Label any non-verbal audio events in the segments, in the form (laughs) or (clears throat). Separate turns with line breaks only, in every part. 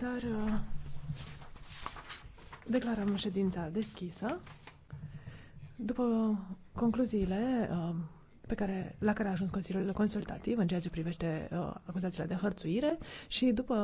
comisar, uh, declarăm ședința deschisă. După concluziile uh, pe care, la care a ajuns Consiliul Consultativ în ceea ce privește uh, acuzațiile de hărțuire și după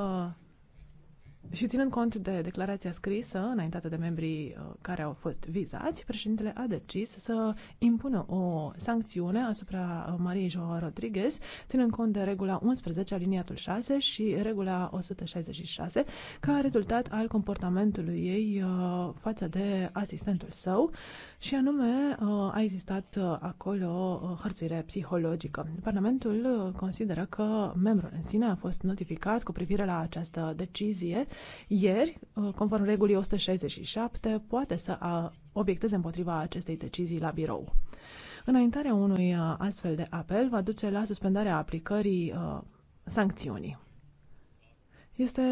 și ținând cont de declarația scrisă înaintată de membrii uh, care au fost vizați, președintele a decis să impună o sancțiune asupra uh, Mariei Joao Rodriguez, ținând cont de regula 11 aliniatul 6 și regula 166, ca rezultat al comportamentului ei uh, față de asistentul său și anume a existat acolo hărțuire psihologică. Parlamentul consideră că membrul în sine a fost notificat cu privire la această decizie ieri, uh, conform regulii 167, poate să obiecteze împotriva acestei decizii la birou. Înaintarea unui uh, astfel de apel va duce la suspendarea aplicării uh, sancțiunii. Este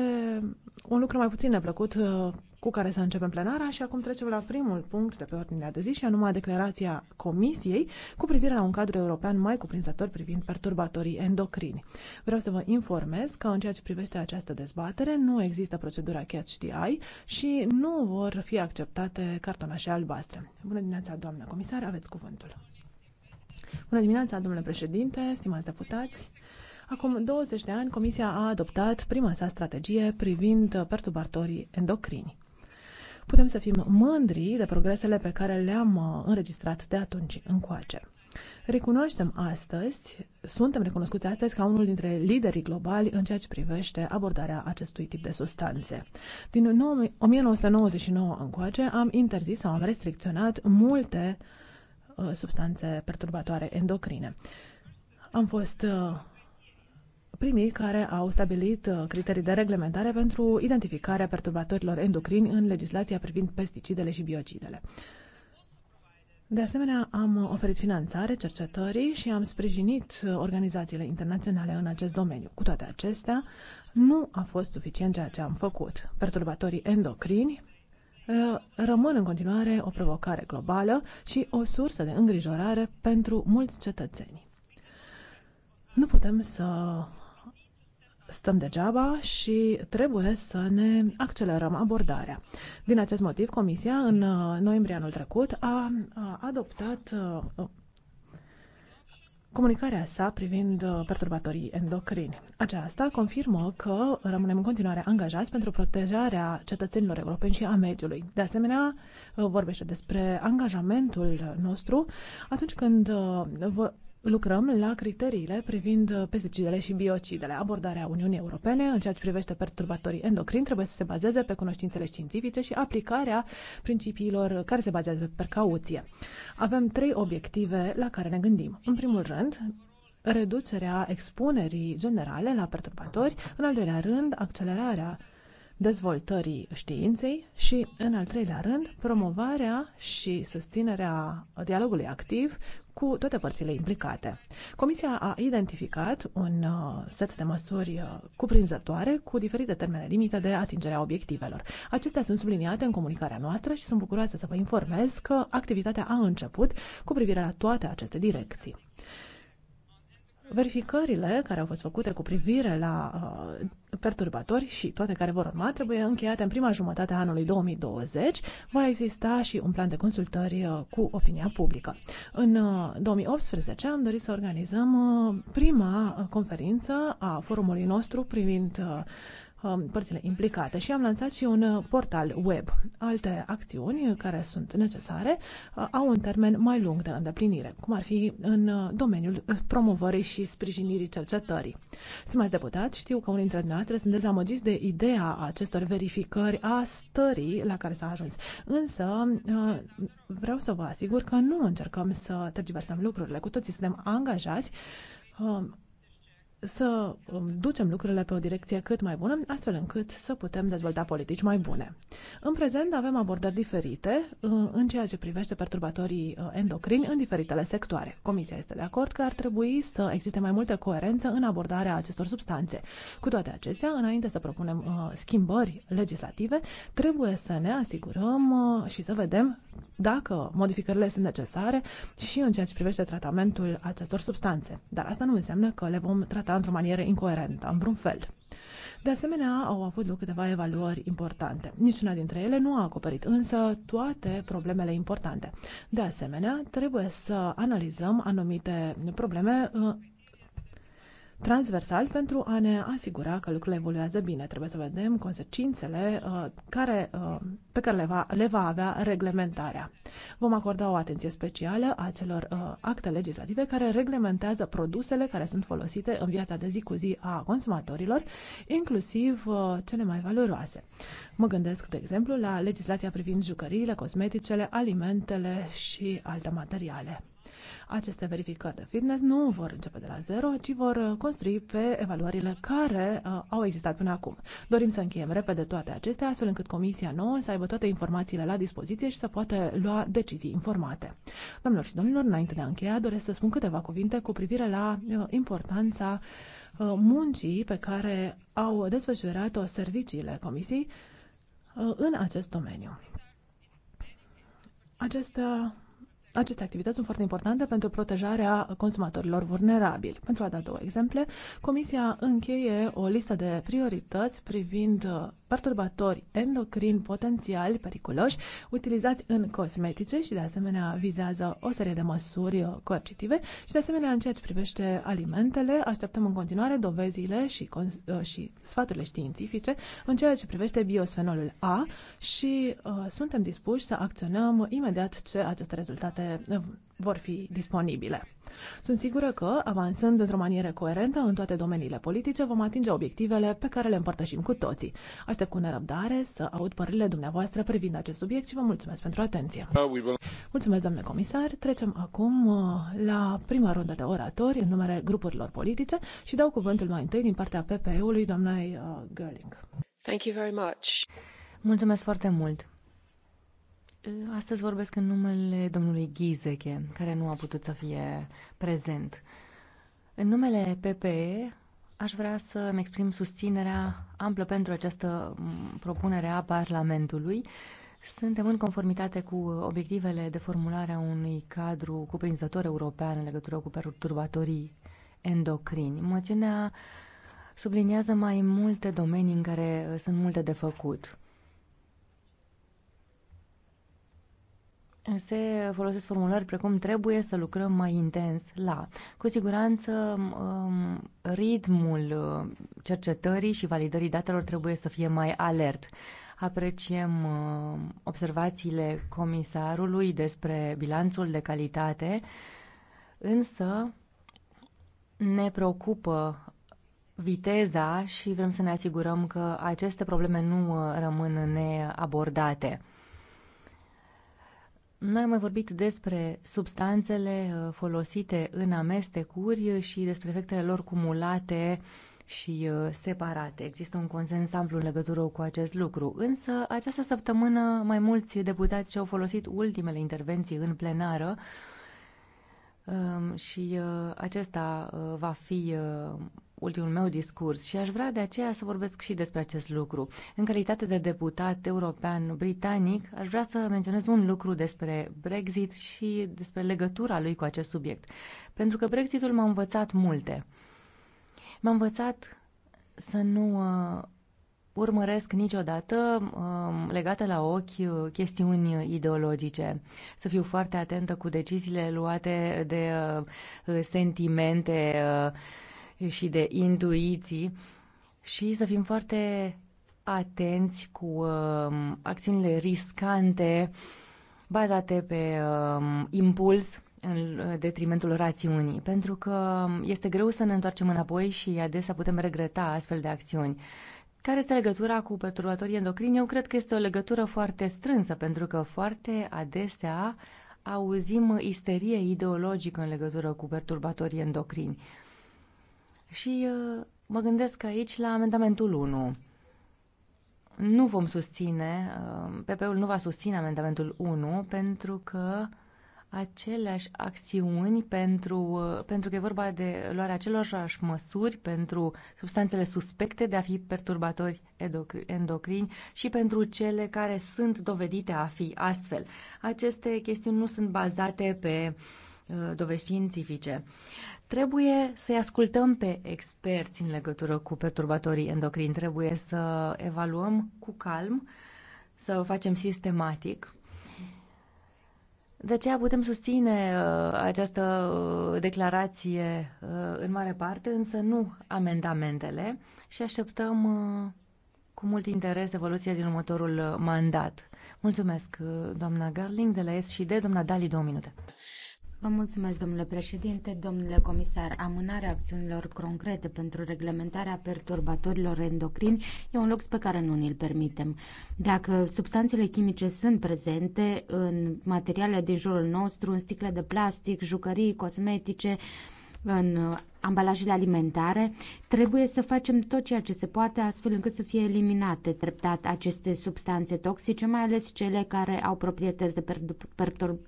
un lucru mai puțin neplăcut uh, cu care să începem plenara și acum trecem la primul punct de pe ordinea de zi și anume declarația Comisiei cu privire la un cadru european mai cuprinzător privind perturbatorii endocrini. Vreau să vă informez că în ceea ce privește această dezbatere nu există procedura catch the eye și nu vor fi acceptate cartonașe albastre. Bună dimineața, doamnă comisar, aveți cuvântul. Bună dimineața, domnule președinte, stimați deputați. Acum 20 de ani, Comisia a adoptat prima sa strategie privind perturbatorii endocrini. Putem să fim mândri de progresele pe care le-am uh, înregistrat de atunci încoace. Recunoaștem astăzi, suntem recunoscuți astăzi ca unul dintre liderii globali în ceea ce privește abordarea acestui tip de substanțe. Din 1999 încoace am interzis sau am restricționat multe uh, substanțe perturbatoare endocrine. Am fost uh, primii care au stabilit uh, criterii de reglementare pentru identificarea perturbatorilor endocrini în legislația privind pesticidele și biocidele. De asemenea, am oferit finanțare cercetării și am sprijinit uh, organizațiile internaționale în acest domeniu. Cu toate acestea, nu a fost suficient ceea ce am făcut. Perturbatorii endocrini uh, rămân în continuare o provocare globală și o sursă de îngrijorare pentru mulți cetățeni. Nu putem să stăm degeaba și trebuie să ne accelerăm abordarea. Din acest motiv, Comisia, în uh, noiembrie anul trecut, a adoptat uh, comunicarea sa privind uh, perturbatorii endocrini. Aceasta confirmă că rămânem în continuare angajați pentru protejarea cetățenilor europeni și a mediului. De asemenea, vorbește despre angajamentul nostru atunci când lucrăm la criteriile privind pesticidele și biocidele. Abordarea Uniunii Europene în ceea ce privește perturbatorii endocrini trebuie să se bazeze pe cunoștințele științifice și aplicarea principiilor care se bazează pe precauție. Avem trei obiective la care ne gândim. În primul rând, reducerea expunerii generale la perturbatori, în al doilea rând, accelerarea dezvoltării științei și, în al treilea rând, promovarea și susținerea dialogului activ cu toate părțile implicate. Comisia a identificat un uh, set de măsuri uh, cuprinzătoare cu diferite termene limite de atingerea obiectivelor. Acestea sunt subliniate în comunicarea noastră și sunt bucuroasă să vă informez că activitatea a început cu privire la toate aceste direcții. Verificările care au fost făcute cu privire la uh, perturbatori și toate care vor urma trebuie încheiate în prima jumătate a anului 2020. Va exista și un plan de consultări uh, cu opinia publică. În uh, 2018 am dorit să organizăm uh, prima uh, conferință a forumului nostru privind uh, Um, părțile implicate și am lansat și un uh, portal web. Alte acțiuni care sunt necesare uh, au un termen mai lung de îndeplinire, cum ar fi în uh, domeniul promovării și sprijinirii cercetării. Stimați deputați, știu că unii dintre noastre sunt dezamăgiți de ideea acestor verificări a stării la care s-a ajuns. Însă vreau să vă asigur că nu încercăm să tergiversăm lucrurile. Cu toții suntem angajați să um, ducem lucrurile pe o direcție cât mai bună, astfel încât să putem dezvolta politici mai bune. În prezent avem abordări diferite uh, în ceea ce privește perturbatorii uh, endocrini în diferitele sectoare. Comisia este de acord că ar trebui să existe mai multă coerență în abordarea acestor substanțe. Cu toate acestea, înainte să propunem uh, schimbări legislative, trebuie să ne asigurăm și să vedem dacă modificările sunt necesare și în ceea ce privește tratamentul acestor substanțe. Dar asta nu înseamnă că le vom trata comporta într-o manieră incoerentă, în vreun fel. De asemenea, au avut loc câteva evaluări importante. Niciuna dintre ele nu a acoperit însă toate problemele importante. De asemenea, trebuie să analizăm anumite probleme uh, transversal pentru a ne asigura că lucrurile evoluează bine. Trebuie să vedem consecințele uh, care, uh, pe care le va, le va avea reglementarea. Vom acorda o atenție specială acelor uh, acte legislative care reglementează produsele care sunt folosite în viața de zi cu zi a consumatorilor, inclusiv cele mai valoroase. Mă gândesc, de exemplu, la legislația privind jucăriile, cosmeticele, alimentele și alte materiale. Aceste verificări de fitness nu vor începe de la zero, ci vor uh, construi pe evaluările care uh, au existat până acum. Dorim să încheiem repede toate acestea, astfel încât Comisia nouă să aibă toate informațiile la dispoziție și să poată lua decizii informate. Domnilor și domnilor, înainte de a încheia, doresc să spun câteva cuvinte cu privire la uh, importanța uh, muncii pe care au desfășurat-o serviciile Comisiei uh, în acest domeniu. Acestea aceste activități sunt foarte importante pentru protejarea consumatorilor vulnerabili. Pentru a da două exemple, Comisia încheie o listă de priorități privind uh, perturbatori endocrini potențial periculoși utilizați în cosmetice și de asemenea vizează o serie de măsuri coercitive și de asemenea în ceea ce privește alimentele așteptăm în continuare dovezile și, uh, și sfaturile științifice în ceea ce privește biosfenolul A și uh, suntem dispuși să acționăm imediat ce aceste rezultate uh, vor fi disponibile. Sunt sigură că, avansând într-o manieră coerentă în toate domeniile politice, vom atinge obiectivele pe care le împărtășim cu toții. Aștept cu nerăbdare să aud părerile dumneavoastră privind acest subiect și vă mulțumesc pentru atenție. Uh, mulțumesc, domnule comisar. Trecem acum uh, la prima rundă de oratori în numele grupurilor politice și dau cuvântul mai întâi din partea PPE-ului doamnei uh, Gerling.
Thank
you very much.
Mulțumesc foarte mult.
Eh, astăzi vorbesc în numele domnului Ghizeche, care nu a putut să fie prezent. În numele PPE aș vrea să-mi exprim susținerea amplă pentru această mm, propunere a Parlamentului. Suntem în conformitate cu obiectivele de formulare a unui cadru cuprinzător european în legătură cu perturbatorii endocrini. Măcinea subliniază mai multe domenii în care eh, sunt multe de făcut se folosesc formulări precum trebuie să lucrăm mai intens la. Cu siguranță, ritmul uh, cercetării și validării datelor trebuie să fie mai alert. Apreciem uh, observațiile comisarului despre bilanțul de calitate, însă ne preocupă viteza și vrem să ne asigurăm că aceste probleme nu uh, rămân neabordate noi am vorbit despre substanțele uh, folosite în amestecuri și despre efectele lor cumulate și uh, separate. Există un consens amplu în legătură cu acest lucru, însă această săptămână mai mulți deputați și-au folosit ultimele intervenții în plenară um, și uh, acesta va fi ultimul meu discurs și aș vrea de aceea să vorbesc și despre acest lucru. În calitate de deputat european britanic, aș vrea să menționez un lucru despre Brexit și despre legătura lui cu acest subiect. Pentru că Brexitul m-a învățat multe. M-a învățat să nu uh, urmăresc niciodată uh, legate la ochi uh, chestiuni ideologice. Să fiu foarte atentă cu deciziile luate de uh, sentimente uh, și de intuiții și să fim foarte atenți cu uh, acțiunile riscante bazate pe uh, impuls în uh, detrimentul rațiunii, pentru că um, este greu să ne întoarcem înapoi și adesea putem regreta astfel de acțiuni. Care este legătura cu perturbatorii endocrini? Eu cred că este o legătură foarte strânsă, pentru că foarte adesea auzim isterie ideologică în legătură cu perturbatorii endocrini. Uh, și uh, mă gândesc aici la amendamentul 1. Nu vom susține, uh, PP-ul nu va susține amendamentul 1 pentru că aceleași acțiuni pentru, uh, pentru că e vorba de luarea acelorași măsuri pentru substanțele suspecte de a fi perturbatori endocrini și pentru cele care sunt dovedite a fi astfel. Aceste chestiuni nu sunt bazate pe dovești dovezi științifice. Trebuie să-i ascultăm pe experți în legătură cu perturbatorii endocrini. Trebuie să evaluăm cu calm, să o facem sistematic. De aceea putem susține uh, această uh, declarație uh, în mare parte, însă nu amendamentele și așteptăm cu mult interes evoluția din următorul mandat. Mulțumesc, doamna Garling, de la S și de doamna Dali, două minute
Vă mulțumesc, domnule președinte, domnule comisar. Amânarea acțiunilor concrete pentru reglementarea perturbatorilor endocrini e un lux pe care nu ni-l permitem. Dacă substanțele chimice sunt prezente în materiale din jurul nostru, în sticle de plastic, jucării, cosmetice, în ambalajele alimentare, trebuie să facem tot ceea ce se poate astfel încât să fie eliminate treptat aceste substanțe toxice, mai ales cele care au proprietăți de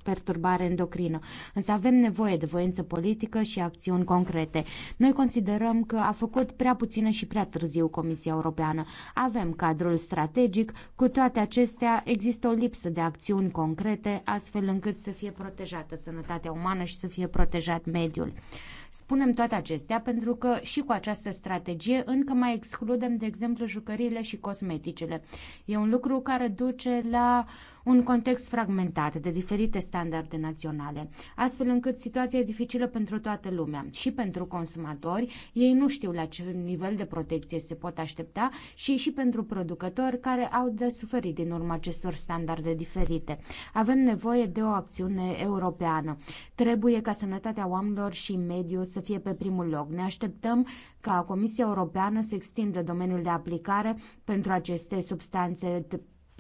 perturbare endocrină. Însă avem nevoie de voință politică și acțiuni concrete. Noi considerăm că a făcut prea puțină și prea târziu Comisia Europeană. Avem cadrul strategic, cu toate acestea există o lipsă de acțiuni concrete astfel încât să fie protejată sănătatea umană și să fie protejat mediul. Spunem toate acestea, pentru că și cu această strategie încă mai excludem, de exemplu, jucăriile și cosmeticele. E un lucru care duce la uh, un context fragmentat de diferite standarde naționale, astfel încât situația e dificilă pentru toată lumea și pentru consumatori, ei nu știu la ce nivel de protecție se pot aștepta și și pentru producători care au de suferit din urma acestor standarde diferite. Avem nevoie de o acțiune europeană. Trebuie ca sănătatea oamenilor și mediu să fie pe primul loc. Ne așteptăm ca Comisia Europeană să extindă domeniul de aplicare pentru aceste substanțe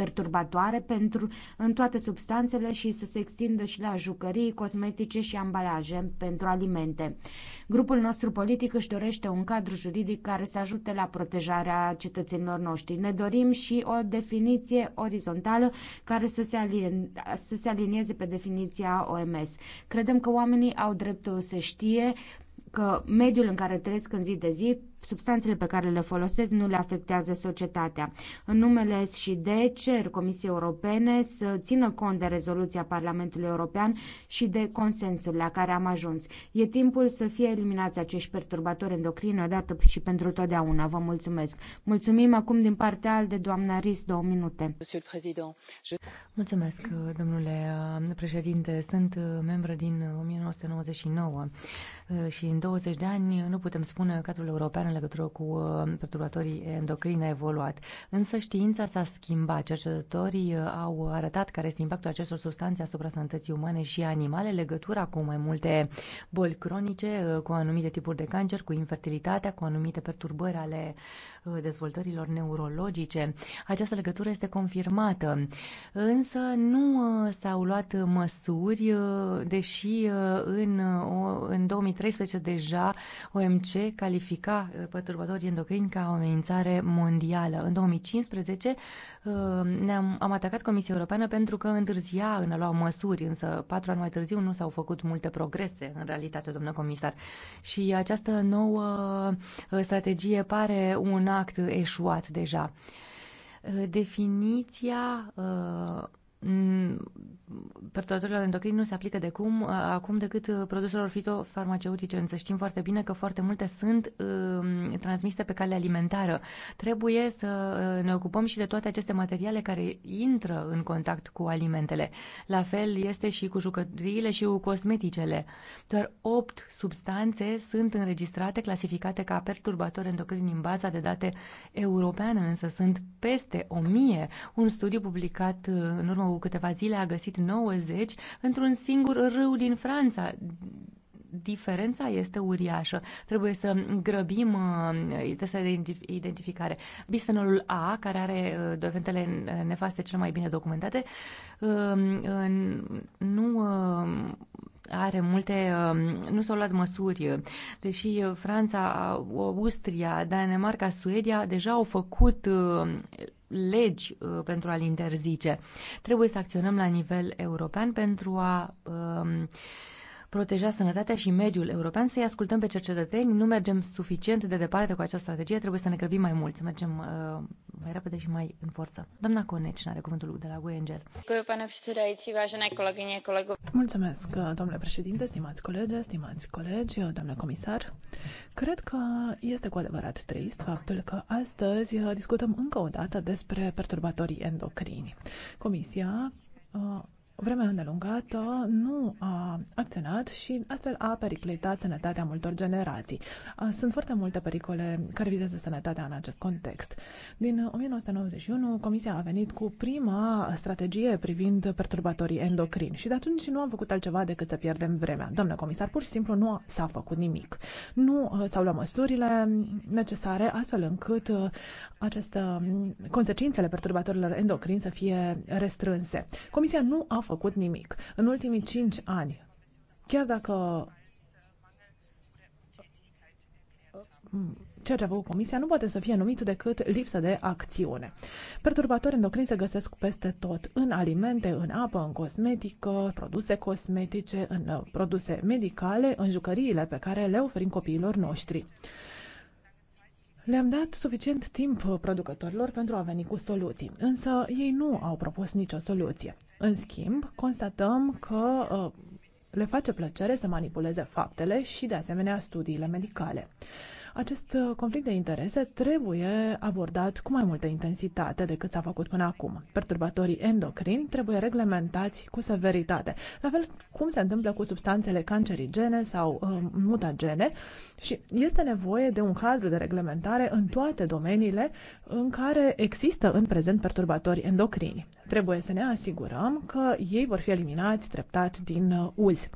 perturbatoare pentru în toate substanțele și să se extindă și la jucării, cosmetice și ambalaje pentru alimente. Grupul nostru politic își dorește un cadru juridic care să ajute la protejarea cetățenilor noștri. Ne dorim și o definiție orizontală care să se, alin- să se alinieze pe definiția OMS. Credem că oamenii au dreptul să știe că mediul în care trăiesc în zi de zi substanțele pe care le folosesc nu le afectează societatea. În numele SD cer Comisiei Europene să țină cont de rezoluția Parlamentului European și de consensul la care am ajuns. E timpul să fie eliminați acești perturbatori endocrini odată și pentru totdeauna. Vă mulțumesc. Mulțumim acum din partea al de
doamna Ris, două minute. Mulțumesc, domnule uh, președinte. Sunt uh, membră din 1999 uh, și în 20 de ani nu putem spune că cadrul european în legătură cu uh, perturbatorii endocrine a evoluat. Însă știința s-a schimbat. Cercetătorii uh, au arătat care este impactul acestor substanțe asupra sănătății umane și animale, legătura cu mai multe boli cronice, uh, cu anumite tipuri de cancer, cu infertilitatea, cu anumite perturbări ale Uh, dezvoltărilor neurologice. Această legătură este confirmată, însă nu uh, s-au luat măsuri, uh, deși în, în 2013 deja OMC califica perturbatorii endocrini ca o amenințare mondială. În 2015 ne-am am atacat Comisia Europeană pentru că întârzia în a lua măsuri, însă patru ani mai târziu nu s-au făcut multe progrese în realitate, domnule comisar. Și această nouă strategie pare una act eșuat deja. Definiția uh, Mm, perturbatorilor endocrini nu se aplică de cum, uh, acum decât uh, produselor fitofarmaceutice, însă știm foarte bine că foarte multe sunt uh, transmise pe cale alimentară. Trebuie să uh, ne ocupăm și de toate aceste materiale care intră în contact cu alimentele. La fel este și cu jucăriile și cu cosmeticele. Doar 8 substanțe sunt înregistrate, clasificate ca perturbatori endocrini în baza de date europeană, însă sunt peste 1000. Un studiu publicat în urmă cu câteva zile a găsit 90 într-un singur râu din Franța. Diferența este uriașă. Trebuie să grăbim uh, testele de identificare. Bisfenolul A, care are uh, doventele nefaste cel mai bine documentate, um, nu uh, are multe, um, nu s-au luat măsuri, deși Franța, Austria, Danemarca, Suedia deja au făcut legi uh, pentru a-l interzice. Trebuie să acționăm la nivel european pentru a um, proteja sănătatea și mediul european, să-i ascultăm pe cercetători. Nu mergem suficient de departe cu această strategie, trebuie să ne grăbim mai mult, să mergem uh, mai repede și
mai în forță. Doamna Coneci are cuvântul de la Guengel. Mulțumesc, uh, domnule președinte, stimați colegi, stimați colegi, uh, domnule comisar. Cred că este cu adevărat trist faptul că astăzi uh, discutăm încă o dată despre perturbatorii endocrini. Comisia uh, vreme îndelungată nu a acționat și astfel a periclitat sănătatea multor generații. Sunt foarte multe pericole care vizează sănătatea în acest context. Din 1991, Comisia a venit cu prima strategie privind perturbatorii endocrini și de atunci nu am făcut altceva decât să pierdem vremea. Doamnă comisar, pur și simplu nu s-a făcut nimic. Nu s-au luat măsurile necesare astfel încât aceste consecințele perturbatorilor endocrini să fie restrânse. Comisia nu a făcut nimic. În ultimii cinci ani, chiar dacă uh, ceea ce a făcut Comisia nu poate să fie numit decât lipsă de acțiune. Perturbatori endocrini se găsesc peste tot, în alimente, în apă, în cosmetică, produse cosmetice, în uh, produse medicale, în jucăriile pe care le oferim copiilor noștri. Le-am dat suficient timp producătorilor pentru a veni cu soluții, însă ei nu au propus nicio soluție. În schimb, constatăm că uh, le face plăcere să manipuleze faptele și, de asemenea, studiile medicale. Acest uh, conflict de interese trebuie abordat cu mai multă intensitate decât s-a făcut până acum. Perturbatorii endocrini trebuie reglementați cu severitate, la fel cum se întâmplă cu substanțele cancerigene sau uh, mutagene și este nevoie de un cadru de reglementare în toate domeniile în care există în prezent perturbatori endocrini. Trebuie să ne asigurăm că ei vor fi eliminați treptat din uh, uz.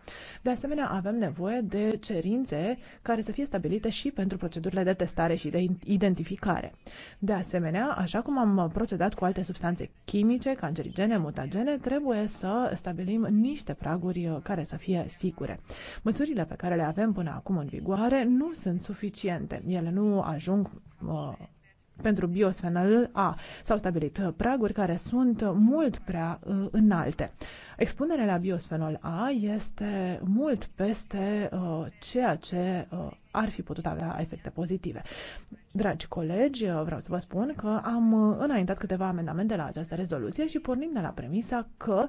De asemenea, avem nevoie de cerințe care să fie stabilite și pentru procedurile de testare și de identificare. De asemenea, așa cum am procedat cu alte substanțe chimice, cancerigene, mutagene, trebuie să stabilim niște praguri uh, care să fie sigure. Măsurile pe care le avem până acum în vigoare nu sunt suficiente. Ele nu ajung uh, pentru biosfenol A s-au stabilit praguri care sunt mult prea uh, înalte. Expunerea la biosfenol A este mult peste uh, ceea ce uh, ar fi putut avea efecte pozitive. Dragi colegi, vreau să vă spun că am înaintat câteva amendamente la această rezoluție și pornim de la premisa că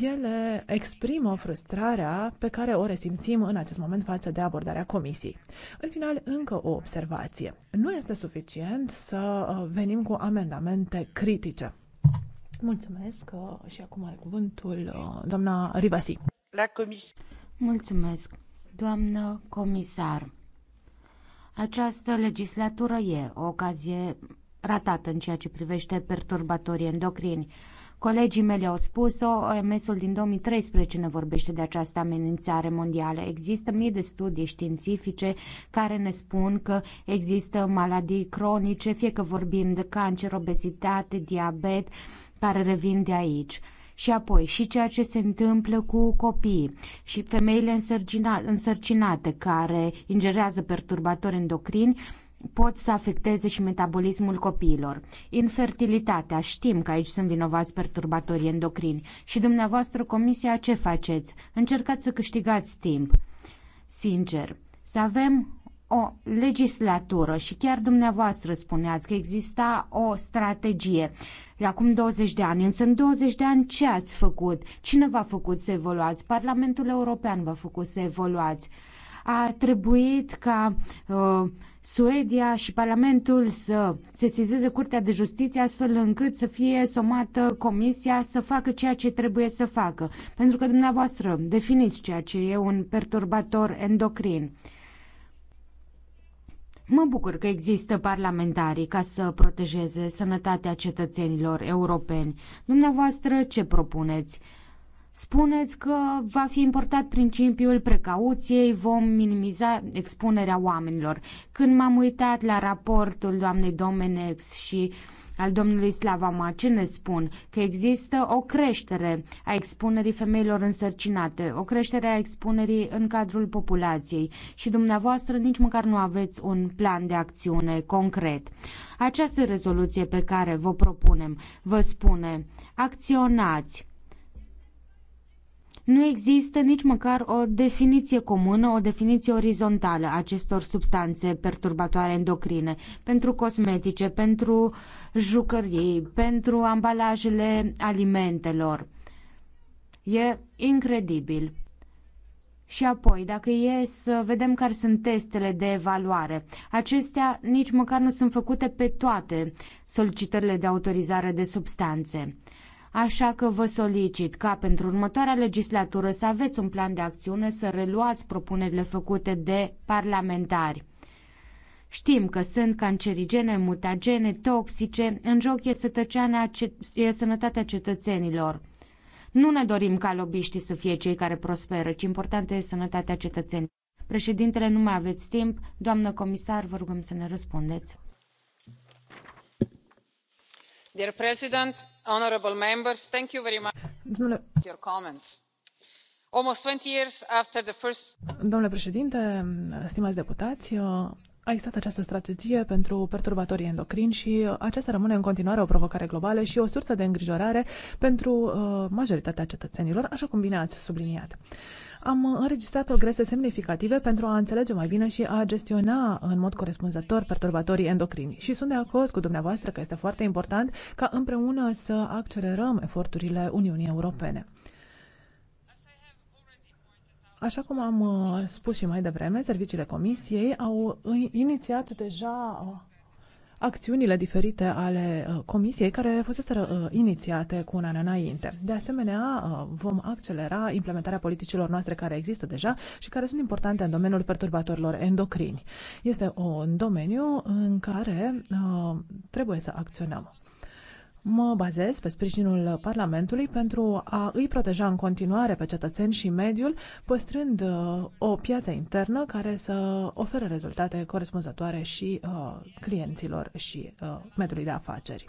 ele exprimă frustrarea pe care o resimțim în acest moment față de abordarea comisiei. În final, încă o observație. Nu este suficient să uh, venim cu amendamente critice. Mulțumesc uh, și acum are cuvântul uh, doamna Rivasi.
La comisie.
Mulțumesc, doamnă comisar.
Această legislatură e o ocazie ratată în ceea ce privește perturbatorii endocrini. Colegii mei au spus-o, OMS-ul din 2013 ne vorbește de această amenințare mondială. Există mii de studii științifice care ne spun că există maladii cronice, fie că vorbim de cancer, obezitate, diabet, care revin de aici și apoi și ceea ce se întâmplă cu copiii și femeile însărcinate care ingerează perturbatori endocrini pot să afecteze și metabolismul copiilor. Infertilitatea, știm că aici sunt vinovați perturbatorii endocrini. Și dumneavoastră, comisia, ce faceți? Încercați să câștigați timp. Sincer, să avem o legislatură și chiar dumneavoastră spuneați că exista o strategie de acum 20 de ani. Însă în 20 de ani ce ați făcut? Cine v-a făcut să evoluați? Parlamentul European v-a făcut să evoluați. A trebuit ca uh, Suedia și Parlamentul să sesizeze Curtea de Justiție astfel încât să fie somată comisia să facă ceea ce trebuie să facă. Pentru că dumneavoastră definiți ceea ce e un perturbator endocrin. Uh, Mă bucur că există parlamentarii ca să protejeze sănătatea cetățenilor europeni. Dumneavoastră, ce propuneți? Spuneți că va fi importat principiul precauției, vom minimiza expunerea oamenilor. Când m-am uitat la raportul doamnei Domenex și uh, al domnului Slava ne spun că există o creștere a expunerii femeilor însărcinate, o creștere a expunerii în cadrul populației și dumneavoastră nici măcar nu aveți un plan de acțiune concret. Această rezoluție pe care vă propunem vă spune acționați, nu există nici măcar o definiție comună, o definiție orizontală a acestor substanțe perturbatoare endocrine pentru cosmetice, pentru jucării, pentru ambalajele alimentelor. E incredibil. Și apoi, dacă e să vedem care sunt testele de evaluare, acestea nici măcar nu sunt făcute pe toate solicitările de autorizare de substanțe. Așa că vă solicit ca pentru următoarea legislatură să aveți un plan de acțiune, să reluați propunerile făcute de parlamentari. Știm că sunt cancerigene, mutagene, toxice, în joc e, e sănătatea cetățenilor. Nu ne dorim ca lobiștii să fie cei care prosperă, ci importantă e sănătatea cetățenilor. Președintele, nu mai aveți timp. Doamnă comisar, vă rugăm să ne răspundeți.
Dear President, honorable members, thank you very much for your comments. Almost 20 years after the first...
Domnule președinte, stimați deputați, a existat această strategie pentru perturbatorii endocrini și aceasta rămâne în continuare o provocare globală și o sursă de îngrijorare pentru uh, majoritatea cetățenilor, așa cum bine ați subliniat. Am înregistrat progrese semnificative pentru a înțelege mai bine și a gestiona în mod corespunzător perturbatorii endocrini și sunt de acord cu dumneavoastră că este foarte important ca împreună să accelerăm eforturile Uniunii Europene. Așa cum am uh, spus și mai devreme, serviciile Comisiei au uh, inițiat deja uh, acțiunile diferite ale Comisiei care fusese inițiate cu un an înainte. De asemenea, vom accelera implementarea politicilor noastre care există deja și care sunt importante în domeniul perturbatorilor endocrini. Este un domeniu în care trebuie să acționăm. Mă bazez pe sprijinul Parlamentului pentru a îi proteja în continuare pe cetățeni și mediul, păstrând uh, o piață internă care să ofere rezultate corespunzătoare și uh, clienților și uh, mediului de afaceri.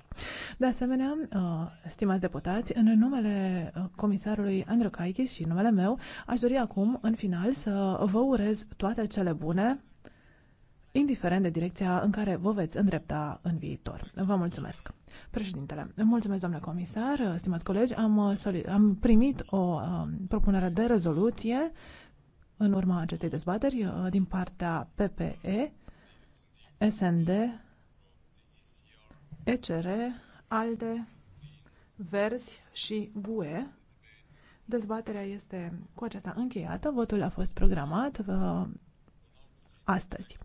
De asemenea, uh, stimați deputați, în numele uh, comisarului Andrew Caichis și în numele meu, aș dori acum, în final, să vă urez toate cele bune indiferent de direcția în care vă veți îndrepta în viitor. Vă mulțumesc. Președintele, mulțumesc, doamnă comisar, stimați colegi, am, uh, am primit o um, propunere de rezoluție în urma acestei dezbateri uh, din partea PPE, SND, ECR, ALDE, Verzi și GUE. Dezbaterea este cu aceasta încheiată. Votul a fost programat uh, astăzi.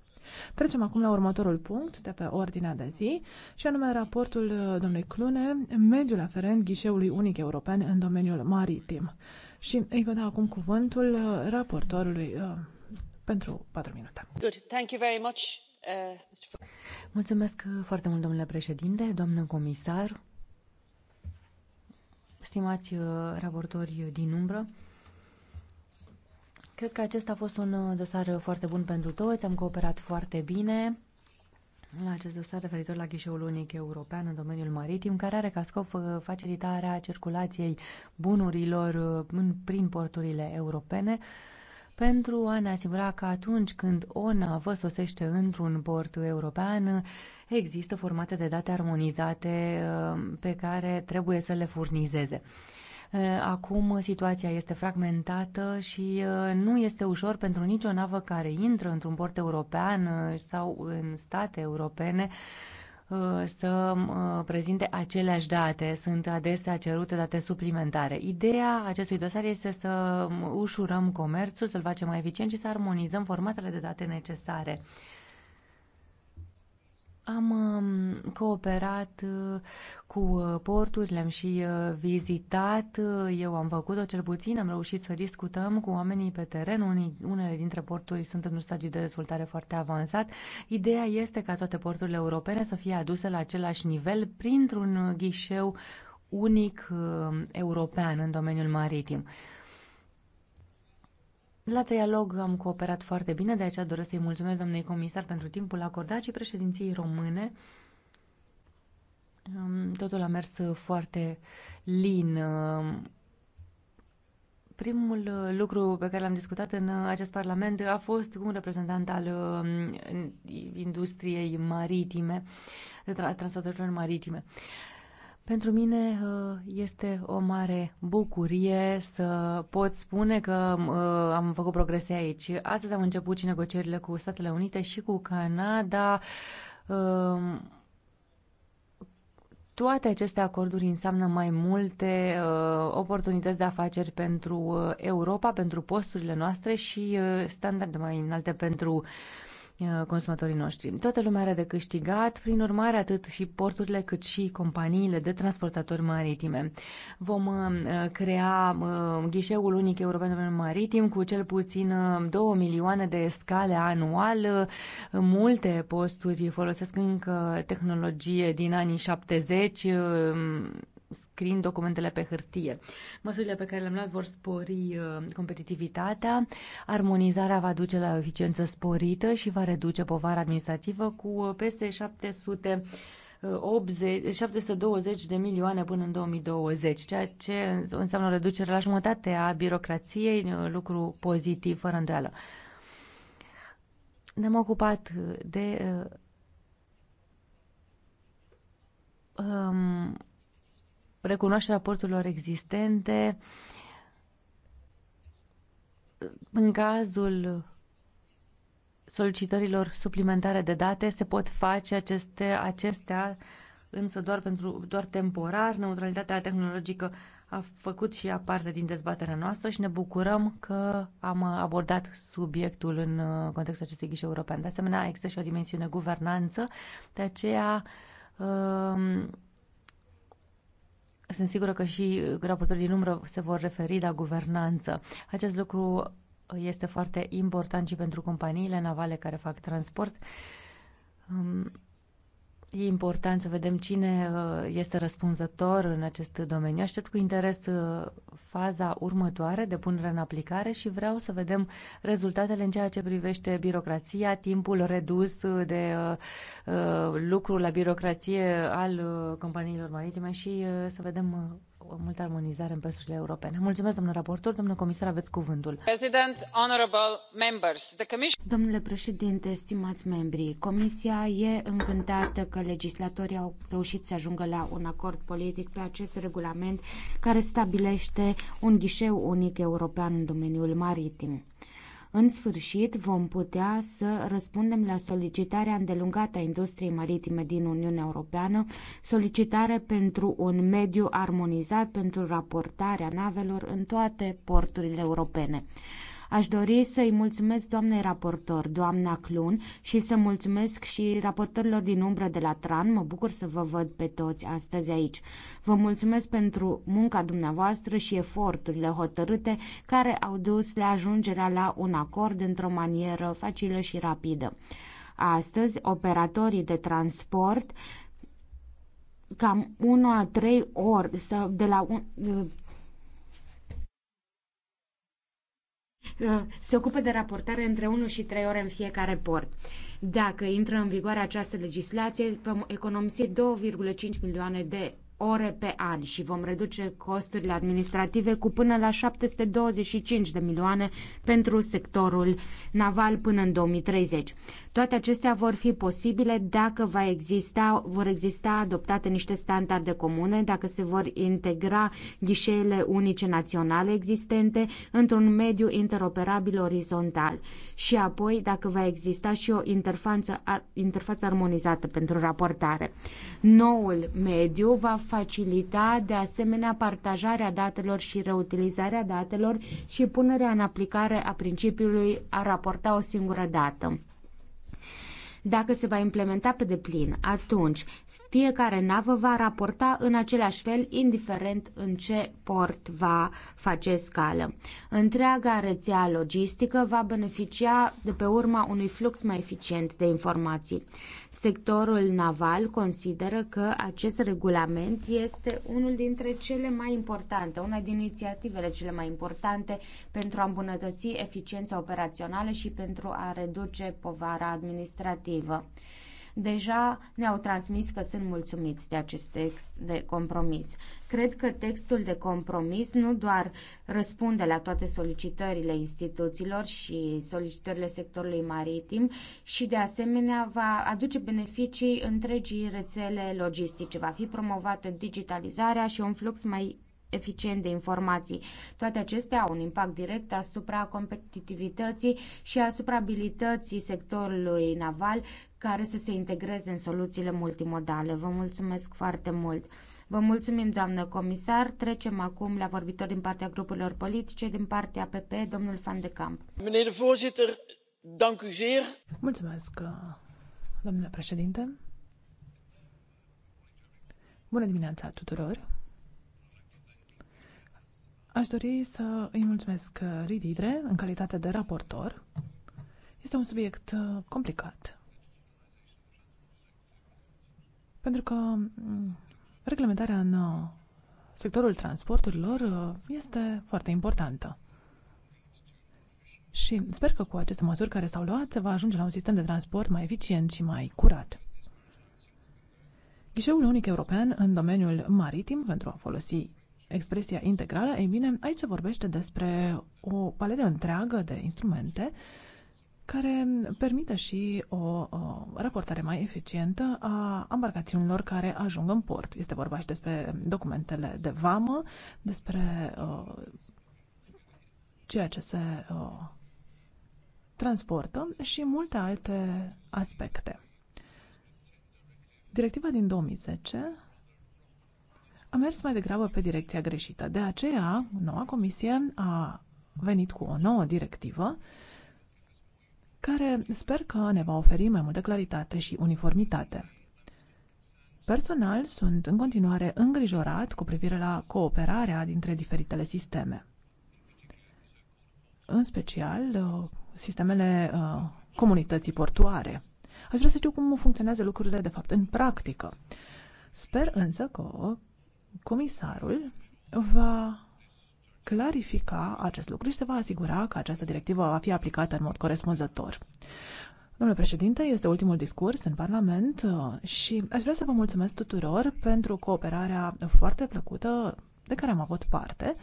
Trecem acum la următorul punct de pe ordinea de zi, și anume raportul uh, domnului Clune, mediul aferent ghișeului unic european în domeniul maritim. Și îi vă dau acum cuvântul uh, raportorului uh, pentru 4 minute. Good. Thank you very much. Uh,
Mulțumesc foarte mult, domnule președinte, doamnă comisar, stimați raportori din umbră. Cred că acesta a fost un uh, dosar uh, foarte bun pentru toți, am cooperat foarte bine la acest dosar referitor la ghișeul unic european în domeniul maritim, care are ca scop uh, facilitarea circulației bunurilor prin porturile europene, pentru a ne asigura că atunci când o navă sosește într-un port european, există formate de date armonizate pe care trebuie să le furnizeze. Acum situația este fragmentată și nu este ușor pentru nicio navă care intră într-un port european sau în state europene să prezinte aceleași date. Sunt adesea cerute date suplimentare. Ideea acestui dosar este să ușurăm comerțul, să-l facem mai eficient și să armonizăm formatele de date necesare. Am um, cooperat uh, cu uh, porturi, le-am și uh, vizitat, eu am făcut-o cel puțin, am reușit să discutăm cu oamenii pe teren, Unii, unele dintre porturi sunt într-un stadiu de dezvoltare foarte avansat. Ideea este ca toate porturile europene să fie aduse la același nivel printr-un ghișeu unic european în domeniul maritim. La trialog am cooperat foarte bine, de aceea doresc să-i mulțumesc domnului comisar pentru timpul acordat și președinției române. Totul a mers foarte lin. Primul lucru pe care l-am discutat în acest parlament a fost cu un reprezentant al um, industriei maritime, transportatorilor maritime. Pentru mine uh, este o mare bucurie să pot spune că uh, am făcut progrese aici. Astăzi am început și negocierile cu Statele Unite și cu Canada. Um, toate aceste acorduri înseamnă mai multe uh, oportunități de afaceri pentru Europa, pentru posturile noastre și standarde mai înalte pentru uh, Uh, consumatorii noștri. Toată lumea are de câștigat, prin urmare atât și porturile cât și companiile de transportatori maritime. Vom uh, crea uh, ghișeul unic european maritim cu cel puțin 2 milioane de scale anual. Multe posturi folosesc încă tehnologie din anii 70 scrind documentele pe hârtie. Măsurile pe care le-am luat vor spori uh, competitivitatea, armonizarea va duce la eficiență sporită și va reduce povara administrativă cu uh, peste 700 80, 720 de milioane până în 2020, ceea ce înseamnă o reducere la jumătate a birocrației, uh, lucru pozitiv, fără îndoială. Ne-am ocupat de um, recunoașterea porturilor existente, în cazul solicitărilor suplimentare de date se pot face aceste, acestea, însă doar, pentru, doar temporar. Neutralitatea tehnologică a făcut și ea parte din dezbaterea noastră și ne bucurăm că am abordat subiectul în uh, contextul acestui ghișeu european. De asemenea, există și o dimensiune guvernanță, de aceea um, sunt sigură că și raportorii din umbră se vor referi la guvernanță. Acest lucru este foarte important și pentru companiile navale care fac transport. Um, E important să vedem cine uh, este răspunzător în acest domeniu. Aștept cu interes uh, faza următoare de punere în aplicare și vreau să vedem rezultatele în ceea ce privește birocrația, timpul redus uh, de lucru la birocrație al companiilor maritime și să vedem multă armonizare în prețurile europene. Mulțumesc, domnule raportor. Domnule comisar, aveți cuvântul. Domnule președinte, stimați
membri, Comisia e încântată că legislatorii au reușit să ajungă la un acord politic pe acest regulament care stabilește un ghișeu unic european în domeniul maritim. În sfârșit, vom putea să răspundem la solicitarea îndelungată a industriei maritime din Uniunea Europeană, solicitare pentru un mediu armonizat pentru raportarea navelor în toate porturile europene. Aș dori să-i mulțumesc doamnei raportor, doamna Clun, și să mulțumesc și raportorilor din umbră de la TRAN. Mă bucur să vă văd pe toți astăzi aici. Vă mulțumesc pentru munca dumneavoastră și eforturile hotărâte care au dus la ajungerea la un acord într-o manieră facilă și rapidă. Astăzi, operatorii de transport cam 1 a 3 ori, să, de la Uh, se ocupă de raportare între 1 și 3 ore în fiecare port. Dacă intră în vigoare această legislație, vom economisi 2,5 milioane de ore pe an și vom reduce costurile administrative cu până la 725 de milioane pentru sectorul naval până în 2030. Toate acestea vor fi posibile dacă va exista, vor exista adoptate niște standarde comune, dacă se vor integra ghișeele unice naționale existente într-un mediu interoperabil orizontal și apoi dacă va exista și o interfață, interfață armonizată pentru raportare. Noul mediu va facilita de asemenea partajarea datelor și reutilizarea datelor și punerea în aplicare a principiului a raporta o singură dată. Dacă se va implementa pe deplin, atunci fiecare navă va raporta în același fel, indiferent în ce port va face scală. Întreaga rețea logistică va beneficia de pe urma unui flux mai eficient de informații. Sectorul naval consideră că acest regulament este unul dintre cele mai importante, una din inițiativele cele mai importante pentru a îmbunătăți eficiența operațională și pentru a reduce povara administrativă deja ne-au transmis că sunt mulțumiți de acest text de compromis. Cred că textul de compromis nu doar răspunde la toate solicitările instituțiilor și solicitările sectorului maritim și de asemenea va aduce beneficii întregii rețele logistice. Va fi promovată digitalizarea și un flux mai eficient de informații. Toate acestea au un impact direct asupra competitivității și asupra abilității sectorului naval care să se integreze în soluțiile multimodale. Vă mulțumesc foarte mult! Vă mulțumim, doamnă comisar. Trecem acum la vorbitor din partea grupurilor politice, din partea PP,
domnul Van de Camp. Meneer de voorzitter, dank u zeer. Mulțumesc, domnule președinte. Bună dimineața tuturor! Aș dori să îi mulțumesc Rididre în calitate de raportor. Este un subiect uh, complicat. Pentru că mm, reglementarea în uh, sectorul transporturilor uh, este foarte importantă. Și sper că cu aceste măsuri care s-au luat se va ajunge la un sistem de transport mai eficient și mai curat. Ghișeul unic european în domeniul maritim, pentru a folosi expresia integrală, ei bine, aici se vorbește despre o paletă întreagă de instrumente uh, care permite și o, o raportare mai eficientă a embarcațiunilor care ajung în port. Este vorba și despre documentele de vamă, despre uh, ceea ce se uh, transportă și multe alte aspecte. Directiva din 2010 a mers mai degrabă pe direcția greșită. De aceea, noua comisie a venit cu o nouă directivă uh, care sper că ne va oferi mai multă claritate și uniformitate. Personal, sunt în continuare îngrijorat cu privire la cooperarea dintre diferitele sisteme. În special, uh, sistemele uh, comunității portoare. Aș vrea să știu cum funcționează lucrurile, de fapt, în practică. Sper însă că comisarul va clarifica acest lucru și se va asigura că această directivă va fi aplicată în mod corespunzător. Domnule președinte, este ultimul discurs în Parlament uh, și aș vrea să vă mulțumesc tuturor pentru cooperarea foarte plăcută de care am avut parte.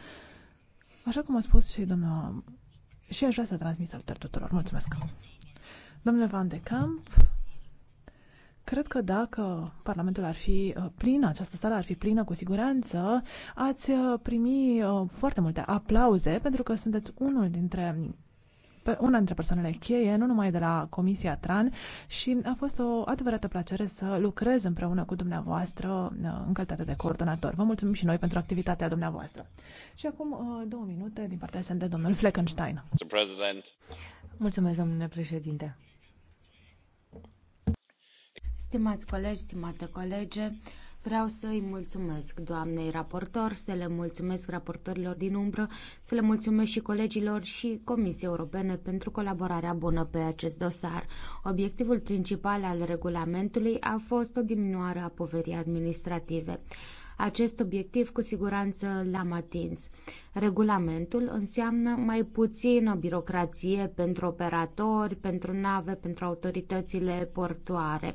Așa cum a spus și domnul... Și aș vrea să transmit salutări tuturor. Mulțumesc! Domnule Van de Camp, Cred că dacă Parlamentul ar fi uh, plin, această sală ar fi plină cu siguranță, ați uh, primi uh, foarte multe aplauze pentru că sunteți unul dintre una dintre persoanele cheie, nu numai de la Comisia TRAN și a fost o adevărată plăcere să lucrez împreună cu dumneavoastră în calitate de coordonator. Vă mulțumim și noi pentru activitatea dumneavoastră. Și acum două minute din partea SND, domnul Fleckenstein. Mulțumesc, domnule președinte.
Stimați colegi, stimate colege, vreau să îi mulțumesc doamnei raportor, să le mulțumesc raportorilor din umbră, să le mulțumesc și colegilor și Comisiei Europene pentru colaborarea bună pe acest dosar. Obiectivul principal al regulamentului a fost o diminuare a poverii administrative. Acest obiectiv cu siguranță l-am atins. Regulamentul înseamnă mai puțină birocrație pentru operatori, pentru nave, pentru autoritățile portoare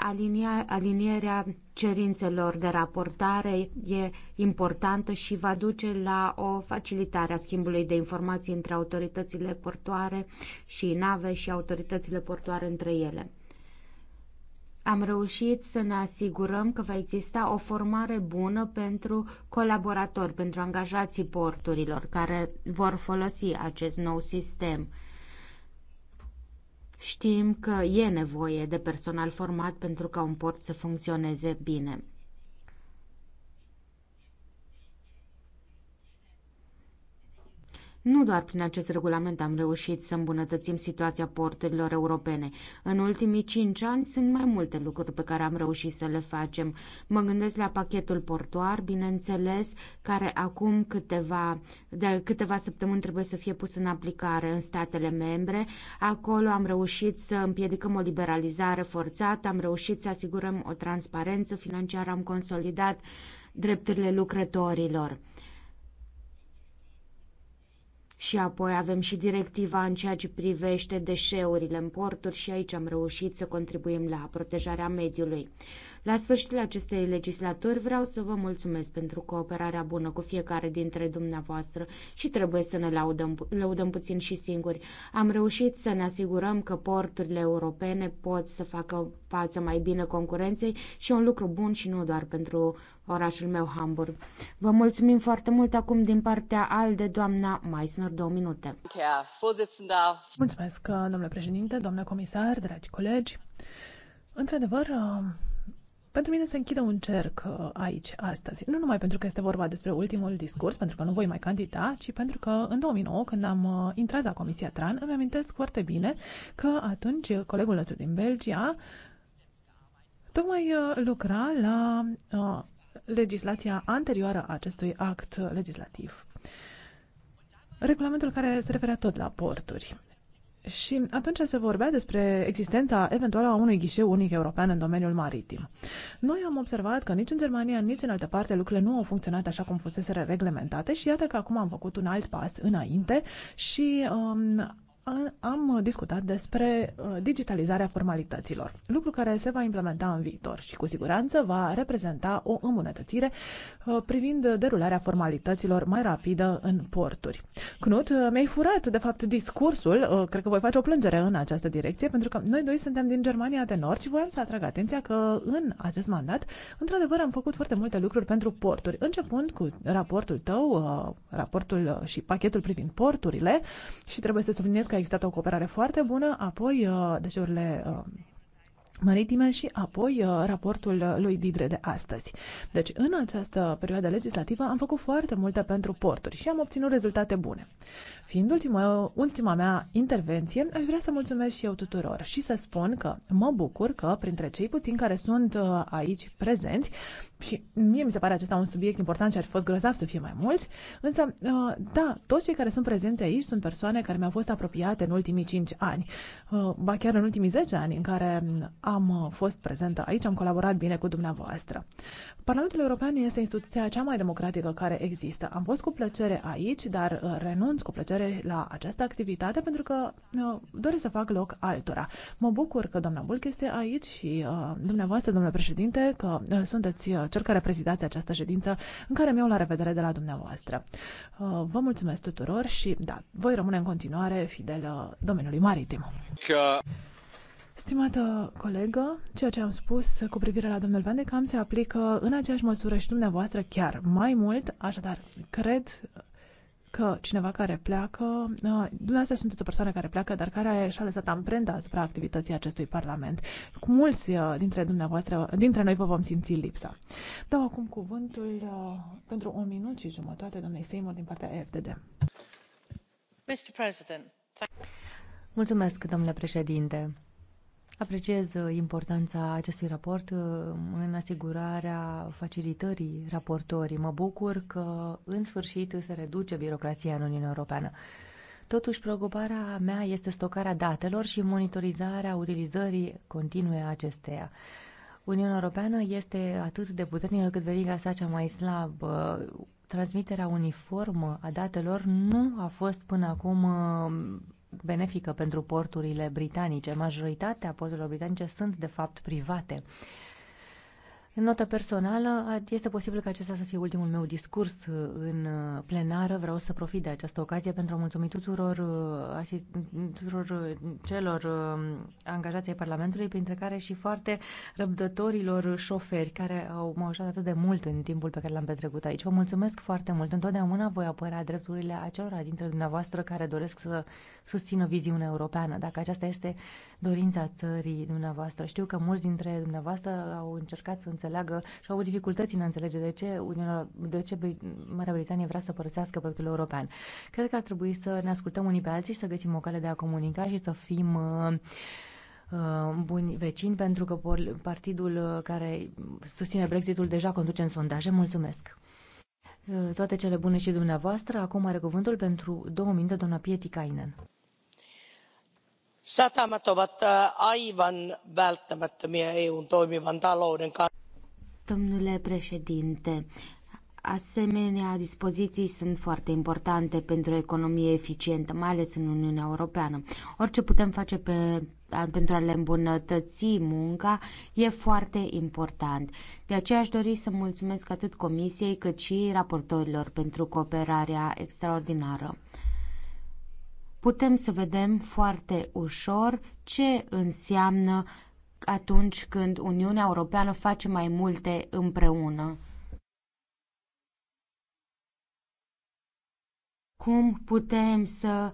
alinia, alinierea cerințelor de raportare e importantă și va duce la o facilitare a schimbului de informații între autoritățile portoare și nave și autoritățile portoare între ele. Am reușit să ne asigurăm că va exista o formare bună pentru colaboratori, pentru angajații porturilor care vor folosi acest nou sistem. Știm că e nevoie de personal format pentru ca un port să funcționeze bine. Nu doar prin acest regulament am reușit să îmbunătățim situația porturilor europene. În ultimii cinci ani sunt mai multe lucruri pe care am reușit să le facem. Mă gândesc la pachetul portuar, bineînțeles, care acum câteva, de câteva săptămâni trebuie să fie pus în aplicare în statele membre. Acolo am reușit să împiedicăm o liberalizare forțată, am reușit să asigurăm o transparență financiară, am consolidat drepturile lucrătorilor. Și apoi avem și directiva în ceea ce privește deșeurile în porturi și aici am reușit să contribuim la protejarea mediului. La sfârșitul acestei legislaturi vreau să vă mulțumesc pentru cooperarea bună cu fiecare dintre dumneavoastră și trebuie să ne laudăm, laudăm puțin și singuri. Am reușit să ne asigurăm că porturile europene pot să facă față mai bine concurenței și un lucru bun și nu doar pentru orașul meu Hamburg. Vă mulțumim foarte mult acum din partea ALDE, doamna
Meissner, două minute. Mulțumesc, domnule președinte, doamna comisar, dragi colegi. Într-adevăr, pentru mine se închide un cerc uh, aici, astăzi. Nu numai pentru că este vorba despre ultimul discurs, pentru că nu voi mai candida, ci pentru că în 2009, când am uh, intrat la Comisia Tran, îmi amintesc foarte bine că atunci colegul nostru din Belgia tocmai uh, lucra la legislația anterioară a acestui act legislativ. Regulamentul care se referea tot la porturi. Și atunci se vorbea despre existența eventuală a unui ghișeu unic european în domeniul maritim. Noi am observat că nici în Germania, nici în altă parte lucrurile nu au funcționat așa cum fusese reglementate și iată că acum am făcut un alt pas înainte și um, am discutat despre uh, digitalizarea formalităților, lucru care se va implementa în viitor și cu siguranță va reprezenta o îmbunătățire uh, privind derularea formalităților mai rapidă în porturi. Cnut, uh, mi-ai furat, de fapt, discursul, cred că voi face o plângere în această direcție, pentru că noi doi suntem din Germania de Nord și voiam să atrag atenția că în acest mandat, într-adevăr, am făcut foarte multe lucruri pentru porturi, începând cu raportul tău, raportul și pachetul privind porturile și trebuie să subliniez că existat o cooperare foarte bună, apoi uh, deșeurile uh, maritime și apoi uh, raportul lui Didre de astăzi. Deci, în această perioadă legislativă am făcut foarte multe pentru porturi și am obținut rezultate bune. Fiind ultima, ultima mea intervenție, aș vrea să mulțumesc și eu tuturor și să spun că mă bucur că printre cei puțini care sunt aici prezenți și mie mi se pare acesta un subiect important și ar fi fost grozav să fie mai mulți, însă, uh, da, toți cei care sunt prezenți aici sunt persoane care mi-au fost apropiate în ultimii 5 ani, uh, ba chiar în ultimii 10 ani în care mm, am uh, fost prezentă aici, am colaborat bine cu dumneavoastră. Parlamentul European este instituția cea mai democratică care există. Am fost cu plăcere aici, dar renunț cu plăcere la această activitate pentru că doresc să fac loc altora. Mă bucur că doamna Bulc este aici și dumneavoastră, domnule președinte, că sunteți cel care prezidați această ședință, în care mi-au la revedere de la dumneavoastră. Uh, vă mulțumesc tuturor și, da, voi rămâne în continuare fidel domeniului maritim. Că... Stimată colegă, ceea ce am spus cu privire la domnul Vandecam Cam se aplică în aceeași măsură și dumneavoastră chiar mai mult, așadar cred că cineva care pleacă, uh, dumneavoastră sunteți o persoană care pleacă, dar care și-a lăsat amprenta asupra activității acestui Parlament. Cu mulți uh, dintre dumneavoastră, dintre noi vă vom simți lipsa. Dau acum cuvântul uh, pentru un minut și jumătate doamnei Seymour din partea FDD. Mr. President, Mulțumesc, domnule președinte.
Apreciez uh, importanța acestui raport uh, în asigurarea facilitării raportorii. Mă bucur că, în sfârșit, se reduce birocrația în Uniunea Europeană. Totuși, preocuparea mea este stocarea datelor și monitorizarea utilizării continue a acesteia. Uniunea Europeană este atât de puternică cât veriga sa cea mai slabă. Transmiterea uniformă a datelor nu a fost până acum uh, benefică pentru porturile britanice. Majoritatea porturilor britanice sunt, de fapt, private. În notă personală, este posibil ca acesta să fie ultimul meu discurs uh, în uh, plenară. Vreau să profit de această ocazie pentru a mulțumi tuturor, uh, tuturor celor angajați ai Parlamentului, printre care și foarte răbdătorilor șoferi care au mă ajutat atât de mult în timpul pe care l-am petrecut aici. Vă mulțumesc foarte mult. Întotdeauna voi apăra drepturile acelora dintre dumneavoastră care doresc să susțină viziunea europeană, dacă aceasta este dorința țării dumneavoastră. Știu că mulți dintre dumneavoastră au încercat să înțeleagă și au dificultăți în a înțelege de ce, Uniunea, de ce Marea Britanie vrea să părăsească proiectul european. Cred că ar trebui să ne ascultăm unii pe alții și să găsim o cale de a comunica și să fim uh, uh, buni vecini, pentru că partidul uh, care susține Brexitul deja conduce în sondaje. Mulțumesc! Toate cele bune și dumneavoastră. Acum are cuvântul pentru două minute doamna Pieti Kainen
satamat ovat aivan välttämättömiä eun toimivan talouden
Domnule președinte,
asemenea dispoziții sunt foarte importante pentru o economie eficientă, mai ales în Uniunea Europeană. Orice putem face pe, pentru a le îmbunătăți munca e foarte important. De aceea aș dori să mulțumesc atât Comisiei cât și raportorilor pentru cooperarea extraordinară putem să vedem foarte ușor ce înseamnă atunci când Uniunea Europeană face mai multe împreună. Cum putem să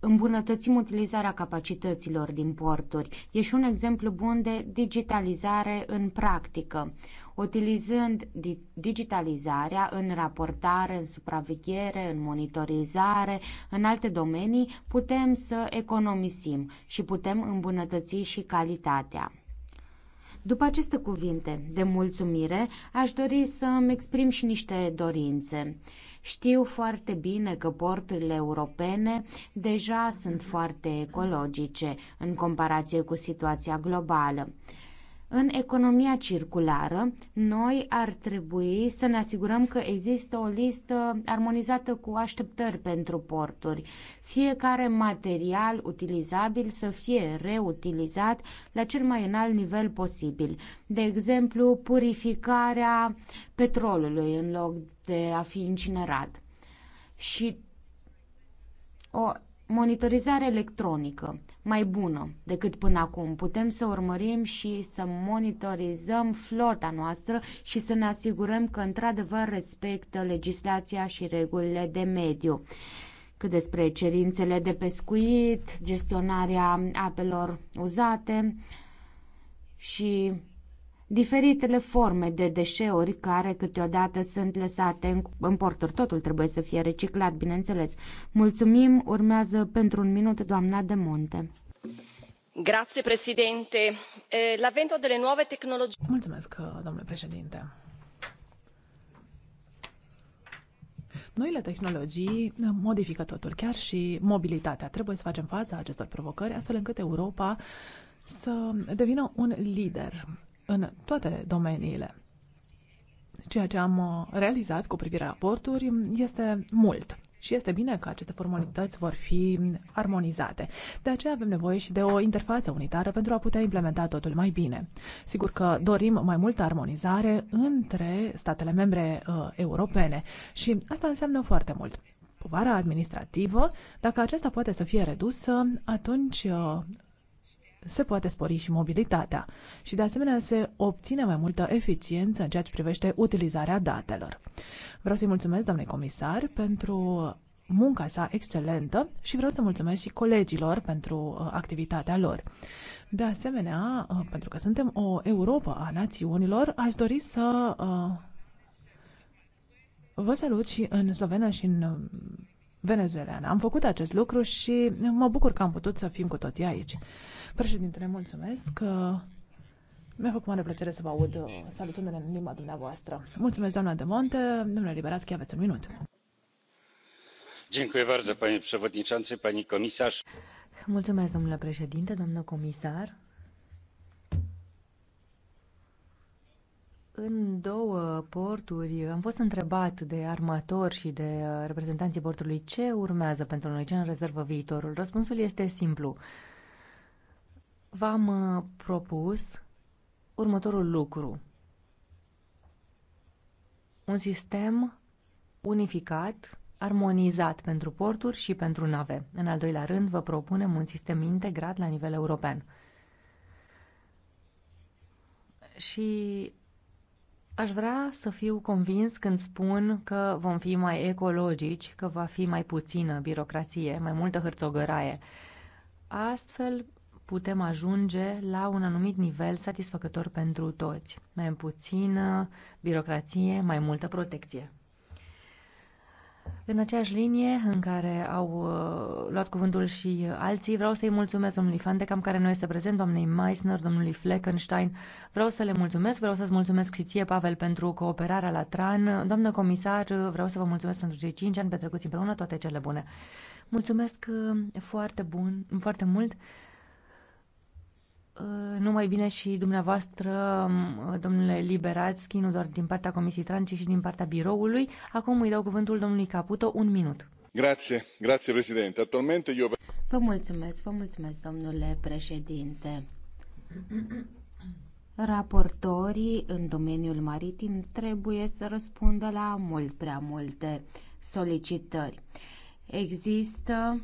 îmbunătățim utilizarea capacităților din porturi? E și un exemplu bun de digitalizare în practică utilizând digitalizarea în raportare, în supraveghere, în monitorizare, în alte domenii, putem să economisim și putem îmbunătăți și calitatea. După aceste cuvinte de mulțumire, aș dori să-mi exprim și niște dorințe. Știu foarte bine că porturile europene deja sunt foarte ecologice în comparație cu situația globală. În economia circulară, noi ar trebui să ne asigurăm că există o listă armonizată cu așteptări pentru porturi. Fiecare material utilizabil să fie reutilizat la cel mai înalt nivel posibil. De exemplu, purificarea petrolului în loc de a fi incinerat. Și o monitorizare electronică mai bună decât până acum. Putem să urmărim și să monitorizăm flota noastră și să ne asigurăm că într-adevăr respectă legislația și regulile de mediu. Cât despre cerințele de pescuit, gestionarea apelor uzate și diferitele forme de deșeuri care câteodată sunt lăsate în, în porturi. Totul trebuie să fie reciclat, bineînțeles. Mulțumim. Urmează pentru un minut doamna de Monte.
Grazie, președinte. L'avvento delle nuove tecnologie. Mulțumesc, domnule președinte.
Noile tehnologii modifică totul, chiar și mobilitatea. Trebuie să facem față acestor provocări, astfel încât Europa să devină un lider în toate domeniile. Ceea ce am uh, realizat cu privire la porturi este mult și este bine că aceste formalități vor fi armonizate. De aceea avem nevoie și de o interfață unitară pentru a putea implementa totul mai bine. Sigur că dorim mai multă armonizare între statele membre uh, europene și asta înseamnă foarte mult povara administrativă, dacă aceasta poate să fie redusă, atunci uh, se poate spori și mobilitatea și de asemenea se obține mai multă eficiență în ceea ce privește utilizarea datelor. Vreau să-i mulțumesc, doamne comisar, pentru munca sa excelentă și vreau să mulțumesc și colegilor pentru uh, activitatea lor. De asemenea, uh, pentru că suntem o Europa a națiunilor, aș dori să uh, vă salut și în slovenă și în venezuelană. Am făcut acest lucru și mă bucur că am putut să fim cu toții aici. Președintele, mulțumesc că mi-a făcut mare plăcere să vă aud uh, salutându-ne în limba dumneavoastră. Mulțumesc, doamna de Monte. Domnule Liberațchi, aveți un minut.
Dziękuję bardzo,
panie przewodniczący, pani komisarz.
Mulțumesc, domnule președinte, domnule comisar.
în două porturi am fost întrebat de armator și de uh, reprezentanții portului ce urmează pentru noi, ce în rezervă viitorul. Răspunsul este simplu. V-am uh, propus următorul lucru. Un sistem unificat, armonizat pentru porturi și pentru nave. În al doilea rând, vă propunem un sistem integrat la nivel european. Și Aș vrea să fiu convins când spun că vom fi mai ecologici, că va fi mai puțină birocrație, mai multă hârțogăraie. Astfel putem ajunge la un anumit nivel satisfăcător pentru toți. Mai puțină birocrație, mai multă protecție. În aceeași linie în care au uh, luat cuvântul și alții, vreau să-i mulțumesc domnului Fandecam, care nu este prezent, doamnei Meissner, domnului Fleckenstein. Vreau să le mulțumesc, vreau să-ți mulțumesc și ție, Pavel, pentru cooperarea la TRAN. Doamnă comisar, vreau să vă mulțumesc pentru cei 5 ani petrecuți împreună, toate cele bune. Mulțumesc uh, foarte, bun, foarte mult. Uh, nu mai bine și dumneavoastră, um, uh, domnule Liberațchi, nu doar din partea Comisiei Tran, ci și din partea biroului. Acum îi dau cuvântul domnului Caputo, un minut.
Grazie, grazie președinte. Actualmente eu...
Vă mulțumesc, vă mulțumesc, domnule președinte.
Raportorii în domeniul maritim trebuie să răspundă la mult prea multe solicitări. Există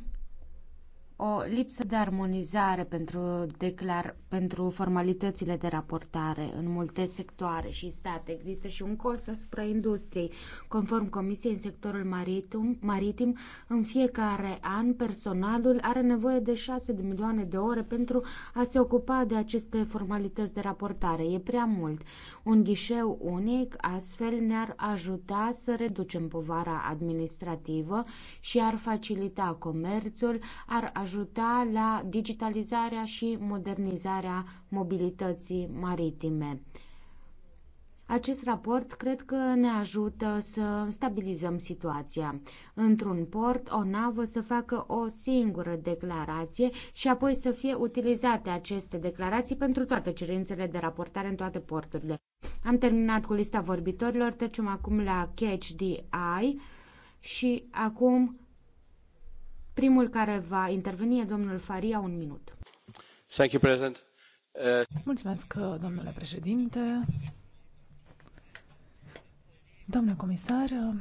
o lipsă de armonizare pentru, declar, pentru formalitățile de raportare în multe sectoare și state. Există și un cost asupra industriei. Conform Comisiei în sectorul maritim, maritim, în fiecare an personalul are nevoie de 6 de milioane de ore pentru a se ocupa de aceste formalități de raportare. E prea mult. Un ghișeu unic astfel ne-ar ajuta să reducem povara administrativă și ar facilita comerțul, ar ajuta la digitalizarea și modernizarea mobilității maritime. Acest raport cred că ne ajută să stabilizăm situația. Într-un port, o navă să facă o singură declarație și apoi să fie utilizate aceste declarații pentru toate cerințele de raportare în toate porturile. Am terminat cu lista vorbitorilor, trecem acum la Catch the Eye și acum Primul care va interveni e domnul Faria, un minut.
Thank you, President.
Uh, Mulțumesc, domnule președinte. domnule comisar, uh,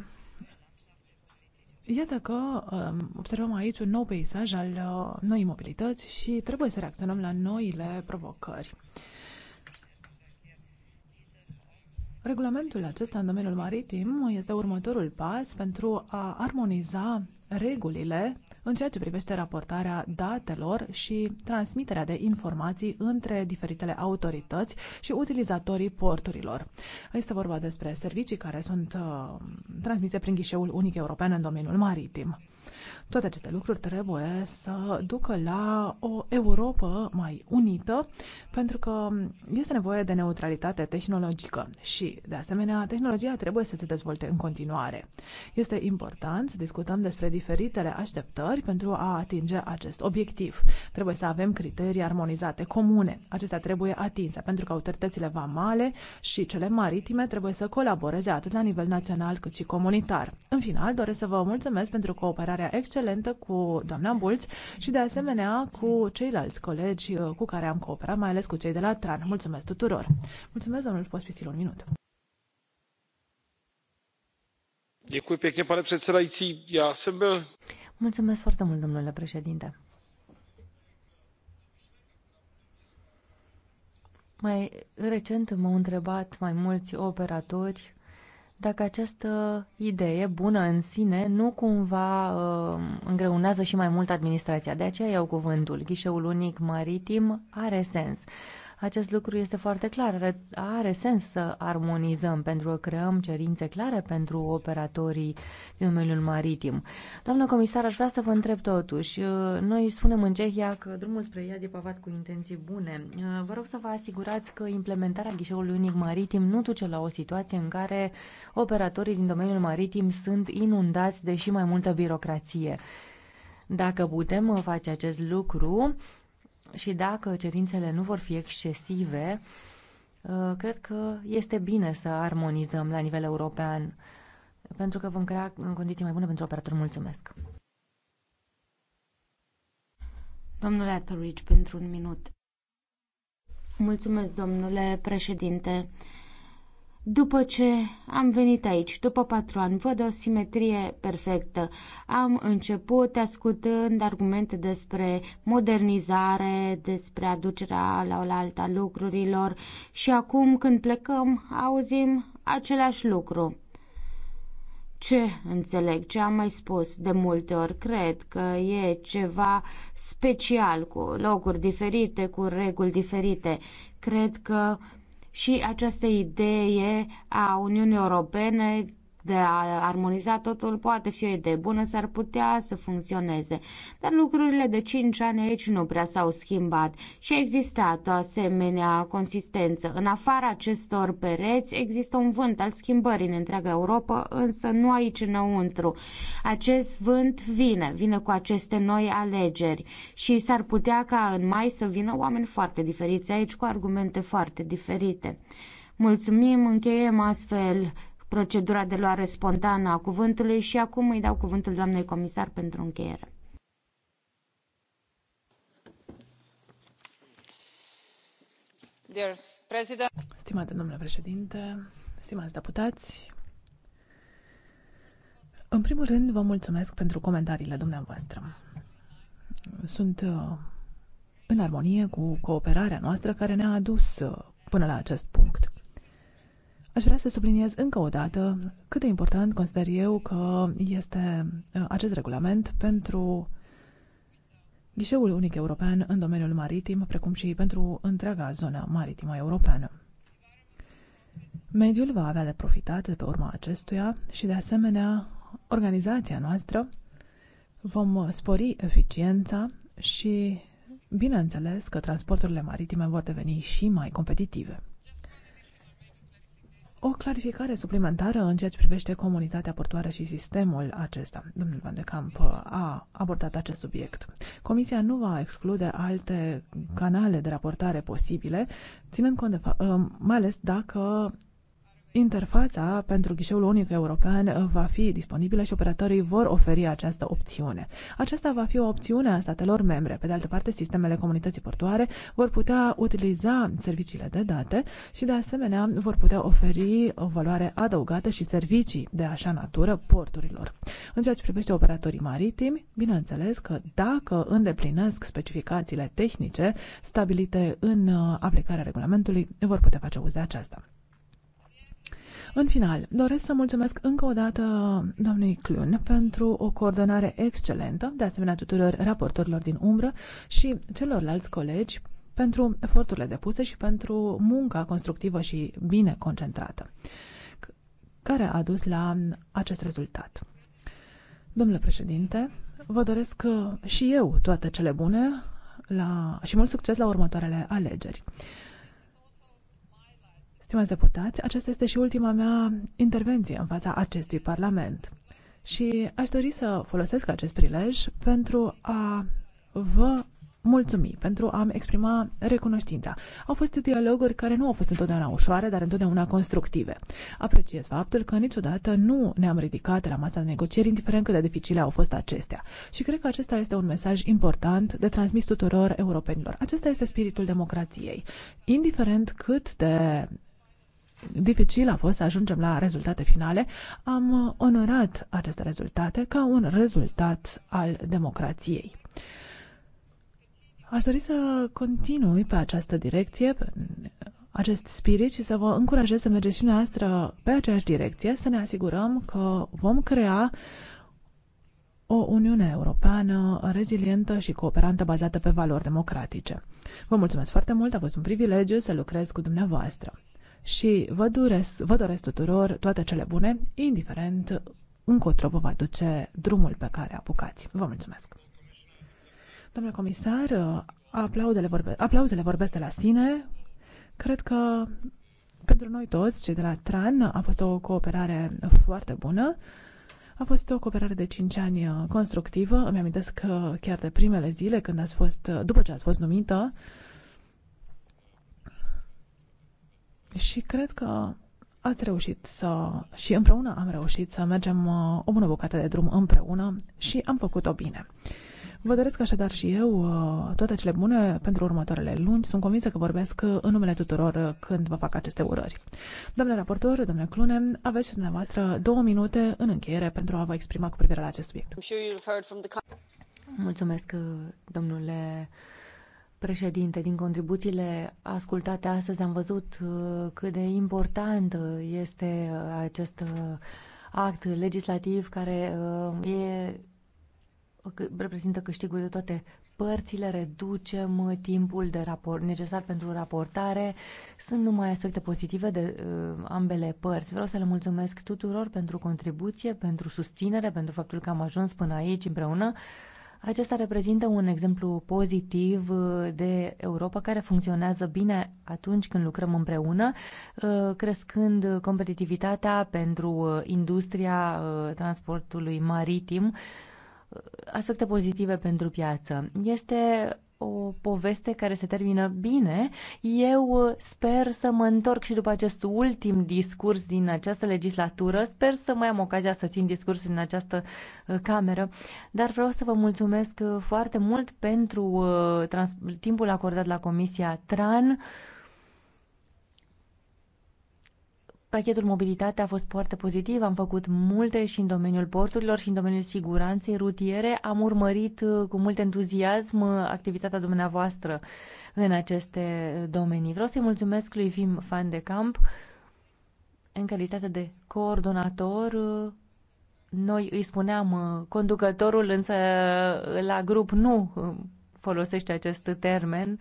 Iată că uh, observăm aici un nou peisaj al noii mobilități și trebuie să reacționăm la noile provocări. Regulamentul acesta în domeniul maritim este următorul pas pentru a armoniza regulile în ceea ce privește raportarea datelor și transmiterea de informații între diferitele autorități și utilizatorii porturilor. Este vorba despre servicii care sunt uh, transmise prin ghișeul unic european în domeniul maritim. Toate aceste lucruri trebuie să ducă la o Europa mai unită, pentru că este nevoie de neutralitate tehnologică și, de asemenea, tehnologia trebuie să se dezvolte în continuare. Este important să discutăm despre diferitele așteptări pentru a atinge acest obiectiv. Trebuie să avem criterii armonizate comune. Acestea trebuie atinse pentru că autoritățile vamale și cele maritime trebuie să colaboreze atât la nivel național cât și comunitar. În final, doresc să vă mulțumesc pentru cooperarea excelentă cu doamna Bulț și de asemenea cu ceilalți colegi uh, cu care am cooperat, mai ales cu cei de la TRAN. Mulțumesc tuturor! Mulțumesc, domnul Pospisil, un minut.
pane předsedající já jsem byl.
mulțumesc
foarte mult domnule președinte. mai recent m au întrebat mai mulți operatori dacă această idee bună în sine nu cumva uh, îngreunează și mai mult administrația. De aceea iau cuvântul. Ghișeul unic maritim are sens. Acest lucru este foarte clar. Are, are sens să armonizăm pentru că creăm cerințe clare pentru operatorii din domeniul maritim. Doamnă comisar, aș vrea să vă întreb totuși. Uh, noi spunem în Cehia că drumul spre iad e pavat cu intenții bune. Uh, vă rog să vă asigurați că implementarea ghișeului unic maritim nu duce la o situație în care operatorii din domeniul maritim sunt inundați de și mai multă birocrație. Dacă putem uh, face acest lucru, și dacă cerințele nu vor fi excesive, uh, cred că este bine să armonizăm la nivel european, pentru că vom crea condiții mai bune pentru operatori. Mulțumesc! Domnule Atorwich, pentru un minut.
Mulțumesc, domnule președinte. După ce am venit aici, după patru ani, văd o simetrie perfectă. Am început ascultând argumente despre modernizare, despre aducerea la oaltă a lucrurilor și acum când plecăm auzim același lucru. Ce înțeleg, ce am mai spus de multe ori, cred că e ceva special cu locuri diferite, cu reguli diferite. Cred că și această idee a Uniunii Europene de a armoniza totul poate fi o idee bună, s-ar putea să funcționeze. Dar lucrurile de 5 ani aici nu prea s-au schimbat și a existat o asemenea consistență. În afara acestor pereți există un vânt al schimbării în întreaga Europa, însă nu aici înăuntru. Acest vânt vine, vine cu aceste noi alegeri și s-ar putea ca în mai să vină oameni foarte diferiți aici cu argumente foarte diferite. Mulțumim, încheiem astfel procedura de luare spontană a cuvântului și acum îi dau cuvântul doamnei comisar pentru încheiere.
Stimate domnule președinte, stimați deputați, în primul rând vă mulțumesc pentru comentariile dumneavoastră. Sunt uh, în armonie cu cooperarea noastră care ne-a adus uh, până la acest punct. Aș vrea să subliniez încă o dată cât de important consider eu că este uh, acest regulament pentru ghișeul unic european în domeniul maritim, precum și pentru întreaga zonă maritimă europeană. Mediul va avea de profitat de pe urma acestuia și, de asemenea, organizația noastră vom spori eficiența și, bineînțeles, că transporturile maritime vor deveni și mai competitive o clarificare suplimentară în ceea ce privește comunitatea portoară și sistemul acesta. Domnul Van de Camp a abordat acest subiect. Comisia nu va exclude alte canale de raportare posibile, ținând cont de uh, mai ales dacă Interfața pentru ghișeul unic european uh, va fi disponibilă și operatorii vor oferi această opțiune. Aceasta va fi o opțiune a statelor membre. Pe de altă parte, sistemele comunității portoare vor putea utiliza serviciile de date și, de asemenea, vor putea oferi o valoare adăugată și servicii de așa natură porturilor. În ceea ce privește operatorii maritimi, bineînțeles că dacă îndeplinesc specificațiile tehnice stabilite în uh, aplicarea regulamentului, vor putea face uz de aceasta. În final, doresc să mulțumesc încă o dată domnului Clun pentru o coordonare excelentă, de asemenea tuturor raportorilor din umbră și celorlalți colegi pentru eforturile depuse și pentru munca constructivă și bine concentrată care a dus la acest rezultat. Domnule președinte, vă doresc și eu toate cele bune la, și mult succes la următoarele alegeri. Stimați deputați, aceasta este și ultima mea intervenție în fața acestui Parlament. Și aș dori să folosesc acest prilej pentru a vă mulțumi, pentru a-mi exprima recunoștința. Au fost dialoguri care nu au fost întotdeauna ușoare, dar întotdeauna constructive. Apreciez faptul că niciodată nu ne-am ridicat la masa de negocieri, indiferent cât de dificile au fost acestea. Și cred că acesta este un mesaj important de transmis tuturor europenilor. Acesta este spiritul democrației. Indiferent cât de dificil a fost să ajungem la rezultate finale, am uh, onorat aceste rezultate ca un rezultat al democrației. Aș dori să continui pe această direcție, pe acest spirit și să vă încurajez să mergeți și noastră pe aceeași direcție, să ne asigurăm că vom crea o Uniune Europeană rezilientă și cooperantă bazată pe valori democratice. Vă mulțumesc foarte mult, a fost un privilegiu să lucrez cu dumneavoastră și vă doresc, vă doresc tuturor toate cele bune, indiferent încotro vă va duce drumul pe care apucați. Vă mulțumesc! Domnule comisar, aplauzele, vorbe, aplauzele vorbesc de la sine. Cred că pentru noi toți, cei de la TRAN, a fost o cooperare foarte bună. A fost o cooperare de 5 ani constructivă. Îmi amintesc că chiar de primele zile, când ați fost, după ce ați fost numită, și cred că ați reușit să, și împreună am reușit să mergem uh, o bună bucată de drum împreună și am făcut-o bine. Vă doresc așadar și eu uh, toate cele bune pentru următoarele luni. Sunt convinsă că vorbesc în numele tuturor uh, când vă fac aceste urări. Domnule raportor, domnule Clune, aveți și dumneavoastră două minute în încheiere pentru a vă exprima cu privire la acest subiect. Mulțumesc, domnule președinte, din contribuțiile
ascultate astăzi am văzut uh, cât de important uh, este uh, acest act legislativ care e, reprezintă câștigul de toate părțile, reducem timpul de raport, necesar pentru raportare. Sunt numai aspecte pozitive de uh, ambele părți. Vreau să le mulțumesc tuturor pentru contribuție, pentru susținere, pentru faptul că am ajuns până aici împreună. Uh, acesta reprezintă un exemplu pozitiv uh, de Europa care funcționează bine atunci când lucrăm împreună, uh, crescând competitivitatea pentru uh, industria transportului maritim, aspecte pozitive pentru piață. Este o poveste care se termină bine. Eu uh, sper să mă întorc și după acest ultim discurs din această legislatură. Sper să mai am ocazia să țin discursul în această uh, cameră. Dar vreau să vă mulțumesc uh, foarte mult pentru timpul acordat la Comisia TRAN. Pachetul mobilitate a fost foarte pozitiv, am făcut multe și în domeniul porturilor și în domeniul siguranței rutiere. Am urmărit uh, cu mult entuziasm uh, activitatea dumneavoastră în aceste domenii. Vreau să-i mulțumesc lui Vim Fan de Camp în calitate de coordonator. Uh, noi îi spuneam conducătorul, însă la grup nu folosește acest termen. Uh,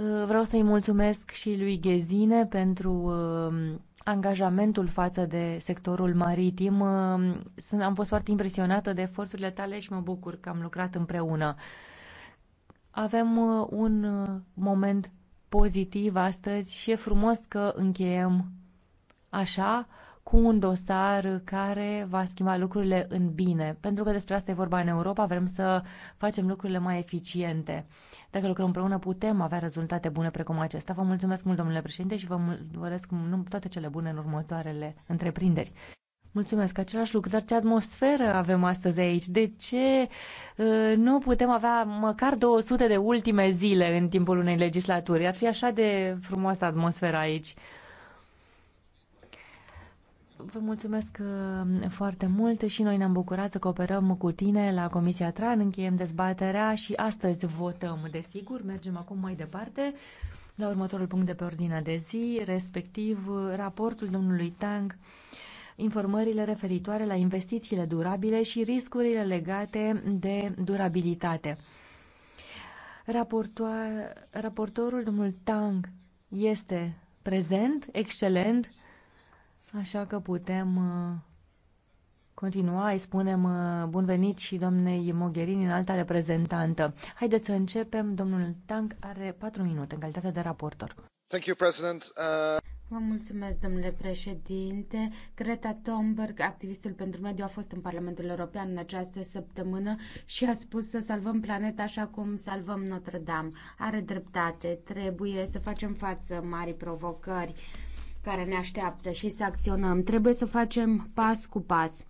Uh, vreau să-i mulțumesc și lui Ghezine pentru uh, angajamentul față de sectorul maritim. Uh, sunt, am fost foarte impresionată de eforturile tale și mă bucur că am lucrat împreună. Avem un moment pozitiv astăzi și e frumos că încheiem așa cu un dosar care va schimba lucrurile în bine. Pentru că despre asta e vorba în Europa, vrem să facem lucrurile mai eficiente. Dacă lucrăm împreună, putem avea rezultate bune precum acesta. Vă mulțumesc mult, domnule președinte, și vă doresc toate cele bune în următoarele întreprinderi. Mulțumesc, același lucru, dar ce atmosferă avem astăzi aici? De ce ă, nu putem avea măcar 200 de ultime zile în timpul unei legislaturi? Ar fi așa de frumoasă atmosfera aici. Vă mulțumesc uh, foarte mult și noi ne-am bucurat să cooperăm cu tine la Comisia Tran, încheiem dezbaterea și astăzi votăm, desigur. Mergem acum mai departe la următorul punct de pe ordinea de zi, respectiv uh, raportul domnului Tang, informările referitoare la investițiile durabile și riscurile legate de durabilitate. Raportoa, raportorul domnul Tang este prezent, excelent, Așa că putem uh, continua, îi spunem uh, bun venit și domnei Mogherini, în alta reprezentantă. Haideți să începem. Domnul Tang? are patru minute în calitate de raportor. Thank you, President.
Uh... Vă mulțumesc, domnule președinte. Greta Thunberg, activistul pentru mediu, a fost în Parlamentul European în această săptămână și a spus să salvăm planeta așa cum salvăm Notre Dame. Are dreptate, trebuie să facem față mari provocări. Uh, care ne așteaptă și să acționăm. Trebuie să facem pas cu pas.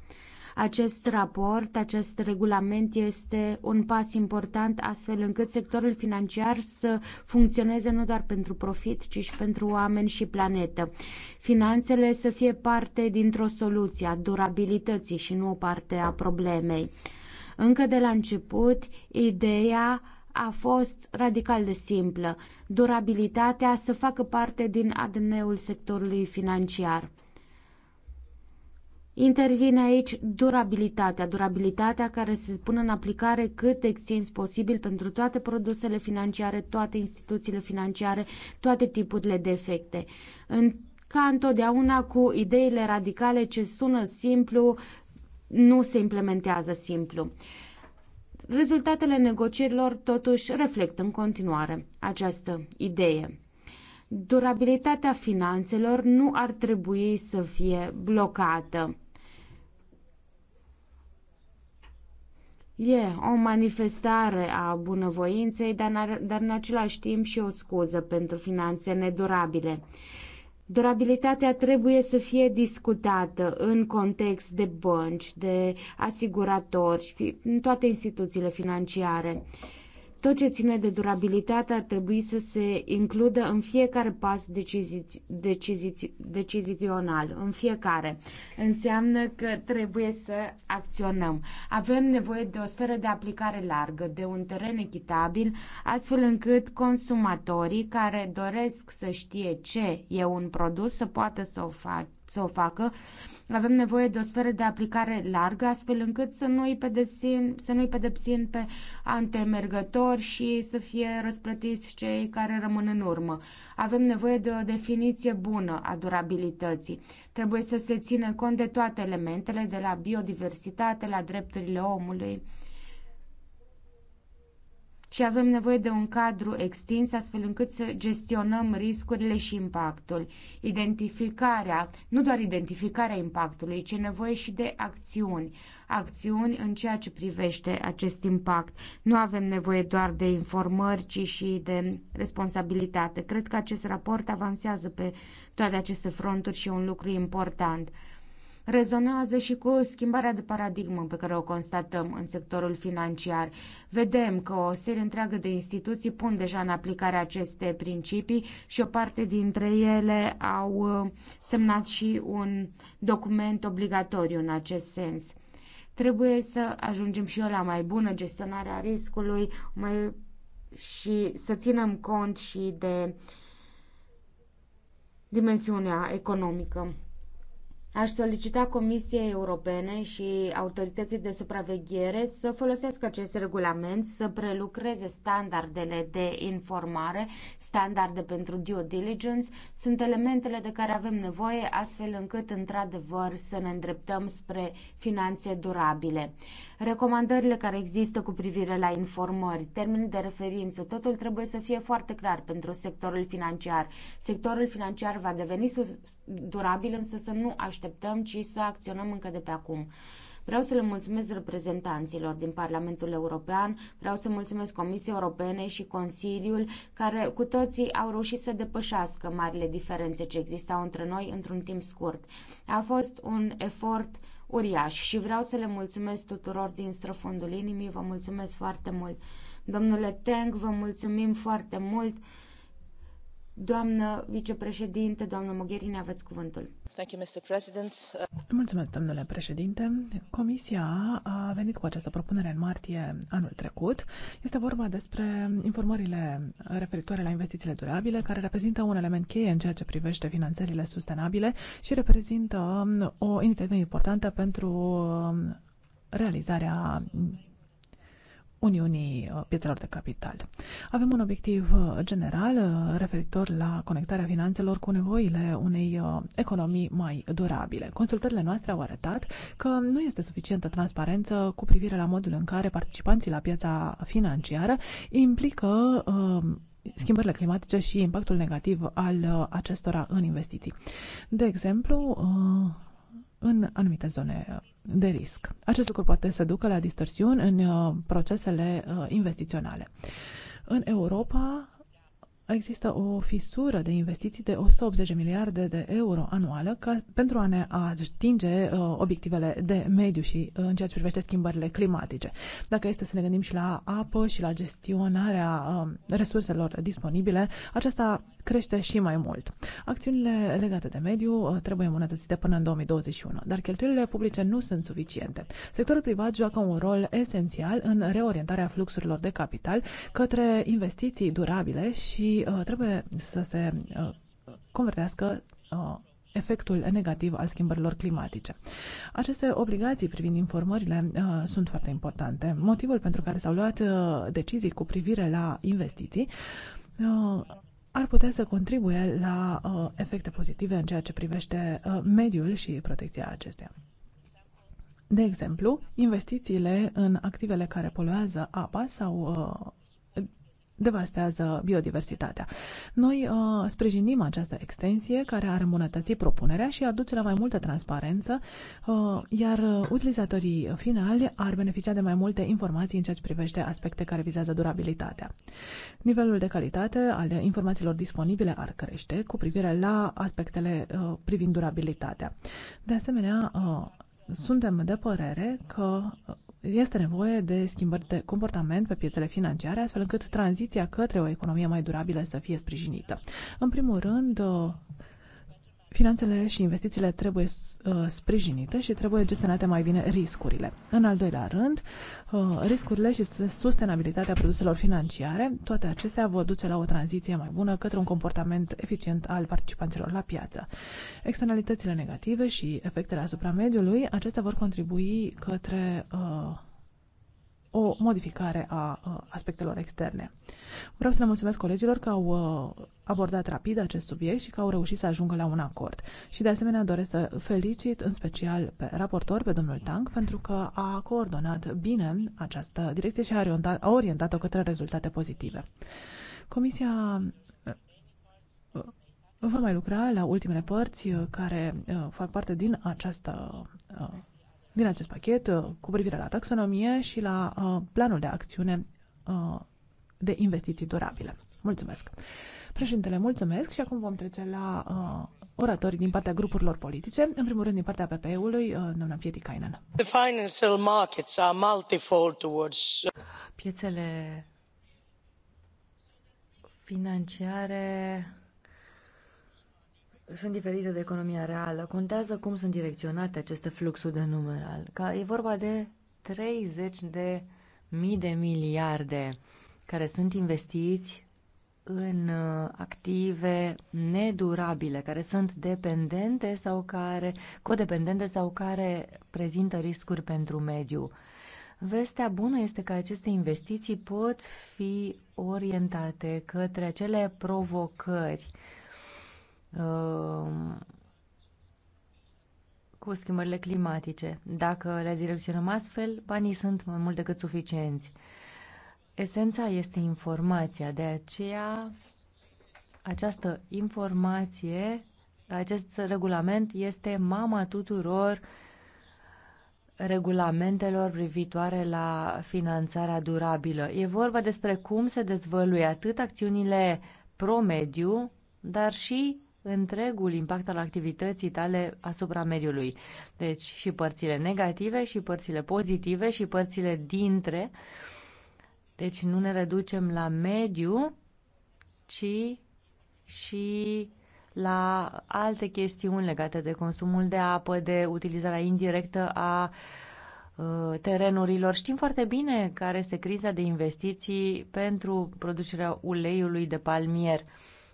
Acest raport, acest regulament este un pas important astfel încât sectorul financiar să funcționeze nu doar pentru profit, ci și pentru oameni și planetă. Finanțele să fie parte dintr-o soluție a durabilității și nu o parte a problemei. Încă de la început, ideea a fost radical de simplă, durabilitatea să facă parte din ADN-ul sectorului financiar. Intervine aici durabilitatea, durabilitatea care se pune în aplicare cât extins posibil pentru toate produsele financiare, toate instituțiile financiare, toate tipurile de efecte. În, ca întotdeauna cu ideile radicale ce sună simplu, nu se implementează simplu. Uh, Rezultatele negocierilor totuși reflectă în continuare această idee. Durabilitatea finanțelor nu ar trebui să fie blocată. E o manifestare a bunăvoinței, dar, dar în același timp și o scuză pentru finanțe nedurabile. Durabilitatea trebuie să fie discutată în context de bănci, de asiguratori, în toate instituțiile financiare. Tot ce ține de durabilitate ar trebui să se includă în fiecare pas decizional, în fiecare. Înseamnă că trebuie să acționăm. Avem nevoie de o sferă de aplicare largă, de un teren echitabil, astfel încât consumatorii care doresc să știe ce e un produs să poată să o, fac, să o facă avem nevoie de o sferă de aplicare largă, astfel încât să nu-i pedepsim, să nu-i pedepsim pe antemergători și să fie răsplătiți cei care rămân în urmă. Avem nevoie de o definiție bună a durabilității. Trebuie să se țină cont de toate elementele, de la biodiversitate la drepturile omului și avem nevoie de un cadru extins astfel încât să gestionăm riscurile și impactul. Identificarea, nu doar identificarea impactului, ci nevoie și de acțiuni. Acțiuni în ceea ce privește acest impact. Nu avem nevoie doar de informări, ci și de responsabilitate. Cred că acest raport avansează pe toate aceste fronturi și e un lucru important rezonează și cu schimbarea de paradigmă pe care o constatăm în sectorul financiar. Vedem că o serie întreagă de instituții pun deja în aplicare aceste principii și o parte dintre ele au uh, semnat și un document obligatoriu în acest sens. Trebuie să ajungem și eu la mai bună gestionare a riscului mai... și să ținem cont și de dimensiunea economică. Aș solicita Comisiei Europene și autorității de supraveghere să folosească acest regulament, să prelucreze standardele de informare, standarde pentru due diligence, sunt elementele de care avem nevoie astfel încât, într-adevăr, să ne îndreptăm spre finanțe durabile recomandările care există cu privire la informări, termeni de referință, totul trebuie să fie foarte clar pentru sectorul financiar. Sectorul financiar va deveni durabil, însă să nu așteptăm, ci să acționăm încă de pe acum. Vreau să le mulțumesc reprezentanților din Parlamentul European, vreau să mulțumesc Comisiei Europene și Consiliul, care cu toții au reușit să depășească marile diferențe ce existau între noi într-un timp scurt. A fost un efort uriaș și vreau să le mulțumesc tuturor din străfundul inimii, vă mulțumesc foarte mult. Domnule Teng, vă mulțumim foarte mult. Doamnă vicepreședinte, doamnă Mogherini, aveți cuvântul.
Mulțumesc, domnule președinte. Comisia a venit cu această propunere în martie anul trecut. Este vorba despre informările referitoare la investițiile durabile, care reprezintă un element cheie în ceea ce privește finanțările sustenabile și reprezintă o inițiativă importantă pentru realizarea Uniunii uh, Piețelor de Capital. Avem un obiectiv uh, general uh, referitor la conectarea finanțelor cu nevoile unei economii mai durabile. Consultările noastre au arătat că nu este suficientă transparență cu privire la modul în care participanții la piața financiară implică schimbările climatice și impactul negativ al acestora în investiții. De exemplu, în anumite zone uh, de risc. Acest lucru poate să ducă la distorsiuni în uh, procesele uh, investiționale. În Europa există o fisură de investiții de 180 miliarde de euro anuală ca, pentru a ne atinge uh, obiectivele de mediu și uh, în ceea ce privește schimbările climatice. Dacă este să ne gândim și la apă și la gestionarea uh, resurselor disponibile, aceasta crește și mai mult. Acțiunile legate de mediu uh, trebuie îmbunătățite până în 2021, dar cheltuielile publice nu sunt suficiente. Sectorul privat joacă un rol esențial în reorientarea fluxurilor de capital către investiții durabile și uh, trebuie să se uh, convertească uh, efectul negativ al schimbărilor climatice. Aceste obligații privind informările uh, sunt foarte importante. Motivul pentru care s-au luat uh, decizii cu privire la investiții uh, ar putea să contribuie la uh, efecte pozitive în ceea ce privește uh, mediul și protecția acestuia. De exemplu, investițiile în activele care poluează apa sau uh, devastează biodiversitatea. Noi uh, sprijinim această extensie care ar îmbunătăți propunerea și ar duce la mai multă transparență, uh, iar utilizatorii finali ar beneficia de mai multe informații în ceea ce privește aspecte care vizează durabilitatea. Nivelul de calitate al informațiilor disponibile ar crește cu privire la aspectele uh, privind durabilitatea. De asemenea, uh, suntem de părere că este nevoie de schimbări de comportament pe piețele financiare, astfel încât tranziția către o economie mai durabilă să fie sprijinită. În primul rând, Finanțele și investițiile trebuie uh, sprijinite și trebuie gestionate mai bine riscurile. În al doilea rând, uh, riscurile și sustenabilitatea produselor financiare, toate acestea vor duce la o tranziție mai bună către un comportament eficient al participanților la piață. Externalitățile negative și efectele asupra mediului, acestea vor contribui către uh, o modificare a aspectelor externe. Vreau să le mulțumesc colegilor că au abordat rapid acest subiect și că au reușit să ajungă la un acord. Și de asemenea doresc să felicit în special pe raportor, pe domnul Tang, pentru că a coordonat bine această direcție și a orientat-o orientat către rezultate pozitive. Comisia va mai lucra la ultimele părți care fac parte din această din acest pachet uh, cu privire la taxonomie și la uh, planul de acțiune uh, de investiții durabile. Mulțumesc! Președintele, mulțumesc și acum vom trece la uh, oratorii din partea grupurilor politice, în primul rând din partea PPE-ului, uh, doamna Kainan.
The financial markets are multifold towards...
Piețele financiare
sunt diferite de economia reală. Contează cum sunt direcționate aceste fluxuri de număr. Ca e vorba de 30 de mii de miliarde care sunt investiți în uh, active nedurabile, care sunt dependente sau care, codependente sau care prezintă riscuri pentru mediu. Vestea bună este că aceste investiții pot fi orientate către acele provocări uh, Ehm, cu schimbările climatice. Dacă le direcționăm astfel, banii sunt mai mult decât suficienți. Esența este informația, de aceea această informație, acest regulament este mama tuturor regulamentelor privitoare la finanțarea durabilă. E vorba despre cum se dezvăluie atât acțiunile pro-mediu, dar și întregul impact al activității tale asupra mediului. Deci și părțile negative, și părțile pozitive, și părțile dintre. Deci nu ne reducem la mediu, ci și la alte chestiuni legate de consumul de apă, de utilizarea indirectă a ă, terenurilor. Știm foarte bine care este criza de investiții pentru producerea uleiului de palmier.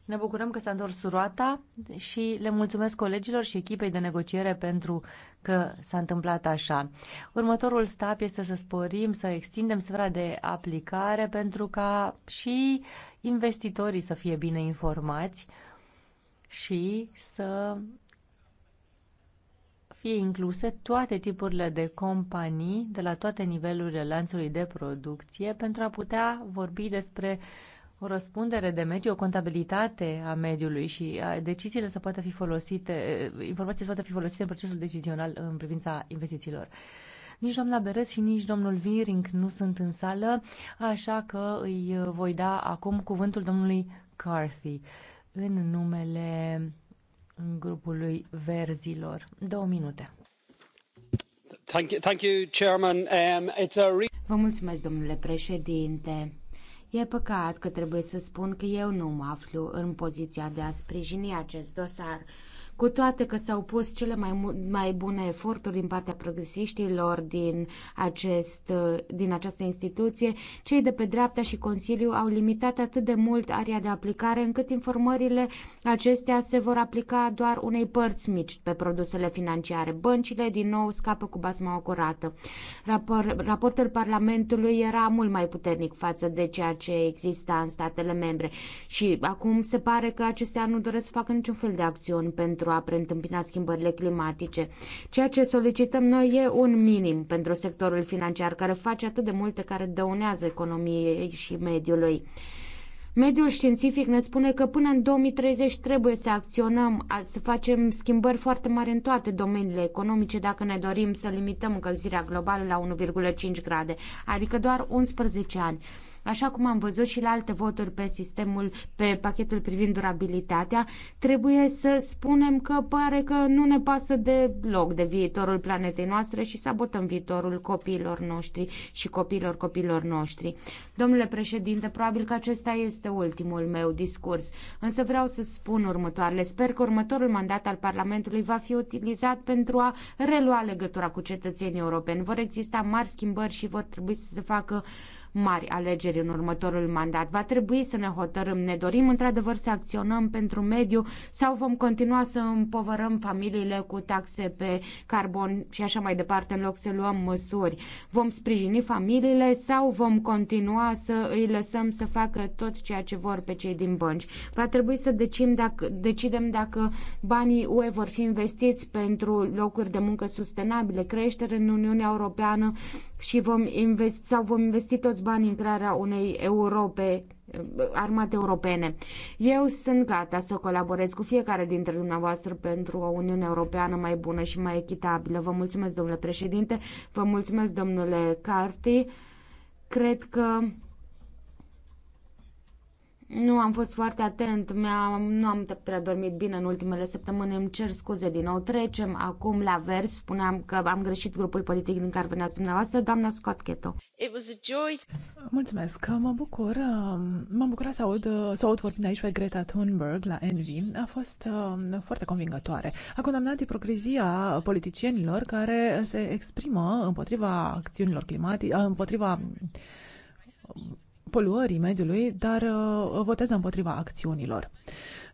Ne bucurăm că s-a întors roata și le mulțumesc colegilor și echipei de negociere pentru că s-a întâmplat așa. Următorul stap este să sporim, să extindem sfera de aplicare pentru ca și investitorii să fie bine informați și să fie incluse toate tipurile de companii de la toate nivelurile lanțului de producție pentru a putea vorbi despre uh, o răspundere de mediu, o contabilitate a mediului și deciziile să poată fi folosite, informații să poată fi folosite în procesul decizional în privința investițiilor. Nici doamna Beres și nici domnul Viring nu sunt în sală, așa că îi voi da acum cuvântul domnului Carthy în numele grupului Verzilor. Două minute.
Thank you, thank you, Chairman. Um, it's a re- Vă mulțumesc, domnule președinte. E păcat că trebuie să spun că eu nu mă aflu în poziția de a sprijini acest dosar. Cu toate că s-au pus cele mai, mai bune eforturi din partea progresiștilor din, acest, din această instituție, cei de pe dreapta și Consiliu au limitat atât de mult area de aplicare încât informările acestea se vor aplica doar unei părți mici pe produsele financiare. Băncile, din nou, scapă cu basma curată. Rapor, raportul Parlamentului era mult mai puternic față de ceea ce exista în statele membre și acum se pare că acestea nu doresc să facă niciun fel de acțiuni pentru pentru a preîntâmpina schimbările climatice. Ceea ce solicităm noi e un minim pentru sectorul financiar care face atât de multe care dăunează economiei și mediului. Mediul științific ne spune că până în 2030 trebuie să acționăm, să facem schimbări foarte mari în toate domeniile economice dacă ne dorim să limităm încălzirea globală la 1,5 grade, adică doar 11 ani. Așa cum am văzut și la alte voturi pe sistemul, pe pachetul privind durabilitatea, trebuie să spunem că pare că nu ne pasă deloc de viitorul planetei noastre și sabotăm viitorul copiilor noștri și copiilor copiilor noștri. Domnule președinte, probabil că acesta este ultimul meu discurs, însă vreau să spun următoarele. Sper că următorul mandat al Parlamentului va fi utilizat pentru a relua legătura cu cetățenii europeni. Vor exista mari schimbări și vor trebui să se facă uh, mari alegeri în următorul mandat. Va trebui să ne hotărâm. Ne dorim într-adevăr să acționăm pentru mediu sau vom continua să împovărăm familiile cu taxe pe carbon și așa mai departe în loc să luăm măsuri. Vom sprijini familiile sau vom continua să îi lăsăm să facă tot ceea ce vor pe cei din bănci. Va trebui să decim dacă, decidem dacă banii UE vor fi investiți pentru locuri de muncă sustenabile, creștere în Uniunea Europeană și vom investi, sau vom investi toți banii în crearea unei Europe armate europene. Eu sunt gata să colaborez cu fiecare dintre dumneavoastră pentru o Uniune Europeană mai bună și mai echitabilă. Vă mulțumesc, domnule președinte, vă mulțumesc, domnule Carti. Cred că nu am fost foarte atent, -am, nu am prea dormit bine în ultimele săptămâni, îmi cer scuze din nou. Trecem acum la vers, spuneam că am greșit grupul politic din care veneați dumneavoastră, doamna Scott Keto.
It was a joy.
Mulțumesc, mă bucur, mă am bucurat să aud, să aud vorbind aici pe Greta Thunberg la Envy. A fost uh, foarte convingătoare. A condamnat ipocrizia politicienilor care se exprimă împotriva acțiunilor climatice, uh, împotriva poluării mediului, dar uh, votează împotriva acțiunilor.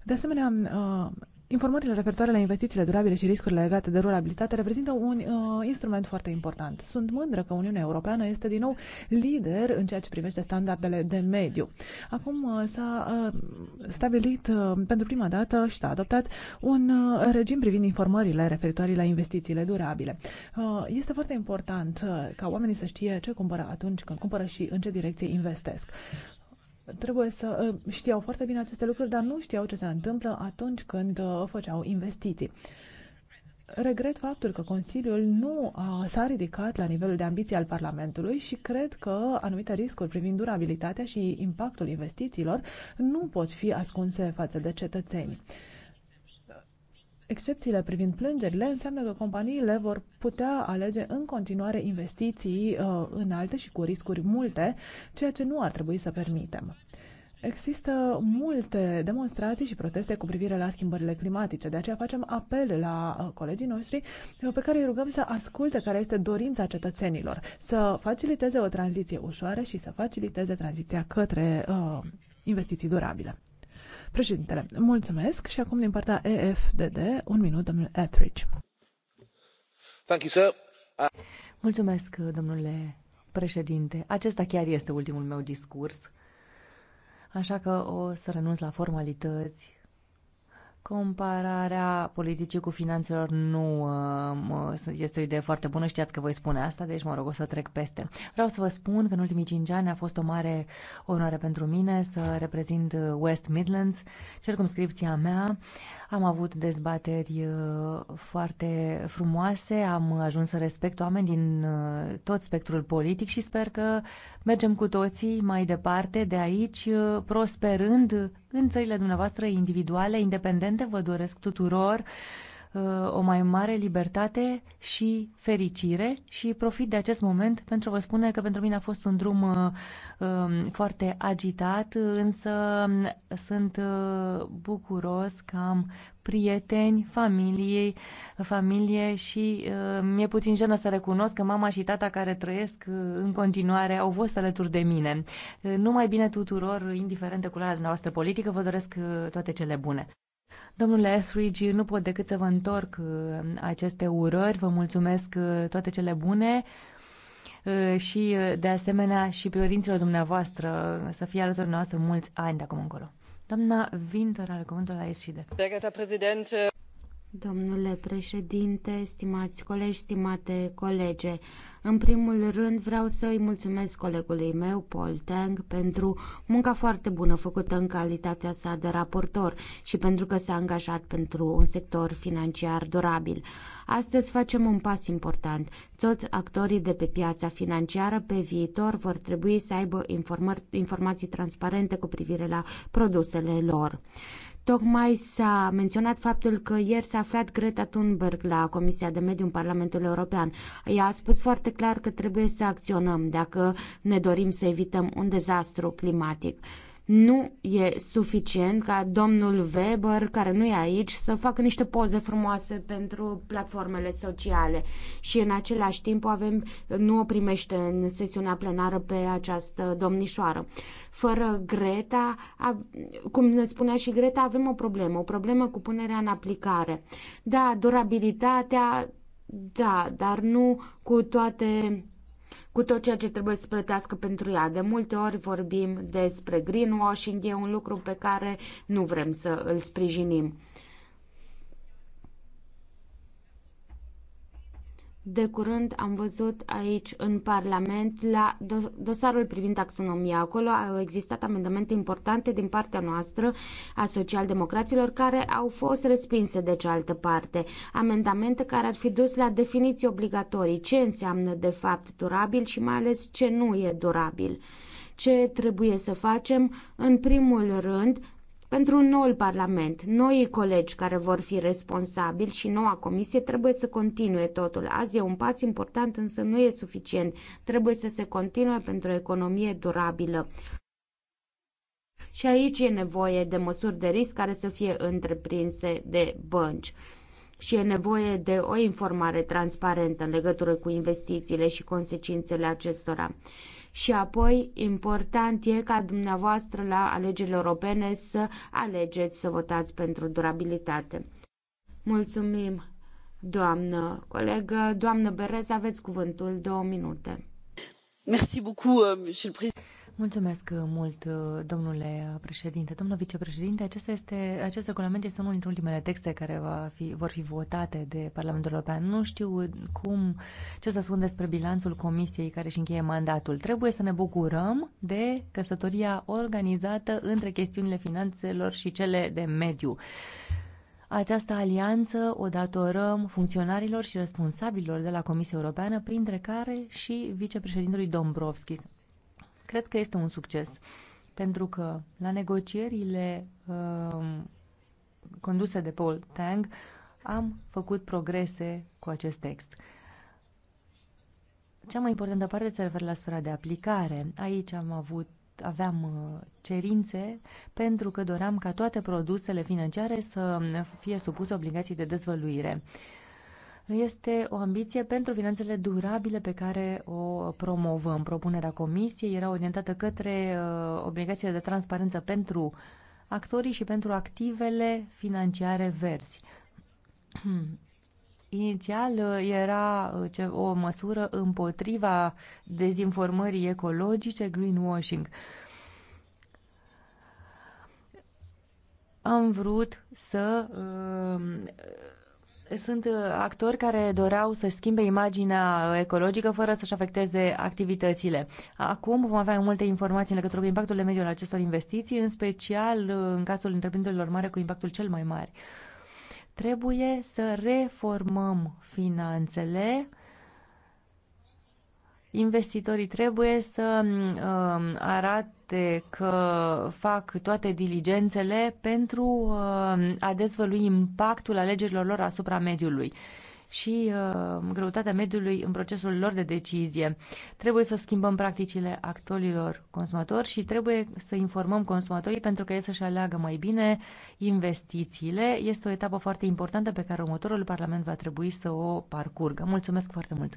De asemenea, uh, Informările referitoare la investițiile durabile și riscurile legate de rurabilitate reprezintă un uh, instrument foarte important. Sunt mândră că Uniunea Europeană este din nou lider în ceea ce privește standardele de mediu. Acum uh, s-a uh, stabilit uh, pentru prima dată și s-a adoptat un uh, regim privind informările referitoare la investițiile durabile. Uh, este foarte important uh, ca oamenii să știe ce cumpără atunci când cumpără și în ce direcție investesc trebuie să uh, știau foarte bine aceste lucruri, dar nu știau ce se întâmplă atunci când uh, făceau investiții. Regret faptul că Consiliul nu uh, s-a ridicat la nivelul de ambiție al Parlamentului și cred că anumite riscuri privind durabilitatea și impactul investițiilor nu pot fi ascunse față de cetățeni. Excepțiile privind plângerile înseamnă că companiile vor putea alege în continuare investiții uh, înalte și cu riscuri multe, ceea ce nu ar trebui să permitem. Există multe demonstrații și proteste cu privire la schimbările climatice, de aceea facem apel la uh, colegii noștri uh, pe care îi rugăm să asculte care este dorința cetățenilor, să faciliteze o tranziție ușoară și să faciliteze tranziția către uh, investiții durabile. Președintele, mulțumesc și acum din partea EFDD, un minut, domnul Etheridge.
Thank you, sir.
Uh,
mulțumesc, domnule președinte. Acesta chiar
este ultimul meu discurs, așa că o să renunț la formalități Compararea politicii cu finanțelor nu este o idee foarte bună, știați că voi spune asta, deci mă rog, o să trec peste. Vreau să vă spun că în ultimii cinci ani a fost o mare onoare pentru mine să reprezint West Midlands, circumscripția mea. Am avut dezbateri uh, foarte frumoase, am ajuns să respect oameni din uh, tot spectrul politic și sper că mergem cu toții mai departe de aici, uh, prosperând în țările dumneavoastră individuale, independente. Vă doresc tuturor o mai mare libertate și fericire și profit de acest moment pentru a vă spune că pentru mine a fost un drum uh, um, foarte agitat, însă um, sunt uh, bucuros că am prieteni, familiei, familie și uh, mi-e puțin jenă să recunosc că mama și tata care trăiesc în continuare au fost alături de mine. numai bine tuturor, indiferent de culoarea dumneavoastră politică, vă doresc toate cele bune. Domnule Esrigi, nu pot decât să vă întorc uh, aceste urări. Vă mulțumesc uh, toate cele bune uh, și, de asemenea, și priorinților dumneavoastră să fie alături noastră mulți ani de acum încolo. Doamna Vinter, al cuvântul la
Președinte.
Domnule președinte, stimați
colegi, stimate colege, în primul rând vreau să îi mulțumesc colegului meu, Paul Tang, pentru munca foarte bună făcută în calitatea sa de raportor și pentru că s-a angajat pentru un sector financiar durabil. Astăzi facem un pas important. Toți actorii de pe piața financiară pe viitor vor trebui să aibă informa- informații transparente cu privire la produsele lor. Tocmai s-a menționat faptul că ieri s-a aflat Greta Thunberg la Comisia de Mediu în Parlamentul European. Ea a spus foarte clar că trebuie să acționăm dacă ne dorim să evităm un dezastru climatic. Nu e suficient ca domnul Weber, care nu e aici, să facă niște poze frumoase pentru platformele sociale și în același timp avem, nu o primește în sesiunea plenară pe această domnișoară. Fără Greta, cum ne spunea și Greta, avem o problemă, o problemă cu punerea în aplicare. Da, durabilitatea, da, dar nu cu toate cu tot ceea ce trebuie să plătească pentru ea. De multe ori vorbim despre greenwashing, e un lucru pe care nu vrem să îl sprijinim. De curând am văzut aici în Parlament la dosarul privind taxonomia. Acolo au existat amendamente importante din partea noastră a socialdemocraților care au fost respinse de cealaltă parte. Amendamente care ar fi dus la definiții obligatorii. Ce înseamnă de fapt durabil și mai ales ce nu e durabil ce trebuie să facem. În primul rând, pentru noul Parlament, noi colegi care vor fi responsabili și noua comisie trebuie să continue totul. Azi e un pas important, însă nu e suficient. Trebuie să se continue pentru o economie durabilă. Și aici e nevoie de măsuri de risc care să fie întreprinse de bănci și e nevoie de o informare transparentă în legătură cu investițiile și consecințele acestora și apoi important e ca dumneavoastră la alegerile europene să alegeți să votați pentru durabilitate. Mulțumim, doamnă colegă. Doamnă Berez, aveți cuvântul două minute.
Merci beaucoup, euh, monsieur le président. Mulțumesc uh, mult, uh, domnule președinte. Domnule vicepreședinte, acesta este, acest regulament este unul dintre ultimele texte care va fi, vor fi votate de Parlamentul European. Nu știu cum, ce să spun despre bilanțul comisiei care își încheie mandatul. Trebuie să ne bucurăm de căsătoria organizată între chestiunile finanțelor și cele de mediu. Această alianță o datorăm funcționarilor și responsabililor de la Comisia Europeană, printre care și vicepreședintelui Dombrovskis cred că este un succes, pentru că la negocierile uh, conduse de Paul Tang am făcut progrese cu acest text. Cea mai importantă parte se referă la sfera de aplicare. Aici am avut aveam uh, cerințe pentru că doream ca toate produsele financiare să fie supuse obligații de dezvăluire. Uh, este o ambiție pentru finanțele durabile pe care o promovăm. Propunerea comisiei era orientată către uh, obligațiile de transparență pentru actorii și pentru activele financiare verzi. (clears throat) Inițial uh, era uh, o măsură împotriva dezinformării ecologice, greenwashing. Am vrut să uh, sunt uh, actori care doreau să-și schimbe imaginea uh, ecologică fără să-și afecteze activitățile. Acum vom avea multe informații în legătură cu impactul de mediu al acestor investiții, în special uh, în cazul întreprinderilor mari cu impactul cel mai mare. Trebuie să reformăm finanțele Investitorii trebuie să uh, arate că fac toate diligențele pentru uh, a dezvălui impactul alegerilor lor asupra mediului și uh, greutatea mediului în procesul lor de decizie. Trebuie să schimbăm practicile actorilor consumatori și trebuie să informăm consumatorii pentru că ei să-și aleagă mai bine investițiile. Este o etapă foarte importantă pe care următorul Parlament va trebui să o parcurgă. Mulțumesc foarte mult!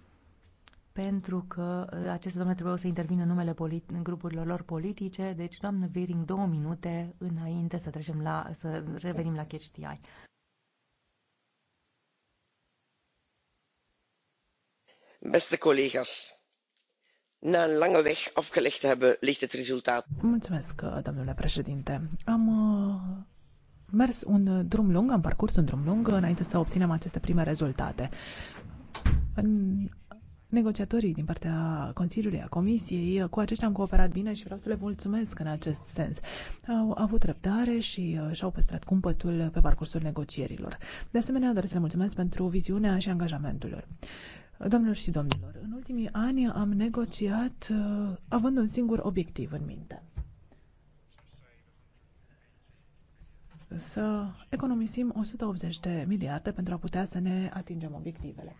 pentru că uh, aceste doamne trebuiau să intervină în numele polit- grupurilor lor politice. Deci, doamnă Viring, două minute înainte să trecem la, să revenim la chestii. TI.
Beste collega's, na een lange weg afgelegd te hebben, ligt het resultaat.
Mulțumesc, uh, domnule președinte. Am uh, mers un drum lung, am parcurs un drum lung înainte să obținem aceste prime rezultate. În negociatorii din partea Consiliului, a Comisiei. Cu aceștia am cooperat bine și vreau să le mulțumesc în acest sens. Au avut răbdare și uh, și-au păstrat cumpătul pe parcursul negocierilor. De asemenea, doresc să le mulțumesc pentru viziunea și angajamentul lor. domnilor și domnilor, în ultimii ani am negociat uh, având un singur obiectiv în minte. să economisim 180 de miliarde pentru a putea să ne atingem obiectivele.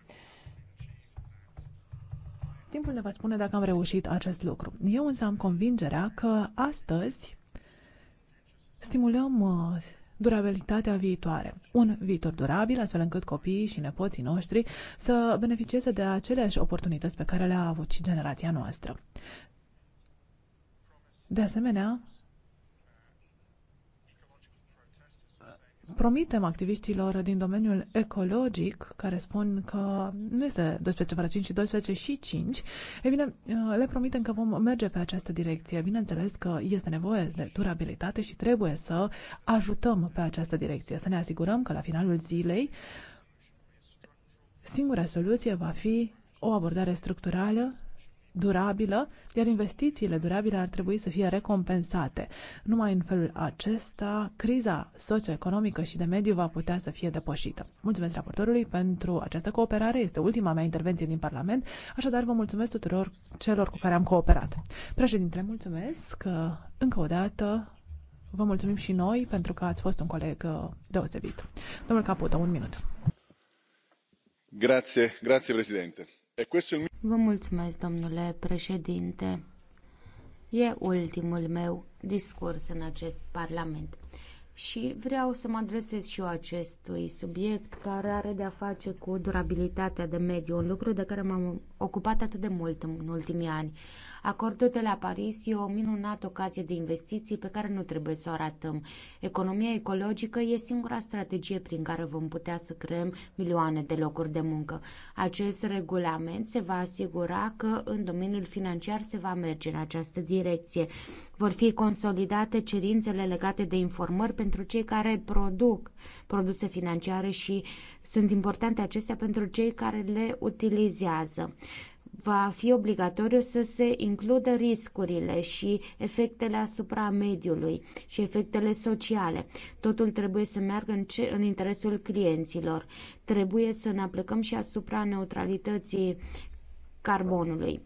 Timpul ne va spune dacă am reușit acest lucru. Eu însă am convingerea că astăzi stimulăm uh, durabilitatea viitoare. Un viitor durabil, astfel încât copiii și nepoții noștri să beneficieze de aceleași oportunități pe care le-a avut și generația noastră. De asemenea, promitem activiștilor din domeniul ecologic, care spun că nu este 12 fără 5, ci 12 și 5, e bine, uh, le promitem că vom merge pe această direcție. Bineînțeles că este nevoie de durabilitate și trebuie să ajutăm pe această direcție, să ne asigurăm că la finalul zilei singura soluție va fi o abordare structurală durabilă, iar investițiile durabile ar trebui să fie recompensate. Numai în felul acesta, criza socioeconomică și de mediu va putea să fie depășită. Mulțumesc raportorului pentru această cooperare. Este ultima mea intervenție din Parlament, așadar vă mulțumesc tuturor celor cu care am cooperat. Președintele, mulțumesc că încă o dată vă mulțumim și noi pentru că ați fost un coleg uh, deosebit. Domnul Caputo, un minut.
Grazie, grazie Presidente.
Vă mulțumesc, domnule
președinte. E ultimul meu discurs în acest parlament. Și vreau să mă adresez și eu acestui subiect care are de-a face cu durabilitatea de mediu, un lucru de care m-am ocupat atât de mult în ultimii ani. Acordul de la Paris e o minunată ocazie de investiții pe care nu trebuie să o ratăm. Economia ecologică e singura strategie prin care vom putea să creăm milioane de locuri de muncă. Acest regulament se va asigura că în domeniul financiar se va merge în această direcție. Vor fi consolidate cerințele legate de informări pentru cei care produc produse financiare și sunt importante acestea pentru cei care le utilizează va fi obligatoriu să se includă riscurile și efectele asupra mediului și efectele sociale. Totul trebuie să meargă în, ce, în interesul clienților. Trebuie să ne aplicăm și asupra neutralității carbonului.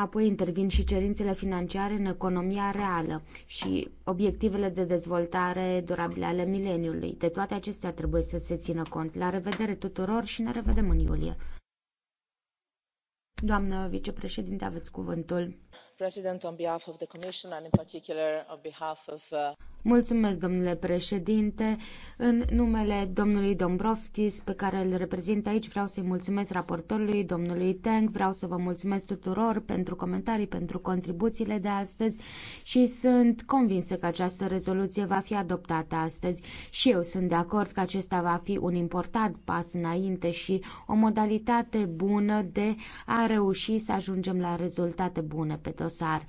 Apoi intervin și cerințele financiare în economia reală și obiectivele de dezvoltare durabile ale mileniului. De toate acestea trebuie să se țină cont. La revedere tuturor și ne revedem în iulie. Doamnă vicepreședinte, aveți cuvântul.
President, on behalf of the Commission and in particular on behalf of uh...
Mulțumesc, domnule președinte. În numele domnului Dombrovskis, pe care îl reprezint aici, vreau să-i mulțumesc raportorului, domnului Teng, vreau să vă mulțumesc tuturor pentru comentarii, pentru contribuțiile de astăzi și sunt convinsă că această rezoluție va fi adoptată astăzi. Și eu sunt de acord că acesta va fi un important pas înainte și o modalitate bună de a reuși să ajungem la rezultate bune pe dosar.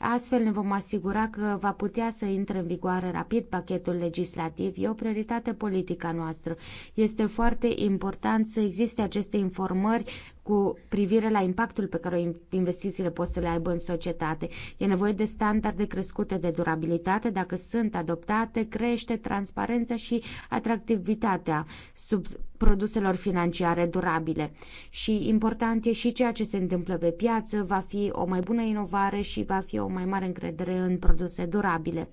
Astfel ne vom asigura că va putea să intre în vigoare rapid pachetul legislativ. E o prioritate politică a noastră. Este foarte important să existe aceste informări cu privire la impactul pe care investițiile pot să le aibă în societate. E nevoie de standarde crescute de durabilitate. Dacă sunt adoptate, crește transparența și atractivitatea sub produselor financiare durabile. Și important e și ceea ce se întâmplă pe piață, va fi o mai bună inovare și va fi o mai mare încredere în produse durabile.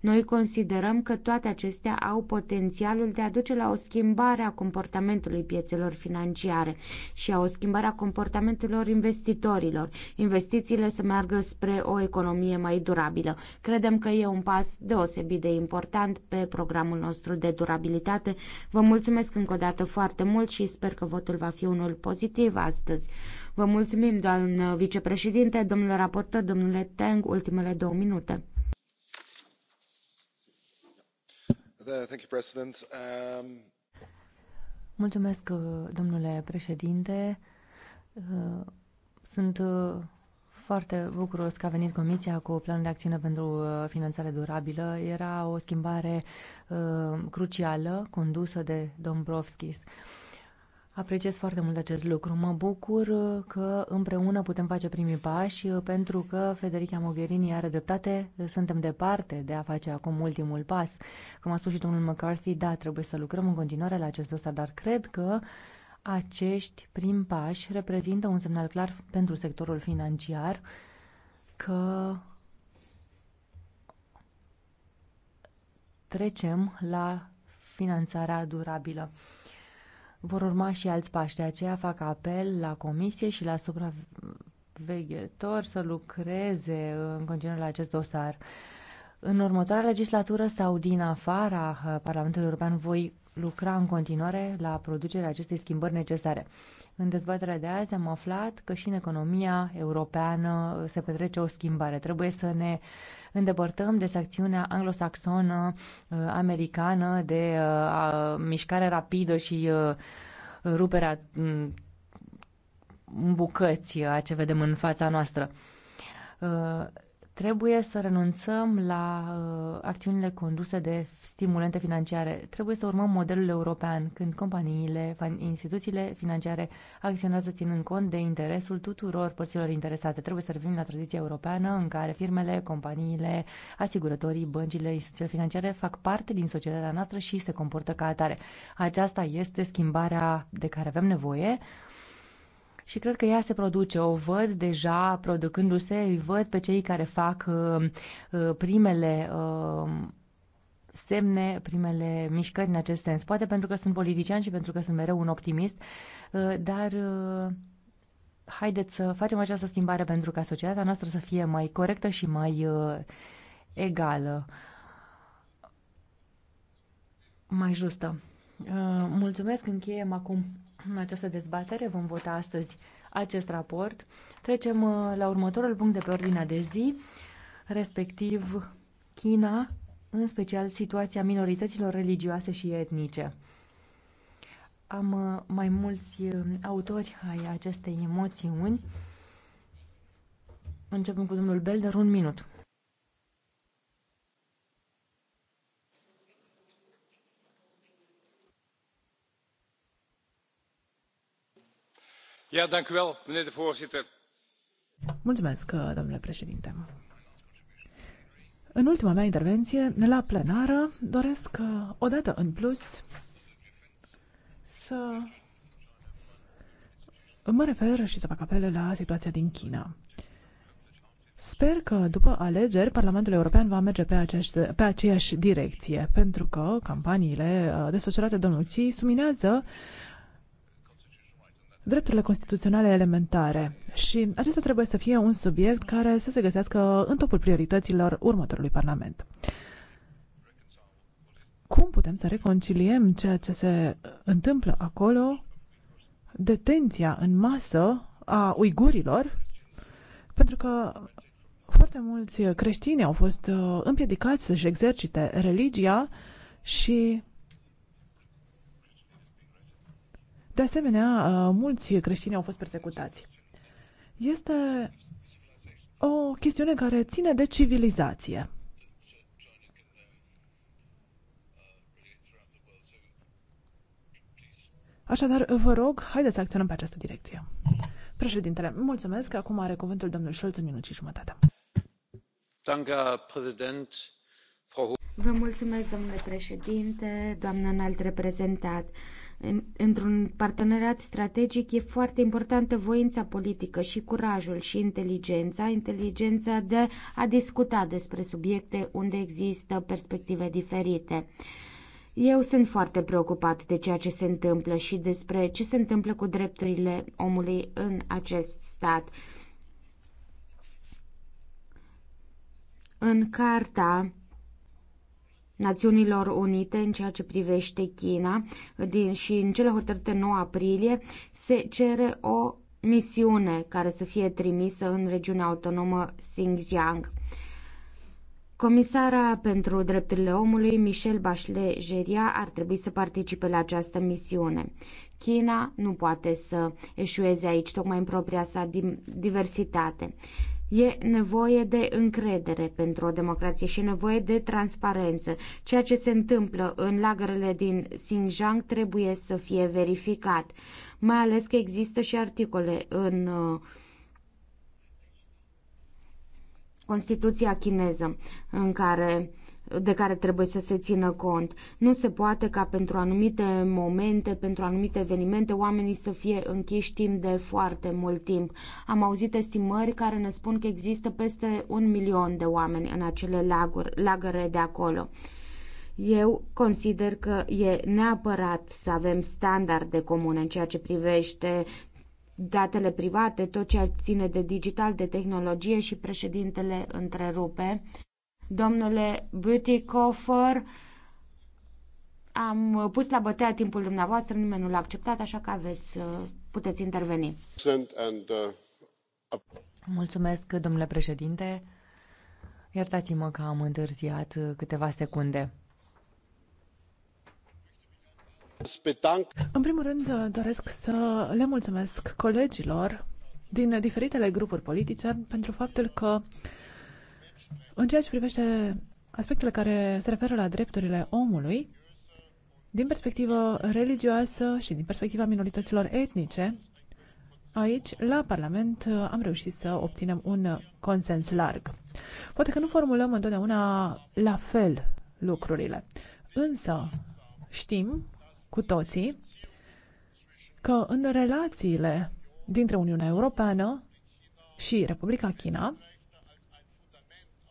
Noi considerăm că toate acestea au potențialul de a duce la o schimbare a comportamentului piețelor financiare și a o schimbare schimbarea comportamentelor investitorilor, investițiile să meargă spre o economie mai durabilă. Credem că e un pas deosebit de important pe programul nostru de durabilitate. Vă mulțumesc încă o dată foarte mult și sper că votul va fi unul pozitiv astăzi. Vă mulțumim, doamnă vicepreședinte, domnule raportor, domnule Teng, ultimele două
minute. Um,
mulțumesc, domnule președinte. Uh, sunt uh, foarte bucuros că a venit Comisia cu planul de acțiune pentru uh, finanțare durabilă. Era o schimbare crucială condusă de Dombrovskis. Apreciez foarte mult acest lucru. Mă bucur că împreună putem face primii pași pentru că Federica Mogherini are dreptate. Suntem departe de a face acum ultimul pas. Cum a spus și domnul McCarthy, da, trebuie să lucrăm în continuare la acest dosar, dar cred că uh, acești prim pași reprezintă un semnal clar pentru sectorul financiar că trecem la finanțarea durabilă. Vor urma și alți pași, de aceea fac apel la comisie și la supraveghetor să lucreze în continuare la acest dosar. În următoarea legislatură sau din afara uh, Parlamentului European voi lucra în continuare la producerea acestei schimbări necesare. În dezbaterea de azi am aflat că și în economia europeană se petrece o schimbare. Trebuie să ne îndepărtăm de secțiunea anglosaxonă, uh, americană, de uh, mișcare rapidă și uh, ruperea mm, în bucăți a ce vedem în fața noastră Trebuie să renunțăm la uh, acțiunile conduse de stimulente financiare. Trebuie să urmăm modelul european, când companiile, instituțiile financiare acționează ținând cont de interesul tuturor părților interesate. Trebuie să revenim la tradiția europeană în care firmele, companiile, asigurătorii, băncile, instituțiile financiare fac parte din societatea noastră și se comportă ca atare. Aceasta este schimbarea de care avem nevoie. Uh, și cred că ea se produce. O văd deja producându-se, îi văd pe cei care fac uh, uh, primele uh, semne, primele mișcări în acest sens. Poate pentru că sunt politician și pentru că sunt mereu un optimist, dar haideți să facem această schimbare pentru ca societatea noastră să fie mai corectă și mai egală, mai justă. Mulțumesc, încheiem acum în această dezbatere. Vom vota astăzi acest raport. Trecem uh, la următorul punct de pe ordinea de zi, respectiv China, în special situația minorităților religioase și etnice. Am uh, mai mulți uh, autori ai acestei emoțiuni. Începem cu domnul Belder, un minut.
Mulțumesc, uh, domnule președinte. În ultima mea intervenție, la plenară, doresc uh, o dată în plus să mă refer și să fac apel la situația din China. Sper că după alegeri Parlamentul European va merge pe, acești, pe aceeași direcție, pentru că campaniile uh, desfășurate de domnul Xi suminează drepturile constituționale elementare și acesta trebuie să fie un subiect care să se găsească în topul priorităților următorului Parlament. Cum putem să reconciliem ceea ce se întâmplă acolo, detenția în masă a uigurilor, pentru că foarte mulți creștini au fost uh, împiedicați să-și exercite religia și De asemenea, uh, mulți creștini au fost persecutați. Este o chestiune care ține de civilizație. Așadar, vă rog, haideți să acționăm pe această direcție. Președintele, mulțumesc. că Acum are cuvântul domnul Scholz, în minut și jumătate. Vă mulțumesc, domnule președinte, doamnă înalt
reprezentat într-un parteneriat strategic e foarte importantă voința politică și curajul și inteligența, inteligența de a discuta despre subiecte unde există perspective diferite. Eu sunt foarte preocupat de ceea ce se întâmplă și despre ce se întâmplă cu drepturile omului în acest stat. În carta Națiunilor Unite în ceea ce privește China din, și în cele hotărâte 9 aprilie se cere o misiune care să fie trimisă în regiunea autonomă Xinjiang. Comisara pentru drepturile omului, Michel Bachelet Jeria, ar trebui să participe la această misiune. China nu poate să eșueze aici, tocmai în propria sa diversitate. E nevoie de încredere pentru o democrație și e nevoie de transparență. Ceea ce se întâmplă în lagărele din Xinjiang trebuie să fie verificat, mai ales că există și articole în uh, Constituția chineză în care de care trebuie să se țină cont. Nu se poate ca pentru anumite momente, pentru anumite evenimente, oamenii să fie închiși timp de foarte mult timp. Am auzit estimări care ne spun că există peste un milion de oameni în acele laguri, lagăre de acolo. Eu consider că e neapărat să avem standarde comune în ceea ce privește datele private, tot ceea ce ține de digital, de tehnologie și președintele întrerupe. Domnule Butikofer, am pus la bătea timpul dumneavoastră, nimeni nu l-a acceptat, așa că aveți, uh, puteți interveni.
Mulțumesc, domnule președinte. Iertați-mă că am întârziat uh, câteva secunde.
În primul rând, uh, doresc să le mulțumesc colegilor din diferitele grupuri politice pentru faptul că uh, în ceea ce privește aspectele care se referă la drepturile omului, din perspectivă religioasă și din perspectiva minorităților etnice, aici, la Parlament, am reușit să obținem un consens larg. Poate că nu formulăm întotdeauna la fel lucrurile, însă știm cu toții că în relațiile dintre Uniunea Europeană și Republica China,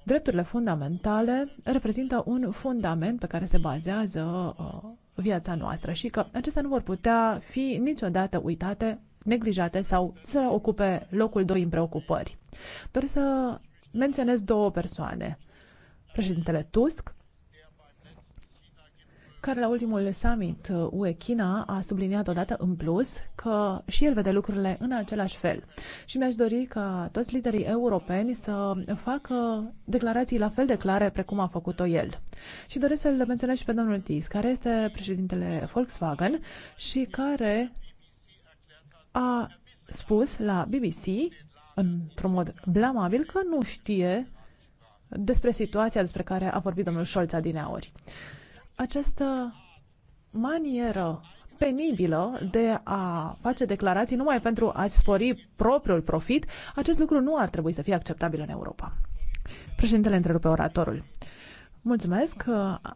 Drepturile fundamentale reprezintă un fundament pe care se bazează uh, viața noastră și că acestea nu vor putea fi niciodată uitate, neglijate sau să ocupe locul doi în preocupări. Doresc să menționez două persoane. Președintele Tusk care la ultimul summit UE-China uh, a subliniat odată în plus că și el vede lucrurile în același fel. Și mi-aș dori ca toți liderii europeni să facă declarații la fel de clare precum a făcut-o el. Și doresc să-l menționez și pe domnul Tis, care este președintele Volkswagen și care a spus la BBC, într-un mod blamabil, că nu știe despre situația despre care a vorbit domnul Scholz adineaori această manieră penibilă de a face declarații numai pentru a-ți spori propriul profit, acest lucru nu ar trebui să fie acceptabil în Europa. Președintele întrerupe oratorul. Mulțumesc.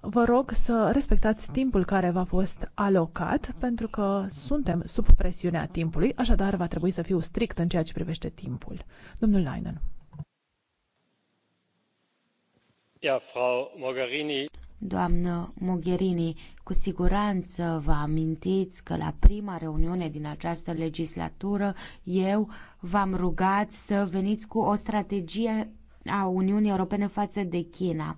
Vă rog să respectați timpul care v-a fost alocat, pentru că suntem sub presiunea timpului, așadar va trebui să fiu strict în ceea ce privește timpul. Domnul Leinen.
Ja, Frau Mogherini.
Doamnă Mogherini, cu siguranță vă amintiți că la prima reuniune din această legislatură eu v-am rugat să veniți cu o strategie a Uniunii Europene față de China.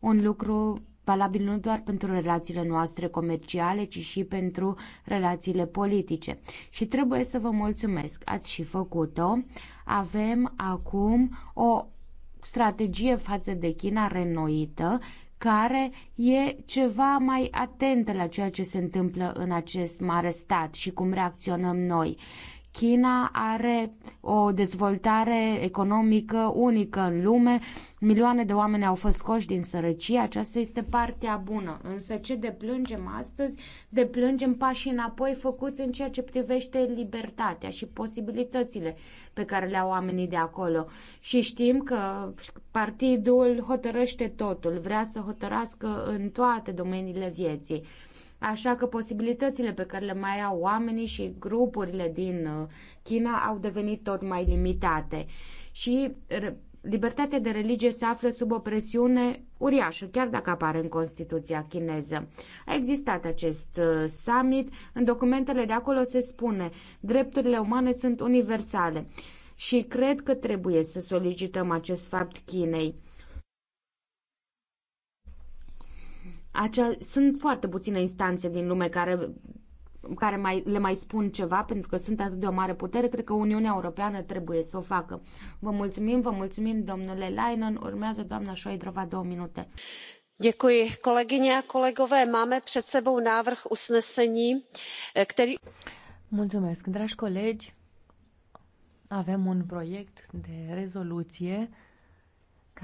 Un lucru valabil nu doar pentru relațiile noastre comerciale, ci și pentru relațiile politice. Și trebuie să vă mulțumesc, ați și făcut-o. Avem acum o strategie față de China renoită care e ceva mai atentă la ceea ce se întâmplă în acest mare stat și cum reacționăm noi. China are o dezvoltare economică unică în lume. Milioane de oameni au fost scoși din sărăcie. Aceasta este partea bună. Însă ce deplângem astăzi? Deplângem pașii înapoi făcuți în ceea ce privește libertatea și posibilitățile pe care le au oamenii de acolo. Și știm că partidul hotărăște totul, vrea să hotărască în toate domeniile vieții. Așa că posibilitățile pe care le mai au oamenii și grupurile din uh, China au devenit tot mai limitate. Și libertatea de religie se află sub o presiune uriașă, chiar dacă apare în Constituția chineză. A existat acest uh, summit, în documentele de acolo se spune drepturile umane sunt universale și cred că trebuie să solicităm acest fapt Chinei. acea, sunt foarte puține instanțe din lume care, care mai, le mai spun ceva, pentru că sunt atât de o mare putere, cred că Uniunea Europeană trebuie să o facă. Vă mulțumim, vă mulțumim, domnule Leinen. Urmează doamna Șoidrova
două minute. Děkuji. Kolegyně a kolegové, máme před sebou návrh usnesení, který... Mulțumesc, dragi colegi. Avem un proiect de rezoluție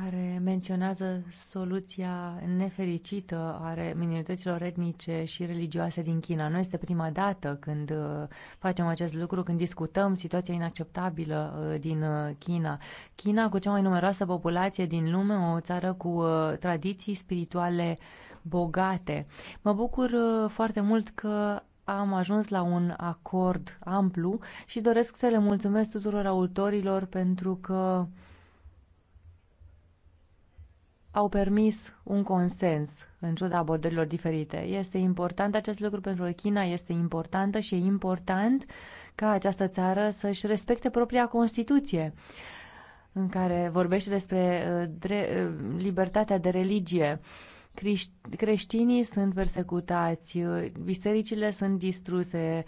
care menționează soluția nefericită a minorităților etnice și religioase din China. Nu este prima dată când uh, facem acest lucru, când discutăm situația inacceptabilă uh, din uh, China. China, cu cea mai numeroasă populație din lume, o țară cu tradiții spirituale bogate. Mă bucur foarte mult că am ajuns la un acord amplu și doresc să le mulțumesc tuturor autorilor pentru că au permis un consens în ciuda abordărilor diferite. Este important acest lucru pentru că China este importantă și e important ca această țară să-și respecte propria Constituție în care vorbește despre uh, dre- uh, libertatea de religie. Creștinii sunt persecutați, uh, bisericile sunt distruse,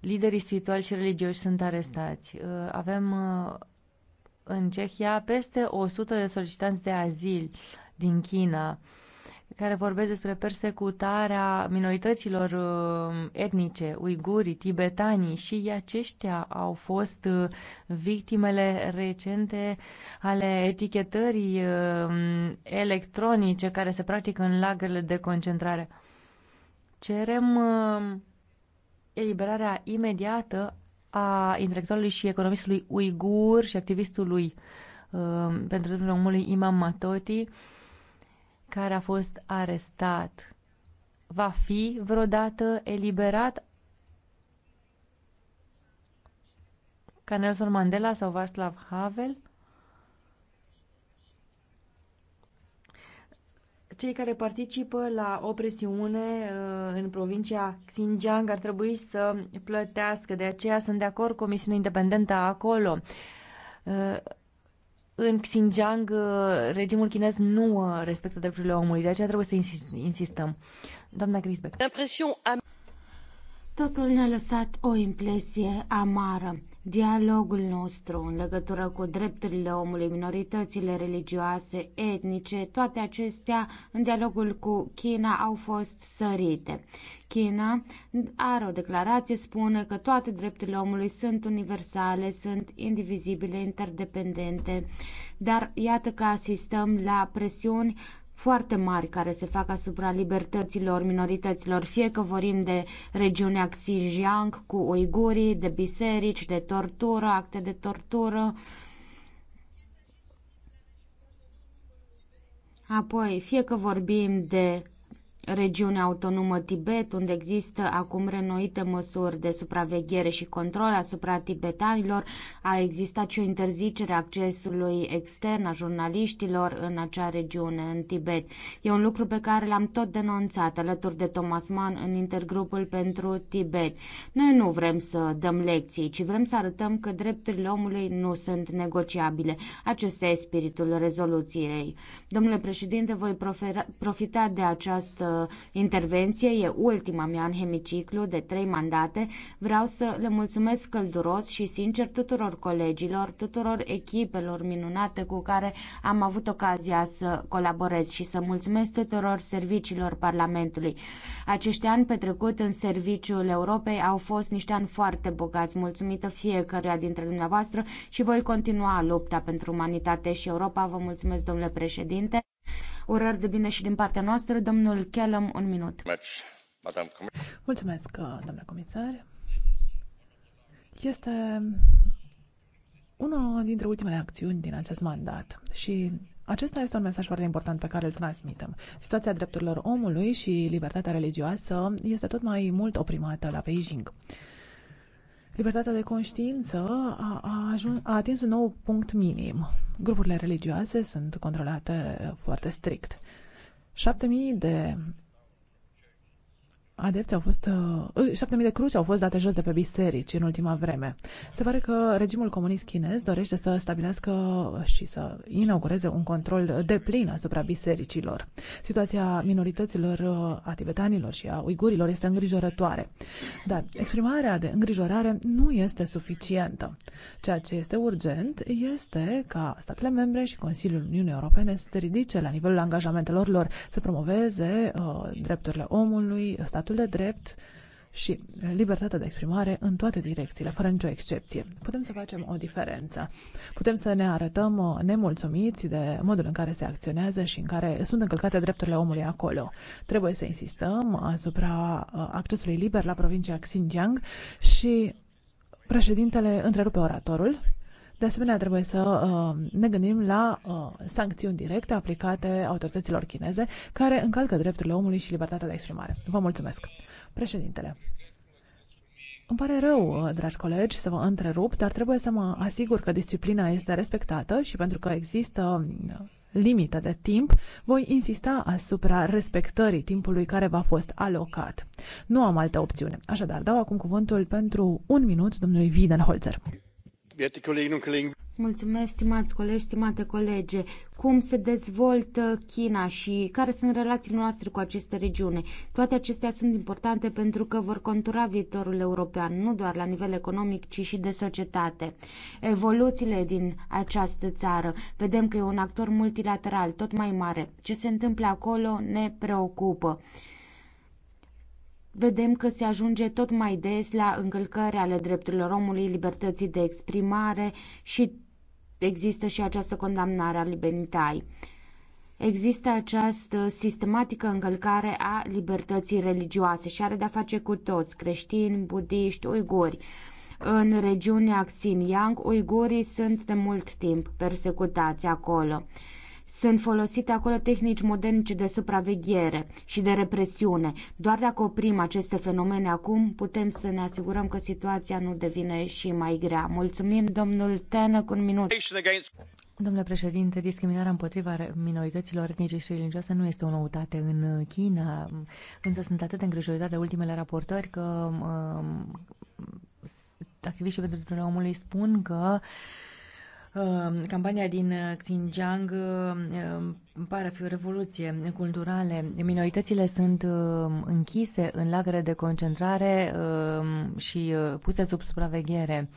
liderii spirituali și religioși sunt arestați. Avem în Cehia peste 100 de solicitanți de azil din China, care vorbesc despre persecutarea minorităților uh, etnice, uigurii, tibetanii și aceștia au fost uh, victimele recente ale etichetării uh, electronice care se practică în lagările de concentrare. Cerem eliberarea imediată a intelectualului și economistului uigur și activistului pentru drepturile omului Imam Matoti, care a fost arestat va fi vreodată eliberat ca Nelson Mandela sau Václav Havel? Cei care participă la o presiune uh, în provincia Xinjiang ar trebui să plătească, de aceea sunt de acord cu o misiune independentă acolo uh, în Xinjiang uh, regimul chinez nu uh, respectă drepturile omului, de aceea trebuie să insistăm. Doamna Grisbeck.
Totul ne-a lăsat o impresie amară. Dialogul nostru în legătură cu drepturile omului, minoritățile religioase, etnice, toate acestea în dialogul cu China au fost sărite. China are o declarație, spune că toate drepturile omului sunt universale, sunt indivizibile, interdependente, dar iată că asistăm la presiuni foarte mari care se fac asupra libertăților minorităților, fie că vorim de regiunea Xinjiang cu uigurii, de biserici, de tortură, acte de tortură. Apoi, fie că vorbim de regiunea autonomă Tibet, unde există acum renoite măsuri de supraveghere și control asupra tibetanilor. A existat și o interzicere a accesului extern a jurnaliștilor în acea regiune, în Tibet. E un lucru pe care l-am tot denunțat alături de Thomas Mann în intergrupul pentru Tibet. Noi nu vrem să dăm lecții, ci vrem să arătăm că drepturile omului nu sunt negociabile. Acesta e spiritul rezoluției. Domnule președinte, voi profita de această Uh, intervenție, e ultima mea în hemiciclu de trei mandate. Vreau să le mulțumesc călduros și sincer tuturor colegilor, tuturor echipelor minunate cu care am avut ocazia să colaborez și să mulțumesc tuturor serviciilor Parlamentului. Acești ani petrecut în serviciul Europei au fost niște ani foarte bogați, mulțumită fiecăruia dintre dumneavoastră și voi continua lupta pentru umanitate și Europa. Vă mulțumesc, domnule președinte. Urări de bine și din partea noastră. Domnul Kellam, un minut.
Mulțumesc, uh, domnule comisar. Este una dintre ultimele acțiuni din acest mandat și acesta este un mesaj foarte important pe care îl transmitem. Situația drepturilor omului și libertatea religioasă este tot mai mult oprimată la Beijing. Libertatea de conștiință a, a, ajuns, a atins un nou punct minim. Grupurile religioase sunt controlate foarte strict. 7000 de adepți au fost, uh, 7.000 de cruci au fost date jos de pe biserici în ultima vreme. Se pare că regimul comunist chinez dorește să stabilească și să inaugureze un control de plin asupra bisericilor. Situația minorităților, uh, a tibetanilor și a uigurilor este îngrijorătoare. Dar exprimarea de îngrijorare nu este suficientă. Ceea ce este urgent este ca statele membre și Consiliul Uniunii Europene să se ridice la nivelul angajamentelor lor, să promoveze uh, drepturile omului, statul statul de drept și libertatea de exprimare în toate direcțiile, fără nicio excepție. Putem să facem o diferență. Putem să ne arătăm uh, nemulțumiți de modul în care se acționează și în care sunt încălcate drepturile omului acolo. Trebuie să insistăm asupra uh, accesului liber la provincia Xinjiang și președintele întrerupe oratorul. De asemenea, trebuie să uh, ne gândim la uh, sancțiuni directe aplicate autorităților chineze care încalcă drepturile omului și libertatea de exprimare. Vă mulțumesc. Președintele. Îmi pare rău, uh, dragi colegi, să vă întrerup, dar trebuie să mă asigur că disciplina este respectată și pentru că există uh, limită de timp, voi insista asupra respectării timpului care v-a fost alocat. Nu am altă opțiune. Așadar, dau acum cuvântul pentru un minut domnului Wiedenholzer.
Mulțumesc, stimați colegi, stimate colege. Cum se dezvoltă China și care sunt relațiile noastre cu aceste regiune? Toate acestea sunt importante pentru că vor contura viitorul european, nu doar la nivel economic, ci și de societate. Evoluțiile din această țară. Vedem că e un actor multilateral, tot mai mare. Ce se întâmplă acolo ne preocupă vedem că se ajunge tot mai des la încălcări ale drepturilor omului, libertății de exprimare și există și această condamnare a lui Există această sistematică încălcare a libertății religioase și are de-a face cu toți, creștini, budiști, uiguri. În regiunea Xinjiang, uigurii sunt de mult timp persecutați acolo. Sunt folosite acolo tehnici modernice de supraveghere și de represiune. Doar dacă oprim aceste fenomene acum, putem să ne asigurăm că situația nu devine și mai grea. Mulțumim, domnul cu un minut.
Domnule președinte, discriminarea împotriva minorităților etnice și religioase nu este o noutate în China, însă sunt atât de îngrijorată de ultimele raportări că um, activiștii pentru drepturile omului spun că uh, Ehm, campania din eh, Xinjiang ehm, pare a fi o revoluție culturală. Minoritățile sunt ehm, închise în lagăre de concentrare și eh, puse sub supraveghere.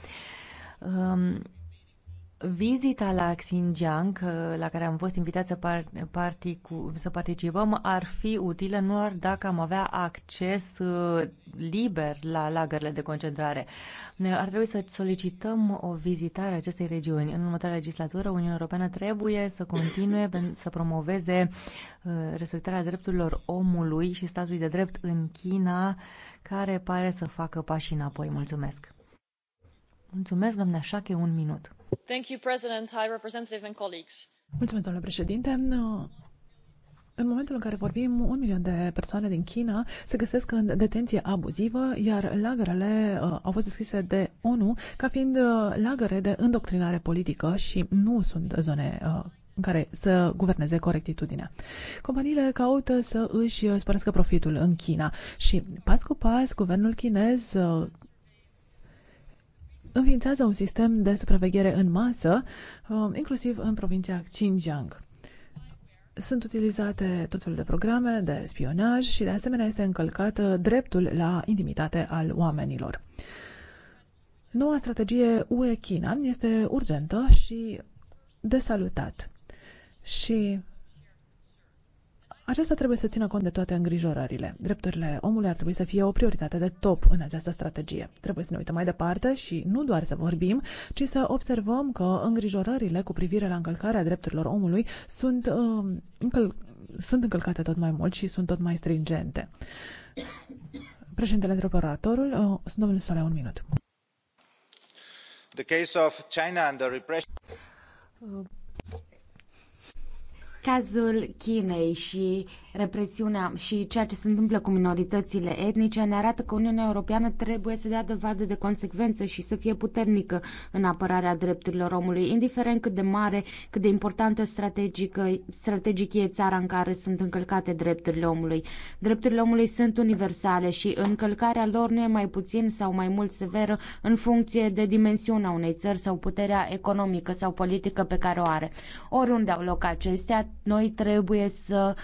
Vizita la Xinjiang, uh, la care am fost invitați să, par, particu, să participăm, ar fi utilă nu doar dacă am avea acces uh, liber la lagările de concentrare. Ar trebui să solicităm o vizitare a acestei regiuni. În următoarea legislatură, Uniunea Europeană trebuie să continue să promoveze uh, respectarea drepturilor omului și statului de drept în China, care pare să facă pași înapoi. Mulțumesc!
doamnă președintă în momentul în care vorbim un milion de persoane din china se găsesc în detenție abuzivă iar lagărele uh, au fost deschise de onu ca fiind uh, lagăre de îndoctrinare politică și nu sunt zone uh, în care să guverneze corectitudinea. Companiile caută să își sporească profitul în China și pas cu pas guvernul chinez înființează un sistem de supraveghere în masă, um, inclusiv în provincia Xinjiang. Sunt utilizate tot felul de programe de spionaj și de asemenea este încălcat dreptul la intimitate al oamenilor. Noua strategie UE-China este urgentă și de salutat. Și acesta trebuie să țină cont de toate îngrijorările. Drepturile omului ar trebui să fie o prioritate de top în această strategie. Trebuie să ne uităm mai departe și nu doar să vorbim, ci să observăm că îngrijorările cu privire la încălcarea drepturilor omului sunt, uh, încăl- sunt încălcate tot mai mult și sunt tot mai stringente. Președintele întrebăratorul, uh, domnul Solea, un minut.
The case of China
and the repression
uh, Cazul
Chinei și Represiunea și ceea ce se întâmplă cu minoritățile etnice ne arată că Uniunea Europeană trebuie să dea dovadă de consecvență și să fie puternică în apărarea drepturilor omului, indiferent cât de mare, cât de importantă strategică, strategic e țara în care sunt încălcate drepturile omului. Drepturile omului sunt universale și încălcarea lor nu e mai puțin sau mai mult severă în funcție de dimensiunea unei țări sau puterea economică sau politică pe care o are. Oriunde au loc acestea, noi trebuie să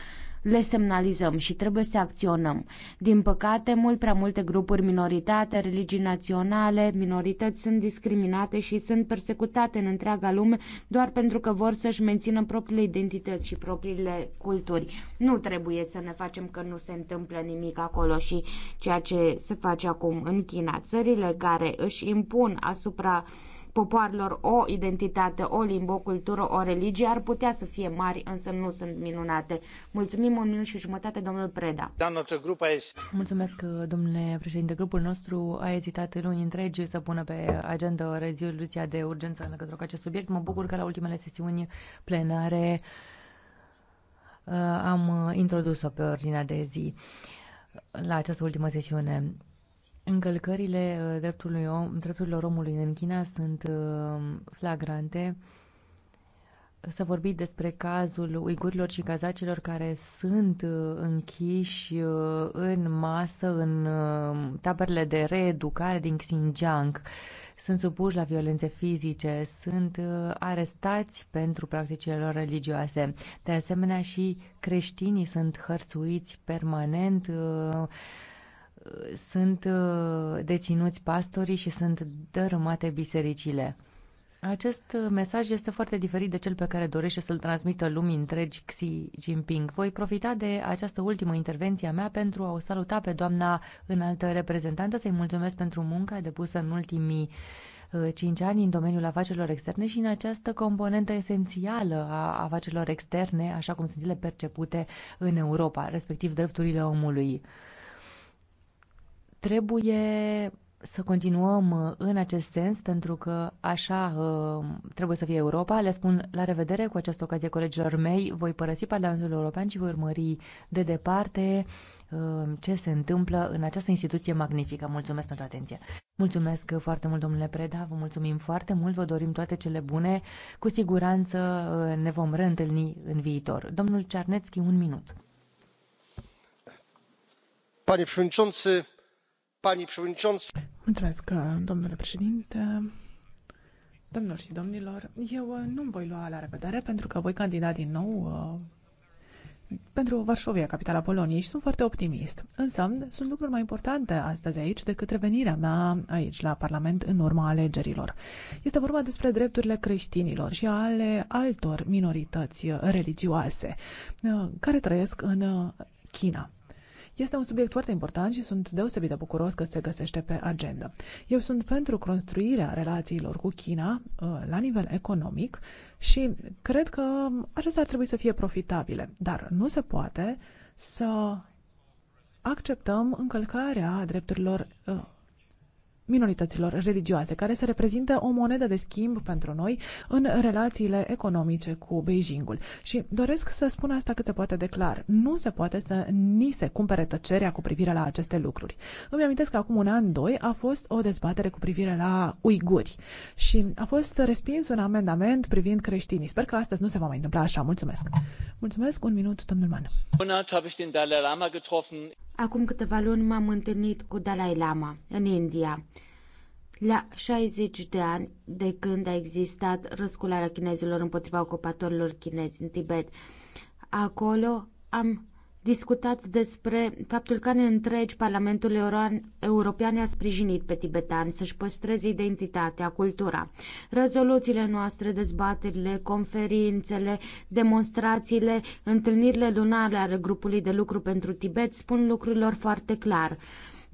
le semnalizăm și trebuie să acționăm. Din păcate, mult prea multe grupuri minoritate, religii naționale, minorități sunt discriminate și sunt persecutate în întreaga lume doar pentru că vor să-și mențină propriile identități și propriile culturi. Nu trebuie să ne facem că nu se întâmplă nimic acolo și ceea ce se face acum în China. Țările care își impun asupra uh, popoarelor o identitate, o limbă, o cultură, o religie ar putea să fie mari, însă nu sunt minunate. Mulțumim un minut și jumătate, domnul Preda.
Da, Mulțumesc, domnule președinte. Grupul nostru a ezitat luni întregi să pună pe agenda rezoluția de urgență în legătură cu acest subiect. Mă bucur că la ultimele sesiuni plenare uh, am introdus-o pe ordinea de zi la această ultimă sesiune încălcările uh, dreptului om, drepturilor omului în China sunt uh, flagrante. Să vorbim vorbit despre cazul uigurilor și cazacilor care sunt uh, închiși în masă în taberele de reeducare din Xinjiang. Sunt supuși la violențe fizice, sunt arestați pentru practicile lor religioase. De asemenea și creștinii sunt hărțuiți permanent sunt uh, deținuți pastorii și sunt dărâmate bisericile. Acest uh, mesaj este foarte diferit de cel pe care dorește să-l transmită lumii întregi Xi Jinping. Voi profita de această ultimă intervenție a mea pentru a o saluta pe doamna înaltă reprezentantă, să-i mulțumesc pentru munca depusă în ultimii uh, cinci ani în domeniul afacerilor externe și în această componentă esențială a afacerilor externe, așa cum sunt ele percepute în Europa, respectiv drepturile omului. Trebuie să continuăm uh, în acest sens, pentru că așa uh, trebuie să fie Europa. Le spun la revedere cu această ocazie colegilor mei. Voi părăsi Parlamentul European și voi urmări de departe uh, ce se întâmplă în această instituție magnifică. Mulțumesc pentru atenție. Mulțumesc foarte mult, domnule Preda, vă mulțumim foarte mult, vă dorim toate cele bune. Cu siguranță ne vom reîntâlni în viitor. Domnul Cernețchi,
un minut.
Panie Przewodniczący,
domnule președinte. Domnilor și domnilor, eu uh, nu voi lua la revedere pentru că voi candida din nou uh, pentru Varșovia, capitala Poloniei, și sunt foarte optimist. Însă, sunt lucruri mai importante astăzi aici decât revenirea mea aici la Parlament în urma alegerilor. Este vorba despre drepturile creștinilor și ale altor minorități religioase uh, care trăiesc în China. Este un subiect foarte important și sunt deosebit de bucuros că se găsește pe agenda. Eu sunt pentru construirea relațiilor cu China uh, la nivel economic și cred că acestea ar trebui să fie profitabile, dar nu se poate să acceptăm încălcarea drepturilor uh, minorităților religioase, care se reprezintă o monedă de schimb pentru noi în relațiile economice cu Beijingul. Și doresc să spun asta cât se poate de clar. Nu se poate să ni se cumpere tăcerea cu privire la aceste lucruri. Îmi amintesc că acum un an, doi, a fost o dezbatere cu privire la uiguri și a fost respins un amendament privind creștinii. Sper că astăzi nu se va mai întâmpla așa. Mulțumesc! Mulțumesc! Un minut, domnul Man. Acum câteva luni m-am întâlnit cu Dalai
Lama în India. La 60 de ani de când a existat răscularea chinezilor împotriva ocupatorilor chinezi în Tibet, acolo am discutat despre faptul că în întregi Parlamentul European a sprijinit pe tibetani să-și păstreze identitatea, cultura. Rezoluțiile noastre, dezbaterile, conferințele, demonstrațiile, întâlnirile lunare ale grupului de lucru pentru Tibet spun lucrurilor foarte clar.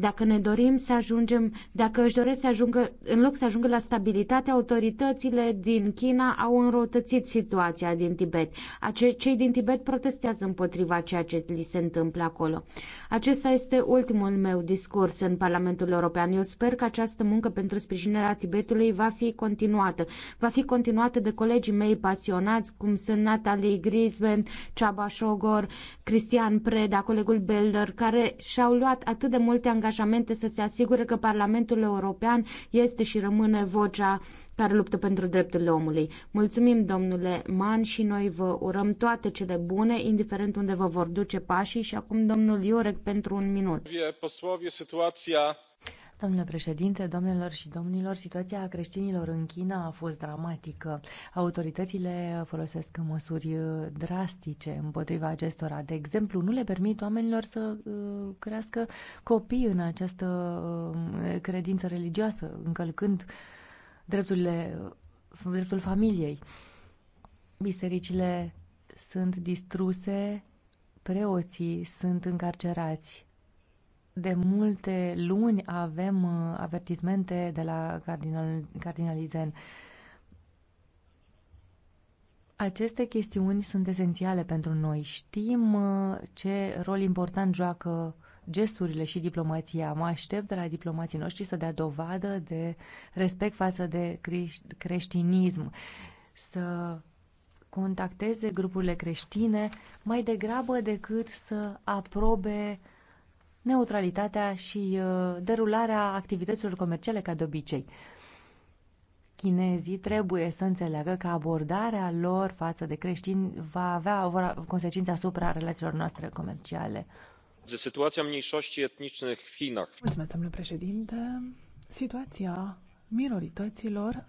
Dacă ne dorim să ajungem, dacă își doresc să ajungă, în loc să ajungă la stabilitate, autoritățile din China au înrăutățit situația din Tibet. Ace- cei din Tibet protestează împotriva ceea ce li se întâmplă acolo. Acesta este ultimul meu discurs în Parlamentul European. Eu sper că această muncă pentru sprijinirea Tibetului va fi continuată. Va fi continuată de colegii mei pasionați, cum sunt Natalie Grisven, Chaba Shogor, Cristian Preda, colegul Belder, care și-au luat atât de multe angajamente angajamente să se asigure că Parlamentul European este și rămâne vocea care luptă pentru drepturile omului. Mulțumim, domnule Man, și noi vă urăm toate cele bune, indiferent unde vă vor duce pașii. Și acum, domnul Iurec, pentru un minut.
Situația
Domnule președinte, domnilor și domnilor, situația creștinilor în China a fost dramatică. Autoritățile folosesc măsuri uh, drastice împotriva acestora. De exemplu, nu le permit oamenilor să uh, crească copii în această uh, credință religioasă, încălcând drepturile, dreptul familiei. Bisericile sunt distruse, preoții sunt încarcerați de multe luni avem uh, avertizmente de la cardinal, cardinal Izen. Aceste chestiuni sunt esențiale pentru noi. Știm uh, ce rol important joacă gesturile și diplomația. Mă aștept de la diplomații noștri să dea dovadă de respect față de creștinism, să contacteze grupurile creștine mai degrabă decât să aprobe uh, neutralitatea și uh, derularea activităților comerciale ca de obicei. Chinezii trebuie să înțeleagă că abordarea lor față de creștini va avea consecințe asupra
relațiilor noastre comerciale.
De situația minorității etnice în China.
Mulțumesc, domnule președinte. Situația minorităților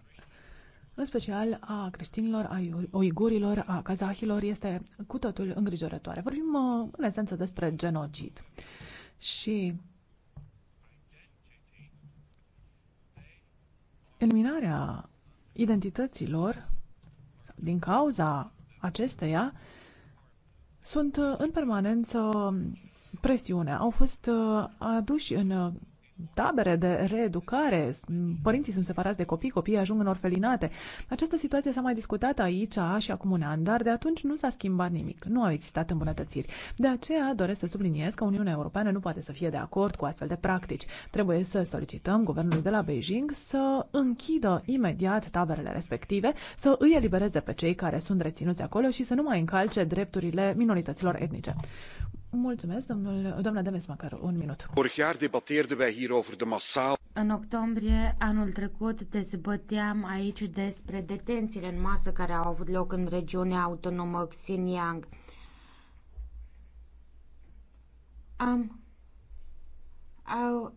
în special a creștinilor, a uigurilor, a kazahilor, este cu totul îngrijorătoare. Vorbim uh, în esență despre genocid și eliminarea identităților din cauza acesteia sunt în permanență presiune. Au fost uh, aduși în tabere de reeducare, părinții sunt separați de copii, copiii ajung în orfelinate. Această situație s-a mai discutat aici și acum un an, dar de atunci nu s-a schimbat nimic. Nu au existat îmbunătățiri. De aceea doresc să subliniez că Uniunea Europeană nu poate să fie de acord cu astfel de practici. Trebuie să solicităm guvernului de la Beijing să închidă imediat taberele respective, să îi elibereze pe cei care sunt reținuți acolo și să nu mai încalce drepturile minorităților etnice.
Vorig jaar debatteerden wij hier over de massaal...
În octombrie anul trecut dezbăteam aici despre detențiile în masă care au avut loc în regiunea autonomă Xinjiang. Am... Au...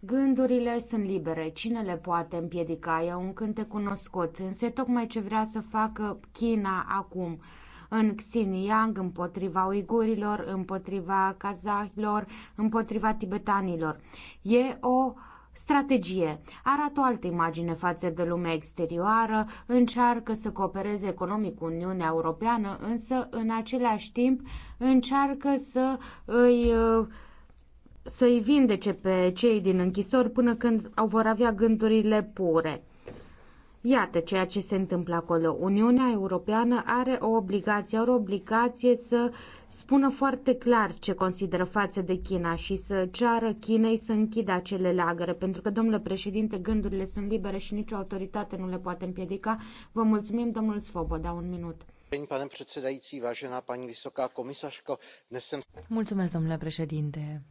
Gândurile sunt libere, cine le poate împiedica? E un cântec cunoscut, însă tocmai ce vrea să facă China acum – în Xinjiang, împotriva uigurilor, împotriva kazahilor, împotriva tibetanilor. E o Strategie. Arată o altă imagine față de lumea exterioară, încearcă să coopereze economic cu Uniunea Europeană, însă în același timp încearcă să îi să-i vindece pe cei din închisori până când vor avea gândurile pure. Iată ceea ce se întâmplă acolo. Uniunea Europeană are o obligație, are o obligație să spună foarte clar ce consideră față de China și să ceară Chinei să închidă acele lagăre, pentru că, domnule președinte, gândurile sunt libere și nicio autoritate nu le poate împiedica. Vă mulțumim, domnul Svoboda, un minut.
Păi,
Mulțumesc, domnule președinte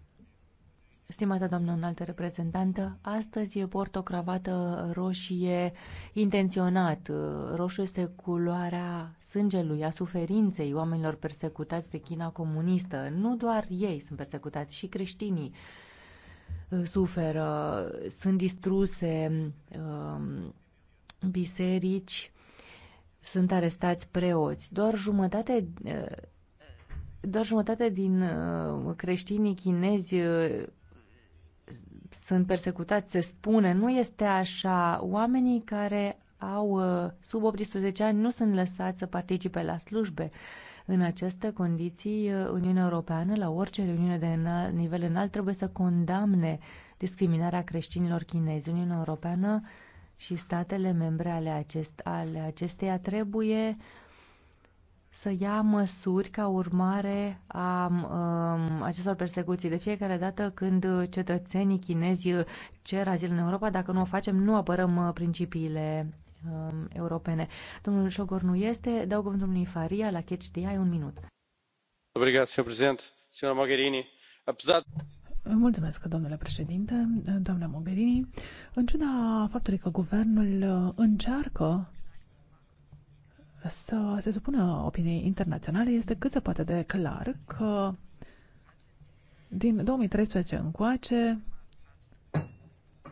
Stimată doamnă înaltă reprezentantă, astăzi eu port o cravată roșie intenționat. Roșu este culoarea sângelui, a suferinței oamenilor persecutați de China comunistă. Nu doar ei sunt persecutați, și creștinii uh, suferă, sunt distruse um, biserici, sunt arestați preoți. Doar jumătate uh, doar jumătate din uh, creștinii chinezi sunt persecutați, se spune. Nu este așa. Oamenii care au uh, sub 18 ani nu sunt lăsați să participe la slujbe. În aceste condiții, uh, Uniunea Europeană, la orice reuniune de înalt, nivel înalt, trebuie să condamne discriminarea creștinilor chinezi. Uniunea Europeană și statele membre ale, acest, ale acesteia trebuie uh, să ia măsuri ca urmare a um, acestor persecuții. De fiecare dată când cetățenii chinezi cer azil în Europa, dacă nu o facem, nu apărăm uh, principiile um, europene. Domnul Șogor nu este. Dau cuvântul domnului Faria la Catch DI un minut.
Mulțumesc, domnule președinte, doamna Mogherini. În ciuda faptului că guvernul uh, încearcă să se supună opiniei internaționale este cât se poate de clar că din 2013 încoace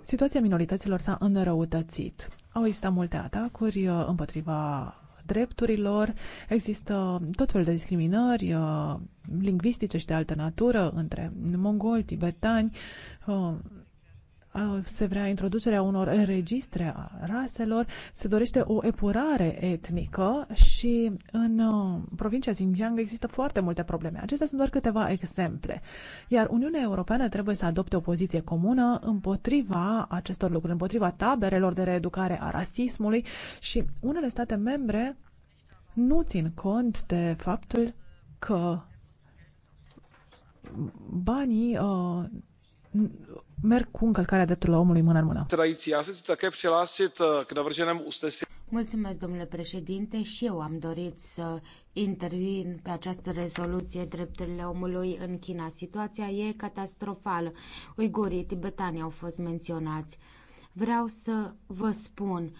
situația minorităților s-a înrăutățit. Au existat multe atacuri uh, împotriva drepturilor, există tot felul de discriminări uh, lingvistice și de altă natură între mongoli, tibetani, uh, se vrea introducerea unor registre a raselor, se dorește o epurare etnică și în provincia Xinjiang există foarte multe probleme. Acestea sunt doar câteva exemple. Iar Uniunea Europeană trebuie să adopte o poziție comună împotriva acestor lucruri, împotriva taberelor de reeducare a rasismului și unele state membre nu țin cont de faptul că banii uh, merg cu încălcarea drepturilor omului mână în mână.
Eh,
Mulțumesc, domnule președinte, și eu am dorit să intervin pe această rezoluție drepturile omului în China. Situația e catastrofală. Uigurii tibetani au fost menționați. Vreau să vă spun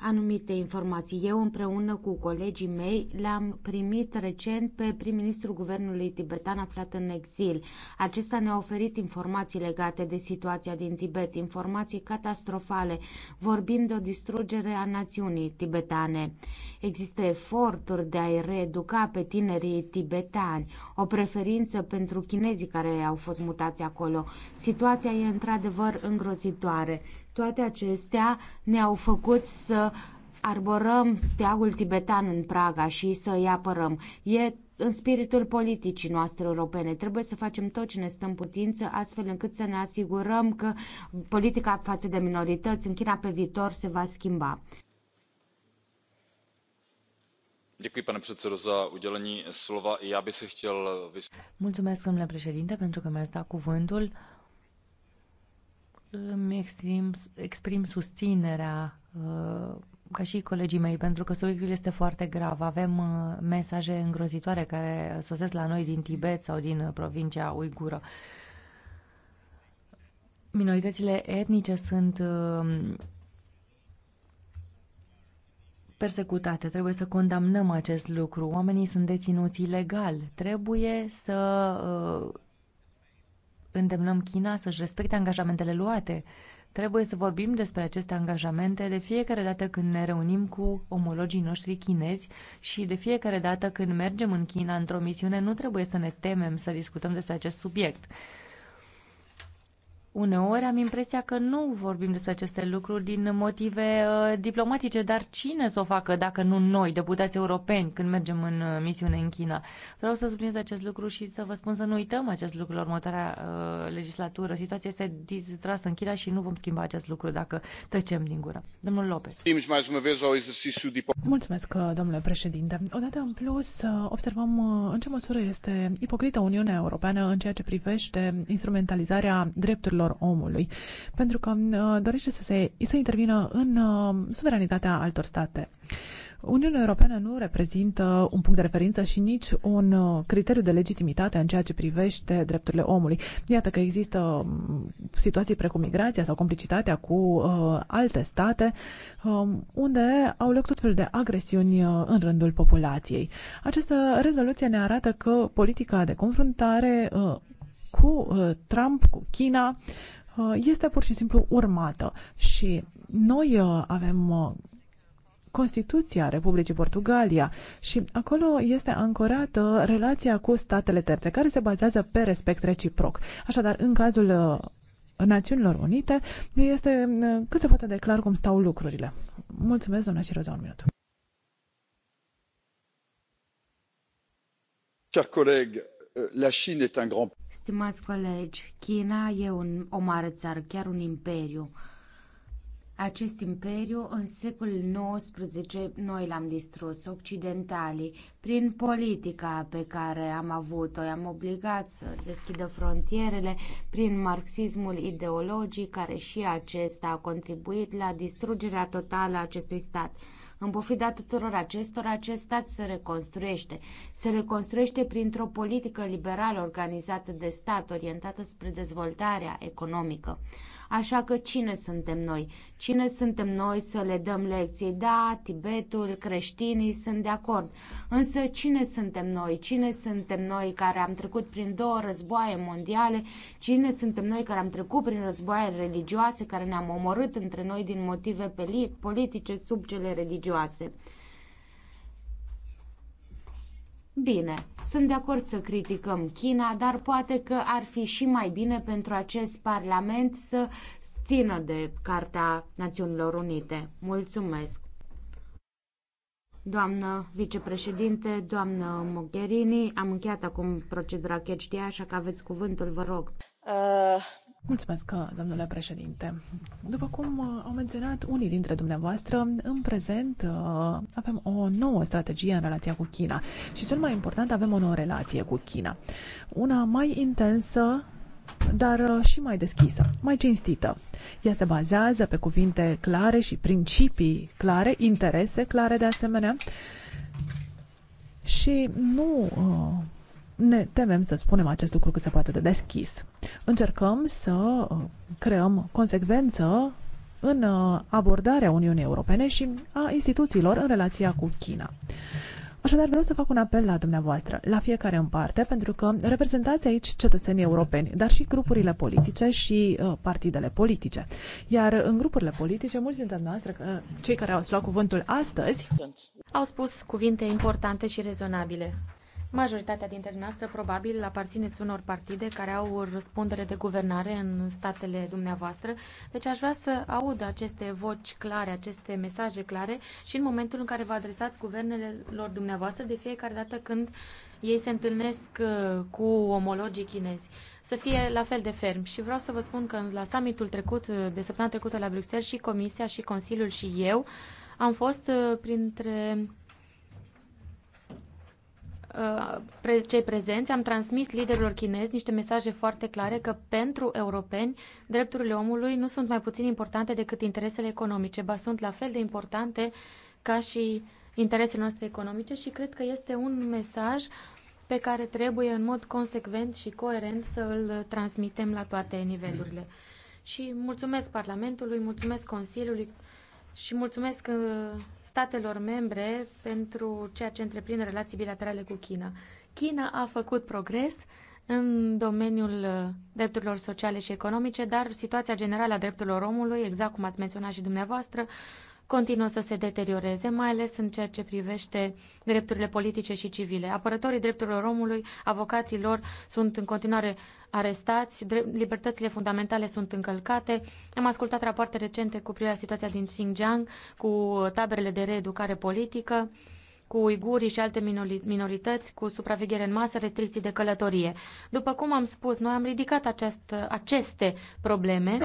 anumite informații. Eu împreună cu colegii mei le-am primit recent pe prim-ministrul guvernului tibetan aflat în exil. Acesta ne-a oferit informații legate de situația din Tibet, informații catastrofale. Vorbim de o distrugere a națiunii tibetane. Există eforturi de a-i reeduca pe tinerii tibetani, o preferință pentru chinezii care au fost mutați acolo. Situația e într-adevăr îngrozitoare. Toate acestea ne-au făcut să arborăm steagul tibetan în Praga și să îi apărăm. E în spiritul politicii noastre europene. Trebuie să facem tot ce ne stă în putință, astfel încât să ne asigurăm că politica față de minorități în China pe viitor se va schimba.
Mulțumesc, domnule președinte, pentru că mi-ați dat cuvântul îmi exprim, exprim susținerea uh, ca și colegii mei, pentru că subiectul este foarte grav. Avem uh, mesaje îngrozitoare care sosesc la noi din Tibet sau din uh, provincia uigură. Minoritățile etnice sunt persecutate. Trebuie să condamnăm acest lucru. Oamenii sunt deținuți ilegal. Trebuie să îndemnăm China să-și respecte angajamentele luate. Trebuie să vorbim despre aceste angajamente de fiecare dată când ne reunim cu omologii noștri chinezi și de fiecare dată când mergem în China într-o misiune, nu trebuie să ne temem să discutăm despre acest subiect. Uneori am impresia că nu vorbim despre aceste lucruri din motive uh, diplomatice, dar cine să o facă dacă nu noi, deputați europeni, când mergem în uh, misiune în China? Vreau să subliniez acest lucru și să vă spun să nu uităm acest lucru la următoarea uh, legislatură. Situația este distrasă în China și nu vom schimba acest lucru dacă tăcem din gură. Domnul Lopez.
Mulțumesc, uh, domnule președinte. Odată în plus, observăm în ce măsură este ipocrită Uniunea Europeană în ceea ce privește instrumentalizarea drepturilor drepturilor omului, pentru că uh, dorește să, se, să intervină în uh, suveranitatea altor state. Uniunea Europeană nu reprezintă un punct de referință și nici un uh, criteriu de legitimitate în ceea ce privește drepturile omului. Iată că există um, situații precum migrația sau complicitatea cu uh, alte state um, unde au loc tot felul de agresiuni uh, în rândul populației. Această rezoluție ne arată că politica de confruntare uh, cu uh, Trump, cu China, uh, este pur și simplu urmată. Și noi uh, avem Constituția Republicii Portugalia și acolo este ancorată relația cu statele terțe, care se bazează pe respect reciproc. Așadar, în cazul Națiunilor Unite, este cât se poate de clar cum stau lucrurile. Mulțumesc, doamna Ciroza, un minut.
Chers collègues, Euh, la Chine est un grand...
Stimați colegi, China e un, o mare țară, chiar un imperiu. Acest imperiu, în secolul XIX, noi l-am distrus, occidentalii, prin politica pe care am avut-o. I-am obligat să deschidă frontierele prin marxismul ideologic, care și acesta a contribuit la distrugerea totală a acestui stat. În pofida tuturor acestora, acest stat se reconstruiește. Se reconstruiește printr-o politică liberală organizată de stat, orientată spre dezvoltarea economică. Așa că cine suntem noi? Cine suntem noi să le dăm lecții? Da, Tibetul, creștinii sunt de acord. Însă cine suntem noi? Cine suntem noi care am trecut prin două războaie mondiale? Cine suntem noi care am trecut prin războaie religioase, care ne-am omorât între noi din motive politice sub cele religioase? Bine, sunt de acord să criticăm China, dar poate că ar fi și mai bine pentru acest Parlament să țină de Carta Națiunilor Unite. Mulțumesc! Doamnă vicepreședinte, doamnă Mogherini, am încheiat acum procedura catch așa că aveți cuvântul, vă rog. Uh
Mulțumesc, domnule președinte. După cum uh, au menționat unii dintre dumneavoastră, în prezent uh, avem o nouă strategie în relația cu China și cel mai important avem o nouă relație cu China. Una mai intensă, dar uh, și mai deschisă, mai cinstită. Ea se bazează pe cuvinte clare și principii clare, interese clare de asemenea și nu ne temem să spunem acest lucru cât se poate de deschis. Încercăm să uh, creăm consecvență în uh, abordarea Uniunii Europene și a instituțiilor în relația cu China. Așadar, vreau să fac un apel la dumneavoastră, la fiecare în parte, pentru că reprezentați aici cetățenii europeni, dar și grupurile politice și uh, partidele politice. Iar în grupurile politice, mulți dintre noastre, uh, cei care au luat cuvântul astăzi,
au spus cuvinte importante și rezonabile. Majoritatea dintre noastre probabil aparțineți unor partide care au răspundere de guvernare în statele dumneavoastră, deci aș vrea să aud aceste voci clare, aceste mesaje clare și în momentul în care vă adresați guvernelor dumneavoastră de fiecare dată când ei se întâlnesc uh, cu omologii chinezi. Să fie la fel de ferm. Și vreau să vă spun că la summitul trecut, uh, de săptămâna trecută la Bruxelles, și Comisia, și Consiliul, și eu am fost uh, printre Uh, cei prezenți, am transmis liderilor chinezi niște mesaje foarte clare că pentru europeni drepturile omului nu sunt mai puțin importante decât interesele economice, ba sunt la fel de importante ca și interesele noastre economice și cred că este un mesaj pe care trebuie în mod consecvent și coerent să îl transmitem la toate nivelurile. Și mulțumesc Parlamentului, mulțumesc Consiliului, și mulțumesc uh, statelor membre pentru ceea ce întreprind relații bilaterale cu China. China a făcut progres în domeniul uh, drepturilor sociale și economice, dar situația generală a drepturilor omului, exact cum ați menționat și dumneavoastră, continuă să se deterioreze, mai ales în ceea ce privește drepturile politice și civile. Apărătorii drepturilor omului, avocații lor sunt în continuare arestați, libertățile fundamentale sunt încălcate. Am ascultat rapoarte recente cu privire la situația din Xinjiang, cu taberele de reeducare politică cu uigurii și alte minorități, cu supraveghere în masă, restricții de călătorie. După cum am spus, noi am ridicat aceast, aceste probleme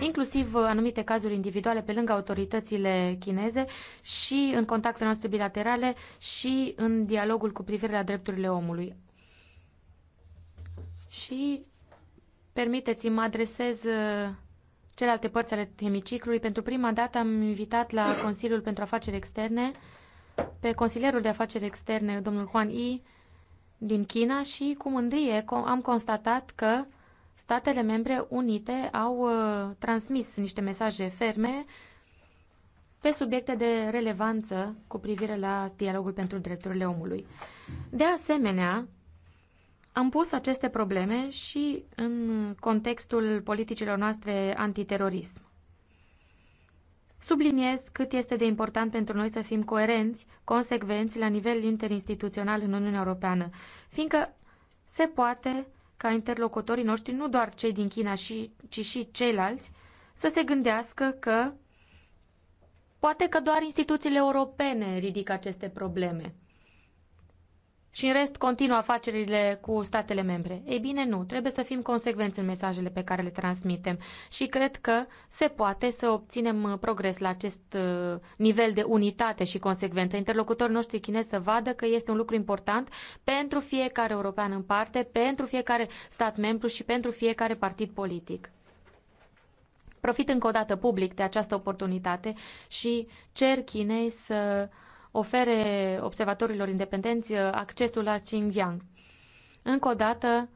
inclusiv uh, anumite cazuri individuale pe lângă autoritățile chineze și în contactele noastre bilaterale și în dialogul cu privire la drepturile omului. Și permiteți-mi adresez uh, celelalte părți ale hemiciclului. Pentru prima dată am invitat la Consiliul pentru Afaceri Externe pe consilierul de afaceri externe, domnul Juan Yi, din China și cu mândrie am constatat că statele membre unite au uh, transmis niște mesaje ferme pe subiecte de relevanță cu privire la dialogul pentru drepturile omului. De asemenea, am pus aceste probleme și în contextul politicilor noastre antiterorism. Subliniez cât este de important pentru noi să fim coerenți, consecvenți la nivel interinstituțional în Uniunea Europeană, fiindcă se poate ca interlocutorii noștri, nu doar cei din China, și, ci și ceilalți, să se gândească că poate că doar instituțiile europene ridică aceste probleme și în rest continuă afacerile cu statele membre. Ei bine, nu, trebuie să fim consecvenți în mesajele pe care le transmitem și cred că se poate să obținem uh, progres la acest uh, nivel de unitate și consecvență. Interlocutorii noștri chinezi să vadă că este un lucru important pentru fiecare european în parte, pentru fiecare stat membru și pentru fiecare partid politic. Profit încă o dată public de această oportunitate și cer Chinei să ofere observatorilor independenți uh, accesul la Xinjiang. Încă o dată,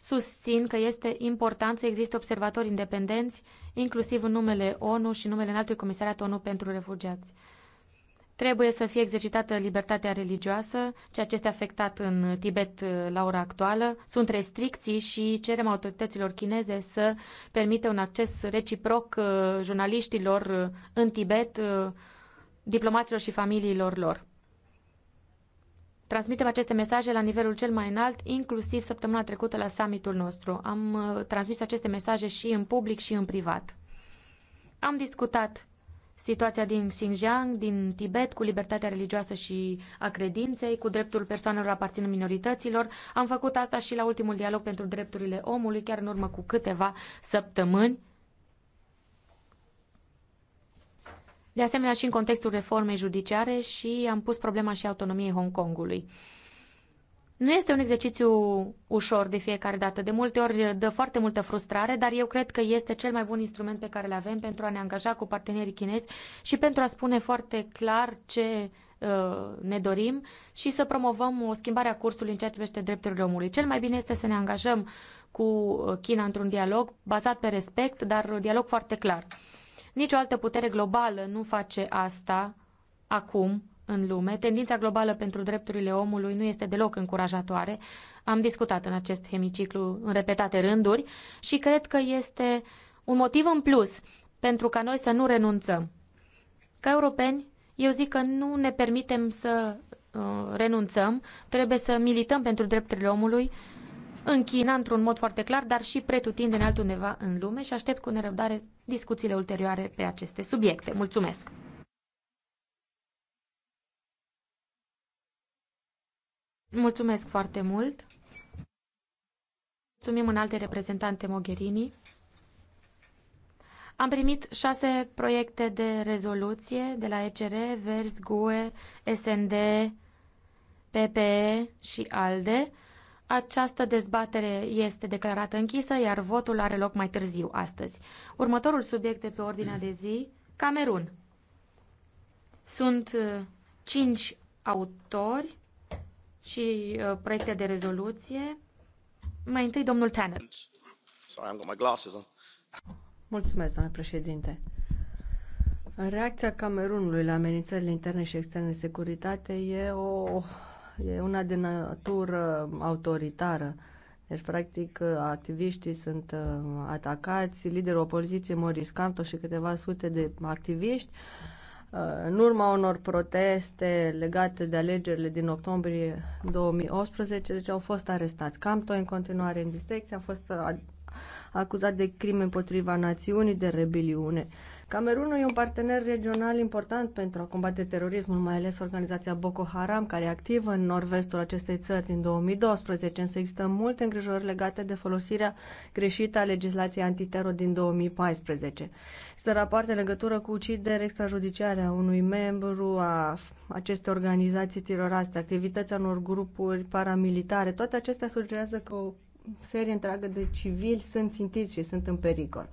susțin că este important să existe observatori independenți, inclusiv în numele ONU și numele Înaltului Comisariat ONU pentru Refugiați. Trebuie să fie exercitată libertatea religioasă, ceea ce este afectat în Tibet uh, la ora actuală. Sunt restricții și cerem autorităților chineze să permită un acces reciproc uh, jurnaliștilor în Tibet diplomaților și familiilor lor. Transmitem aceste mesaje la nivelul cel mai înalt, inclusiv săptămâna trecută la summitul nostru. Am uh, transmis aceste mesaje și în public și în privat. Am discutat situația din Xinjiang, din Tibet, cu libertatea religioasă și a credinței, cu dreptul persoanelor aparținând minorităților. Am făcut asta și la ultimul dialog pentru drepturile omului, chiar în urmă cu câteva săptămâni. De asemenea, și în contextul reformei judiciare și am pus problema și autonomiei Hong Kongului. Nu este un exercițiu ușor de fiecare dată. De multe ori dă foarte multă frustrare, dar eu cred că este cel mai bun instrument pe care îl avem pentru a ne angaja cu partenerii chinezi și pentru a spune foarte clar ce uh, ne dorim și să promovăm o schimbare a cursului în ceea ce privește drepturile omului. Cel mai bine este să ne angajăm cu uh, China într-un dialog bazat pe respect, dar dialog foarte clar. Nicio altă putere globală nu face asta acum în lume. Tendința globală pentru drepturile omului nu este deloc încurajatoare. Am discutat în acest hemiciclu în repetate rânduri și cred că este un motiv în plus pentru ca noi să nu renunțăm. Ca europeni, eu zic că nu ne permitem să uh, renunțăm, trebuie să milităm pentru drepturile omului în China într-un mod foarte clar, dar și în altundeva în lume și aștept cu nerăbdare discuțiile ulterioare pe aceste subiecte. Mulțumesc! Mulțumesc foarte mult! Mulțumim în alte reprezentante Mogherini. Am primit șase proiecte de rezoluție de la ECR, Vers, GUE, SND, PPE și ALDE. Această dezbatere este declarată închisă, iar votul are loc mai târziu astăzi. Următorul subiect de pe ordinea de zi, Camerun. Sunt uh, cinci autori și uh, proiecte de rezoluție. Mai întâi, domnul Tanner.
Mulțumesc, domnule președinte. Reacția Camerunului la amenințările interne și externe de securitate e o e una de natură autoritară. Deci, practic, activiștii sunt uh, atacați, liderul opoziției Moris Canto și câteva sute de activiști uh, în urma unor proteste legate de alegerile din octombrie 2018, deci au fost arestați. Camto în continuare în districție a fost uh, acuzat de crime împotriva națiunii, de rebeliune. Uh, Camerunul e un partener regional important pentru a combate terorismul, mai ales organizația Boko Haram, care e activă în nord-vestul acestei țări din 2012, însă există multe îngrijorări legate de folosirea greșită a legislației antitero din 2014. Este rapoarte în legătură cu ucideri extrajudiciare a unui membru a acestei organizații teroriste, activitatea unor grupuri paramilitare, toate acestea sugerează că o serie întreagă de civili sunt țintiți și sunt în pericol.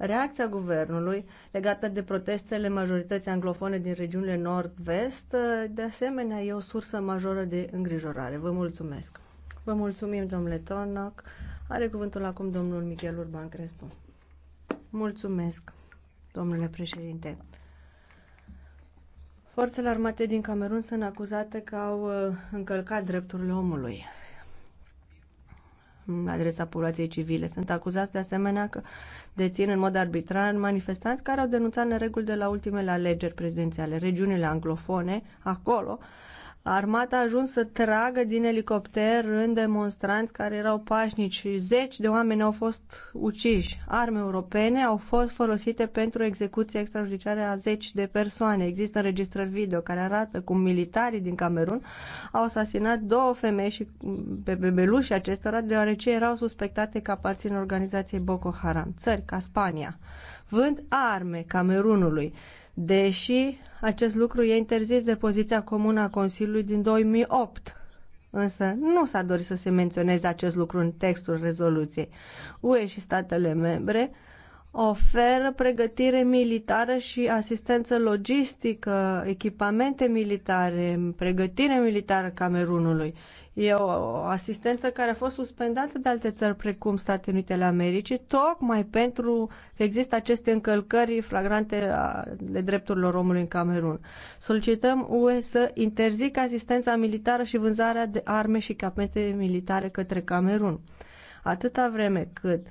Reacția guvernului legată de protestele majorității anglofone din regiunile nord-vest, de asemenea, e o sursă majoră de îngrijorare. Vă mulțumesc! Vă mulțumim, domnule Tonoc. Are cuvântul acum domnul Michel Urban Crespo. Mulțumesc, domnule președinte. Forțele armate din Camerun sunt acuzate că au uh, încălcat drepturile omului la adresa populației civile. Sunt acuzați de asemenea că dețin în mod arbitrar manifestanți care au denunțat nereguli de la ultimele alegeri prezidențiale. Regiunile anglofone, acolo, Armata a ajuns să tragă din elicopter în demonstranți care erau pașnici. Zeci de oameni au fost uciși. Arme europene au fost folosite pentru execuția extrajudiciară a zeci de persoane. Există înregistrări video care arată cum militarii din Camerun au asasinat două femei și pe bebelușii acestora deoarece erau suspectate că aparțin organizației Boko Haram. Țări ca Spania vând arme Camerunului deși acest lucru e interzis de poziția comună a Consiliului din 2008. Însă nu s-a dorit să se menționeze acest lucru în textul rezoluției. UE și statele membre oferă pregătire militară și asistență logistică, echipamente militare, pregătire militară Camerunului. E o asistență care a fost suspendată de alte țări precum Statele Unite ale Americii, tocmai pentru că există aceste încălcări flagrante de drepturilor omului în Camerun. Solicităm UE să interzică asistența militară și vânzarea de arme și capete militare către Camerun. Atâta vreme cât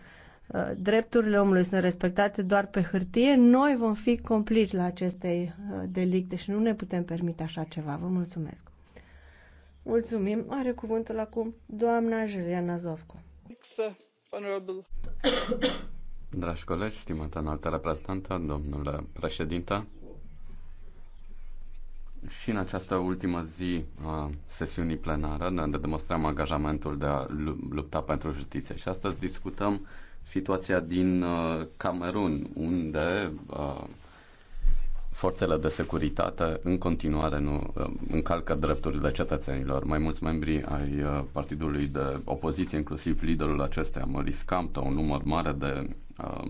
drepturile omului sunt respectate doar pe hârtie, noi vom fi complici la aceste delicte și nu ne putem permite așa ceva. Vă mulțumesc! Mulțumim. Are cuvântul acum doamna Juliana Zovco.
Dragi colegi, stimată înaltă reprezentantă, domnule președinte, și în această ultimă zi a sesiunii plenare ne demonstrăm angajamentul de a lupta pentru justiție. Și astăzi discutăm situația din uh, Camerun, unde uh, forțele de securitate în continuare nu uh, încalcă drepturile cetățenilor. Mai mulți membri ai uh, partidului de opoziție, inclusiv liderul acesteia, Maurice Campto, un număr mare de uh,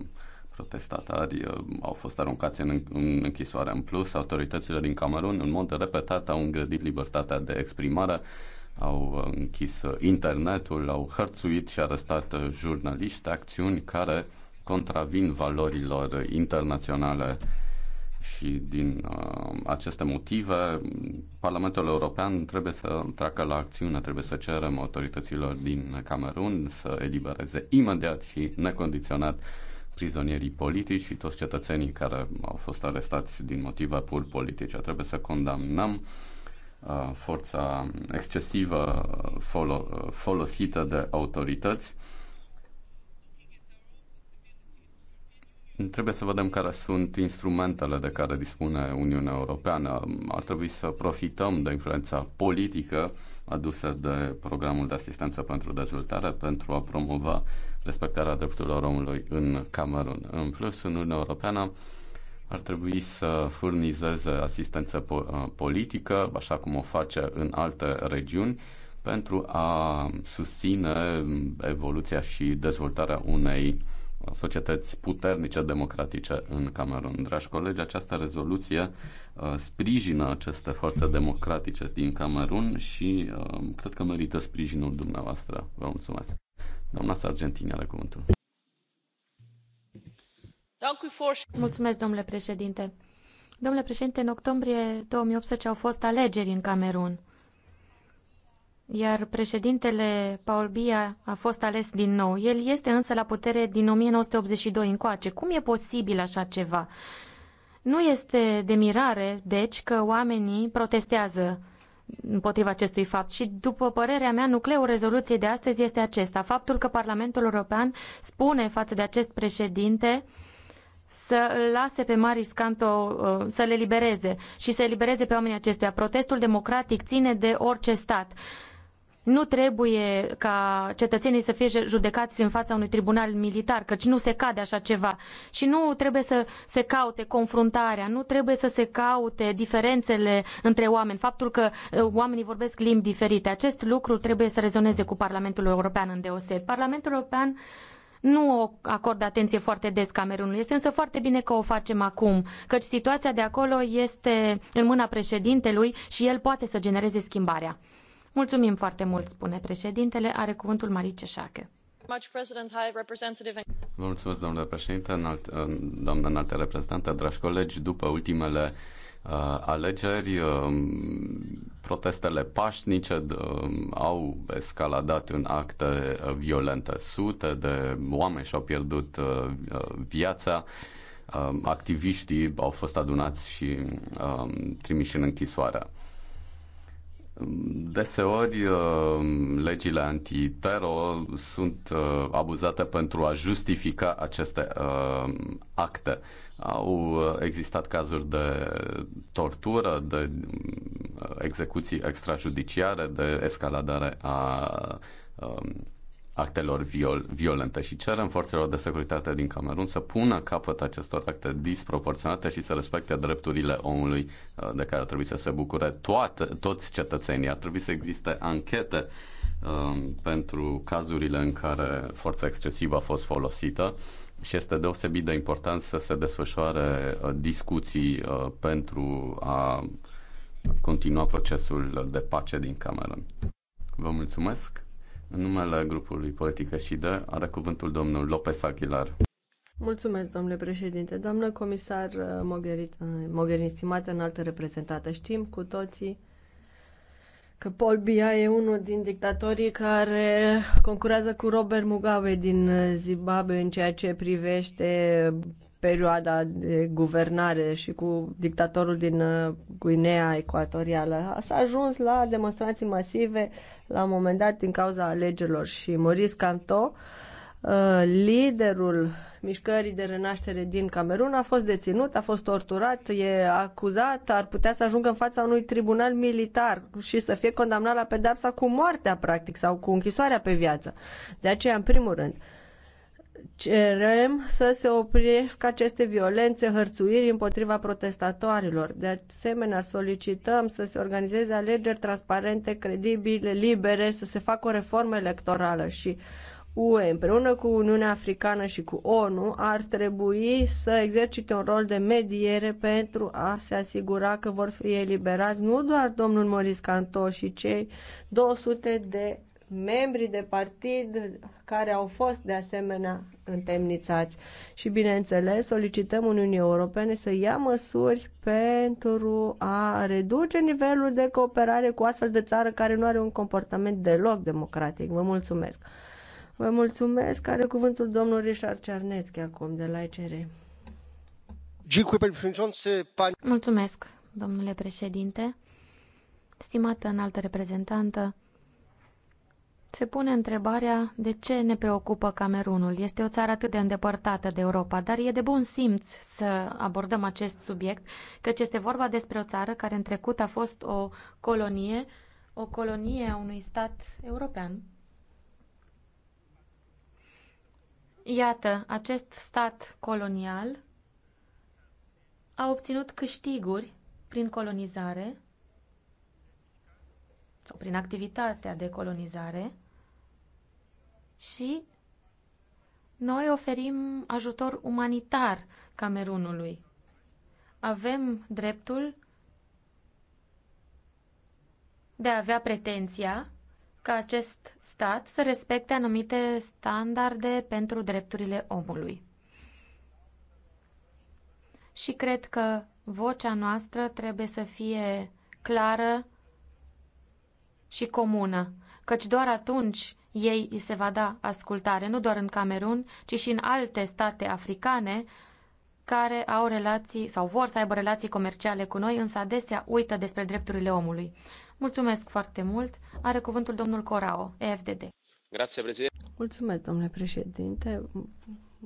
protestatari uh, au fost aruncați în, în închisoare. În plus, autoritățile din Camerun, în mod repetat, au îngrădit libertatea de exprimare, au uh, închis internetul, au hărțuit și arestat jurnaliști, acțiuni care contravin valorilor internaționale uh, și din uh, aceste motive, Parlamentul European trebuie să treacă la acțiune, trebuie să cerem autorităților din Camerun să elibereze imediat și necondiționat prizonierii politici și toți cetățenii care au fost arestați din motive pur politice. Trebuie să condamnăm uh, forța excesivă folo- uh, folosită de autorități Trebuie să vedem care sunt instrumentele de care dispune Uniunea Europeană. Ar trebui să profităm de influența politică adusă de programul de asistență pentru dezvoltare pentru a promova respectarea drepturilor omului în Camerun. În plus, în Uniunea Europeană ar trebui să furnizeze asistență politică, așa cum o face în alte regiuni, pentru a susține evoluția și dezvoltarea unei societăți puternice democratice în Camerun. Dragi colegi, această rezoluție uh, sprijină aceste forțe democratice din Camerun și uh, cred că merită sprijinul dumneavoastră. Vă mulțumesc. Doamna Sargentini are cuvântul.
Mulțumesc, domnule președinte. Domnule președinte, în octombrie 2018 au fost alegeri în Camerun iar președintele Paul Bia a fost ales din nou. El este însă la putere din 1982 încoace. Cum e posibil așa ceva? Nu este de mirare, deci, că oamenii protestează împotriva acestui fapt și, după părerea mea, nucleul rezoluției de astăzi este acesta. Faptul că Parlamentul European spune față de acest președinte să îl lase pe mari Canto uh, să le libereze și să elibereze pe oamenii acestuia. Protestul democratic ține de orice stat. Nu trebuie ca cetățenii să fie judecați în fața unui tribunal militar, căci nu se cade așa ceva. Și nu trebuie să se caute confruntarea, nu trebuie să se caute diferențele între oameni, faptul că uh, oamenii vorbesc limbi diferite. Acest lucru trebuie să rezoneze cu Parlamentul European îndeoseb. Parlamentul European nu acordă atenție foarte des Camerunului. Este însă foarte bine că o facem acum, căci situația de acolo este în mâna președintelui și el poate să genereze schimbarea. Mulțumim foarte mult, spune președintele. Are cuvântul Marie Ceșache.
Vă mulțumesc, domnule președinte, înalt, doamnă înaltă reprezentantă, dragi colegi. După ultimele uh, alegeri, uh, protestele pașnice uh, au escaladat în acte uh, violente. Sute de oameni și-au pierdut uh, uh viața. Uh, activiștii au fost adunați și uh, trimiși în închisoare. Deseori, uh, legile antitero sunt uh, abuzate pentru a justifica aceste uh, acte. Au existat cazuri de tortură, de execuții extrajudiciare, de escaladare a um, actelor viol- violente și cerem forțelor de securitate din Camerun să pună capăt acestor acte disproporționate și să respecte drepturile omului uh, de care ar trebui să se bucure toate, toți cetățenii. Ar trebui să existe anchete um, pentru cazurile în care forța excesivă a fost folosită și este deosebit de important să se desfășoare uh, discuții uh, pentru a continua procesul de pace din Camerun. Vă mulțumesc! În numele grupului politic de are cuvântul domnul Lopez Aguilar.
Mulțumesc, domnule președinte. Doamnă comisar uh, uh, Mogherini, Mogherini stimată altă reprezentată, știm cu toții că Paul Bia e unul din dictatorii care concurează cu Robert Mugabe din uh, Zimbabwe în ceea ce privește perioada de guvernare și cu dictatorul din uh, Guinea Ecuatorială. S-a ajuns la demonstrații masive la un moment dat din cauza alegerilor și Maurice Canto, uh, liderul mișcării de renaștere din Camerun, a fost deținut, a fost torturat, e acuzat, ar putea să ajungă în fața unui tribunal militar și să fie condamnat la pedapsa cu moartea, practic, sau cu închisoarea pe viață. De aceea, în primul rând, cerem să se oprească aceste violențe, hărțuiri împotriva protestatorilor. De asemenea, solicităm să se organizeze alegeri transparente, credibile, libere, să se facă o reformă electorală și UE împreună cu Uniunea Africană și cu ONU ar trebui să exercite un rol de mediere pentru a se asigura că vor fi eliberați nu doar domnul Moris Canto și cei 200 de membrii de partid care au fost de asemenea întemnițați. Și, bineînțeles, solicităm Uniunii Europene să ia măsuri pentru a reduce nivelul de cooperare cu astfel de țară care nu are un comportament deloc democratic. Vă mulțumesc! Vă mulțumesc! Are cuvântul domnul Richard Cernețchi acum de la ECR. Mulțumesc, domnule
președinte. Stimată înaltă reprezentantă, se pune întrebarea de ce ne preocupă Camerunul. Este o țară atât de îndepărtată de Europa, dar e de bun simț să abordăm acest subiect, căci este vorba despre o țară care în trecut a fost o colonie, o colonie a unui stat european. Iată, acest stat colonial a obținut câștiguri prin colonizare sau prin activitatea de colonizare și noi oferim ajutor umanitar Camerunului. Avem dreptul de a avea pretenția ca acest stat să respecte anumite standarde pentru drepturile omului. Și cred că vocea noastră trebuie să fie clară și comună, căci doar atunci ei îi se va da ascultare, nu doar în Camerun, ci și în alte state africane care au relații sau vor să aibă relații comerciale cu noi, însă adesea uită despre drepturile omului. Mulțumesc foarte mult. Are cuvântul domnul Corao,
EFDD. Grazie, Mulțumesc, domnule președinte.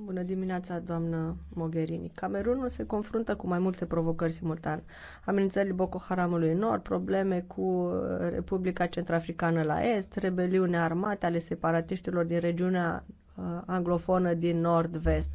Bună dimineața, doamnă Mogherini. Camerunul se confruntă cu mai multe provocări simultan. Amenințările Boko Haramului în nord, probleme cu uh, Republica Centrafricană la est, rebeliune armate ale separatiștilor din regiunea Uh, anglofonă din nord-vest.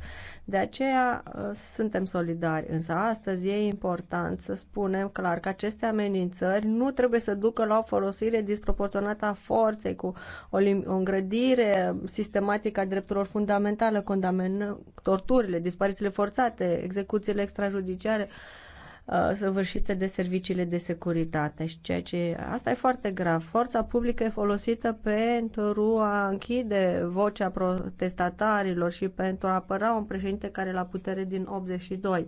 De aceea uh, suntem solidari, însă astăzi e important să spunem clar că aceste amenințări nu trebuie să ducă la o folosire disproporționată a forței cu o, o îngrădire sistematică a drepturilor fundamentale, condamnă torturile, disparițiile forțate, execuțiile extrajudiciare, Uh, săvârșite de serviciile de securitate și ceea ce asta e foarte grav. Forța publică e folosită pentru a închide vocea protestatarilor și pentru a apăra un președinte care la putere din 82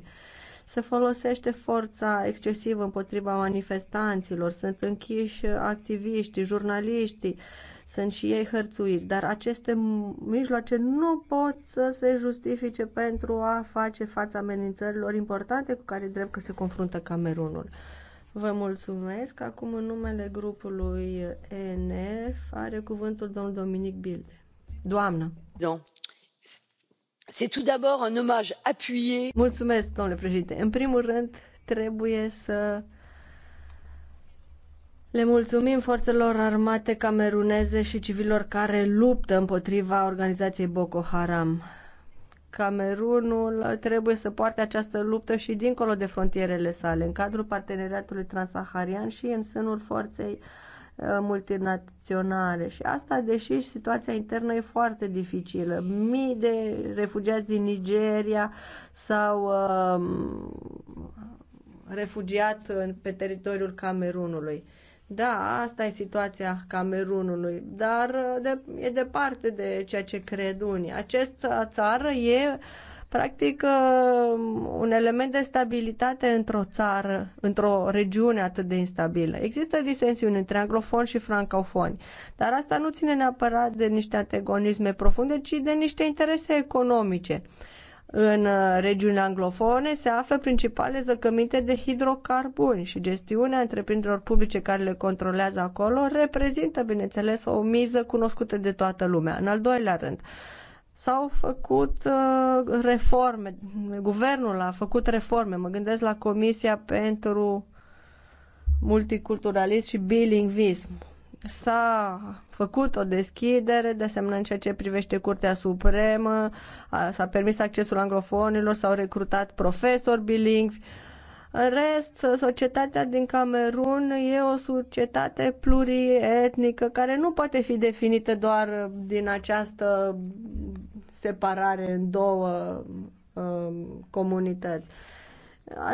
se folosește forța excesivă împotriva manifestanților, sunt închiși activiștii, jurnaliștii, sunt și ei hărțuiți, dar aceste mijloace nu pot să se justifice pentru a face fața amenințărilor importante cu care drept că se confruntă Camerunul. Vă mulțumesc. Acum, în numele grupului ENF, are cuvântul domnul Dominic Bilde. Doamnă. Da. C'est tout d'abord un hommage appuyé. Mulțumesc, domnule președinte. În primul rând, trebuie să le mulțumim forțelor armate cameruneze și civilor care luptă împotriva organizației Boko Haram. Camerunul trebuie să poarte această luptă și dincolo de frontierele sale, în cadrul parteneriatului transaharian și în sânul forței uh, multinaționale. Și asta, deși situația internă e foarte dificilă. Mii de refugiați din Nigeria sau um, refugiat pe teritoriul Camerunului. Da, asta e situația Camerunului, dar uh, de, e departe de ceea ce cred unii. Această țară e practic uh, un element de stabilitate într-o țară, într-o regiune atât de instabilă. Există disensiuni între anglofoni și francofoni, dar asta nu ține neapărat de niște antagonisme profunde, ci de niște interese economice. În uh, regiunile anglofone se află principale zăcăminte de hidrocarburi și gestiunea întreprinderilor publice care le controlează acolo reprezintă, bineînțeles, o miză cunoscută de toată lumea. În al doilea rând, s-au făcut uh, reforme, guvernul a făcut reforme, mă gândesc la Comisia pentru Multiculturalism și Bilingvism s-a făcut o deschidere, de asemenea în ceea ce privește Curtea Supremă, s-a permis accesul anglofonilor, s-au recrutat profesori bilingvi. În rest, societatea din Camerun e o societate plurietnică care nu poate fi definită doar din această separare în două um, comunități.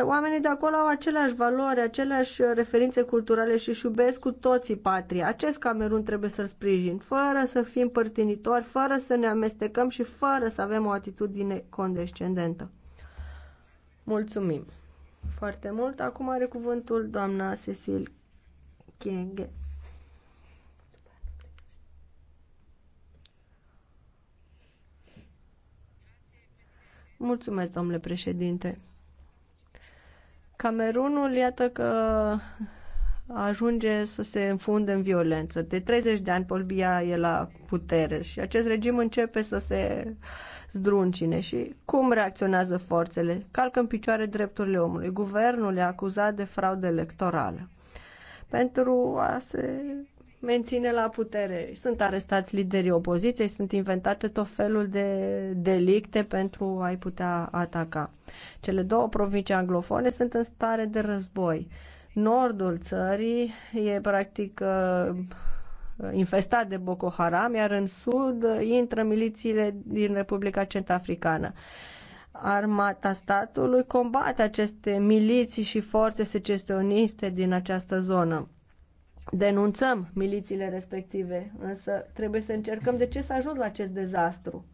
Oamenii de acolo au aceleași valori, aceleași referințe culturale și își iubesc cu toții patria. Acest Camerun trebuie să-l sprijin, fără să fim părtinitori, fără să ne amestecăm și fără să avem o atitudine condescendentă. Mulțumim foarte mult. Acum are cuvântul doamna Cecil Kienge. Mulțumesc, domnule președinte. Camerunul, iată că ajunge să se înfunde în violență. De 30 de ani Polbia e la putere și acest regim începe să se zdruncine. Și cum reacționează forțele? Calcă în picioare drepturile omului. Guvernul e acuzat de fraudă electorală. Pentru a se menține la putere. Sunt arestați liderii opoziției, sunt inventate tot felul de delicte pentru a-i putea ataca. Cele două provincii anglofone sunt în stare de război. Nordul țării e practic uh, infestat de Boko Haram, iar în sud intră milițiile din Republica Centrafricană. Armata statului combate aceste miliții și forțe secesioniste din această zonă denunțăm milițiile respective, însă trebuie să încercăm de ce s-a ajuns la acest dezastru.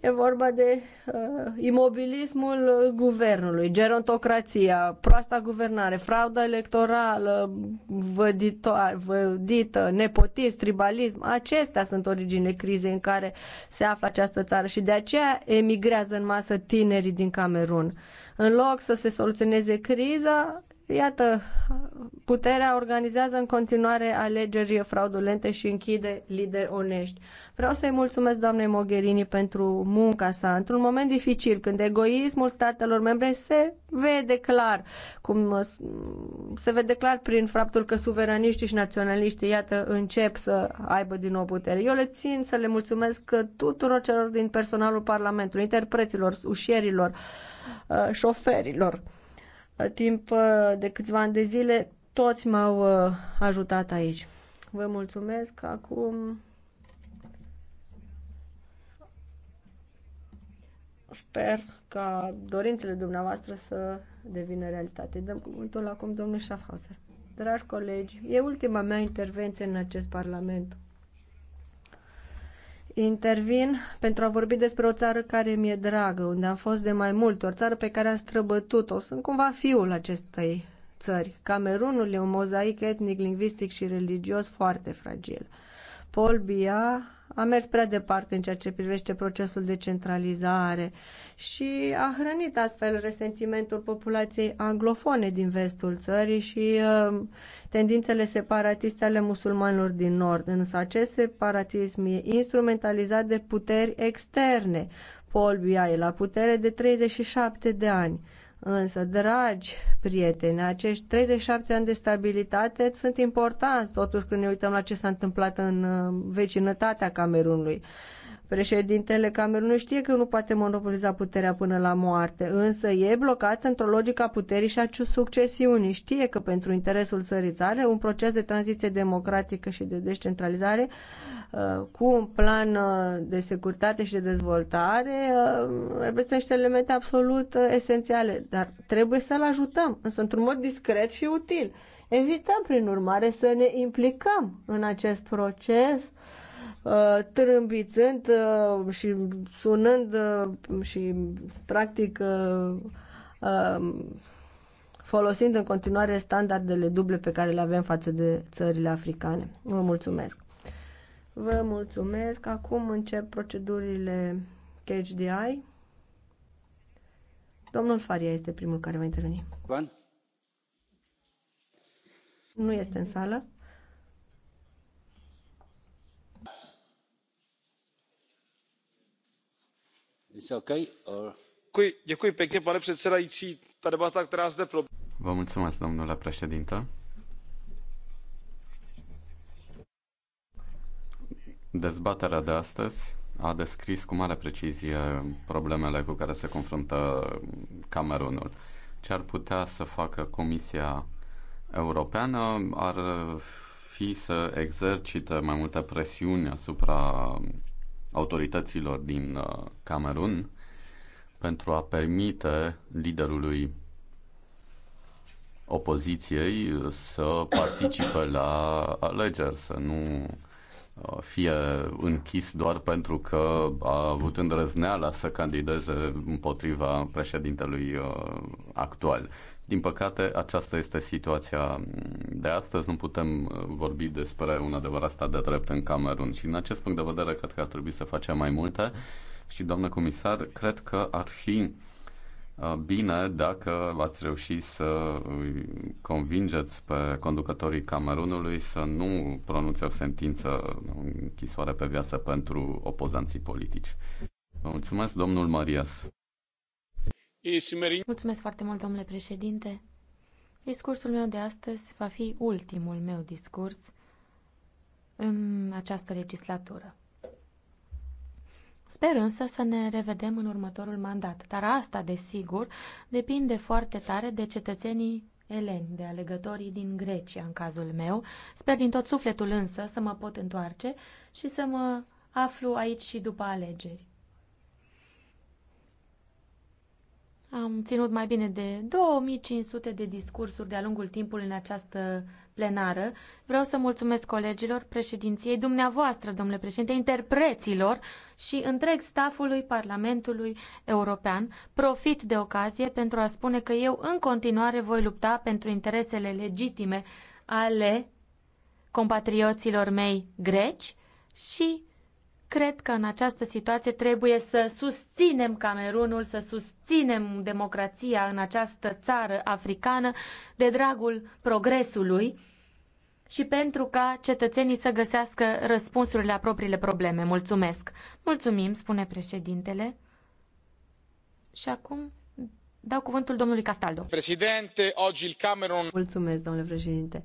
E vorba de uh, imobilismul guvernului, gerontocrația, proasta guvernare, frauda electorală, văditoare, vădită, nepotism, tribalism. Acestea sunt originile crizei în care se află această țară și de aceea emigrează în masă tinerii din Camerun. În loc să se soluționeze criza, Iată, puterea organizează în continuare alegeri fraudulente și închide lideri onești. Vreau să-i mulțumesc doamnei Mogherini pentru munca sa într-un moment dificil, când egoismul statelor membre se vede clar, cum se vede clar prin faptul că suveraniștii și naționaliștii, iată, încep să aibă din nou putere. Eu le țin să le mulțumesc tuturor celor din personalul Parlamentului, interpreților, ușierilor, șoferilor timp uh, de câțiva ani de zile, toți m-au uh, ajutat aici. Vă mulțumesc. Acum sper ca dorințele dumneavoastră să devină realitate. Dăm cuvântul acum domnul Schaffhauser. Dragi colegi, e ultima mea intervenție în acest parlament Intervin pentru a vorbi despre o țară care mi-e dragă, unde am fost de mai mult, o țară pe care am străbătut-o. Sunt cumva fiul acestei țări. Camerunul e un mozaic etnic, lingvistic și religios foarte fragil. Paul Bia a mers prea departe în ceea ce privește procesul de centralizare și a hrănit astfel resentimentul populației anglofone din vestul țării și uh, tendințele separatiste ale musulmanilor din nord. Însă acest separatism e instrumentalizat de puteri externe. Paul Bia e la putere de 37 de ani. Însă, dragi prieteni, acești 37 ani de stabilitate sunt importanți, totuși, când ne uităm la ce s-a întâmplat în uh, vecinătatea Camerunului. Președintele Camerunului știe că nu poate monopoliza puterea până la moarte, însă e blocat într-o logică a puterii și a succesiunii. Știe că pentru interesul țării țare, un proces de tranziție democratică și de descentralizare uh, cu un plan uh, de securitate și de dezvoltare uh, reprezintă niște elemente absolut esențiale, dar trebuie să-l ajutăm, însă într-un mod discret și util. Evităm, prin urmare, să ne implicăm în acest proces Uh, trâmbițând uh, și sunând uh, și practic folosind în continuare standardele duble pe care le avem față de țările africane. Vă mulțumesc! Vă mulțumesc! Acum încep procedurile CHDI. Domnul Faria este primul care va interveni. Bun. Nu este în sală.
pane předsedající ta debata která zde
proběhla. domnule președinte dezbaterea de astăzi a descris cu mare precizie problemele cu care se confruntă Camerunul. Ce ar putea să facă Comisia Europeană ar fi să exercite mai multă presiune asupra autorităților din uh, Camerun pentru a permite liderului opoziției uh, să participe la alegeri, să nu uh, fie închis doar pentru că a avut îndrăzneala să candideze împotriva președintelui actual. Din păcate, aceasta este situația de astăzi. Nu putem uh, vorbi despre un adevărat stat de drept în Camerun și din acest punct de vedere cred că ar trebui să facem mai multe și, doamnă comisar, cred că ar fi uh, bine dacă ați reușit să convingeți pe conducătorii Camerunului să nu pronunțe o sentință închisoare pe viață pentru opozanții politici. Vă mulțumesc, domnul Marias.
Mulțumesc foarte mult, domnule președinte. Discursul meu de astăzi va fi ultimul meu discurs în această legislatură. Sper însă să ne revedem în următorul mandat, dar asta, desigur, depinde foarte tare de cetățenii eleni, de alegătorii din Grecia, în cazul meu. Sper din tot sufletul însă să mă pot întoarce și să mă aflu aici și după alegeri. Am ținut mai bine de 2500 de discursuri de-a lungul timpului în această plenară. Vreau să mulțumesc colegilor, președinției, dumneavoastră, domnule președinte, interpreților și întreg stafului Parlamentului European. Profit de ocazie pentru a spune că eu în continuare voi lupta pentru interesele legitime ale compatrioților mei greci și Cred că în această situație trebuie să susținem Camerunul, să susținem democrația în această țară africană de dragul progresului și pentru ca cetățenii să găsească răspunsurile la propriile probleme. Mulțumesc! Mulțumim, spune președintele.
Și acum dau cuvântul domnului Castaldo.
Președinte, oggi il Camerun...
Mulțumesc, domnule președinte.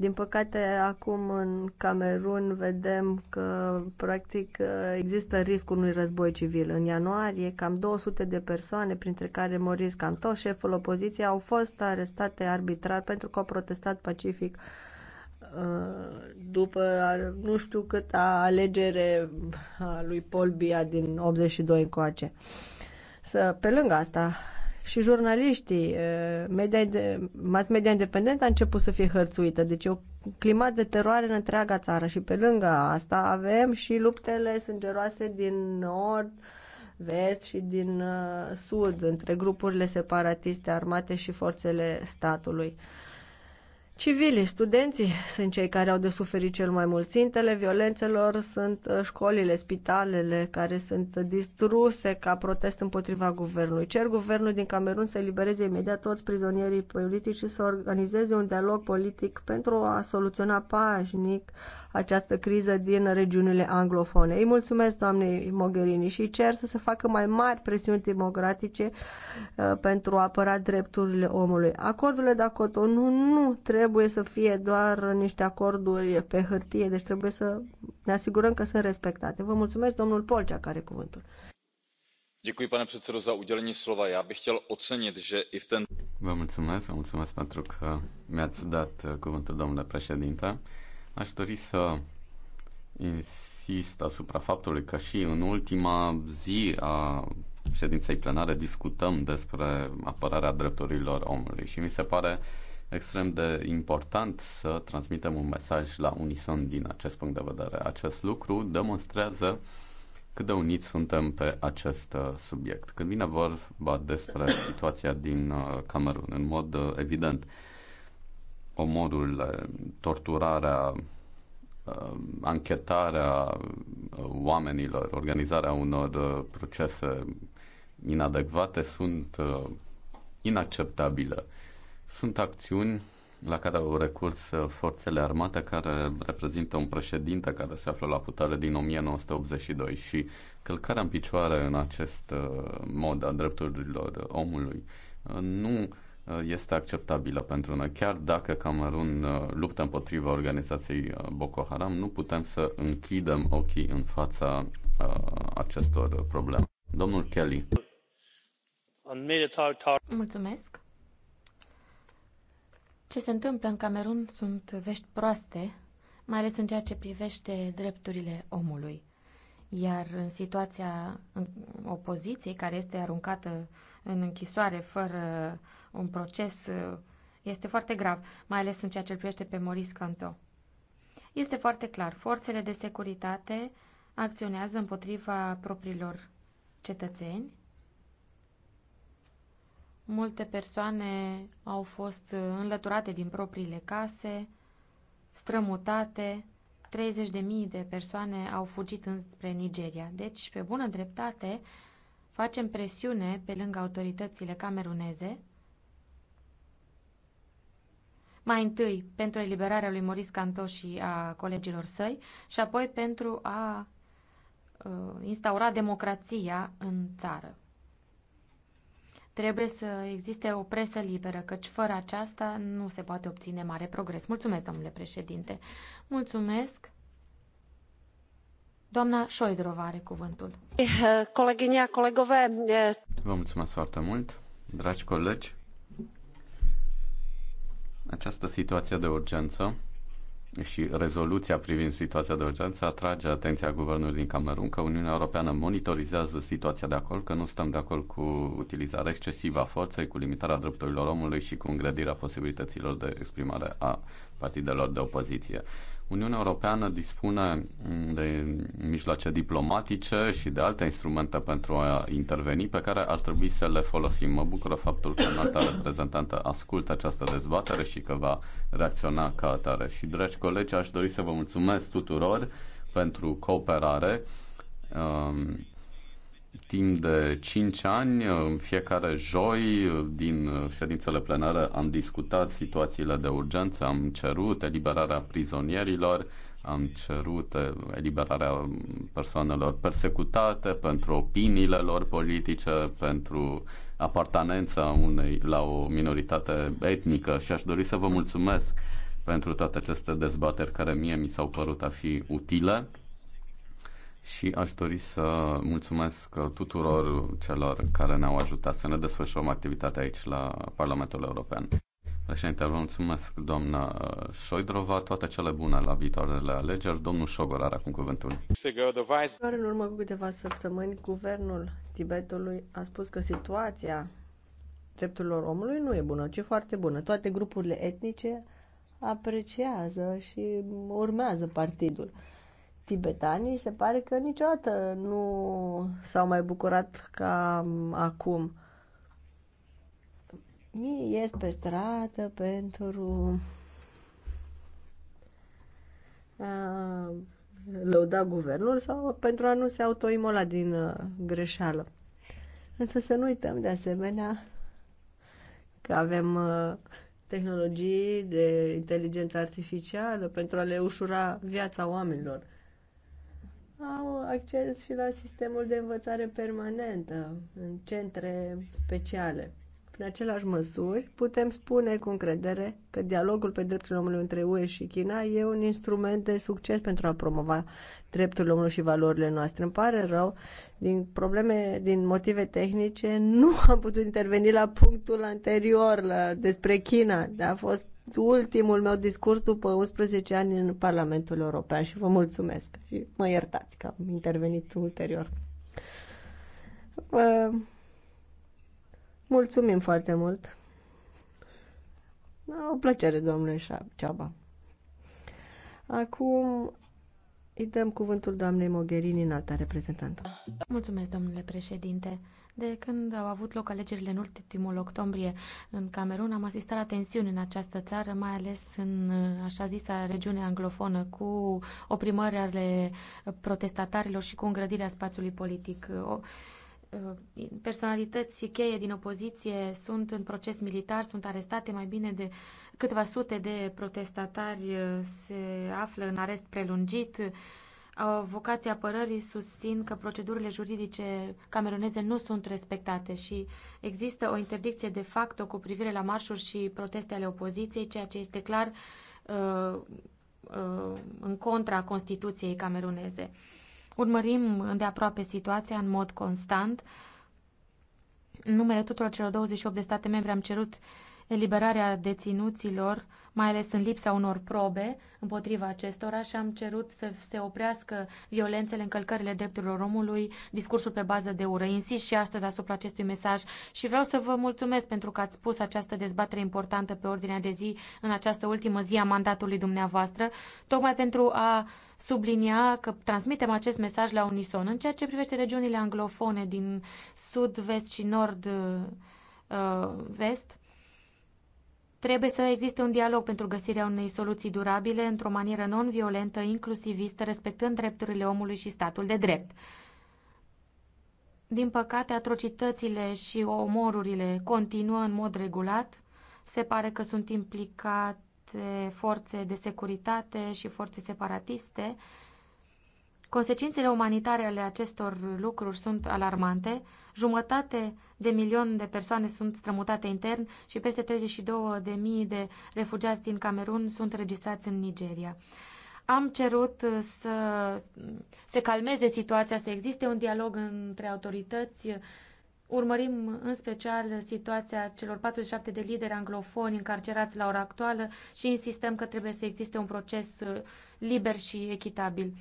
Din păcate, acum în Camerun vedem că practic există riscul unui război civil. În ianuarie, cam 200 de persoane, printre care Maurice Canto, șeful opoziției, au fost arestate arbitrar pentru că au protestat pacific uh, după uh, nu știu câta alegere a lui Paul Bia din 82 încoace. Să, pe lângă asta, și jurnaliștii, media, mass media independentă a început să fie hărțuită. Deci e un climat de teroare în întreaga țară și pe lângă asta avem și luptele sângeroase din nord, vest și din sud, între grupurile separatiste armate și forțele statului. Civilii, studenții sunt cei care au de suferit cel mai mult. Țintele violențelor sunt uh, școlile, spitalele care sunt distruse ca protest împotriva guvernului. Cer guvernul din Camerun să elibereze imediat toți prizonierii politici și să organizeze un dialog politic pentru a soluționa pașnic această criză din regiunile anglofone. Îi mulțumesc doamnei Mogherini și cer să se facă mai mari presiuni democratice uh, pentru a apăra drepturile omului. Acordurile de acolo nu, nu trebuie trebuie să fie doar niște acorduri pe hârtie, deci trebuie să ne asigurăm că sunt respectate. Vă mulțumesc, domnul Polcea, care cuvântul.
Děkuji, pane předsedo, za udělení slova. Já bych chtěl ocenit, že i v ten... Vă mulțumesc, vă mulțumesc pentru că mi-ați dat cuvântul, domnule președinte. Aș dori să insist asupra faptului că și în ultima zi a ședinței plenare discutăm despre apărarea drepturilor omului și mi se pare uh, extrem de important să transmitem un mesaj la unison din acest punct de vedere. Acest lucru demonstrează cât de uniți suntem pe acest uh, subiect. Când vine vorba despre situația din uh, Camerun, în mod uh, evident, omorul, torturarea, anchetarea oamenilor, organizarea unor procese inadecvate sunt inacceptabile. Sunt acțiuni la care au recurs forțele armate care reprezintă un președinte care se află la putere din 1982 și călcarea în picioare în acest uh, mod a drepturilor omului uh, nu uh, este acceptabilă pentru noi. Chiar dacă Camerun luptă împotriva organizației Boko Haram, nu putem să închidem ochii în fața acestor probleme. Domnul Kelly.
Mulțumesc. Ce se întâmplă în Camerun sunt vești proaste, mai ales în ceea ce privește drepturile omului. Iar în situația opoziției, care este aruncată în închisoare fără un proces, este foarte grav, mai ales în ceea ce privește pe Maurice Canto. Este foarte clar, forțele de securitate acționează împotriva propriilor cetățeni Multe persoane au fost înlăturate din propriile case, strămutate, 30.000 de persoane au fugit înspre Nigeria. Deci, pe bună dreptate, facem presiune pe lângă autoritățile cameruneze, mai întâi pentru eliberarea lui Maurice Canto și a colegilor săi și apoi pentru a uh, instaura democrația în țară. Trebuie să existe o presă liberă, căci fără aceasta nu se poate obține mare progres. Mulțumesc, domnule președinte. Mulțumesc. Doamna Șoidrova are cuvântul.
Coleginia,
colegove...
Vă mulțumesc foarte mult, dragi colegi. Această situație de urgență și rezoluția privind situația de urgență atrage atenția guvernului din Camerun că Uniunea Europeană monitorizează situația de acolo, că nu stăm de acord cu utilizarea excesivă a forței, cu limitarea drepturilor omului și cu îngrădirea posibilităților de exprimare a partidelor de opoziție. Uniunea Europeană dispune mm, de mijloace diplomatice și de alte instrumente pentru a interveni pe care ar trebui să le folosim. Mă bucură faptul că înalta reprezentantă ascultă această dezbatere și că va reacționa ca atare. Și, dragi colegi, aș dori să vă mulțumesc tuturor pentru cooperare. Um, timp de 5 ani, în fiecare joi, din ședințele plenare, am discutat situațiile de urgență, am cerut eliberarea prizonierilor, am cerut eliberarea persoanelor persecutate pentru opiniile lor politice, pentru apartenența unei la o minoritate etnică și aș dori să vă mulțumesc pentru toate aceste dezbateri care mie mi s-au părut a fi utile și aș dori să mulțumesc tuturor celor care ne-au ajutat să ne desfășurăm activitatea aici la Parlamentul European. Președinte, vă mulțumesc, doamna Șoidrova, toate cele bune la viitoarele alegeri. Domnul Șogor are acum cuvântul.
Doar în urmă cu câteva săptămâni, guvernul Tibetului a spus că situația drepturilor omului nu e bună, ci foarte bună. Toate grupurile etnice apreciază și urmează partidul tibetanii se pare că niciodată nu s-au mai bucurat ca acum. mi ies pe stradă pentru a uh, lăuda guvernul sau pentru a nu se autoimola din uh, greșeală. Însă să nu uităm de asemenea că avem uh, tehnologii de inteligență artificială pentru a le ușura viața oamenilor au acces și la sistemul de învățare permanentă în centre speciale. Prin același măsuri, putem spune cu încredere că dialogul pe drepturile omului între UE și China e un instrument de succes pentru a promova drepturile omului și valorile noastre. Îmi pare rău, din probleme, din motive tehnice, nu am putut interveni la punctul anterior la, despre China, dar a fost ultimul meu discurs după 11 ani în Parlamentul European și vă mulțumesc și mă iertați că am intervenit ulterior. Vă mulțumim foarte mult. O plăcere, domnule Ceaba. Acum îi dăm cuvântul doamnei Mogherini, în alta reprezentantă.
Mulțumesc, domnule președinte. De când au avut loc alegerile în ultimul octombrie în Camerun, am asistat la tensiuni în această țară, mai ales în așa zisa regiune anglofonă, cu oprimări ale protestatarilor și cu îngrădirea spațiului politic. O, personalități cheie din opoziție sunt în proces militar, sunt arestate mai bine de câteva sute de protestatari se află în arest prelungit Avocații apărării susțin că procedurile juridice cameruneze nu sunt respectate și există o interdicție de facto cu privire la marșuri și proteste ale opoziției, ceea ce este clar uh, uh, în contra Constituției cameruneze. Urmărim îndeaproape situația în mod constant. În numele tuturor celor 28 de state membre am cerut eliberarea deținuților mai ales în lipsa unor probe împotriva acestora și am cerut să se oprească violențele, încălcările drepturilor omului, discursul pe bază de ură. Insist și astăzi asupra acestui mesaj și vreau să vă mulțumesc pentru că ați pus această dezbatere importantă pe ordinea de zi în această ultimă zi a mandatului dumneavoastră, tocmai pentru a sublinia că transmitem acest mesaj la unison. În ceea ce privește regiunile anglofone din sud, vest și nord, uh, vest, Trebuie să existe un dialog pentru găsirea unei soluții durabile într-o manieră non-violentă, inclusivistă, respectând drepturile omului și statul de drept. Din păcate, atrocitățile și omorurile continuă în mod regulat. Se pare că sunt implicate forțe de securitate și forțe separatiste. Consecințele umanitare ale acestor lucruri sunt alarmante Jumătate de milion de persoane sunt strămutate intern și peste 32 de mii de refugiați din Camerun sunt registrați în Nigeria. Am cerut uh, să se calmeze situația, să existe un dialog între autorități. Urmărim în special situația celor 47 de lideri anglofoni încarcerați la ora actuală și insistăm că trebuie să existe un proces uh, liber și echitabil.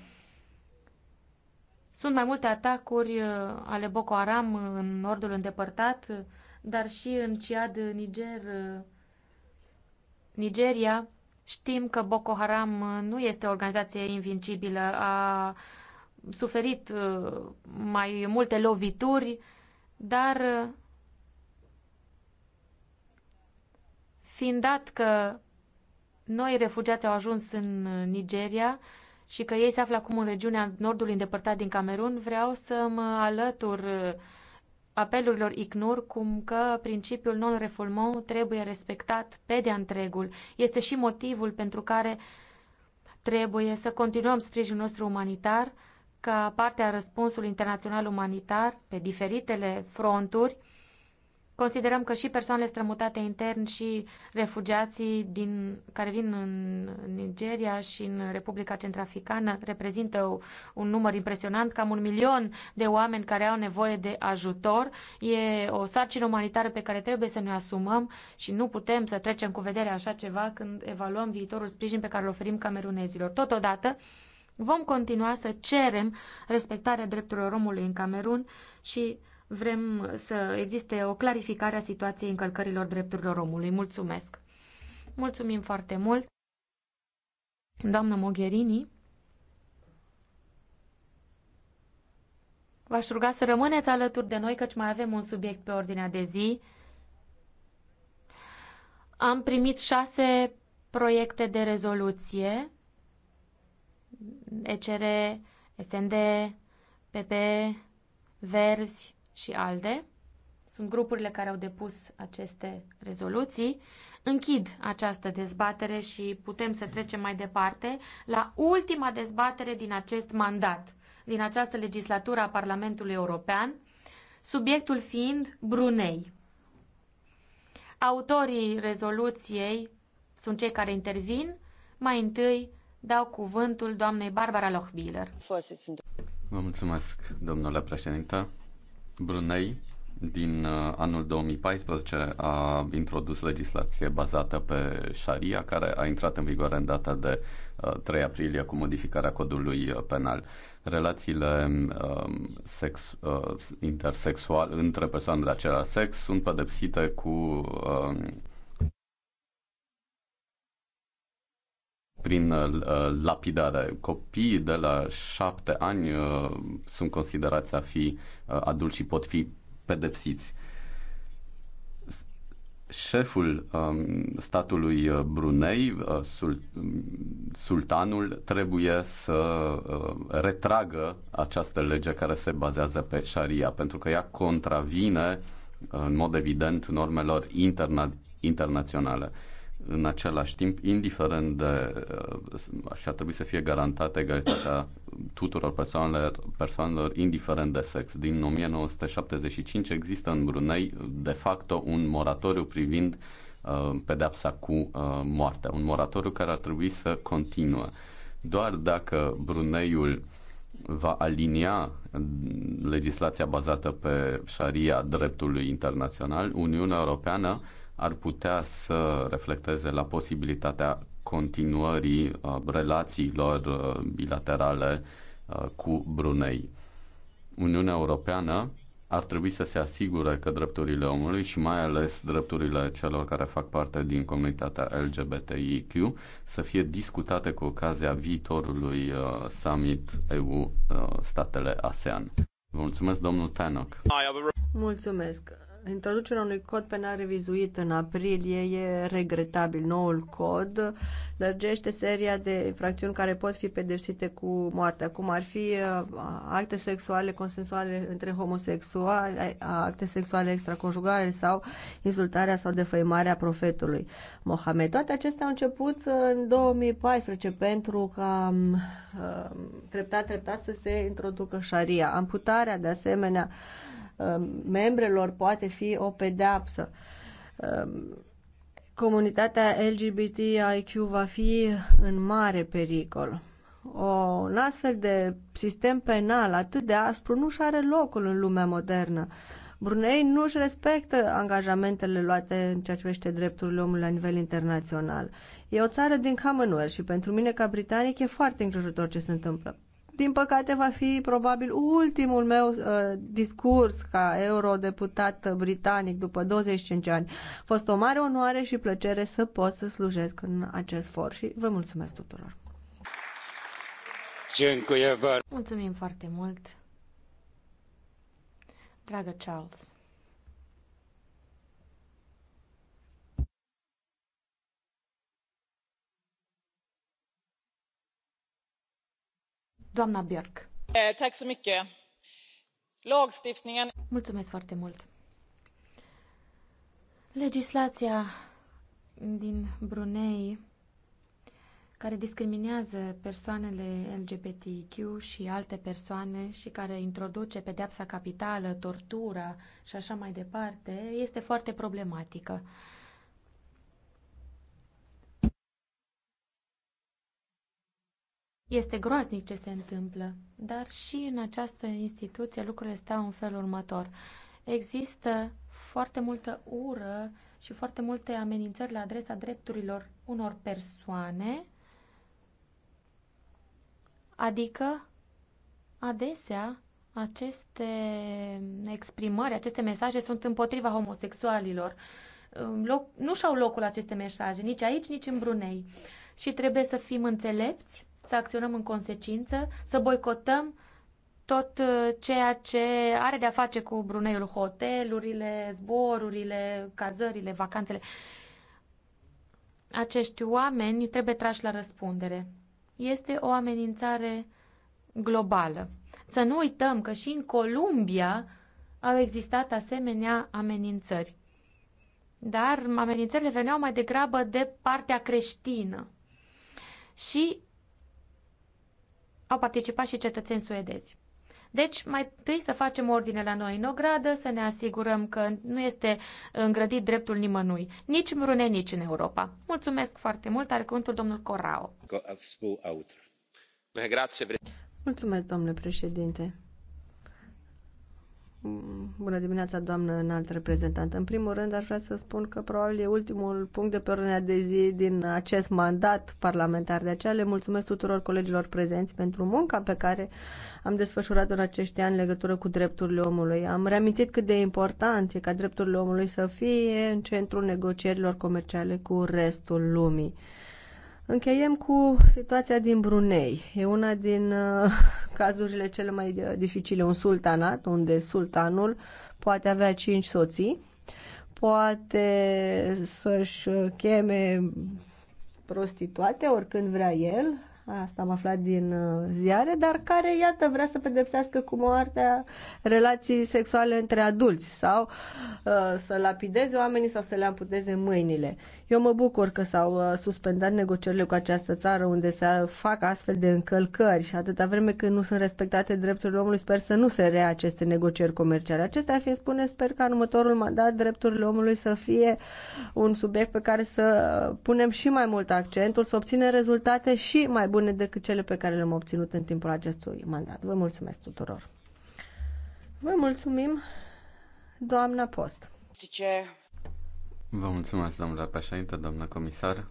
Sunt mai multe atacuri uh, ale Boko Haram în nordul îndepărtat, uh, dar și în Ciad, Niger, uh, Nigeria. Știm că Boko Haram nu este o organizație invincibilă, a suferit mai multe lovituri, dar fiind dat că noi refugiați au ajuns în Nigeria, și că ei se află acum în regiunea nordului îndepărtat din Camerun, vreau să mă alătur uh, apelurilor ICNUR cum că principiul non-refoulement trebuie respectat pe de întregul. Este și motivul pentru care trebuie să continuăm sprijinul nostru umanitar ca parte a răspunsului internațional umanitar pe diferitele fronturi Considerăm că și persoanele strămutate intern și refugiații din, care vin în Nigeria și în Republica Centrafricană reprezintă un număr impresionant, cam un milion de oameni care au nevoie de ajutor. E o sarcină umanitară pe care trebuie să ne asumăm și nu putem să trecem cu vederea așa ceva când evaluăm viitorul sprijin pe care îl oferim camerunezilor. Totodată, vom continua să cerem respectarea drepturilor omului în Camerun și Vrem să existe o clarificare a situației încălcărilor drepturilor omului. Mulțumesc! Mulțumim foarte mult! Doamnă Mogherini, v-aș ruga să rămâneți alături de noi, căci mai avem un subiect pe ordinea de zi. Am primit șase proiecte de rezoluție. ECR, SND, PP, Verzi, și ALDE, sunt grupurile care au depus aceste rezoluții. Închid această dezbatere și putem să trecem mai departe la ultima dezbatere din acest mandat, din această legislatură a Parlamentului European, subiectul fiind Brunei. Autorii rezoluției sunt cei care intervin. Mai întâi dau cuvântul doamnei Barbara Lochbiller.
Vă mulțumesc, domnule președinte. Brunei din uh, anul 2014 a introdus legislație bazată pe Sharia, care a intrat în vigoare în data de 3 uh, aprilie cu modificarea codului penal. Relațiile um, sex, uh, intersexual între persoane de același sex sunt pedepsite cu um, prin uh, uh, lapidare. Copiii de la șapte ani uh, sunt considerați a fi adulți și pot fi pedepsiți șeful um, statului Brunei, uh, sul, sultanul, trebuie să uh, retragă această lege care se bazează pe șaria, pentru că ea contravine, uh, în mod evident, normelor interna- internaționale în același timp, indiferent de uh, și ar trebui să fie garantată egalitatea tuturor persoanelor, persoanelor indiferent de sex. Din 1975 există în Brunei de facto un moratoriu privind uh, pedepsa cu uh, moartea, un moratoriu care ar trebui să continue. Doar dacă Bruneiul va alinia uh, legislația bazată pe șaria dreptului internațional, Uniunea Europeană ar putea să reflecteze la posibilitatea continuării uh, relațiilor uh, bilaterale uh, cu Brunei. Uniunea Europeană ar trebui să se asigure că drepturile omului și mai ales drepturile celor care fac parte din comunitatea LGBTIQ să fie discutate cu ocazia viitorului summit EU statele ASEAN. Vă mulțumesc, domnul Tanok.
Mulțumesc. Introducerea unui cod penal revizuit în aprilie e regretabil. Noul cod lărgește seria de infracțiuni care pot fi pedepsite cu moartea, cum ar fi uh, acte sexuale consensuale între homosexuali, acte sexuale extraconjugale sau insultarea sau defăimarea profetului Mohamed. Toate acestea au început uh, în 2014 pentru ca um, uh, treptat, treptat să se introducă șaria. Amputarea, de asemenea, Um, membrelor poate fi o pedeapsă. Um, comunitatea LGBTIQ va fi în mare pericol. O, un astfel de sistem penal atât de aspru nu și are locul în lumea modernă. Brunei nu își respectă angajamentele luate în ceea ce privește drepturile omului la nivel internațional. E o țară din Commonwealth și pentru mine ca britanic e foarte îngrijorător ce se întâmplă. Din păcate va fi probabil ultimul meu uh, discurs ca eurodeputat britanic după 25 ani. A fost o mare onoare și plăcere să pot să slujesc în acest for și vă mulțumesc tuturor. Mulțumim
foarte mult. Dragă Charles. Doamna Björk.
Eh,
Mulțumesc foarte mult. Legislația din Brunei care discriminează persoanele LGBTQ și alte persoane și care introduce pedepsa capitală, tortura și așa mai departe, este foarte problematică. Este groaznic ce se întâmplă, dar și în această instituție lucrurile stau în felul următor. Există foarte multă ură și foarte multe amenințări la adresa drepturilor unor persoane, adică adesea aceste exprimări, aceste mesaje sunt împotriva homosexualilor. Nu și-au locul aceste mesaje nici aici, nici în Brunei. Și trebuie să fim înțelepți să acționăm în consecință, să boicotăm tot uh, ceea ce are de-a face cu Bruneiul, hotelurile, zborurile, cazările, vacanțele. Acești oameni trebuie trași la răspundere. Este o amenințare globală. Să nu uităm că și în Columbia au existat asemenea amenințări. Dar amenințările veneau mai degrabă de partea creștină. Și au participat și cetățeni suedezi. Deci, mai întâi să facem ordine la noi în ogradă, să ne asigurăm că nu este îngrădit dreptul nimănui, nici în Rune, nici în Europa. Mulțumesc foarte mult, are
cuvântul domnul Corao. Mulțumesc, domnule președinte. Bună dimineața, doamnă înalt reprezentant. În primul rând, ar vrea să spun că probabil e ultimul punct de pe ordinea de zi din acest mandat parlamentar. De aceea le mulțumesc tuturor colegilor prezenți pentru munca pe care am desfășurat în acești ani în legătură cu drepturile omului. Am reamintit cât de important e ca drepturile omului să fie în centrul negocierilor comerciale cu restul lumii. Încheiem cu situația din Brunei. E una din uh, (laughs) cazurile cele mai uh, dificile. Un sultanat, unde sultanul poate avea cinci soții, poate să-și uh, cheme prostituate oricând vrea el, asta am aflat din uh, ziare, dar care, iată, vrea să pedepsească cu moartea relații sexuale între adulți sau uh, să lapideze oamenii sau să le amputeze mâinile. Eu mă bucur că s-au uh, suspendat negocierile cu această țară unde se fac astfel de încălcări și atâta vreme când nu sunt respectate drepturile omului, sper să nu se rea aceste negocieri comerciale. Acestea fiind spune, sper că în următorul mandat drepturile omului să fie un subiect pe care să punem și mai mult accentul, să obținem rezultate și mai bune decât cele pe care le-am obținut în timpul acestui mandat. Vă mulțumesc tuturor! Vă mulțumim, doamna Post.
Vă mulțumesc, domnule președinte, domnule comisar.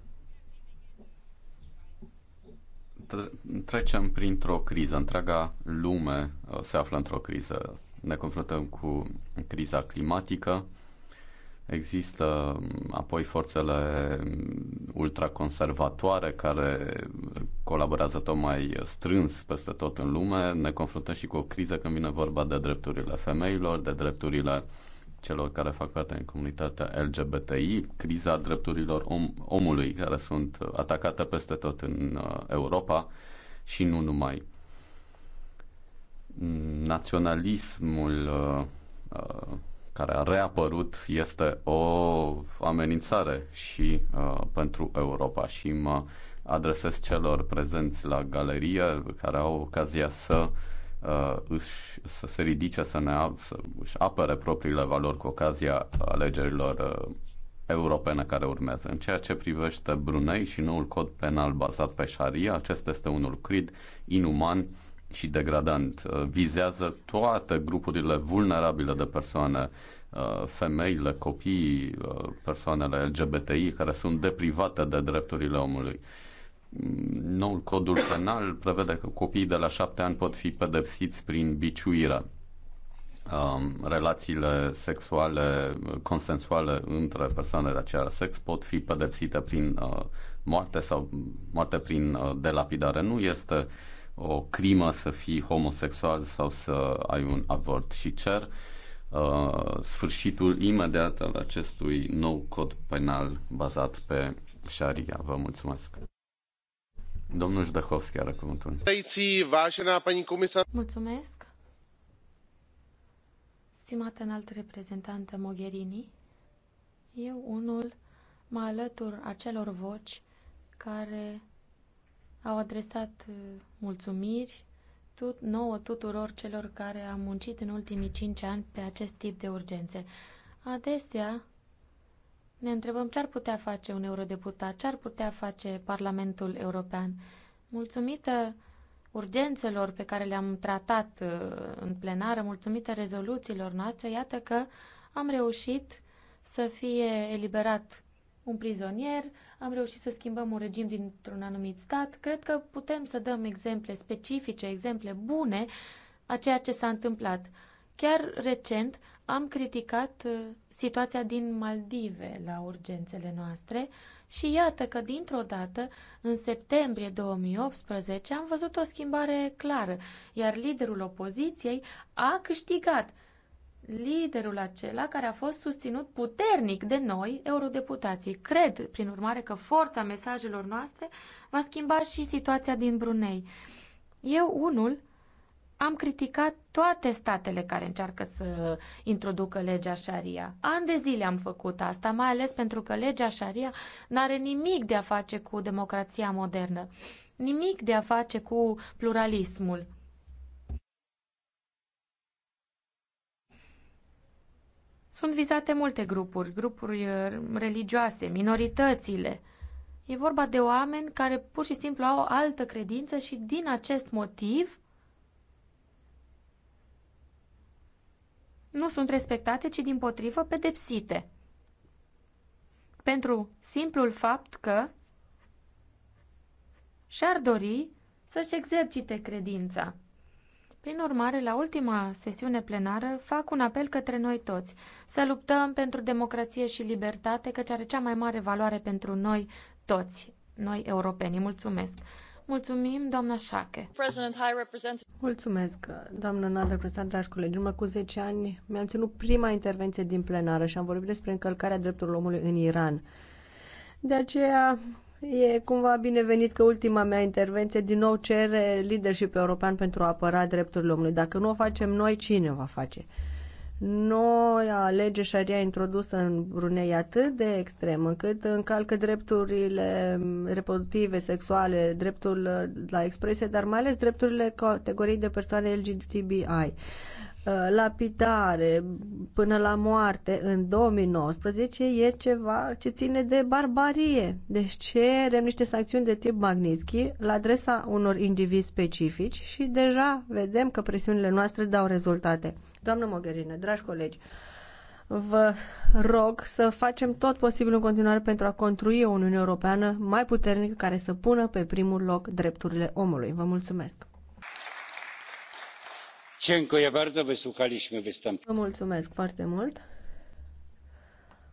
Trecem printr-o criză. Întreaga lume uh, se află într-o criză. Ne confruntăm cu criza climatică. Există um, apoi forțele um, ultraconservatoare care colaborează tot mai strâns peste tot în lume. Ne confruntăm și cu o criză când vine vorba de drepturile femeilor, de drepturile uh, celor care fac parte în comunitatea LGBTI, criza drepturilor om, omului care sunt uh, atacate peste tot în uh, Europa și nu numai. Naționalismul uh, care a reapărut este o amenințare și pentru Europa și mă adresez celor prezenți la galerie care au ocazia să uh, uh, își, să se ridice, să, ne, să își apere propriile valori cu ocazia alegerilor uh, europene care urmează. În ceea ce privește Brunei și noul cod penal bazat pe șaria, acesta este unul crid, inuman și degradant. Uh, vizează toate grupurile vulnerabile de persoane, uh, femeile, copiii, uh, persoanele LGBTI care sunt deprivate de drepturile omului. Noul codul penal prevede că copiii de la șapte ani pot fi pedepsiți prin biciuire. Um, relațiile sexuale consensuale între persoane de același sex pot fi pedepsite prin uh, moarte sau moarte prin uh, delapidare. Nu este o crimă să fii homosexual sau să ai un avort și cer uh, sfârșitul imediat al acestui nou cod penal bazat pe șaria. Vă mulțumesc! Domnul Jdahovski are cuvântul. Mulțumesc.
Stimată înaltă reprezentantă Mogherini, eu unul mă alătur acelor voci care au adresat uh, mulțumiri tut, nouă tuturor celor care au muncit în ultimii cinci ani pe acest tip de urgențe. Adesea, ne întrebăm ce ar putea face un eurodeputat, ce ar putea face Parlamentul European. Mulțumită urgențelor pe care le-am tratat uh, în plenară, mulțumită rezoluțiilor noastre, iată că am reușit să fie eliberat un prizonier, am reușit să schimbăm un regim dintr-un anumit stat. Cred că putem să dăm exemple specifice, exemple bune a ceea ce s-a întâmplat. Chiar recent am criticat uh, situația din Maldive la urgențele noastre și iată că dintr-o dată, în septembrie 2018, am văzut o schimbare clară, iar liderul opoziției a câștigat. Liderul acela care a fost susținut puternic de noi, eurodeputații. Cred, prin urmare, că forța mesajelor noastre va schimba și situația din Brunei. Eu, unul, am criticat toate statele care încearcă să introducă legea Sharia. An de zile am făcut asta, mai ales pentru că legea Sharia nu are nimic de a face cu democrația modernă, nimic de a face cu pluralismul. Sunt vizate multe grupuri, grupuri uh, religioase, minoritățile. E vorba de oameni care pur și simplu au o altă credință și din acest motiv nu sunt respectate, ci din potrivă pedepsite. Pentru simplul fapt că și-ar dori să-și exercite credința. Prin urmare, la ultima sesiune plenară, fac un apel către noi toți să luptăm pentru democrație și libertate, căci are cea mai mare valoare pentru noi toți, noi
europenii. Mulțumesc! Mulțumim, doamna Șache. Mulțumesc, doamnă înalt reprezentant, dragi colegi. Urmă cu 10 ani mi-am ținut prima intervenție din plenară și am vorbit despre încălcarea drepturilor omului în Iran. De aceea e cumva binevenit că ultima mea intervenție din nou cere leadership european pentru a apăra drepturile omului. Dacă nu o facem noi, cine o va face? noua lege șaria introdusă în Brunei atât de extrem încât încalcă drepturile reproductive, sexuale, dreptul la expresie, dar mai ales drepturile categoriei de persoane LGBTI lapidare până la moarte în 2019 e ceva ce ține de barbarie. Deci cerem niște sancțiuni de tip Magnitsky la adresa unor indivizi specifici și deja vedem că presiunile noastre dau rezultate. Doamnă Mogherine, dragi colegi, vă rog să facem tot posibilul în continuare pentru a construi o Uniune Europeană mai puternică care să pună pe primul loc drepturile omului. Vă mulțumesc! Vă mulțumesc foarte mult!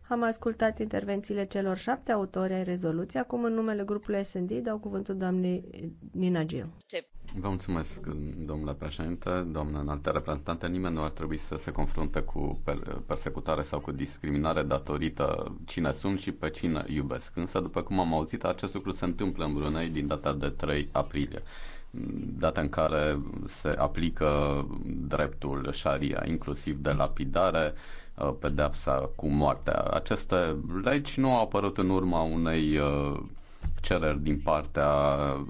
Am ascultat intervențiile celor șapte autori ai rezoluției. Acum, în numele grupului SND, dau cuvântul doamnei Nina Gil.
Vă mulțumesc, domnule președinte, doamnă înaltă reprezentantă. Nimeni nu ar trebui să se confrunte cu persecutare sau cu discriminare datorită cine sunt și pe cine iubesc. Însă, după cum am auzit, acest lucru se întâmplă în Brunei din data de 3 aprilie data în care se aplică dreptul șaria, inclusiv de lapidare, uh, pedepsa cu moartea. Aceste legi nu au apărut în urma unei uh, cereri din partea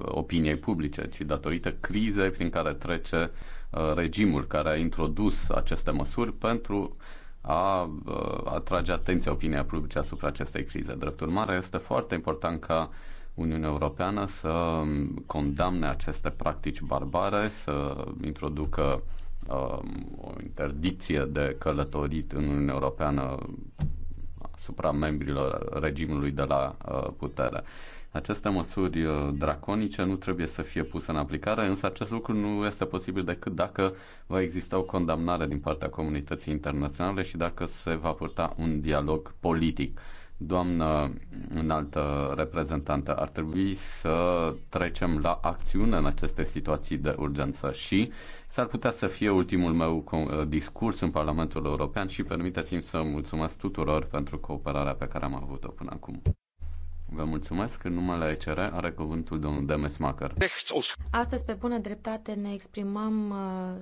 opiniei publice, ci datorită crizei prin care trece uh, regimul care a introdus aceste măsuri pentru a uh, atrage atenția opiniei publice asupra acestei crize. Drept urmare, este foarte important ca Uniunea Europeană să condamne aceste practici barbare, să introducă uh, o interdicție de călătorit în Uniunea Europeană asupra membrilor regimului de la putere. Aceste măsuri uh, draconice nu trebuie să fie puse în aplicare, însă acest lucru nu este posibil decât dacă va exista o condamnare din partea comunității internaționale și dacă se va purta un dialog politic. Doamnă înaltă reprezentantă, ar trebui să trecem la acțiune în aceste situații de urgență și s-ar putea să fie ultimul meu uh, discurs în Parlamentul European și permiteți-mi să mulțumesc tuturor pentru cooperarea pe care am avut-o până acum. Vă mulțumesc. În numele ECR are cuvântul domnul Demesmacher.
Astăzi, pe bună dreptate, ne exprimăm uh,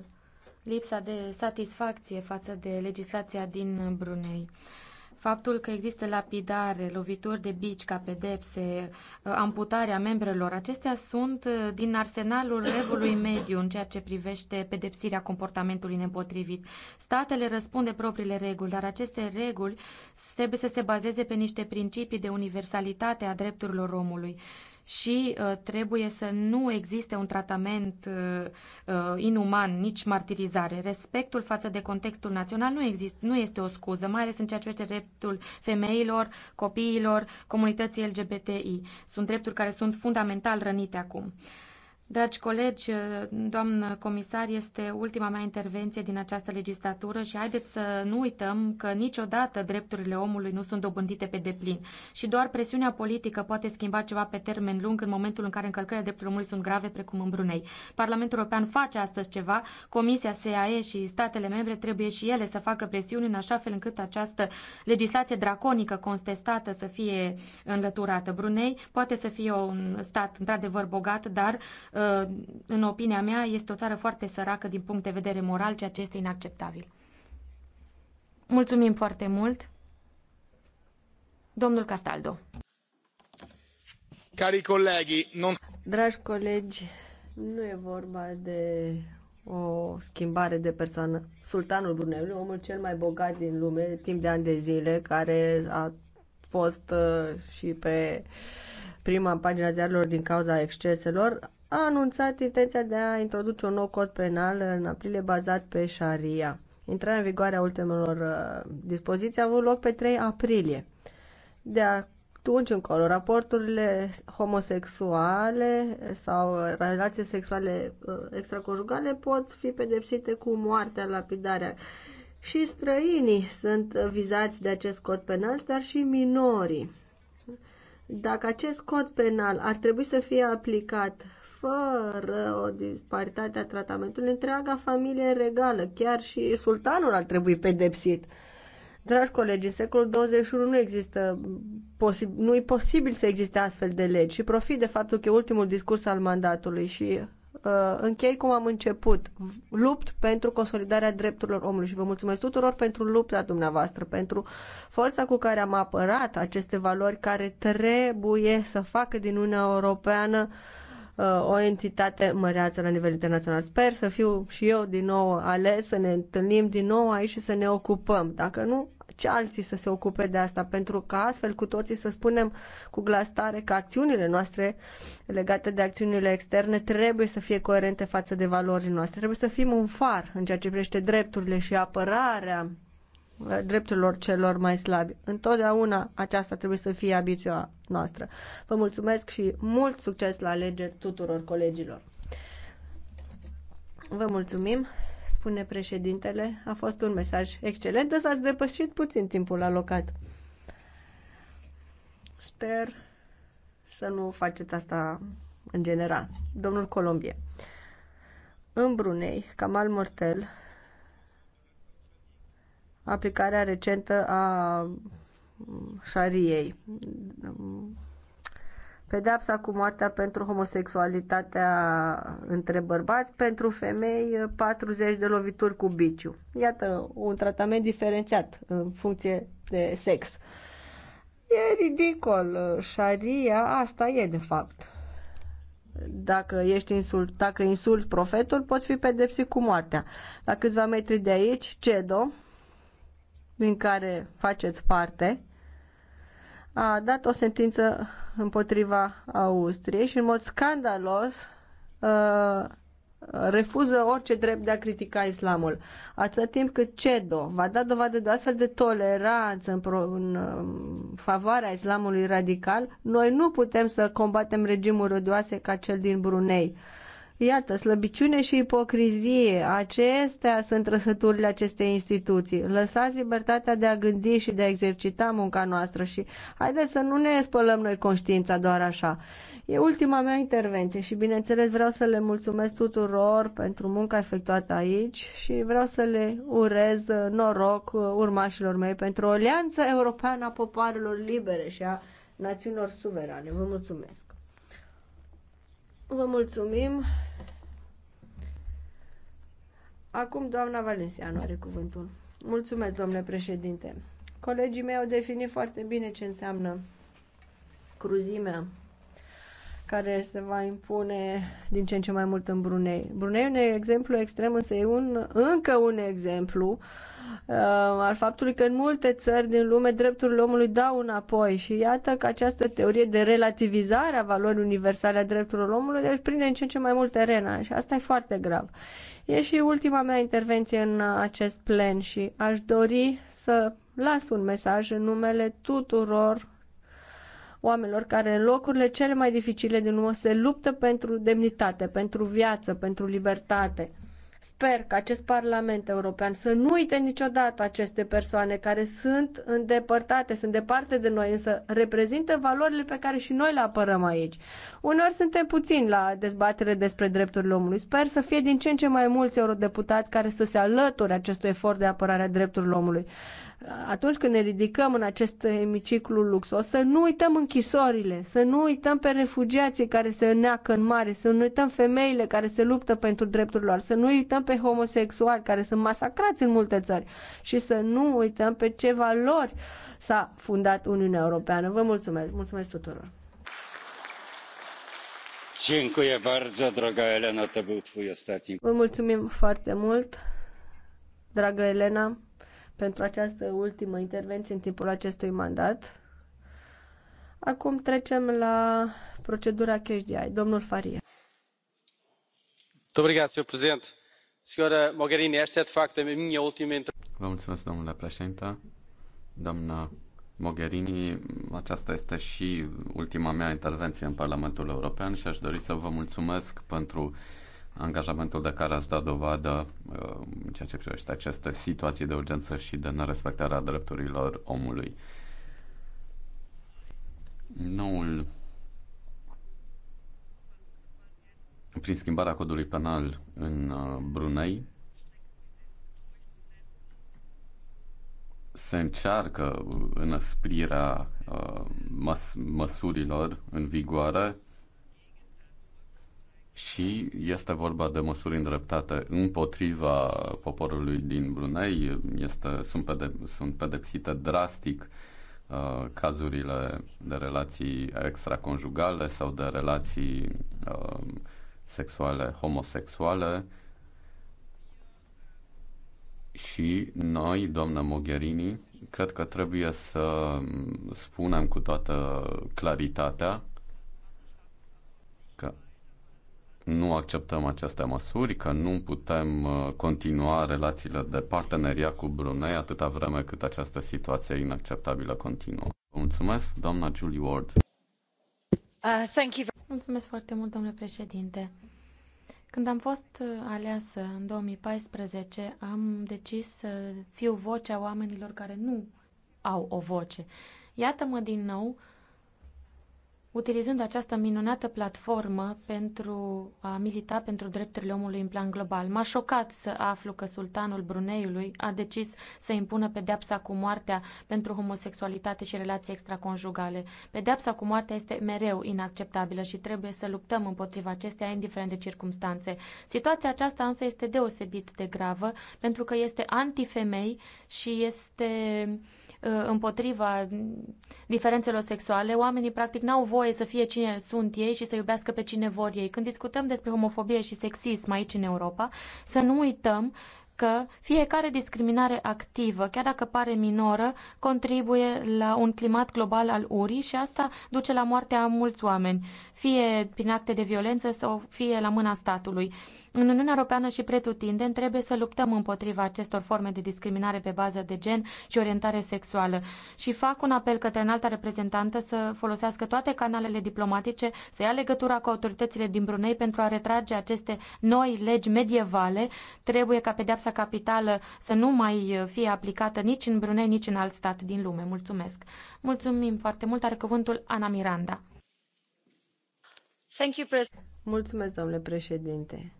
lipsa de satisfacție față de legislația din Brunei. Faptul că există lapidare, lovituri de bici ca pedepse, uh, amputarea membrelor, acestea sunt uh, din arsenalul regului mediu în ceea ce privește pedepsirea comportamentului nepotrivit. Statele răspund de propriile reguli, dar aceste reguli trebuie să se bazeze pe niște principii de universalitate a drepturilor omului și uh, trebuie să nu existe un tratament uh, uh, inuman, nici martirizare. Respectul față de contextul național nu, exist, nu este o scuză, mai ales în ceea ce este dreptul femeilor, copiilor, comunității LGBTI. Sunt drepturi care sunt fundamental rănite acum. Uh, Dragi colegi, doamnă comisar, este ultima mea intervenție din această legislatură și haideți să nu uităm că niciodată drepturile omului nu sunt dobândite pe deplin și doar presiunea politică poate schimba ceva pe termen lung în momentul în care încălcările drepturilor omului sunt grave, precum în Brunei. Parlamentul European face astăzi ceva, Comisia SAE și statele membre trebuie și ele să facă presiuni în așa fel încât această legislație draconică contestată să fie înlăturată. Brunei poate să fie un stat într-adevăr bogat, dar în opinia mea, este o țară foarte săracă din punct de vedere moral, ceea ce este inacceptabil. Mulțumim foarte mult.
Domnul Castaldo.
Cari colegi,
non... Dragi colegi, nu e vorba de o schimbare de persoană. Sultanul Brunei, omul cel mai bogat din lume, timp de ani de zile, care a fost uh, și pe prima pagina ziarilor din cauza exceselor, a anunțat intenția de a introduce un nou cod penal în aprilie bazat pe șaria. Intrarea în vigoare a ultimelor uh, dispoziții a avut loc pe 3 aprilie. De atunci încolo, raporturile homosexuale sau relații sexuale uh, extraconjugale pot fi pedepsite cu moartea, lapidarea. Și străinii sunt vizați de acest cod penal, dar și minorii. Dacă acest cod penal ar trebui să fie aplicat fără o disparitate a tratamentului, întreaga familie regală, chiar și sultanul ar trebui pedepsit. Dragi colegi, în secolul 21 nu există, nu e posibil să existe astfel de legi și profit de faptul că e ultimul discurs al mandatului și uh, închei cum am început. Lupt pentru consolidarea drepturilor omului și vă mulțumesc tuturor pentru lupta dumneavoastră, pentru forța cu care am apărat aceste valori care trebuie să facă din Uniunea Europeană uh, Uh, o entitate măreață la nivel internațional. Sper să fiu și eu din nou ales, să ne întâlnim din nou aici și să ne ocupăm. Dacă nu, ce alții să se ocupe de asta, pentru că astfel cu toții să spunem cu glas tare că acțiunile noastre legate de acțiunile externe trebuie să fie coerente față de valorile noastre. Trebuie să fim un far în ceea ce privește drepturile și apărarea drepturilor celor mai slabi. Întotdeauna aceasta trebuie să fie ambiția noastră. Vă mulțumesc și mult succes la alegeri tuturor colegilor. Vă mulțumim, spune președintele. A fost un mesaj excelent, s ați depășit puțin timpul alocat. Sper să nu faceți asta în general. Domnul Colombie. În Brunei, Kamal Mortel, aplicarea recentă a șariei. Pedepsa cu moartea pentru homosexualitatea între bărbați, pentru femei 40 de lovituri cu biciu. Iată, un tratament diferențiat în funcție de sex. E ridicol. Șaria asta e, de fapt. Dacă ești insult, dacă insulti profetul, poți fi pedepsit cu moartea. La câțiva metri de aici, CEDO, din care faceți parte, a dat o sentință împotriva Austriei și în mod scandalos uh, refuză orice drept de a critica islamul. Atâta timp cât CEDO va da dovadă de astfel de toleranță în, pro, în um, favoarea islamului radical, noi nu putem să combatem regimuri odioase ca cel din Brunei. Uh, Iată, slăbiciune și ipocrizie, acestea sunt răsăturile acestei instituții. Lăsați libertatea de a gândi și de a exercita munca noastră și haideți să nu ne spălăm noi conștiința doar așa. E ultima mea intervenție și bineînțeles vreau să le mulțumesc tuturor pentru munca efectuată aici și vreau să le urez noroc urmașilor mei pentru o alianță europeană a popoarelor libere și a națiunilor suverane. Vă mulțumesc! Vă mulțumim. Acum doamna Valenciano are cuvântul. Mulțumesc, domnule președinte. Colegii mei au definit foarte bine ce înseamnă cruzimea care se va impune din ce în ce mai mult în Brunei. Brunei e un exemplu extrem, însă e un, încă un exemplu uh, Uh, al faptului că în multe țări din lume drepturile omului dau înapoi și iată că această teorie de relativizare a valorii universale a drepturilor omului deci prinde în ce în ce mai mult teren și asta e foarte grav. E și ultima mea intervenție în acest plen și aș dori să las un mesaj în numele tuturor oamenilor care în locurile cele mai dificile din lume se luptă pentru demnitate, pentru viață, pentru libertate. Sper că acest Parlament European să nu uite niciodată aceste persoane care sunt îndepărtate, sunt departe de noi, însă reprezintă valorile pe care și noi le apărăm aici. Uneori suntem puțini la dezbatere despre drepturile omului. Sper să fie din ce în ce mai mulți eurodeputați care să se alăture acestui efort de apărare a drepturilor omului atunci când ne ridicăm în acest emiciclu luxos, să nu uităm închisorile, să nu uităm pe refugiații care se neacă în mare, să nu uităm femeile care se luptă pentru drepturile lor, să nu uităm pe homosexuali care sunt masacrați în multe țări și să nu uităm pe ce valori s-a fundat Uniunea Europeană. Vă mulțumesc! Mulțumesc tuturor! Vă mulțumim foarte mult, draga Elena pentru această ultimă intervenție în timpul acestui mandat. Acum trecem la procedura cash DI. Domnul Faria. Vă mulțumesc,
domnule președinte. Doamna Mogherini, aceasta este și ultima mea intervenție în Parlamentul European și aș dori să vă mulțumesc pentru angajamentul de care ați dat dovadă uh, în ceea ce privește aceste situații de urgență și de nerespectarea drepturilor omului. Noul prin schimbarea codului penal în uh, Brunei se încearcă uh, înăsprirea măs- măsurilor în vigoare și este vorba de măsuri îndreptate împotriva poporului din Brunei. Este, sunt, pede, sunt pedepsite drastic uh, cazurile de relații extraconjugale sau de relații uh, sexuale homosexuale și noi, doamna Mogherini, cred că trebuie să spunem cu toată claritatea nu acceptăm aceste măsuri, că nu putem uh, continua relațiile de parteneria cu Brunei atâta vreme cât această situație inacceptabilă continuă. mulțumesc, doamna Julie Ward.
Uh, thank you. Mulțumesc foarte mult, domnule președinte. Când am fost uh, aleasă în 2014, am decis să fiu vocea oamenilor care nu au o voce. Iată-mă din nou utilizând această minunată platformă pentru a milita pentru drepturile omului în plan global. M-a șocat să aflu că sultanul Bruneiului a decis să impună pedeapsa cu moartea pentru homosexualitate și relații extraconjugale. Pedeapsa cu moartea este mereu inacceptabilă și trebuie să luptăm împotriva acesteia, indiferent de circumstanțe. Situația aceasta însă este deosebit de gravă pentru că este antifemei și este uh, împotriva diferențelor sexuale. Oamenii practic n-au voie voie să fie cine sunt ei și să iubească pe cine vor ei. Când discutăm despre homofobie și sexism aici în Europa, să nu uităm că fiecare discriminare activă, chiar dacă pare minoră, contribuie la un climat global al urii și asta duce la moartea a mulți oameni, fie prin acte de violență sau fie la mâna statului. În Uniunea Europeană și pretutindeni trebuie să luptăm împotriva acestor forme de discriminare pe bază de gen și orientare sexuală și fac un apel către înalta reprezentantă să folosească toate canalele diplomatice, să ia legătura cu autoritățile din Brunei pentru a retrage aceste noi legi medievale. Trebuie ca pedeapsa capitală să nu mai fie aplicată nici în Brunei, nici în alt stat din lume. Mulțumesc! Mulțumim foarte mult, are cuvântul Ana Miranda.
Mulțumesc, domnule președinte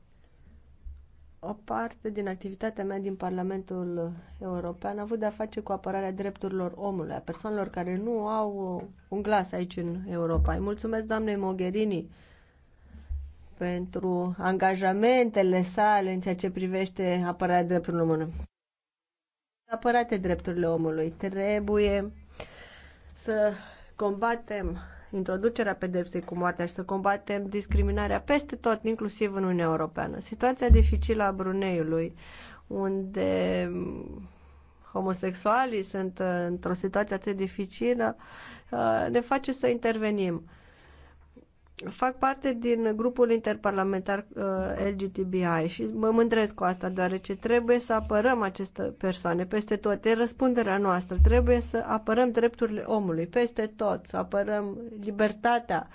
o parte din activitatea mea din Parlamentul European a avut de-a face cu apărarea drepturilor omului, a persoanelor care nu au un glas aici în Europa. Îi mulțumesc doamnei Mogherini pentru angajamentele sale în ceea ce privește apărarea drepturilor omului. Apărate drepturile omului. Trebuie să combatem introducerea pedepsei cu moartea și să combatem discriminarea peste tot, inclusiv în Uniunea Europeană. Situația dificilă a Bruneiului, unde homosexualii sunt uh, într-o situație atât dificilă, uh, ne face să intervenim fac parte din grupul interparlamentar uh, LGTBI și mă mândresc cu asta, deoarece trebuie să apărăm aceste persoane peste tot. E răspunderea noastră. Trebuie să apărăm drepturile omului peste tot, să apărăm libertatea,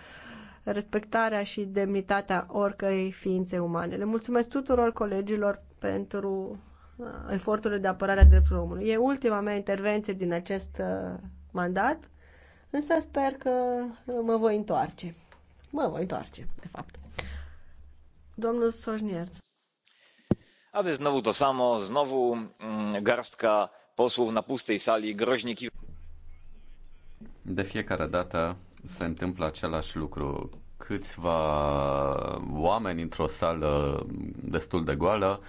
respectarea și demnitatea oricărei ființe umane. Le mulțumesc tuturor colegilor pentru uh, eforturile de apărare a drepturilor omului. E ultima mea intervenție din acest uh, mandat, însă sper că uh, mă voi întoarce. Mă voi întoarce, de fapt. Domnul Soșnierț.
A więc znowu to samo, znowu mm, garstka posłów na pustej sali groźnie
De fiecare dată se întâmplă același lucru. Câțiva oameni într-o sală destul de goală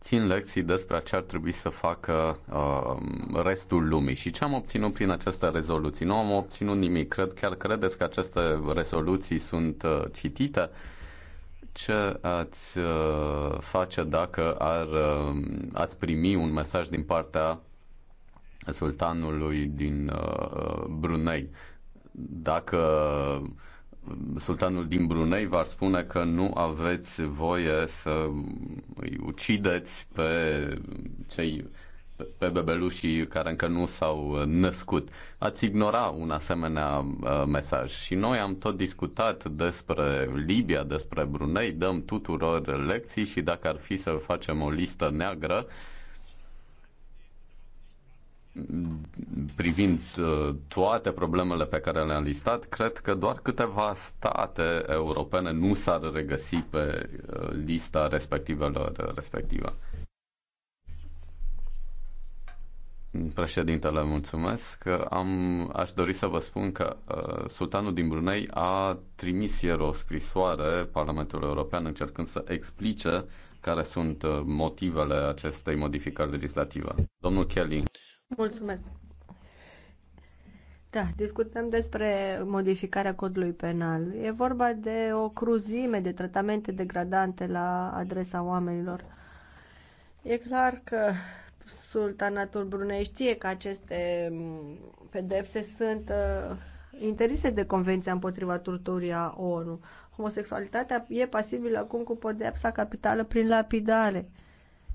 țin lecții despre ce ar trebui să facă uh, restul lumii și ce am obținut prin aceste rezoluții. Nu am obținut nimic. Cred, chiar credeți că aceste rezoluții sunt uh, citite? Ce ați uh, face dacă ar, uh, ați primi un mesaj din partea sultanului din uh, Brunei? Dacă uh, sultanul din Brunei v-ar spune că nu aveți voie să îi ucideți pe cei pe bebelușii care încă nu s-au născut. Ați ignora un asemenea uh, mesaj. Și noi am tot discutat despre Libia, despre Brunei, dăm tuturor lecții și dacă ar fi să facem o listă neagră, privind uh, toate problemele pe care le-am listat, cred că doar câteva state europene nu s-ar regăsi pe uh, lista respectivelor uh, respectivă. Președintele, mulțumesc. Am, aș dori să vă spun că uh, sultanul din Brunei a trimis ieri o scrisoare Parlamentului European încercând să explice care sunt motivele acestei modificări legislative. Domnul Kelly.
Mulțumesc. Da, discutăm despre modificarea codului penal. E vorba de o cruzime de tratamente degradante la adresa oamenilor. E clar că sultanatul Brunei știe că aceste mm, pedepse sunt uh, interzise de Convenția împotriva torturii a ONU. Homosexualitatea e pasibilă acum cu pedepsa capitală prin lapidare.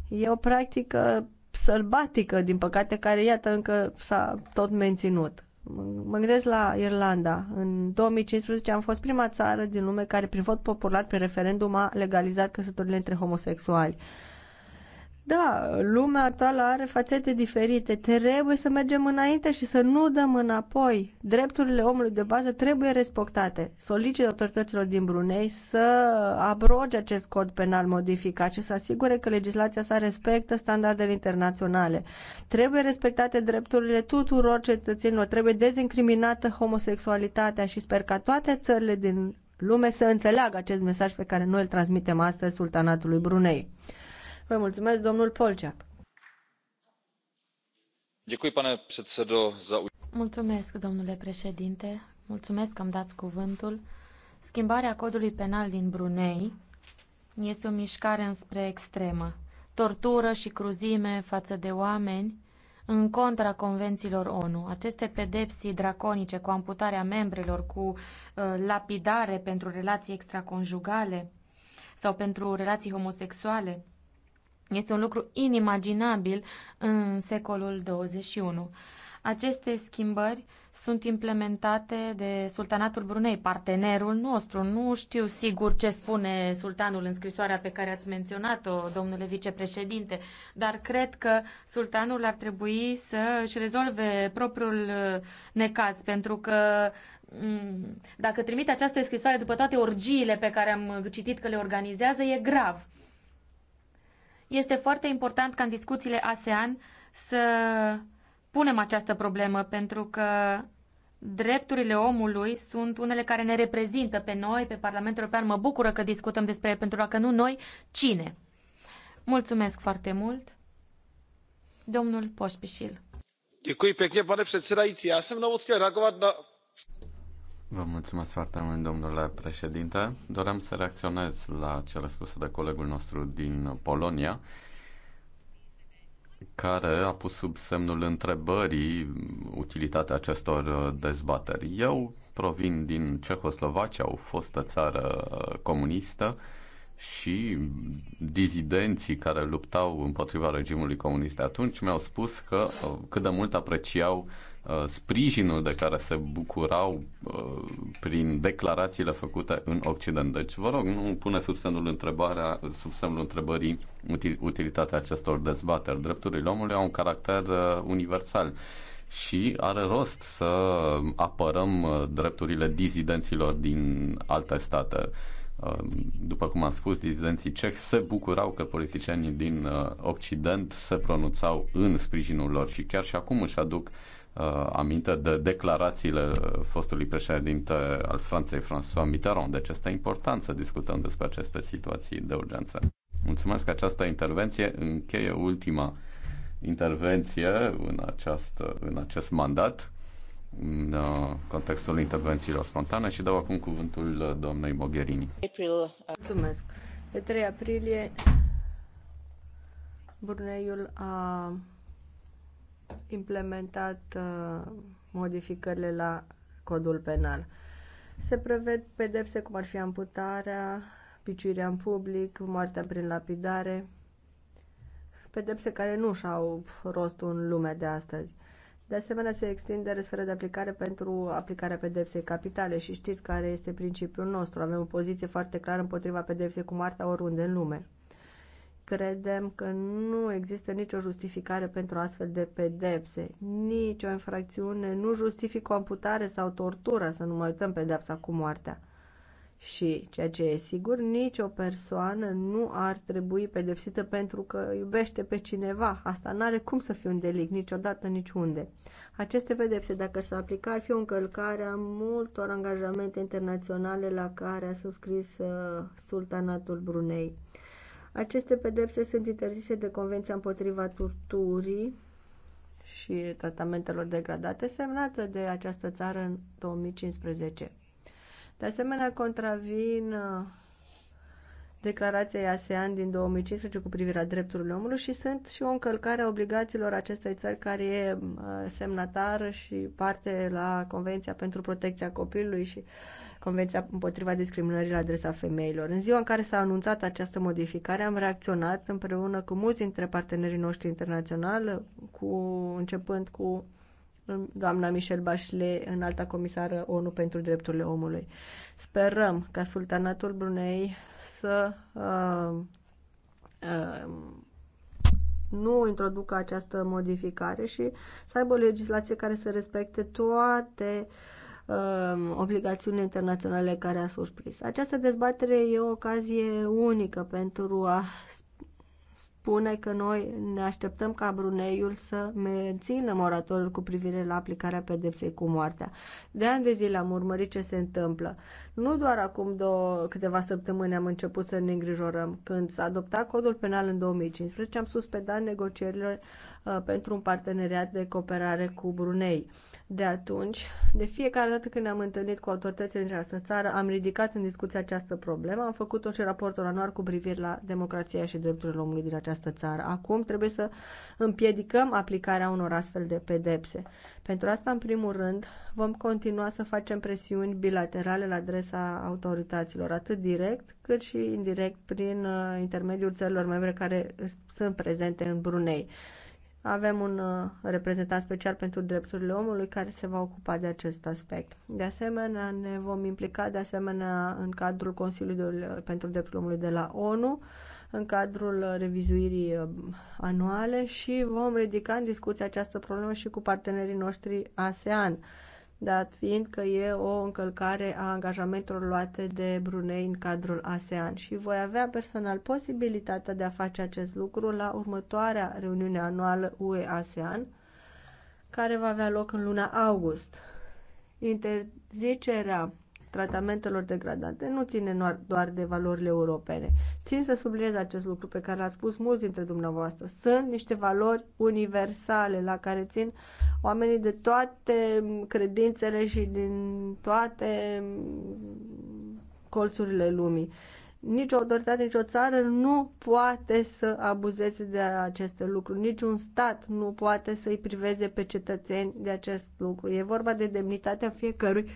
E o practică sălbatică, din păcate, care, iată, încă s-a tot menținut. Mă gândesc la Irlanda. În 2015 am fost prima țară din lume care, prin vot popular, prin referendum, a legalizat căsătorile între homosexuali. Da, lumea actuală are fațete diferite. Trebuie să mergem înainte și să nu dăm înapoi. Drepturile omului de bază trebuie respectate. Solicit autorităților din Brunei să abroge acest cod penal modificat și să asigure că legislația sa respectă standardele internaționale. Trebuie respectate drepturile tuturor cetățenilor. Trebuie dezincriminată homosexualitatea și sper ca toate țările din lume să înțeleagă acest mesaj pe care noi îl transmitem astăzi sultanatului Brunei. Vă mulțumesc, domnul Polceac.
Mulțumesc, domnule președinte. Mulțumesc că îmi dați cuvântul. Schimbarea codului penal din Brunei este o mișcare înspre extremă. Tortură și cruzime față de oameni în contra convențiilor ONU. Aceste pedepsii draconice cu amputarea membrelor, cu uh, lapidare pentru relații extraconjugale sau pentru relații homosexuale, este un lucru inimaginabil în secolul 21. Aceste schimbări sunt implementate de Sultanatul Brunei, partenerul nostru. Nu știu sigur ce spune sultanul în scrisoarea pe care ați menționat-o, domnule vicepreședinte, dar cred că sultanul ar trebui să își rezolve propriul uh, necaz, pentru că mm, dacă trimite această scrisoare după toate orgiile pe care am citit că le organizează, e grav. Este foarte important ca în discuțiile ASEAN să punem această problemă, pentru că drepturile omului sunt unele care ne reprezintă pe noi, pe Parlamentul European. Mă bucură că discutăm despre ele, pentru că nu noi, cine? Mulțumesc foarte mult. Domnul Poșpișil.
Děkuji pěkně, pane předsedající. Já jsem na chtěl reagovat na
Vă mulțumesc foarte mult, domnule președinte. Doream să reacționez la cele spuse de colegul nostru din Polonia, care a pus sub semnul întrebării utilitatea acestor dezbateri. Eu provin din Cehoslovacia, au fost țară comunistă și dizidenții care luptau împotriva regimului comunist atunci mi-au spus că cât de mult apreciau Uh, sprijinul de care se bucurau uh, prin declarațiile făcute în Occident. Deci, vă rog, nu pune sub semnul, întrebarea, sub semnul întrebării utilitatea acestor dezbateri. Drepturile omului au un caracter uh, universal și are rost să apărăm drepturile dizidenților din alte state. După cum am spus, dizidenții cehi se bucurau că politicienii din Occident se pronunțau în sprijinul lor și chiar și acum își aduc Uh, aminte de declarațiile fostului președinte al Franței, François Mitterrand. Deci este important să discutăm despre aceste situații de urgență. Mulțumesc că această intervenție încheie ultima intervenție în, această, în acest mandat în uh, contextul intervențiilor spontane și dau acum cuvântul doamnei Mogherini.
April, Mulțumesc. Pe 3 aprilie Bruneiul a implementat uh, modificările la codul penal. Se preved pedepse cum ar fi amputarea, piciuirea în public, moartea prin lapidare, pedepse care nu și-au rostul în lumea de astăzi. De asemenea, se extinde sfera de aplicare pentru aplicarea pedepsei capitale și știți care este principiul nostru. Avem o poziție foarte clară împotriva pedepsei cu moartea oriunde în lume. Credem că nu există nicio justificare pentru astfel de pedepse. Nicio infracțiune nu justifică o amputare sau tortură, să nu mai uităm pedepsa cu moartea. Și, ceea ce e sigur, nicio persoană nu ar trebui pedepsită pentru că iubește pe cineva. Asta nu are cum să fie un delict, niciodată, niciunde. Aceste pedepse, dacă s-ar aplica, ar fi o încălcare a multor angajamente internaționale la care a subscris uh, sultanatul Brunei. Aceste pedepse sunt interzise de Convenția împotriva torturii și tratamentelor degradate semnată de această țară în 2015. De asemenea, contravin uh, declarației ASEAN din 2015 cu privire la drepturile omului și sunt și o încălcare a obligațiilor acestei țări care e uh, semnatară și parte la Convenția pentru protecția copilului și uh, Convenția împotriva discriminării la adresa femeilor. În ziua în care s-a anunțat această modificare, am reacționat împreună cu mulți dintre partenerii noștri internaționali, cu, începând cu um, doamna Michelle Bachelet, înalta comisară ONU pentru drepturile omului. Sperăm ca Sultanatul Brunei să uh, uh, nu introducă această modificare și să aibă o legislație care să respecte toate uh, uh, um, obligațiunile internaționale care a surprins. Această dezbatere e o ocazie unică pentru a spune că noi ne așteptăm ca Bruneiul să mențină moratoriul cu privire la aplicarea pedepsei cu moartea. De ani de zile am urmărit ce se întâmplă. Nu doar acum două, câteva săptămâni am început să ne îngrijorăm. Când s-a adoptat codul penal în 2015, am suspendat negocierile uh, pentru un parteneriat de cooperare cu Brunei. Uh, de atunci, de fiecare dată când ne-am întâlnit cu autoritățile din această țară, am ridicat în discuție această problemă, am făcut-o și raportul anual cu privire la democrația și drepturile omului din această țară. Acum trebuie să împiedicăm aplicarea unor astfel de pedepse. Pentru asta, în primul rând, vom continua să facem presiuni bilaterale la adresa autorităților, atât direct cât și indirect prin uh, intermediul țărilor membre care sunt prezente în Brunei. Avem un uh, reprezentant special pentru drepturile omului care se va ocupa de acest aspect. De asemenea, ne vom implica de asemenea în cadrul Consiliului pentru Drepturile Omului de la ONU, în cadrul uh, revizuirii uh, anuale și vom ridica în discuție această problemă și cu partenerii noștri ASEAN dat fiind că e o încălcare a angajamentelor luate de Brunei în cadrul ASEAN și voi avea personal posibilitatea de a face acest lucru la următoarea reuniune anuală UE-ASEAN, care va avea loc în luna august. Interzicerea tratamentelor degradante nu ține doar de valorile europene. Țin să subliniez acest lucru pe care l-a spus mulți dintre dumneavoastră. Sunt niște valori universale la care țin oamenii de toate credințele și din toate colțurile lumii Nici o autoritate, o țară nu poate să abuzeze de aceste lucruri. Niciun stat nu poate să-i priveze pe cetățeni de acest lucru. E vorba de demnitatea fiecărui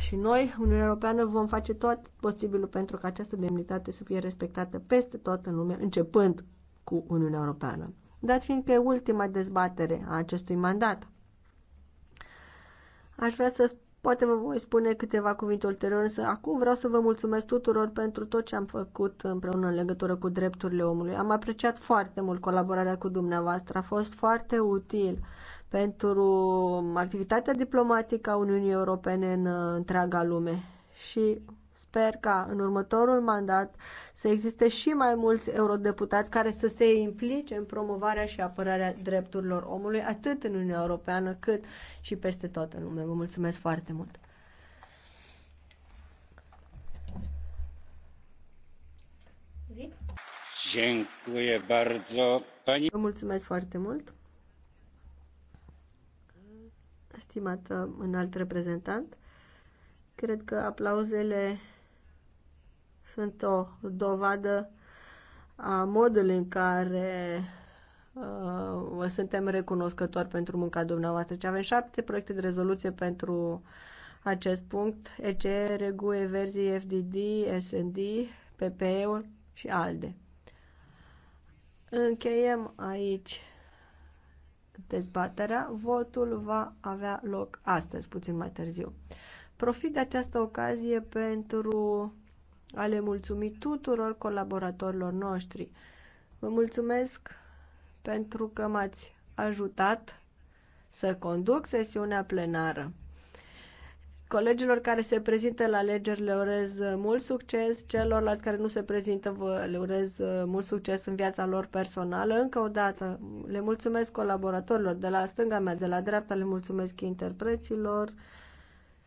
și noi, Uniunea Europeană, vom face tot posibilul pentru ca această demnitate să fie respectată peste tot în lume, începând cu Uniunea Europeană. Dat fiind că e ultima dezbatere a acestui mandat, aș vrea să poate vă voi spune câteva cuvinte ulterior, însă acum vreau să vă mulțumesc tuturor pentru tot ce am făcut împreună în legătură cu drepturile omului. Am apreciat foarte mult colaborarea cu dumneavoastră, a fost foarte util pentru activitatea diplomatică a Uniunii Europene în uh, întreaga lume și sper ca în următorul mandat să existe și mai mulți eurodeputați care să se implice în promovarea și apărarea drepturilor omului atât în Uniunea Europeană cât și peste tot în lume. Vă mulțumesc foarte mult! Zic? Vă mulțumesc foarte mult! în înalt reprezentant. Cred că aplauzele sunt o dovadă a modului în care uh, suntem recunoscători pentru munca dumneavoastră. Ce deci avem șapte proiecte de rezoluție pentru acest punct. ECR, REGU, EVERZI, FDD, SND, PPE-ul și ALDE. Încheiem aici dezbaterea. Votul va avea loc astăzi, puțin mai târziu. Profit de această ocazie pentru a le mulțumi tuturor colaboratorilor noștri. Vă mulțumesc pentru că m-ați ajutat să conduc sesiunea plenară. Colegilor care se prezintă la alegeri le urez uh, mult succes, celorlalți care nu se prezintă vă le urez uh, mult succes în viața lor personală. Încă o dată, le mulțumesc colaboratorilor de la stânga mea, de la dreapta, le mulțumesc interpreților,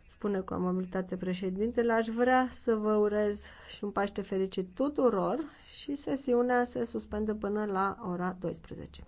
spune cu amabilitate președintele. Aș vrea să vă urez și un Paște fericit tuturor și sesiunea se suspendă până la ora 12.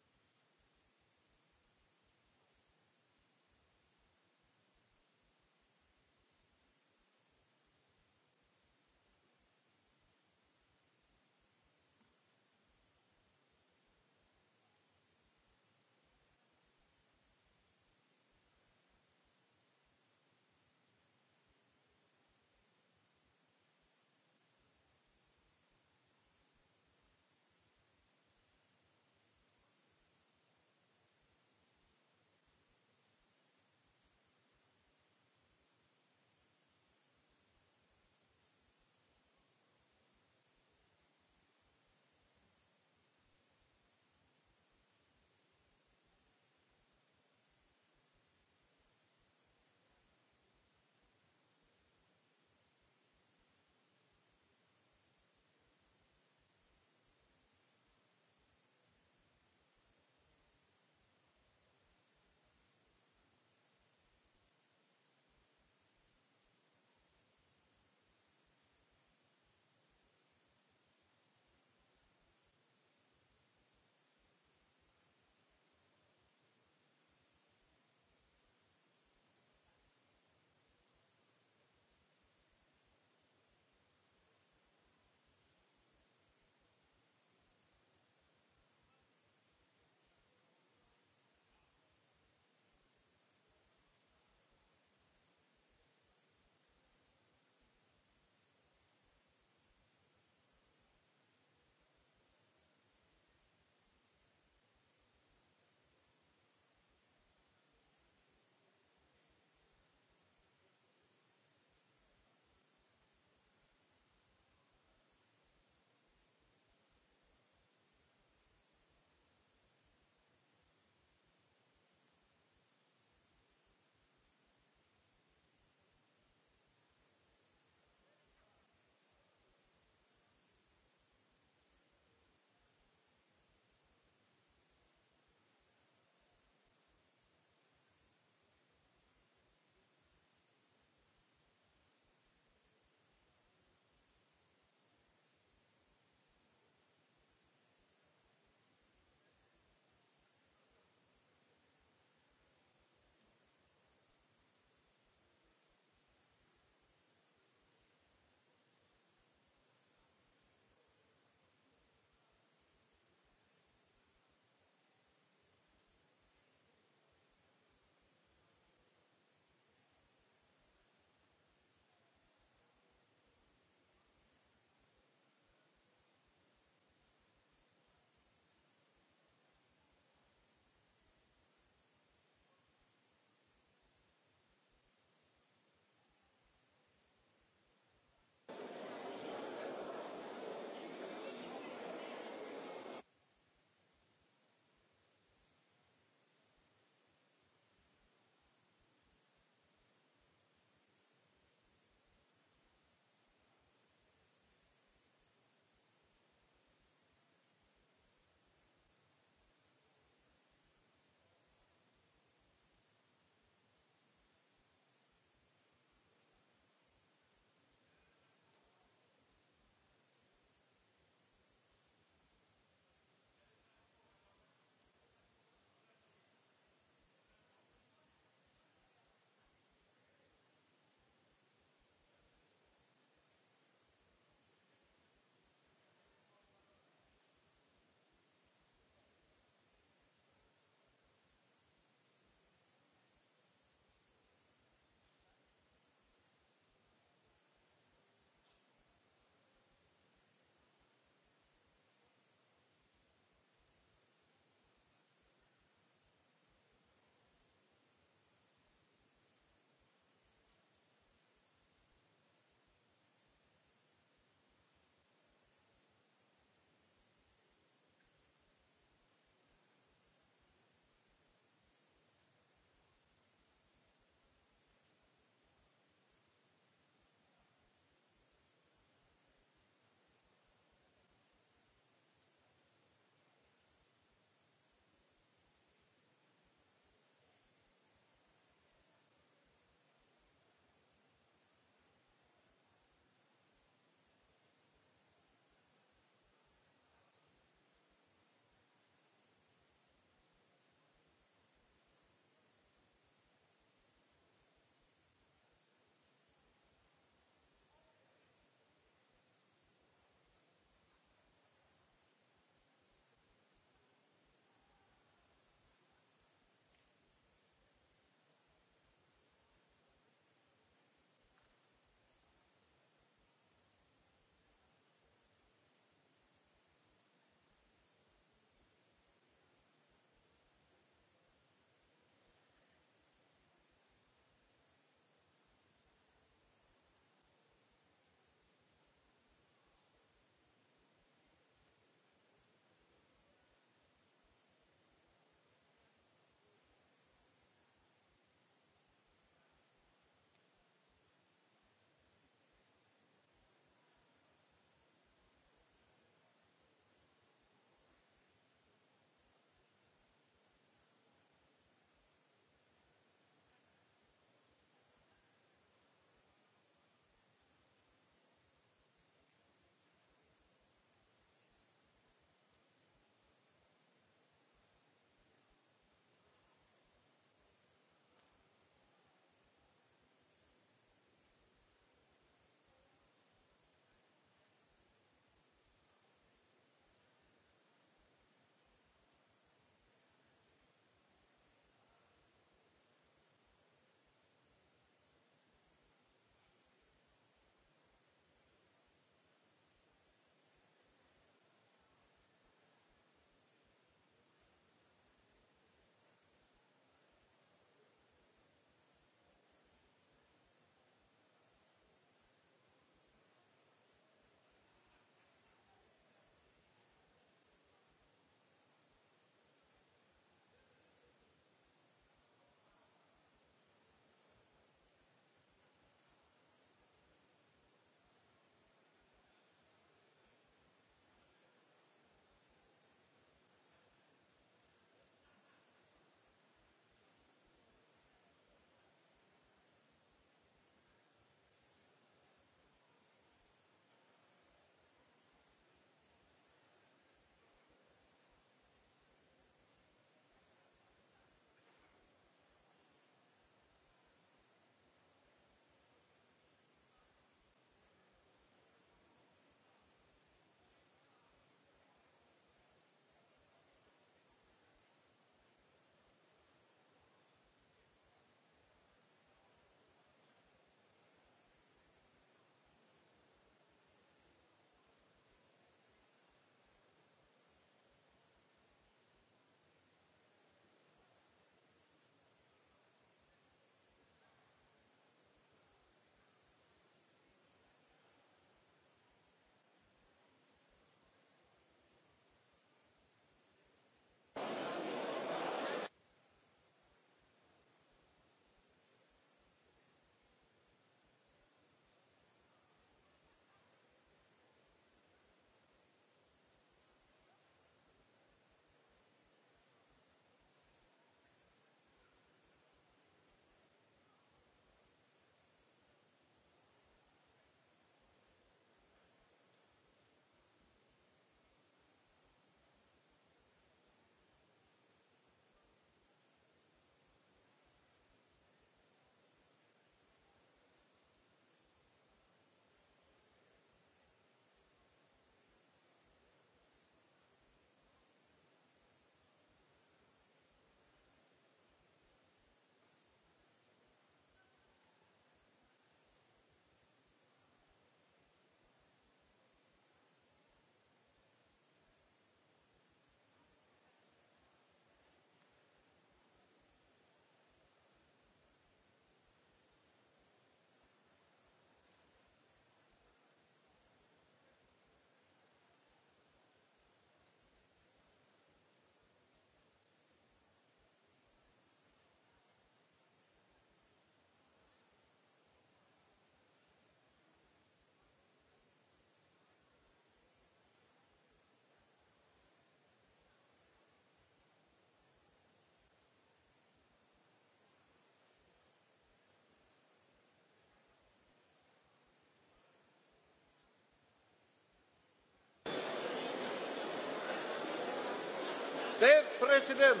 de president.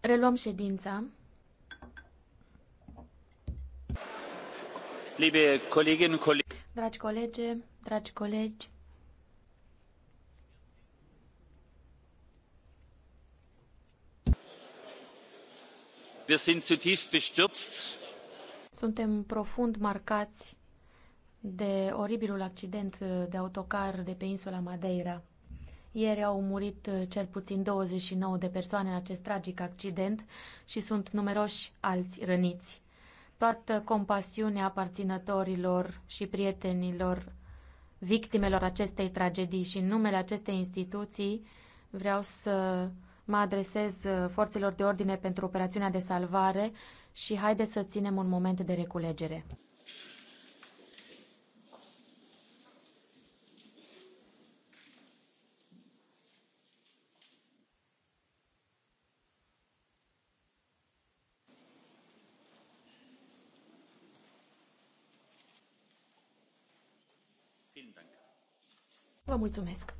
Reluăm ședința.
Liebe Kolleginnen und Kollegen,
dragi colegi, dragi colegi,
wir sind zutiefst bestürzt.
Suntem profund marcați de oribilul accident de autocar de pe insula Madeira. Ieri au murit cel puțin 29 de persoane în acest tragic accident și sunt numeroși alți răniți. Toată compasiunea aparținătorilor și prietenilor victimelor acestei tragedii și în numele acestei instituții vreau să mă adresez uh, forțelor de ordine pentru operațiunea de salvare și haideți să ținem un moment de reculegere. Vă mulțumesc!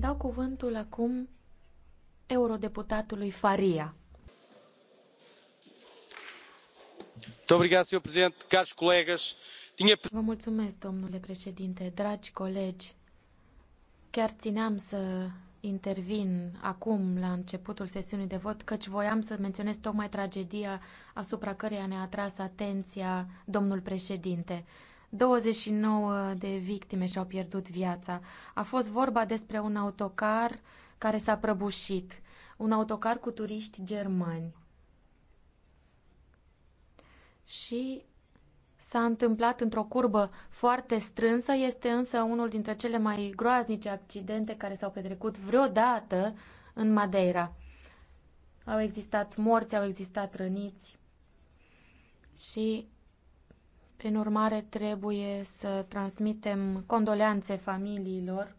Dau cuvântul acum eurodeputatului Faria. Vă mulțumesc, domnule președinte, dragi colegi. Chiar țineam să intervin acum, la începutul sesiunii de vot, căci voiam să menționez tocmai tragedia asupra căreia ne-a atras atenția domnul președinte. 29 de victime și-au pierdut viața. A fost vorba despre un autocar care s-a prăbușit, un autocar cu turiști germani. Și s-a întâmplat într-o curbă foarte strânsă, este însă unul dintre cele mai groaznice accidente care s-au petrecut vreodată în Madeira. Au existat morți, au existat răniți și prin urmare, trebuie să transmitem condoleanțe familiilor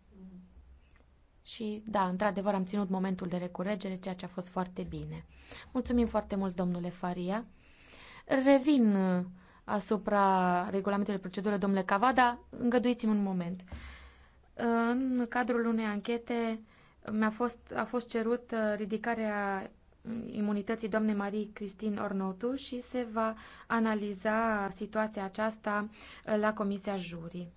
și, da, într-adevăr, am ținut momentul de recuregere, ceea ce a fost foarte bine. Mulțumim foarte mult, domnule Faria. Revin uh, asupra regulamentului procedură, domnule Cavada. Îngăduiți-mi un moment. În cadrul unei anchete mi-a fost, a fost cerut uh, ridicarea imunității doamnei Marie Cristin Ornotu și se va analiza situația aceasta la Comisia Jurii.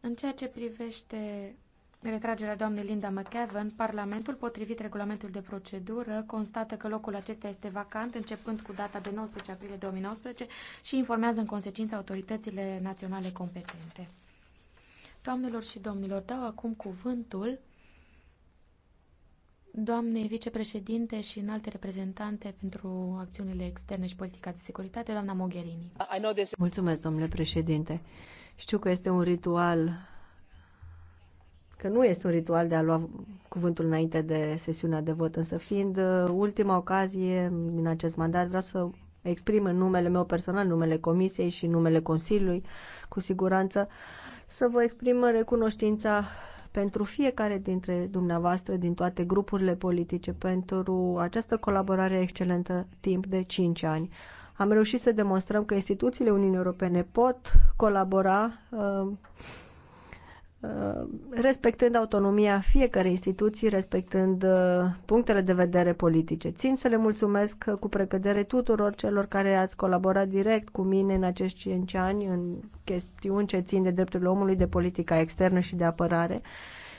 În ceea ce privește retragerea doamnei Linda McEvan, Parlamentul, potrivit regulamentului de procedură, constată că locul acesta este vacant începând cu data de 19 aprilie 2019 și informează în consecință autoritățile naționale competente. Doamnelor și domnilor, dau acum cuvântul doamnei vicepreședinte și înalte reprezentante pentru acțiunile externe și politica de securitate, doamna Mogherini.
Mulțumesc, domnule președinte. Știu că este un ritual că nu este un ritual de a lua cuvântul înainte de sesiunea de vot, însă fiind uh, ultima ocazie din acest mandat, vreau să exprim în numele meu personal, numele Comisiei și numele Consiliului, cu siguranță, să vă exprim recunoștința pentru fiecare dintre dumneavoastră din toate grupurile politice pentru această colaborare excelentă timp de 5 ani. Am reușit să demonstrăm că instituțiile Uniunii Europene pot colabora uh, Uh, respectând autonomia fiecărei instituții, respectând uh, punctele de vedere politice. Țin să le mulțumesc uh, cu precădere tuturor celor care ați colaborat direct cu mine în acești 5 ani în chestiuni ce țin de drepturile omului, de politica externă și de apărare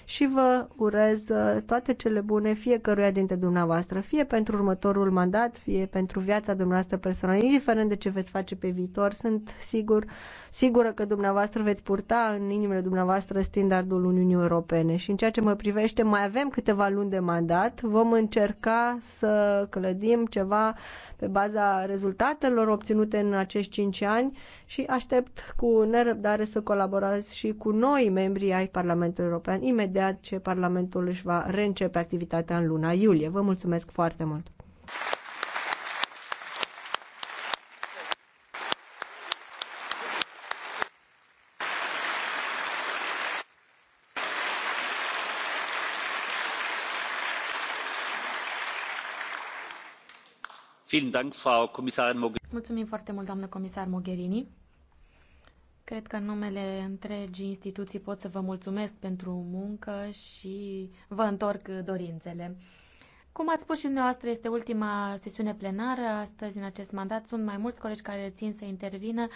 și vă urez uh, toate cele bune fiecăruia dintre dumneavoastră, fie pentru următorul mandat, fie pentru viața dumneavoastră personală, indiferent de ce veți face pe viitor. Sunt sigur, sigură că dumneavoastră veți purta în inimile dumneavoastră standardul Uniunii Europene și în ceea ce mă privește mai avem câteva luni de mandat, vom încerca să clădim ceva pe baza rezultatelor obținute în acești 5 ani și aștept cu nerăbdare să colaborați și cu noi membrii ai Parlamentului European imediat imediat ce Parlamentul își va reîncepe activitatea în luna iulie. Vă mulțumesc foarte mult!
Mulțumim foarte mult, doamnă comisar Mogherini. Cred că în numele întregii instituții pot să vă mulțumesc pentru muncă și vă întorc dorințele. Cum ați spus și dumneavoastră, este ultima sesiune plenară astăzi în acest mandat. Sunt mai mulți colegi care țin să intervină,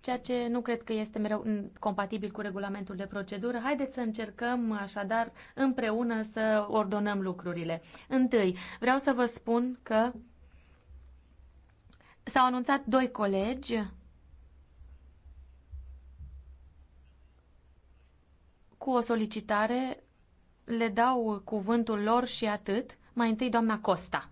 ceea ce nu cred că este mereu compatibil cu regulamentul de procedură. Haideți să încercăm așadar împreună să ordonăm lucrurile. Întâi, vreau să vă spun că s-au anunțat doi colegi cu o solicitare, le dau cuvântul lor și atât. Mai întâi, doamna Costa.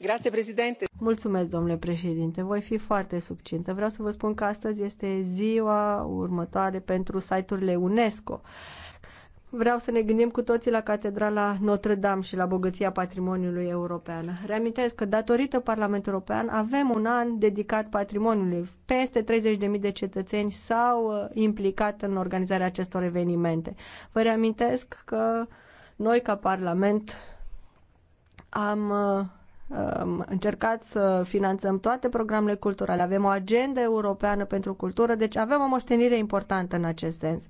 Grazie, președinte. Mulțumesc, domnule președinte. Voi fi foarte subcintă. Vreau să vă spun că astăzi este ziua următoare pentru site-urile UNESCO Vreau să ne gândim cu toții la Catedrala Notre-Dame și la bogăția patrimoniului european. Reamintesc că datorită Parlamentului European avem un an dedicat patrimoniului. Peste 30.000 de cetățeni s-au uh, implicat în organizarea acestor evenimente. Vă reamintesc că noi ca Parlament am am uh, um, încercat să finanțăm toate programele culturale, avem o agendă europeană pentru cultură, deci avem o moștenire importantă în acest sens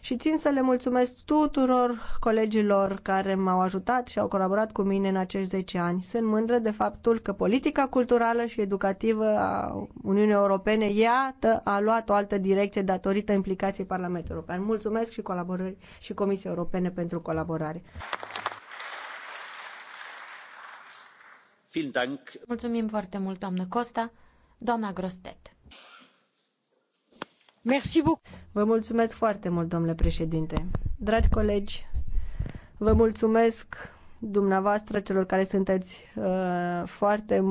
și țin să le mulțumesc tuturor colegilor care m-au ajutat și au colaborat cu mine în acești 10 ani. Sunt mândră de faptul că politica culturală și educativă a Uniunii Europene, iată, a luat o altă direcție datorită implicației Parlamentului European. Mulțumesc și colaborări și Comisiei Europene pentru colaborare.
Mulțumim foarte mult, doamnă Costa. Doamna Grostet.
Vă mulțumesc foarte mult, domnule președinte. Dragi colegi, vă mulțumesc dumneavoastră, celor care sunteți uh, foarte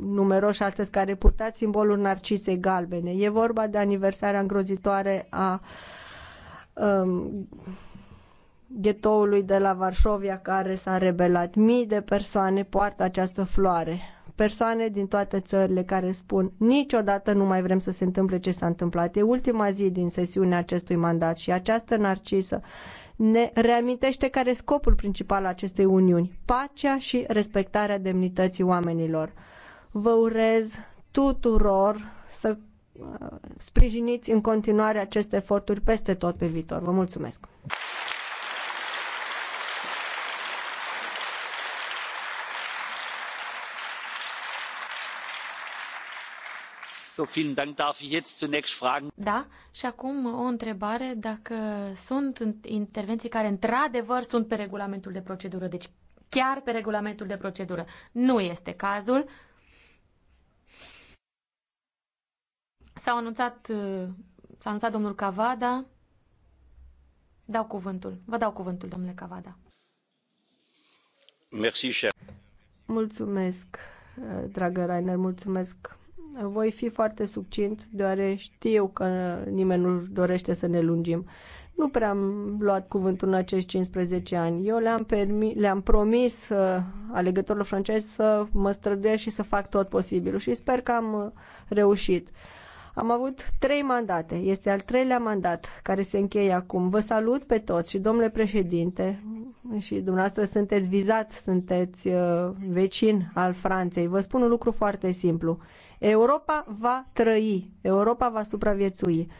numeroși astăzi, care purtați simbolul narcisei galbene. E vorba de aniversarea îngrozitoare a um, ghetoului de la Varșovia care s-a rebelat. Mii de persoane poartă această floare persoane din toate țările care spun niciodată nu mai vrem să se întâmple ce s-a întâmplat. E ultima zi din sesiunea acestui mandat și această narcisă ne reamintește care e scopul principal al acestei uniuni, pacea și respectarea demnității oamenilor. Vă urez tuturor să uh, sprijiniți în continuare aceste eforturi peste tot pe viitor. Vă mulțumesc!
Da, și acum o întrebare dacă sunt intervenții care într-adevăr sunt pe regulamentul de procedură, deci chiar pe regulamentul de procedură. Nu este cazul. s a anunțat, s-a anunțat domnul Cavada. Dau cuvântul. Vă dau cuvântul,
domnule Cavada.
Merci, cher.
Mulțumesc, dragă Rainer, mulțumesc voi fi foarte succint, deoarece știu că nimeni nu dorește să ne lungim. Nu prea am luat cuvântul în acești 15 ani. Eu le-am, permis, le-am promis uh, alegătorilor francezi să mă străduiesc și să fac tot posibilul și sper că am uh, reușit. Am avut trei mandate. Este al treilea mandat care se încheie acum. Vă salut pe toți și, domnule președinte, și dumneavoastră sunteți vizat, sunteți uh, vecin al Franței. Vă spun un lucru foarte simplu. Europa va trăi, Europa va supraviețui.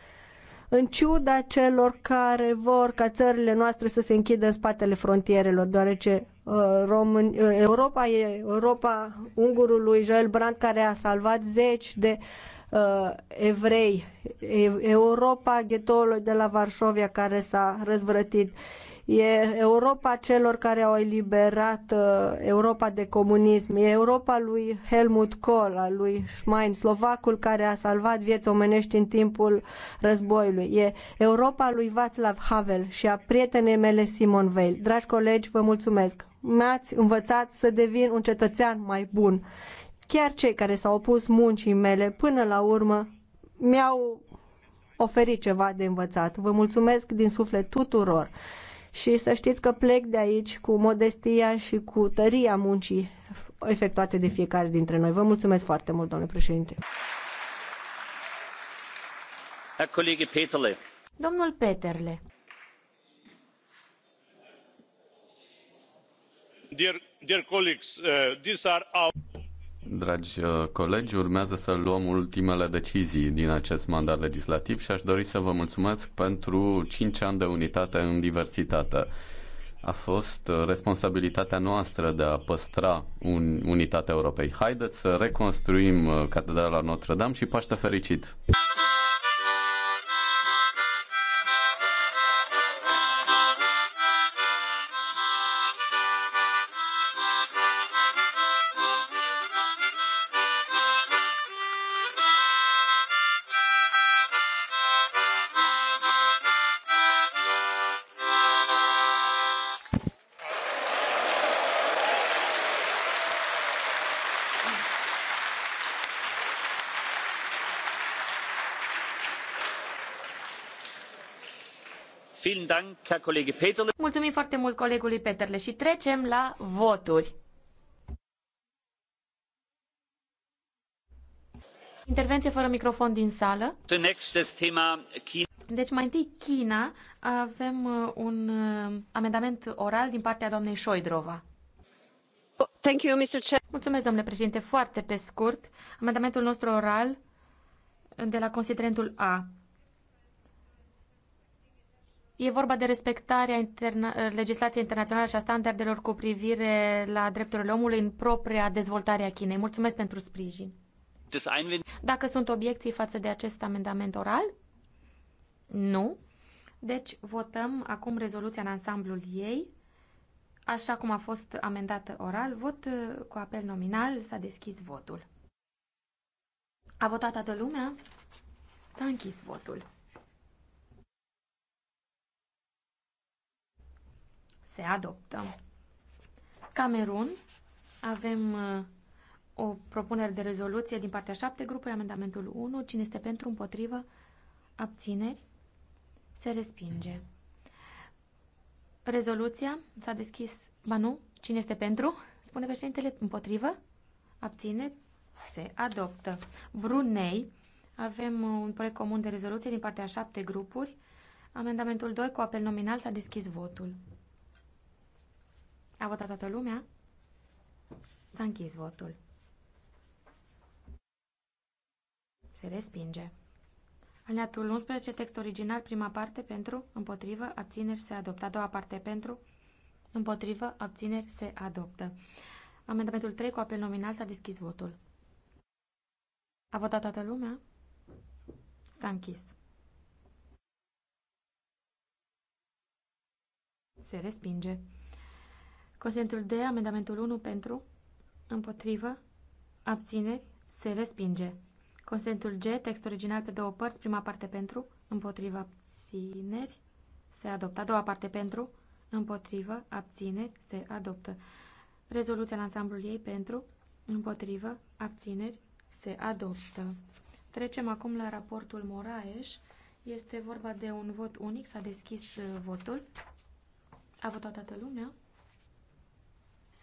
În ciuda celor care vor ca țările noastre să se închidă în spatele frontierelor, deoarece uh, Român... Uh, Europa e Europa ungurului Joel Brandt care a salvat zeci de uh, evrei, Europa ghetoului de la Varșovia care s-a răzvrătit. Uh, E Europa celor care au eliberat uh, Europa de comunism. E Europa lui Helmut Kohl, a lui Schmein, slovacul care a salvat vieți omenești în timpul războiului. E Europa lui Václav Havel și a prietenei mele Simon Veil. Dragi colegi, vă mulțumesc. Mi-ați învățat să devin un cetățean mai bun. Chiar cei care s-au opus muncii mele, până la urmă, mi-au oferit ceva de învățat. Vă mulțumesc din suflet tuturor și să știți că plec de aici cu modestia și cu tăria muncii efectuate de fiecare dintre noi. Vă mulțumesc foarte mult, domnule președinte. Domnul Peterle.
Dear, dear colleagues, uh, these are our...
Dragi uh, colegi, urmează să luăm ultimele decizii din acest mandat legislativ și aș dori să vă mulțumesc pentru 5 ani de unitate în diversitate. A fost uh, responsabilitatea noastră de a păstra un, unitatea Europei. Haideți să reconstruim uh, Catedrala Notre Dame și Paște fericit!
Mulțumim foarte mult colegului Peterle și trecem la voturi. Intervenție fără microfon din sală. Deci mai întâi China. Avem uh, un uh, amendament oral din partea doamnei Șoidrova. Thank you, Mr. Chair. Mulțumesc, domnule președinte. Foarte pe scurt, amendamentul nostru oral de la considerentul A E vorba de respectarea interna- legislației internaționale și a standardelor cu privire la drepturile omului în propria dezvoltare a Chinei. Mulțumesc pentru sprijin. Dacă sunt obiecții față de acest amendament oral? Nu. Deci votăm acum rezoluția în ansamblul ei, așa cum a fost amendată oral. Vot uh, cu apel nominal. S-a deschis votul. A votat toată lumea? S-a închis votul. se adoptă. Camerun, avem uh, o propunere de rezoluție din partea 7 grupului, amendamentul 1. Cine este pentru, împotrivă, abțineri, se respinge. Rezoluția s-a deschis, ba nu, cine este pentru, (laughs) spune președintele, împotrivă, abțineri, se adoptă. Brunei, avem uh, un proiect comun de rezoluție din partea 7 grupuri. Amendamentul 2 cu apel nominal s-a deschis votul. A votat toată lumea? S-a închis votul. Se respinge. Aliatul 11, text original, prima parte pentru, împotrivă, abțineri se adoptă. A doua parte pentru, împotrivă, abțineri se adoptă. Amendamentul 3 cu apel nominal s-a deschis votul. A votat toată lumea? S-a închis. Se respinge. Consentul D, amendamentul 1 pentru, împotrivă, abțineri, se respinge. Consentul G, text original pe două părți, prima parte pentru, împotrivă, abțineri, se adoptă. A doua parte pentru, împotrivă, abțineri, se adoptă. Rezoluția în ansamblul ei pentru, împotrivă, abțineri, se adoptă. Trecem acum la raportul Moraes. Este vorba de un vot unic, s-a deschis uh, votul. A votat toată lumea.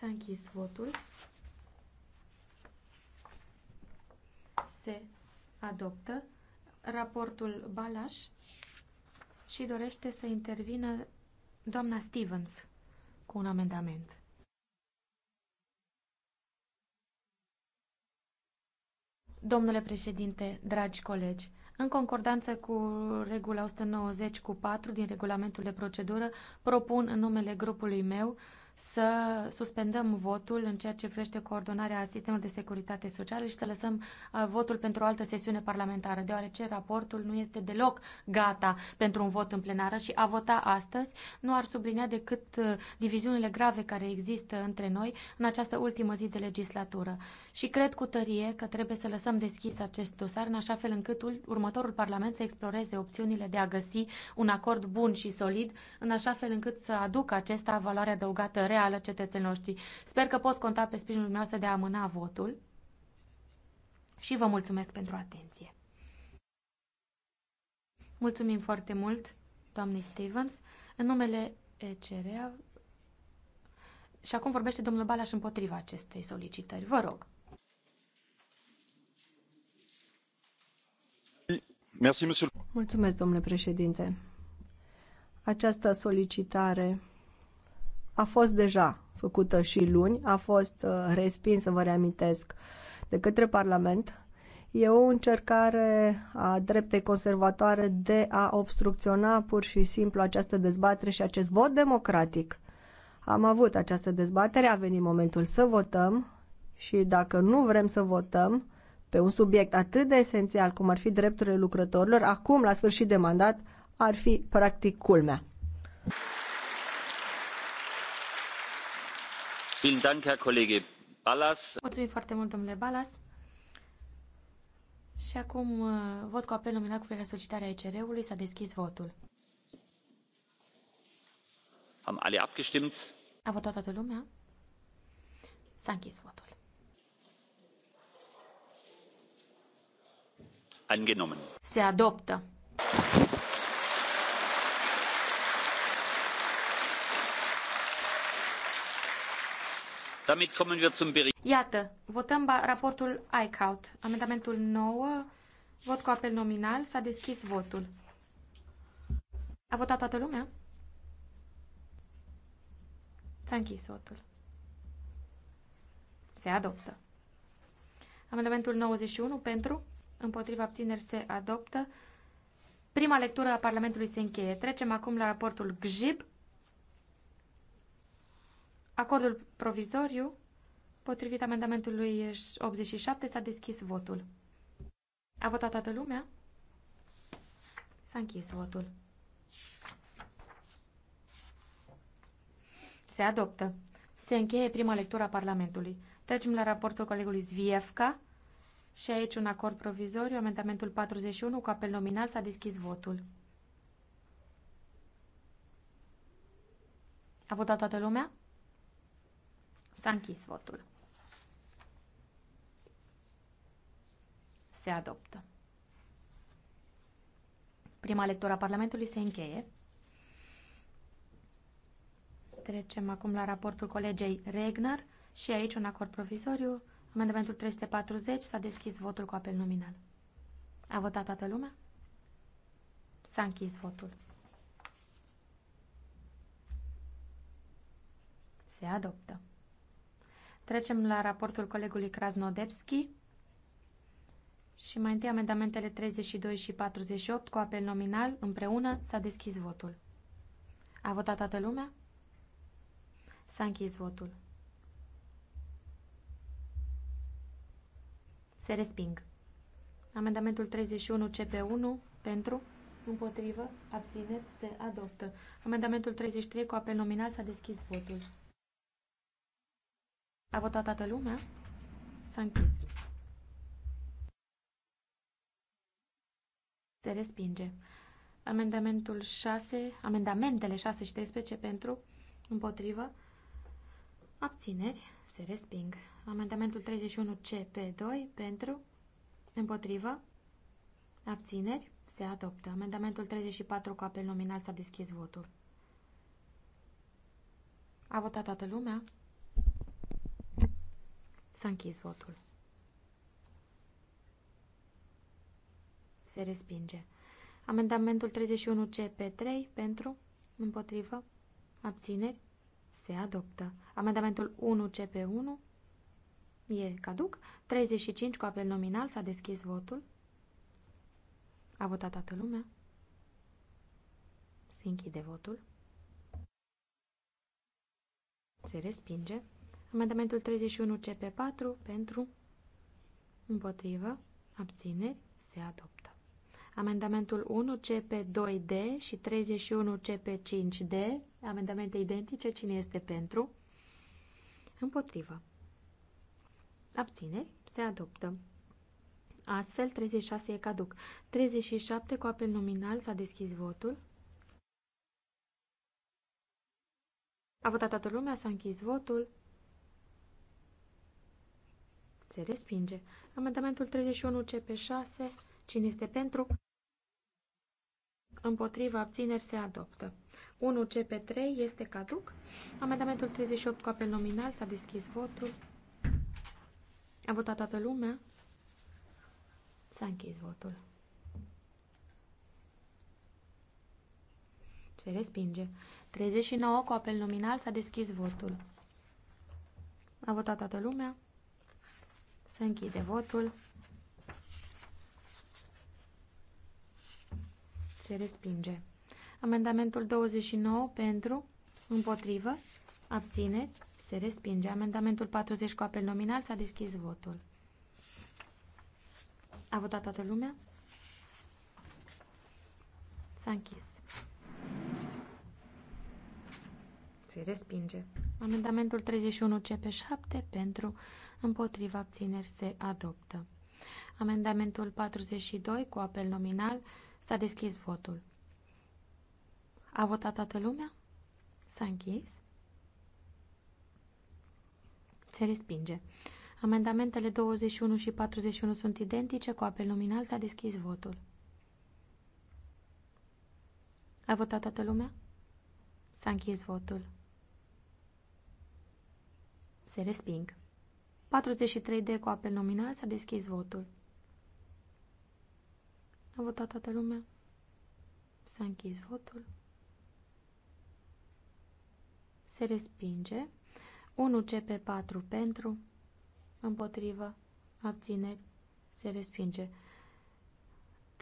S-a închis votul. Se adoptă raportul Balaș și dorește să intervină doamna Stevens cu un amendament. Domnule președinte, dragi colegi, în concordanță cu regula 190 cu 4 din regulamentul de procedură, propun în numele grupului meu să suspendăm votul în ceea ce privește coordonarea sistemului de securitate socială și să lăsăm uh, votul pentru o altă sesiune parlamentară, deoarece raportul nu este deloc gata pentru un vot în plenară și a vota astăzi nu ar sublinea decât uh, diviziunile grave care există între noi în această ultimă zi de legislatură. Și cred cu tărie că trebuie să lăsăm deschis acest dosar în așa fel încât următorul Parlament să exploreze opțiunile de a găsi un acord bun și solid, în așa fel încât să aducă acesta valoare adăugată reală cetățenilor noștri. Sper că pot conta pe sprijinul dumneavoastră de a amâna votul și vă mulțumesc pentru atenție. Mulțumim foarte mult, doamnei Stevens. În numele ECR și acum vorbește domnul Balaș împotriva acestei solicitări. Vă rog.
Mulțumesc, domnule președinte. Această solicitare a fost deja făcută și luni, a fost uh, respinsă, vă reamintesc, de către Parlament. E o încercare a dreptei conservatoare de a obstrucționa pur și simplu această dezbatere și acest vot democratic. Am avut această dezbatere, a venit momentul să votăm și dacă nu vrem să votăm pe un subiect atât de esențial cum ar fi drepturile lucrătorilor, acum, la sfârșit de mandat, ar fi practic culmea.
Mulțumim
foarte mult, domnule Balas. Și acum uh, vot cu apel nominal cu privire la solicitarea ECR-ului. S-a deschis votul.
Am alle abgestimmt?
A votat toată lumea? S-a închis votul. Angenommen. Se adoptă. Iată, votăm raportul ICAUT. Amendamentul 9, vot cu apel nominal, s-a deschis votul. A votat toată lumea? S-a închis votul. Se adoptă. Amendamentul 91 pentru, împotriva abțineri se adoptă. Prima lectură a Parlamentului se încheie. Trecem acum la raportul GJIB. Acordul provizoriu, potrivit amendamentului 87, s-a deschis votul. A votat toată lumea? S-a închis votul. Se adoptă. Se încheie prima lectură a Parlamentului. Trecem la raportul colegului Zviefka și aici un acord provizoriu, amendamentul 41 cu apel nominal s-a deschis votul. A votat toată lumea? S-a închis votul. Se adoptă. Prima lectură a Parlamentului se încheie. Trecem acum la raportul colegei Regner și aici un acord provizoriu. Amendamentul 340 s-a deschis votul cu apel nominal. A votat toată lumea? S-a închis votul. Se adoptă. Trecem la raportul colegului Krasnodebski și mai întâi amendamentele 32 și 48 cu apel nominal împreună s-a deschis votul. A votat toată lumea? S-a închis votul. Se resping. Amendamentul 31 CP1 pentru, împotrivă, abțineri, se adoptă. Amendamentul 33 cu apel nominal s-a deschis votul. A votat toată lumea? S-a închis. Se respinge. Amendamentul 6, amendamentele 6 și 13 pentru, împotrivă, abțineri, se resping. Amendamentul 31 CP2 pentru, împotrivă, abțineri, se adoptă. Amendamentul 34 cu apel nominal s-a deschis votul. A votat toată lumea? S-a închis votul. Se respinge. Amendamentul 31 CP3 pentru, împotrivă, abțineri, se adoptă. Amendamentul 1 CP1 e caduc. 35 cu apel nominal s-a deschis votul. A votat toată lumea. Se închide votul. Se respinge. Amendamentul 31 CP4 pentru împotrivă abțineri se adoptă. Amendamentul 1 CP2D și 31 CP5D, amendamente identice, cine este pentru? Împotrivă. Abțineri se adoptă. Astfel, 36 e caduc. 37 cu apel nominal s-a deschis votul. A votat toată lumea, s-a închis votul se respinge. Amendamentul 31 CP6, cine este pentru? Împotriva abțineri se adoptă. 1 CP3 este caduc. Amendamentul 38 cu apel nominal s-a deschis votul. A votat toată lumea. S-a închis votul. Se respinge. 39 cu apel nominal s-a deschis votul. A votat toată lumea. Se închide votul. Se respinge. Amendamentul 29 pentru, împotrivă, abține se respinge. Amendamentul 40 cu apel nominal s-a deschis votul. A votat toată lumea? S-a închis. Se respinge. Amendamentul 31 CP7 pentru împotriva abțineri se adoptă. Amendamentul 42 cu apel nominal s-a deschis votul. A votat toată lumea? S-a închis? Se respinge. Amendamentele 21 și 41 sunt identice, cu apel nominal s-a deschis votul. A votat toată lumea? S-a închis votul. Se resping. 43 de cu apel nominal s-a deschis votul. A votat toată lumea. S-a închis votul. Se respinge. 1CP4 pentru, împotrivă, abțineri, se respinge.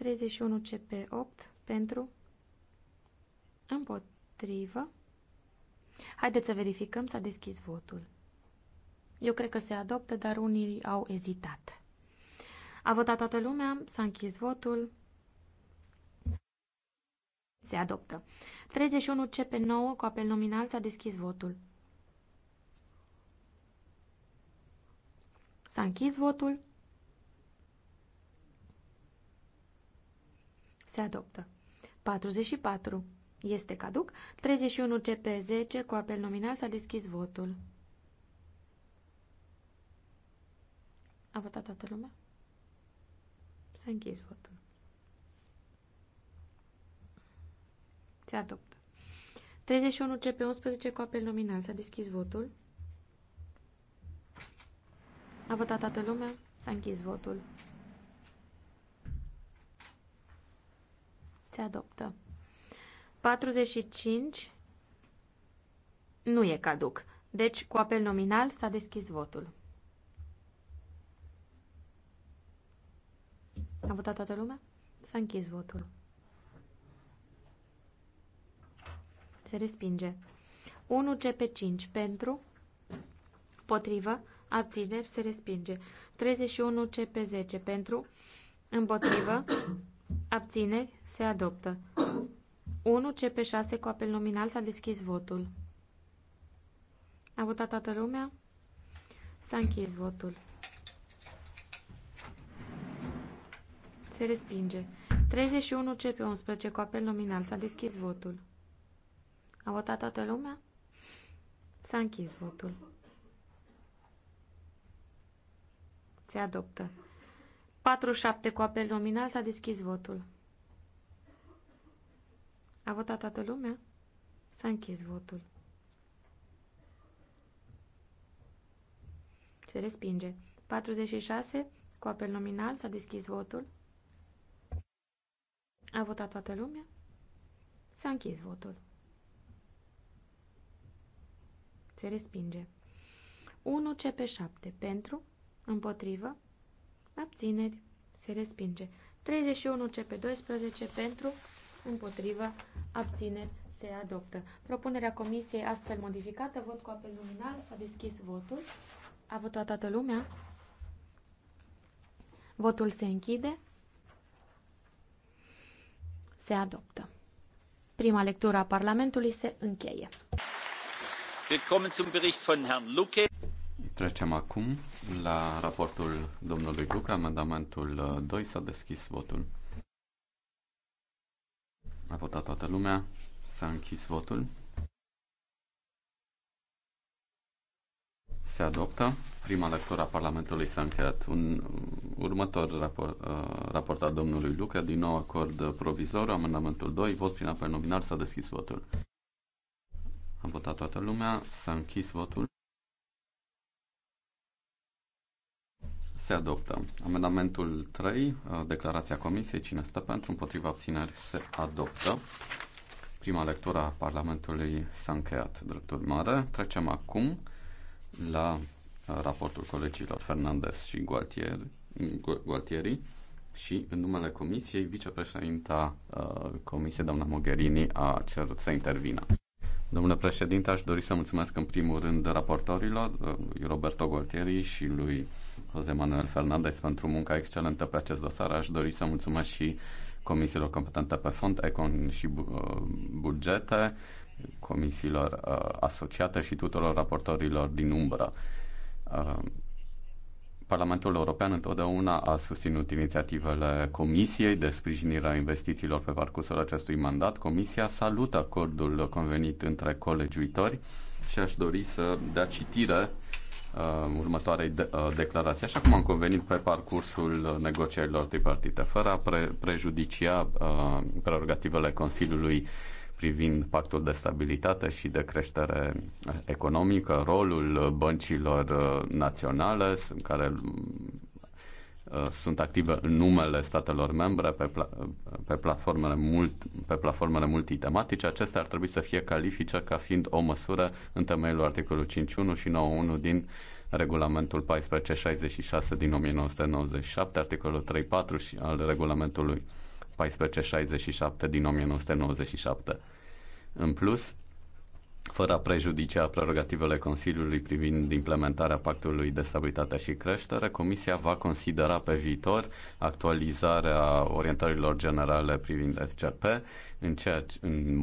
31CP8 pentru, împotrivă. Haideți să verificăm, s-a deschis votul. Eu cred că se adoptă, dar unii au ezitat. A votat toată lumea, s-a închis votul. Se adoptă. 31 CP9 cu apel nominal s-a deschis votul. S-a închis votul. Se adoptă. 44. Este caduc. 31 CP10 cu apel nominal s-a deschis votul. A votat toată lumea? S-a închis votul. Se adoptă. 31 CP11 cu apel nominal. S-a deschis votul. A votat toată lumea? S-a închis votul. Se adoptă. 45 nu e caduc. Deci, cu apel nominal s-a deschis votul. A votat toată lumea? S-a închis votul. Se respinge. 1 CP5 pentru, potrivă, abțineri, se respinge. 31 CP10 pentru, împotrivă, abțineri, se adoptă. 1 CP6 cu apel nominal s-a deschis votul. A votat toată lumea? S-a închis votul. Se respinge. 31 cp 11 cu apel nominal. S-a deschis votul. A votat toată lumea? S-a închis votul. Se adoptă. 47 cu apel nominal. S-a deschis votul. A votat toată lumea? S-a închis votul. Se respinge. 46 cu apel nominal. S-a deschis votul. A votat toată lumea? S-a închis votul. Se respinge. 1 CP7 pentru, împotrivă, abțineri, se respinge. 31 CP12 pentru, împotrivă, abțineri, se adoptă. Propunerea comisiei astfel modificată, vot cu apel nominal, s-a deschis votul. A votat toată lumea? Votul se închide se adoptă. Prima lectură a Parlamentului se încheie.
Trecem acum la raportul domnului Luca, amendamentul 2. Uh, S-a deschis votul. A votat toată lumea. S-a închis votul. Se adoptă. Prima lectură a Parlamentului s-a încheiat. Un următor raport, uh, raport al domnului Luca, din nou acord provizor, amendamentul 2, vot prin apel nominal, s-a deschis votul. Am votat toată lumea, s-a închis votul. Se adoptă. Amendamentul 3, uh, declarația Comisiei, cine stă pentru, împotriva abțineri, se adoptă. Prima lectură a Parlamentului s-a încheiat. Drept urmare, trecem acum la uh, raportul colegilor Fernandez și Gualtier, Gualtieri și în numele Comisiei, vicepreședinta uh, Comisiei, doamna Mogherini, a cerut să intervină. Domnule președinte, aș dori să mulțumesc în primul rând raportorilor, lui Roberto Gualtieri și lui Jose Manuel Fernandez pentru munca excelentă pe acest dosar. Aș dori să mulțumesc și comisiilor competente pe fond, econ și uh, bugete, comisiilor uh, asociate și tuturor raportorilor din umbră. Uh, Parlamentul European întotdeauna a susținut inițiativele Comisiei de sprijinire a investițiilor pe parcursul acestui mandat. Comisia salută acordul convenit între colegiuitori și aș dori să dea citire uh, următoarei de, uh, declarații, așa cum am convenit pe parcursul negocierilor tripartite, fără a pre- prejudicia uh, prerogativele Consiliului uh, privind pactul de stabilitate și de creștere economică, rolul băncilor uh, naționale care uh, sunt active în numele statelor membre pe, pla- uh, pe, platformele mult, pe platformele multitematice. Acestea ar trebui să fie califice ca fiind o măsură în temeiul articolului 5.1 și 9.1 din regulamentul 1466 din 1997, articolul 3.4 și al regulamentului 1467 din 1997. În plus, fără a prejudicia prerogativele Consiliului privind implementarea Pactului de Stabilitate și Creștere, Comisia va considera pe viitor actualizarea orientărilor generale privind SCP în ceea ce, în,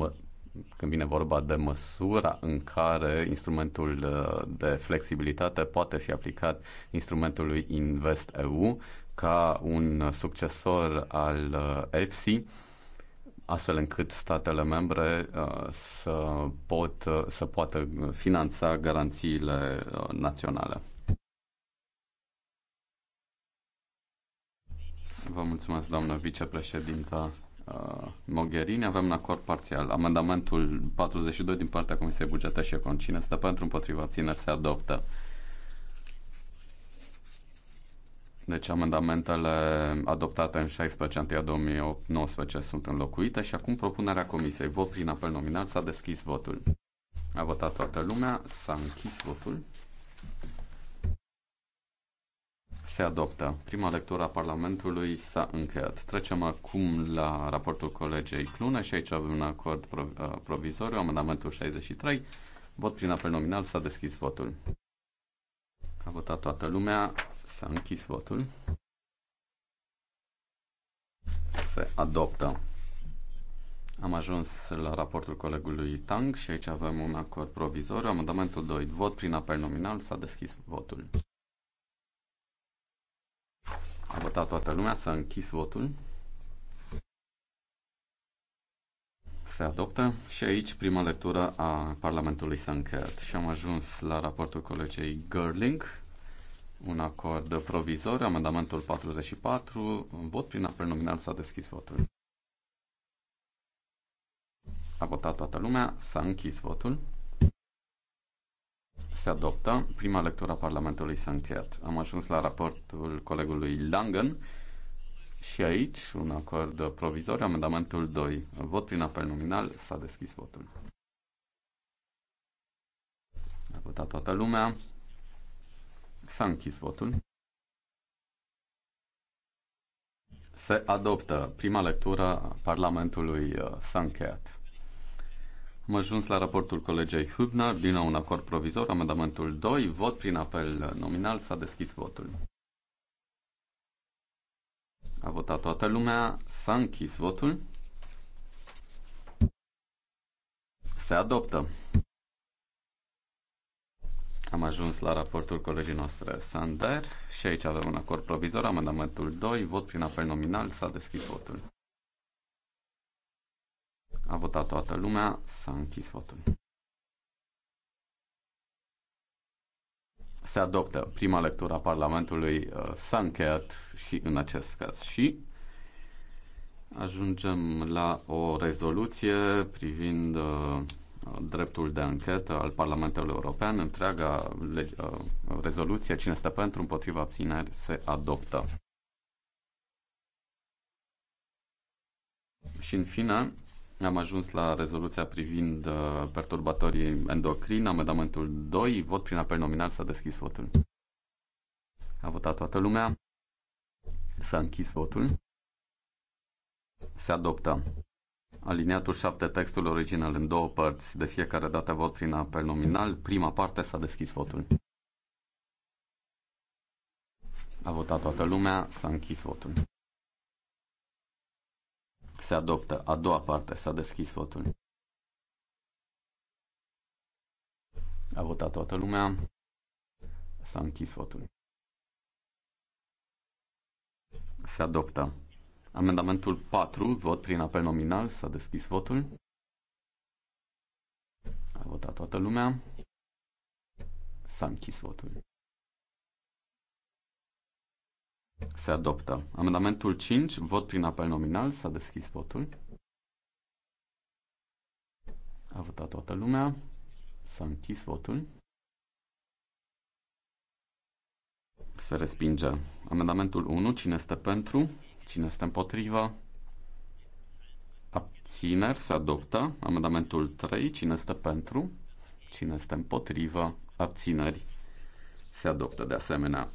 când vine vorba de măsura în care instrumentul uh, de flexibilitate poate fi aplicat instrumentului InvestEU ca un succesor al EFSI, uh, astfel încât statele membre uh, să, pot, uh, să poată finanța garanțiile naționale. Vă mulțumesc, doamnă vicepreședinta Mogherini. Avem un acord parțial. Amendamentul 42 din partea Comisiei Bugete și Econ. Cine stă pentru, împotriva, țineri, se adoptă. deci amendamentele adoptate în 16 ianuarie 2019 sunt înlocuite și acum propunerea comisiei. Vot prin apel nominal s-a deschis votul. A votat toată lumea, s-a închis votul. Se adoptă. Prima lectură a Parlamentului s-a încheiat. Trecem acum la raportul colegei Clune și aici avem un acord uh, provizoriu, amendamentul 63. Vot prin apel nominal s-a deschis votul. A votat toată lumea, S-a închis votul. Se adoptă. Am ajuns la raportul colegului Tang și aici avem un acord provizor. Amendamentul 2. Vot prin apel nominal. S-a deschis votul. A votat toată lumea. S-a închis votul. se adoptă și aici prima lectură a Parlamentului s-a încheiat și am ajuns la raportul colegei Gerling un acord provizor, amendamentul 44, vot prin apel nominal s-a deschis votul. A votat toată lumea, s-a închis votul. Se adoptă. Prima lectură a Parlamentului s-a încheiat. Am ajuns la raportul colegului Langen și aici un acord provizor, amendamentul 2. Vot prin apel nominal, s-a deschis votul. A votat toată lumea, S-a închis votul. Se adoptă prima lectură a Parlamentului uh, s-a încheiat. Am ajuns la raportul colegei Hübner, din nou un acord provizor, amendamentul 2, vot prin apel nominal, s-a deschis votul. A votat toată lumea, s-a închis votul. Se adoptă. Am ajuns la raportul colegii noastre Sander și aici avem un acord provizor, amendamentul 2, vot prin apel nominal, s-a deschis votul. A votat toată lumea, s-a închis votul. Se adoptă prima lectură a Parlamentului, uh, s-a încheiat și în acest caz și ajungem la o rezoluție privind uh, dreptul de anchetă al Parlamentului European, întreaga lege, uh, rezoluție, cine stă pentru, împotriva abțineri, se adoptă. Și în fine, am ajuns la rezoluția privind uh, perturbatorii endocrini, amendamentul 2, vot prin apel nominal s-a deschis votul. A votat toată lumea, s-a închis votul, se adoptă. Aliniatul 7, textul original în două părți, de fiecare dată vot prin apel nominal. Prima parte s-a deschis votul. A votat toată lumea, s-a închis votul. Se adoptă. A doua parte s-a deschis votul. A votat toată lumea, s-a închis votul. Se adoptă. Amendamentul 4, vot prin apel nominal, s-a deschis votul. A votat toată lumea. S-a închis votul. Se adoptă. Amendamentul 5, vot prin apel nominal, s-a deschis votul. A votat toată lumea. S-a închis votul. Se respinge. Amendamentul 1, cine este pentru? Cine este împotrivă? Abțineri se adoptă. Amendamentul 3. Cine este pentru? Cine este împotrivă? Abțineri se adoptă de asemenea.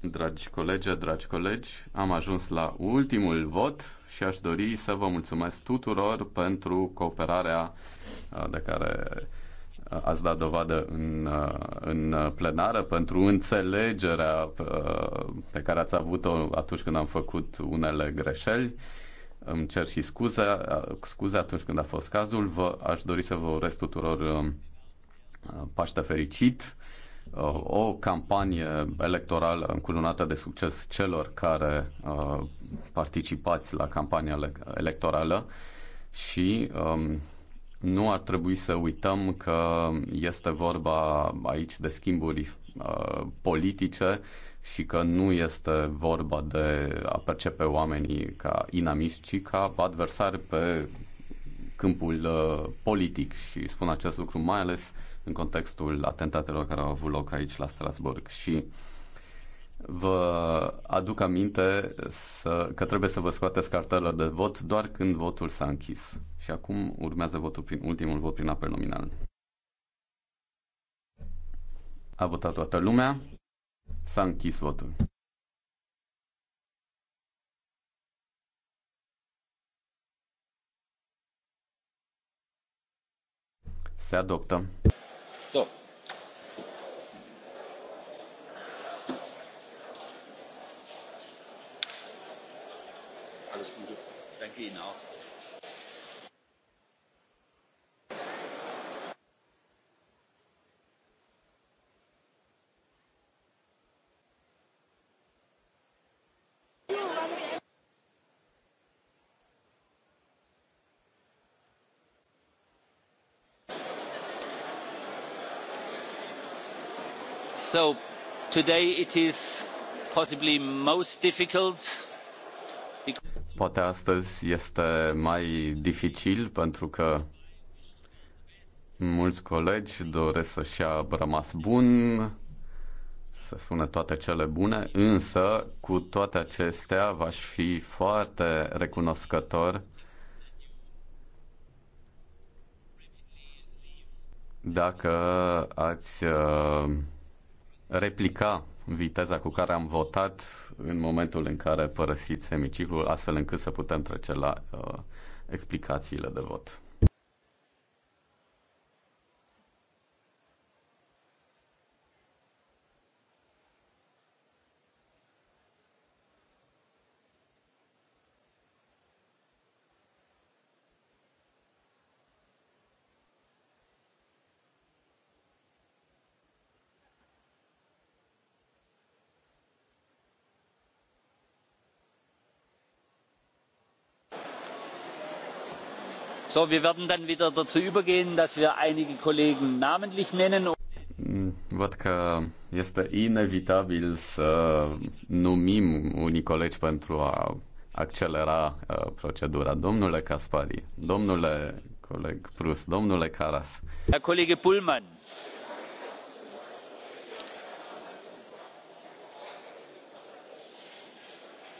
Dragi colegi, dragi colegi, am ajuns la ultimul vot și aș dori să vă mulțumesc tuturor pentru cooperarea uh, de care ați dat dovadă în, în plenară pentru înțelegerea uh, pe care ați avut-o atunci când am făcut unele greșeli. Îmi cer și scuze, uh, scuze atunci când a fost cazul. Vă aș dori să vă urez tuturor uh, Paște fericit, o campanie electorală încununată de succes celor care participați la campania electorală și um, nu ar trebui să uităm că este vorba aici de schimburi uh, politice și că nu este vorba de a percepe oamenii ca inamici, ci ca adversari pe câmpul uh, politic și spun acest lucru mai ales în contextul atentatelor care au avut loc aici la Strasburg. Și uh, Vă aduc aminte să, că trebuie să vă scoateți cartela de vot doar când votul s-a închis. Și acum urmează votul prin, ultimul vot prin apel nominal. A votat toată lumea. S-a închis votul. Se adoptă.
alles gute. danke ihnen auch. so today it is possibly most difficult
Poate astăzi este mai dificil pentru că mulți colegi doresc să-și ia rămas bun, să spună toate cele bune, însă cu toate acestea v-aș fi foarte recunoscător dacă ați uh, replica viteza cu care am votat în momentul în care părăsiți semiciclul, astfel încât să putem trece la uh, explicațiile de vot.
wir werden dann wieder dazu übergehen, dass wir einige Kollegen namentlich nennen.
Mm, văd că este inevitabil să numim unii colegi pentru a accelera uh, procedura. Domnule Caspari, domnule coleg Prus, domnule Caras.
Herr Kollege Pullman.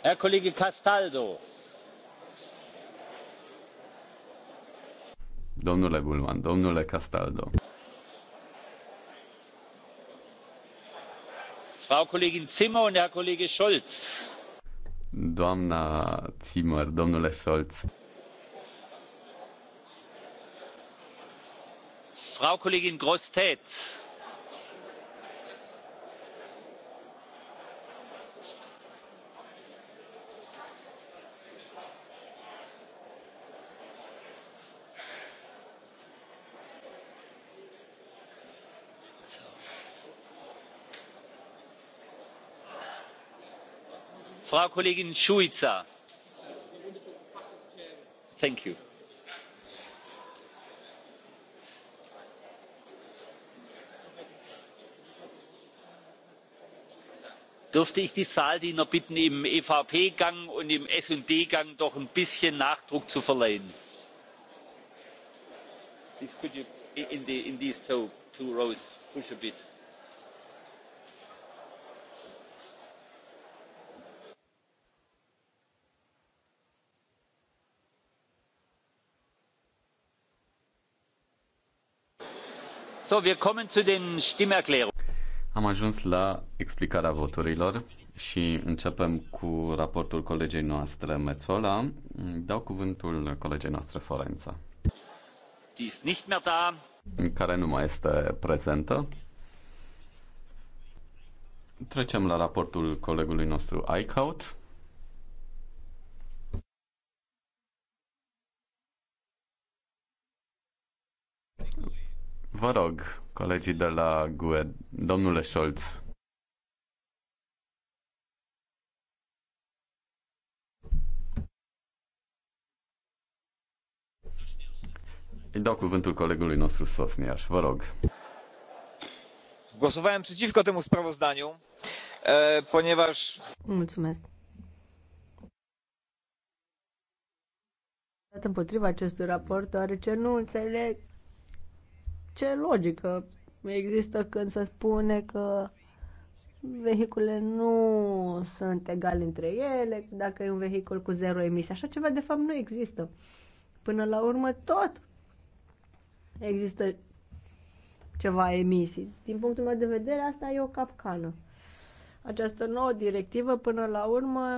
Herr Kollege Castaldo.
Domnule Bulman, domnule Castaldo.
Frau Kollegin Zimmer und Herr Kollege Scholz.
Doamna Zimmer, domnule Scholz.
Frau Kollegin Grostet frau kollegin uica dürfte ich die saaldiener bitten im evp gang und im sd gang doch ein bisschen nachdruck zu verleihen.
Am ajuns la explicarea voturilor și începem cu raportul colegei noastre Metzola. Dau cuvântul colegei noastre Forența. Da. Care nu mai este prezentă. Trecem la raportul colegului nostru Eichhout. Vă rog, colegii de la GUE, domnule Scholz. Îi dau cuvântul colegului nostru Sosniaș, vă rog.
Głosowałem przeciwko temu sprawozdaniu, ponieważ...
Mulțumesc. dat împotriva acestui raport, deoarece nu înțeleg ce logică există când se spune că vehiculele nu sunt egale între ele, dacă e un vehicul cu zero emisie. Așa ceva de fapt nu există. Până la urmă tot există ceva emisii. Din punctul meu de vedere, asta e o capcană. Această nouă directivă, până la urmă,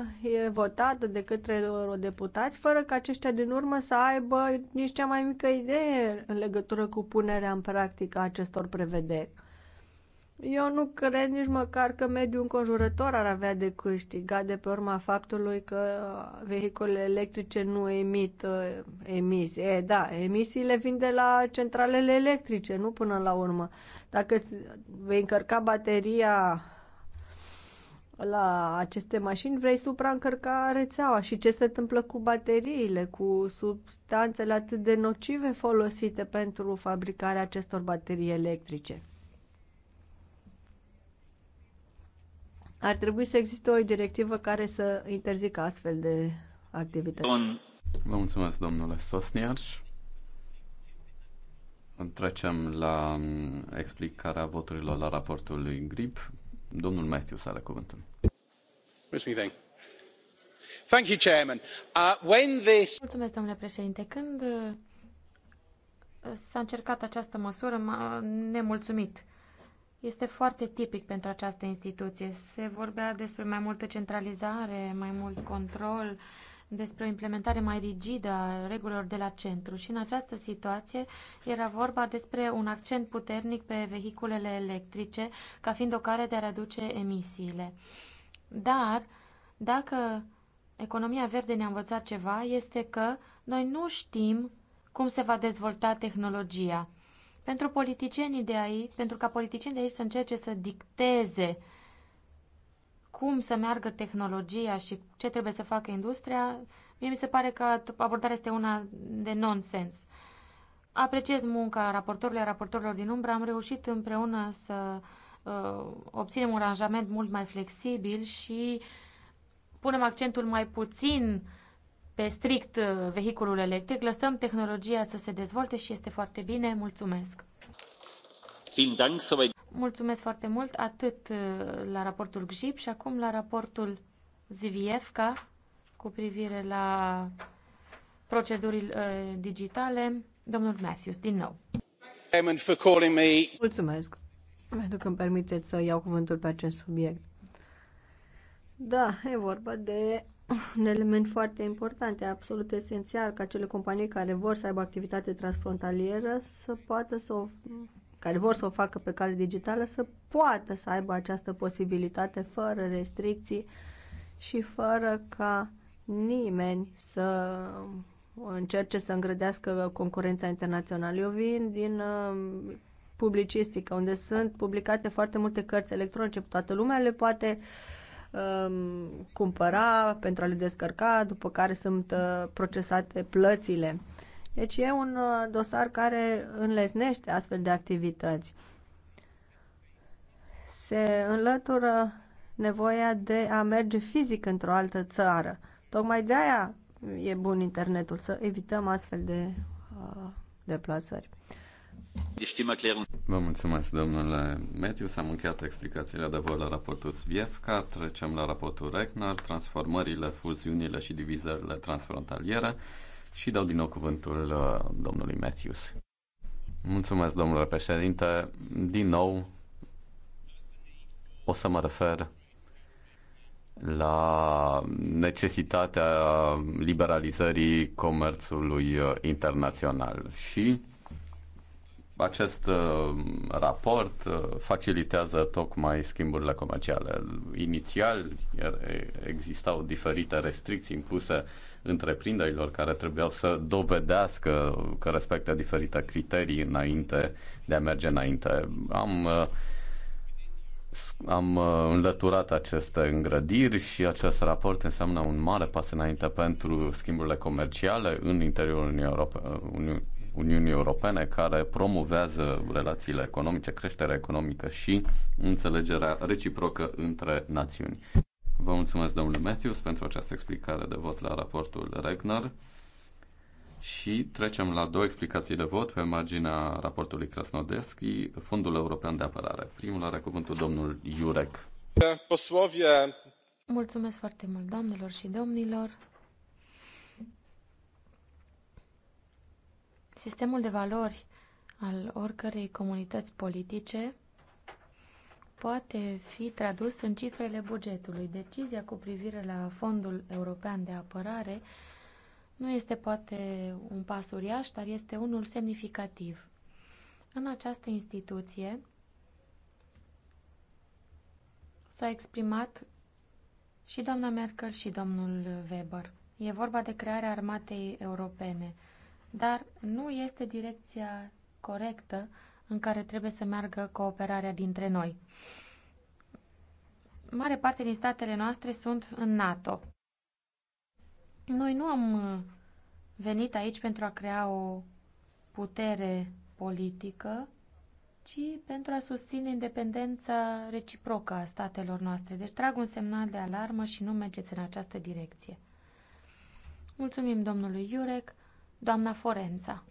e votată de către eurodeputați, fără ca aceștia din urmă să aibă nici cea mai mică idee în legătură cu punerea în practică a acestor prevederi. Eu nu cred nici măcar că mediul înconjurător ar avea de câștigat de pe urma faptului că vehiculele electrice nu emit uh, emisii. E, da, emisiile vin de la centralele electrice, nu până la urmă. Dacă îți vei încărca bateria la aceste mașini vrei supraîncărca rețeaua și ce se întâmplă cu bateriile, cu substanțele atât de nocive folosite pentru fabricarea acestor baterii electrice. Ar trebui să existe o directivă care să interzică astfel de activități. Bun.
Vă mulțumesc, domnule Sosniarș. Trecem la explicarea voturilor la raportul lui GRIP. Domnul Matthews are cuvântul.
Uh,
Mulțumesc, domnule președinte. Când uh, s-a încercat această măsură, m-a nemulțumit. Este foarte tipic pentru această instituție. Se vorbea despre mai multă centralizare, mai mult control, uh, despre o implementare mai rigidă a regulilor de la centru și în această situație era vorba despre un accent puternic pe vehiculele electrice ca fiind o cale de a reduce emisiile. Dar dacă economia verde ne-a învățat ceva, este că noi nu știm cum se va dezvolta tehnologia. Pentru politicienii de aici, pentru ca politicienii de aici să încerce să dicteze uh, cum să meargă tehnologia și ce trebuie să facă industria, mie mi se pare că abordarea este una de nonsens. Apreciez munca raportorilor, raportorilor din umbră. Am reușit împreună să uh, obținem un aranjament mult mai flexibil și punem accentul mai puțin pe strict uh, vehiculul electric. Lăsăm tehnologia să se dezvolte și este foarte bine. Mulțumesc! Mulțumesc foarte mult atât uh, la raportul GJIP și acum la raportul Zivievka cu privire la procedurile uh,
digitale. Domnul Matthews, din nou. Mulțumesc pentru că îmi permiteți să iau cuvântul pe acest subiect. Da, e vorba de un element foarte important, e absolut esențial ca cele companii care vor să aibă activitate transfrontalieră să poată să care vor să o facă pe cale digitală să poată să aibă această posibilitate fără restricții și fără ca nimeni să încerce să îngrădească concurența internațională. Eu vin din uh, publicistică, unde sunt publicate foarte multe cărți electronice. Toată lumea le poate um, cumpăra pentru a le descărca, după care sunt uh, procesate plățile. Uh, deci e un uh, dosar care înlesnește astfel de activități. Se înlătură nevoia de a merge fizic într-o altă țară. Tocmai de aia e bun internetul, să evităm astfel de uh, deplasări.
Vă mulțumesc, domnule s Am încheiat explicațiile de vot la raportul Sviefca. Trecem la raportul Regnar, transformările, fuziunile și divizările transfrontaliere și dau din nou cuvântul uh, domnului Matthews. Mulțumesc, domnule președinte. Din nou, o să mă refer la necesitatea liberalizării comerțului uh, internațional și acest uh, raport facilitează tocmai schimburile comerciale. Inițial er, existau diferite restricții impuse întreprinderilor care trebuiau să dovedească că respectă diferite criterii înainte de a merge înainte. Am uh, am uh, înlăturat aceste îngrădiri și acest raport înseamnă un mare pas înainte pentru schimburile comerciale în interiorul Uniunii Europene, Uniunii Europene care promovează relațiile economice, creșterea economică și înțelegerea reciprocă între națiuni. Vă mulțumesc, domnule Matthews, pentru această explicare de vot la raportul Regner. Și trecem la două explicații de vot pe marginea raportului Krasnodeschi, Fondul European de Apărare. Primul are cuvântul domnul Jurek. Posłowie.
Mulțumesc foarte mult, doamnelor și domnilor. Sistemul de valori al oricărei comunități politice poate fi tradus în cifrele bugetului. Decizia cu privire la Fondul European de Apărare nu este poate un pas uriaș, dar este unul semnificativ. În această instituție s-a exprimat și doamna Merkel și domnul Weber. E vorba de crearea armatei europene, dar nu este direcția corectă în care trebuie să meargă cooperarea dintre noi. Mare parte din statele noastre sunt în NATO. Noi nu am uh, venit aici pentru a crea o putere politică, ci pentru a susține independența reciprocă a statelor noastre. Deci trag un semnal de alarmă și nu mergeți în această direcție. Mulțumim domnului Iurec, doamna Forența.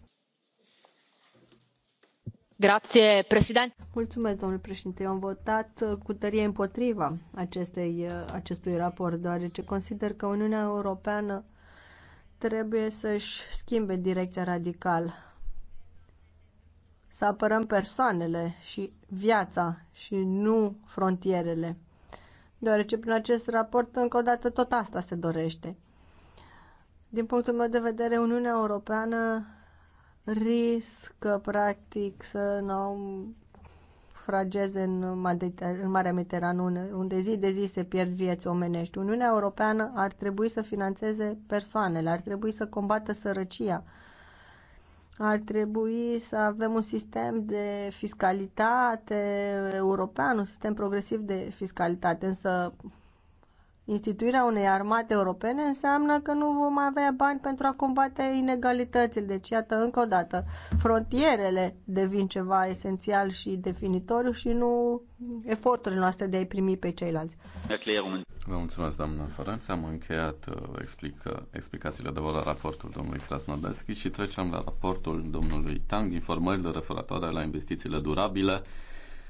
Grație, președinte. Mulțumesc, domnule președinte. Eu am votat uh, cu tărie împotriva acestei, uh, acestui raport, deoarece consider că Uniunea Europeană trebuie să-și schimbe direcția radical, să apărăm persoanele și viața și nu frontierele, deoarece prin acest raport încă o dată tot asta se dorește. Din punctul meu de vedere, Uniunea Europeană riscă practic să frageze în, în Marea Mediterană, unde zi de zi se pierd vieți omenești. Uniunea Europeană ar trebui să financeze persoanele, ar trebui să combată sărăcia, ar trebui să avem un sistem de fiscalitate european, un sistem progresiv de fiscalitate, însă instituirea unei armate europene înseamnă că nu vom avea bani pentru a combate inegalitățile. Deci, iată, încă o dată, frontierele devin ceva esențial și definitoriu și nu eforturile noastre de a-i primi pe ceilalți.
Vă mulțumesc, doamnă Ferenț. Am încheiat uh, explică, explicațiile de la raportul domnului Krasnodeschi și trecem la raportul domnului Tang, informările referatoare la investițiile durabile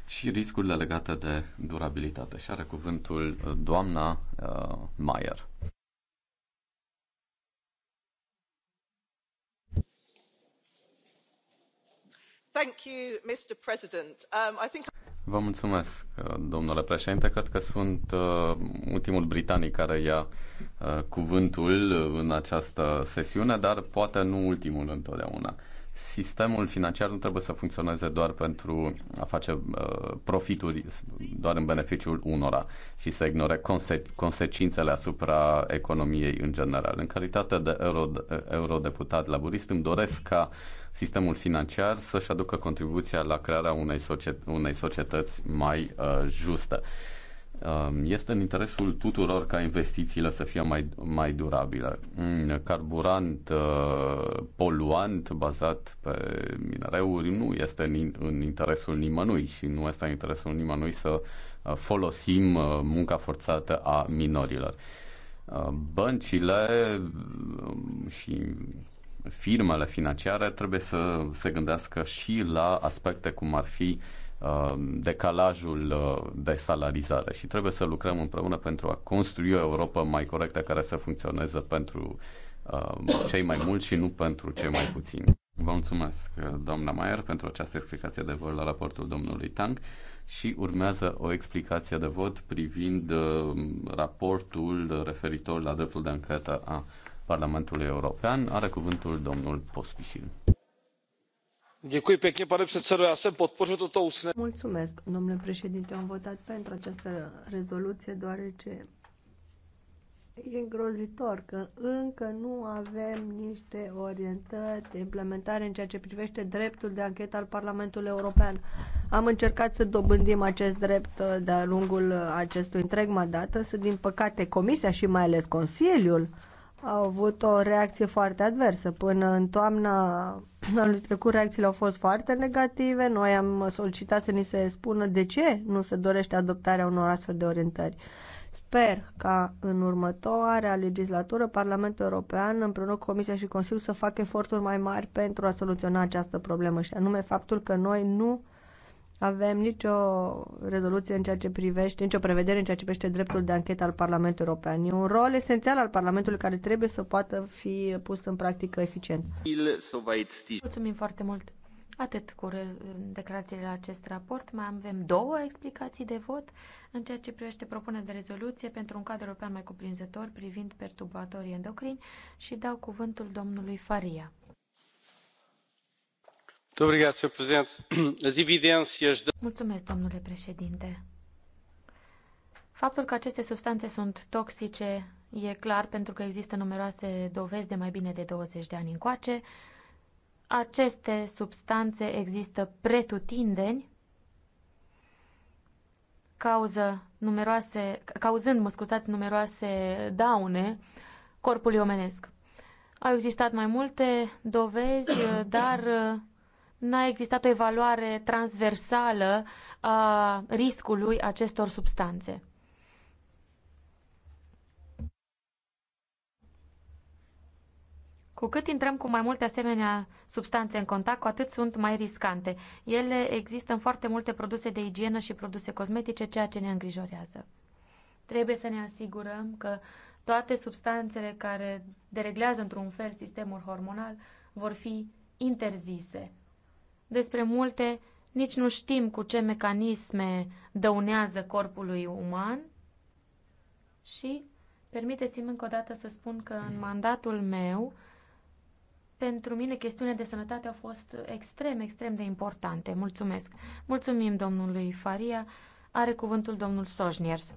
și riscurile legate de durabilitate. Și are cuvântul uh, doamna uh, Mayer. Um, Vă mulțumesc, uh, domnule președinte. Cred că sunt uh, ultimul britanic care ia cuvântul în această sesiune, dar poate nu ultimul întotdeauna sistemul financiar nu trebuie să funcționeze doar pentru a face uh, profituri doar în beneficiul unora și să ignore conse- consecințele asupra economiei în general. În calitate de euro, eurodeputat laburist îmi doresc ca sistemul financiar să-și aducă contribuția la crearea unei, societ- unei societăți mai uh, juste. Um, este în interesul tuturor ca investițiile să fie mai, mai durabile. Carburant uh, poluant bazat pe minereuri nu este în, în interesul nimănui și nu este în interesul nimănui să uh, folosim uh, munca forțată a minorilor. Băncile um, și firmele financiare trebuie să se gândească și la aspecte cum ar fi uh, Um, decalajul uh, de salarizare și trebuie să lucrăm împreună pentru a construi o Europa mai corectă care să funcționeze pentru um, cei mai mulți și nu pentru cei mai puțini. Vă mulțumesc, doamna Maier, pentru această explicație de vot la raportul domnului Tang și urmează o explicație de vot privind uh, raportul referitor la dreptul de anchetă a Parlamentului European. Are cuvântul domnul Pospișin.
Mulțumesc, domnule președinte. Am votat pentru această rezoluție deoarece este îngrozitor că încă nu avem niște orientări de implementare în ceea ce privește dreptul de anchetă al Parlamentului European. Am încercat să dobândim acest drept uh, de-a lungul uh, acestui întreg mandat, însă din păcate Comisia și mai ales Consiliul au avut o reacție foarte adversă. Până în toamna (clears throat) anului trecut reacțiile au fost foarte negative. Noi am solicitat să ni se spună de ce nu se dorește adoptarea unor astfel de orientări. Sper ca în următoarea legislatură Parlamentul European împreună cu Comisia și Consiliul să facă eforturi mai mari pentru a soluționa această problemă și anume faptul că noi nu avem nicio rezoluție în ceea ce privește, nicio prevedere în ceea ce privește dreptul de anchetă al Parlamentului European. E un rol esențial al Parlamentului care trebuie să poată fi pus în practică eficient. Mulțumim foarte mult! Atât cu declarațiile la acest raport. Mai avem două
explicații de vot în ceea ce privește propunerea de rezoluție pentru un cadru european mai cuprinzător privind perturbatorii endocrini și dau cuvântul domnului Faria. Da- Mulțumesc, domnule președinte. Faptul că aceste substanțe sunt toxice e clar pentru că există numeroase dovezi de mai bine de 20 de ani încoace. Aceste substanțe există pretutindeni, cauză numeroase, cauzând, mă scuzați, numeroase daune corpului omenesc. Au existat mai multe dovezi, dar n-a existat o evaluare transversală a riscului acestor substanțe. Cu cât intrăm cu mai multe asemenea substanțe în contact, cu atât sunt mai riscante. Ele există în foarte multe produse de igienă și produse cosmetice, ceea ce ne îngrijorează. Trebuie să ne asigurăm că toate substanțele care dereglează într-un fel sistemul hormonal vor fi interzise despre multe nici nu știm cu ce mecanisme dăunează corpului uman și permiteți-mi încă o dată să spun că în mandatul meu pentru mine chestiunile de sănătate au fost extrem, extrem de importante. Mulțumesc. Mulțumim domnului Faria. Are cuvântul domnul Soșniers.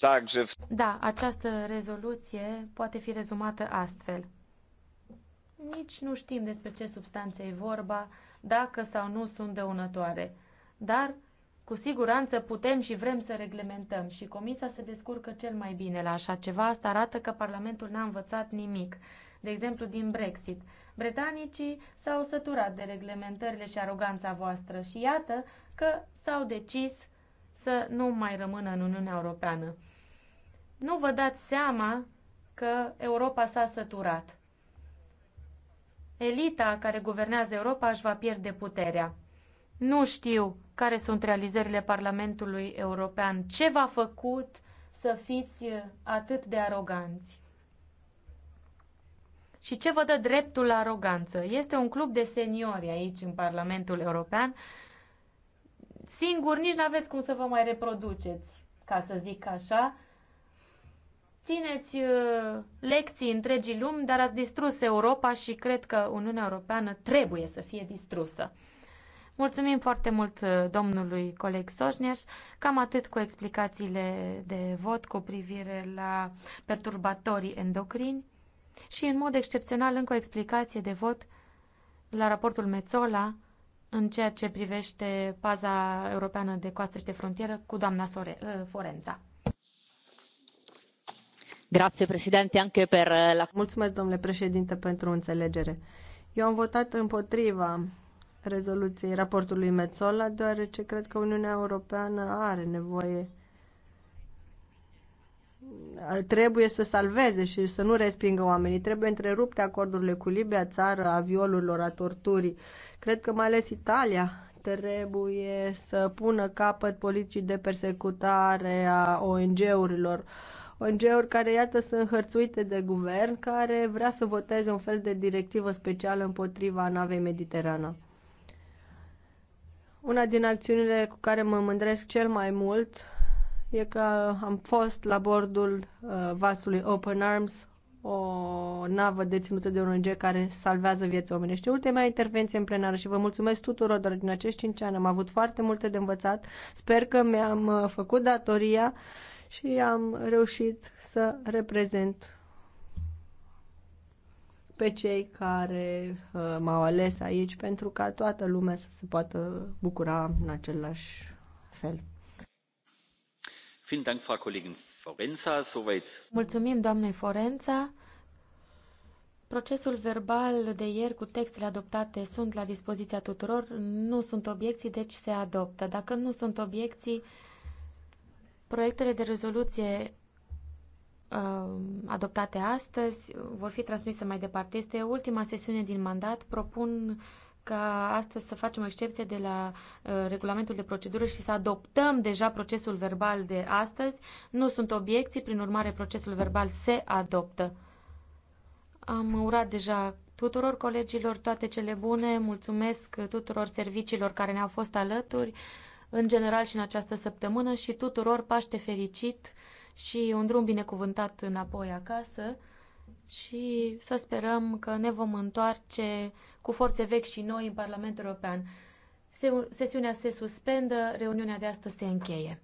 tak, że... Da, această rezoluție poate fi rezumată astfel. Nici nu știm despre ce substanțe e vorba, dacă sau nu sunt dăunătoare. Dar, cu siguranță, putem și vrem să reglementăm și Comisia se descurcă cel mai bine la așa ceva. Asta arată că Parlamentul n-a învățat nimic. De exemplu, din Brexit. Britanicii s-au săturat de reglementările și aroganța voastră și iată că s-au decis să nu mai rămână în Uniunea Europeană. Nu vă dați seama că Europa s-a săturat elita care guvernează Europa își va pierde puterea. Nu știu care sunt realizările Parlamentului European. Ce v-a făcut să fiți atât de aroganți? Și ce vă dă dreptul la aroganță? Este un club de seniori aici, în Parlamentul European. Singur nici nu aveți cum să vă mai reproduceți, ca să zic așa, Țineți uh, lecții întregii lumi, dar ați distrus Europa și cred că Uniunea Europeană trebuie să fie distrusă. Mulțumim foarte mult uh, domnului coleg Soșneș. Cam atât cu explicațiile de vot cu privire la perturbatorii endocrini și, în mod excepțional, încă o explicație de vot la raportul Mețola în ceea ce privește paza europeană de coastă și de frontieră cu doamna Sore, uh, Forența.
Eh, Mulțumesc, domnule președinte, pentru înțelegere. Eu am votat împotriva rezoluției raportului Metzola, deoarece cred că Uniunea Europeană are nevoie trebuie să salveze și să nu respingă oamenii. Trebuie întrerupte acordurile cu Libia, țară a violurilor, a torturii. Cred că mai ales Italia trebuie să pună capăt politicii de persecutare a ONG-urilor, uh, ONG-uri care, iată, sunt hărțuite de guvern, care vrea să voteze un fel de directivă specială împotriva navei mediterană. Una din acțiunile cu care mă mândresc cel mai mult e că am fost la bordul uh, vasului Open Arms, o navă deținută de un ONG care salvează vieți omenești. Ultima intervenție în plenară și vă mulțumesc tuturor, dar din acești 5 ani am avut foarte multe de învățat. Sper că mi-am uh, făcut datoria și am reușit să reprezent pe cei care uh, m-au ales aici pentru ca toată lumea să se poată bucura în același fel.
Mulțumim, doamnei Forența. Procesul verbal de ieri cu textele adoptate sunt la dispoziția tuturor. Nu sunt obiecții, deci se adoptă. Dacă nu sunt obiecții, Proiectele de rezoluție um, adoptate astăzi vor fi transmise mai departe. Este ultima sesiune din mandat. Propun ca astăzi să facem o excepție de la uh, regulamentul de procedură și să adoptăm deja procesul verbal de astăzi. Nu sunt obiecții, prin urmare procesul verbal se adoptă. Am urat deja tuturor colegilor toate cele bune, mulțumesc tuturor serviciilor care ne-au fost alături în general și în această săptămână și tuturor Paște fericit și un drum binecuvântat înapoi acasă și să sperăm că ne vom întoarce cu forțe vechi și noi în Parlamentul European. Sesiunea se suspendă, reuniunea de astăzi se încheie.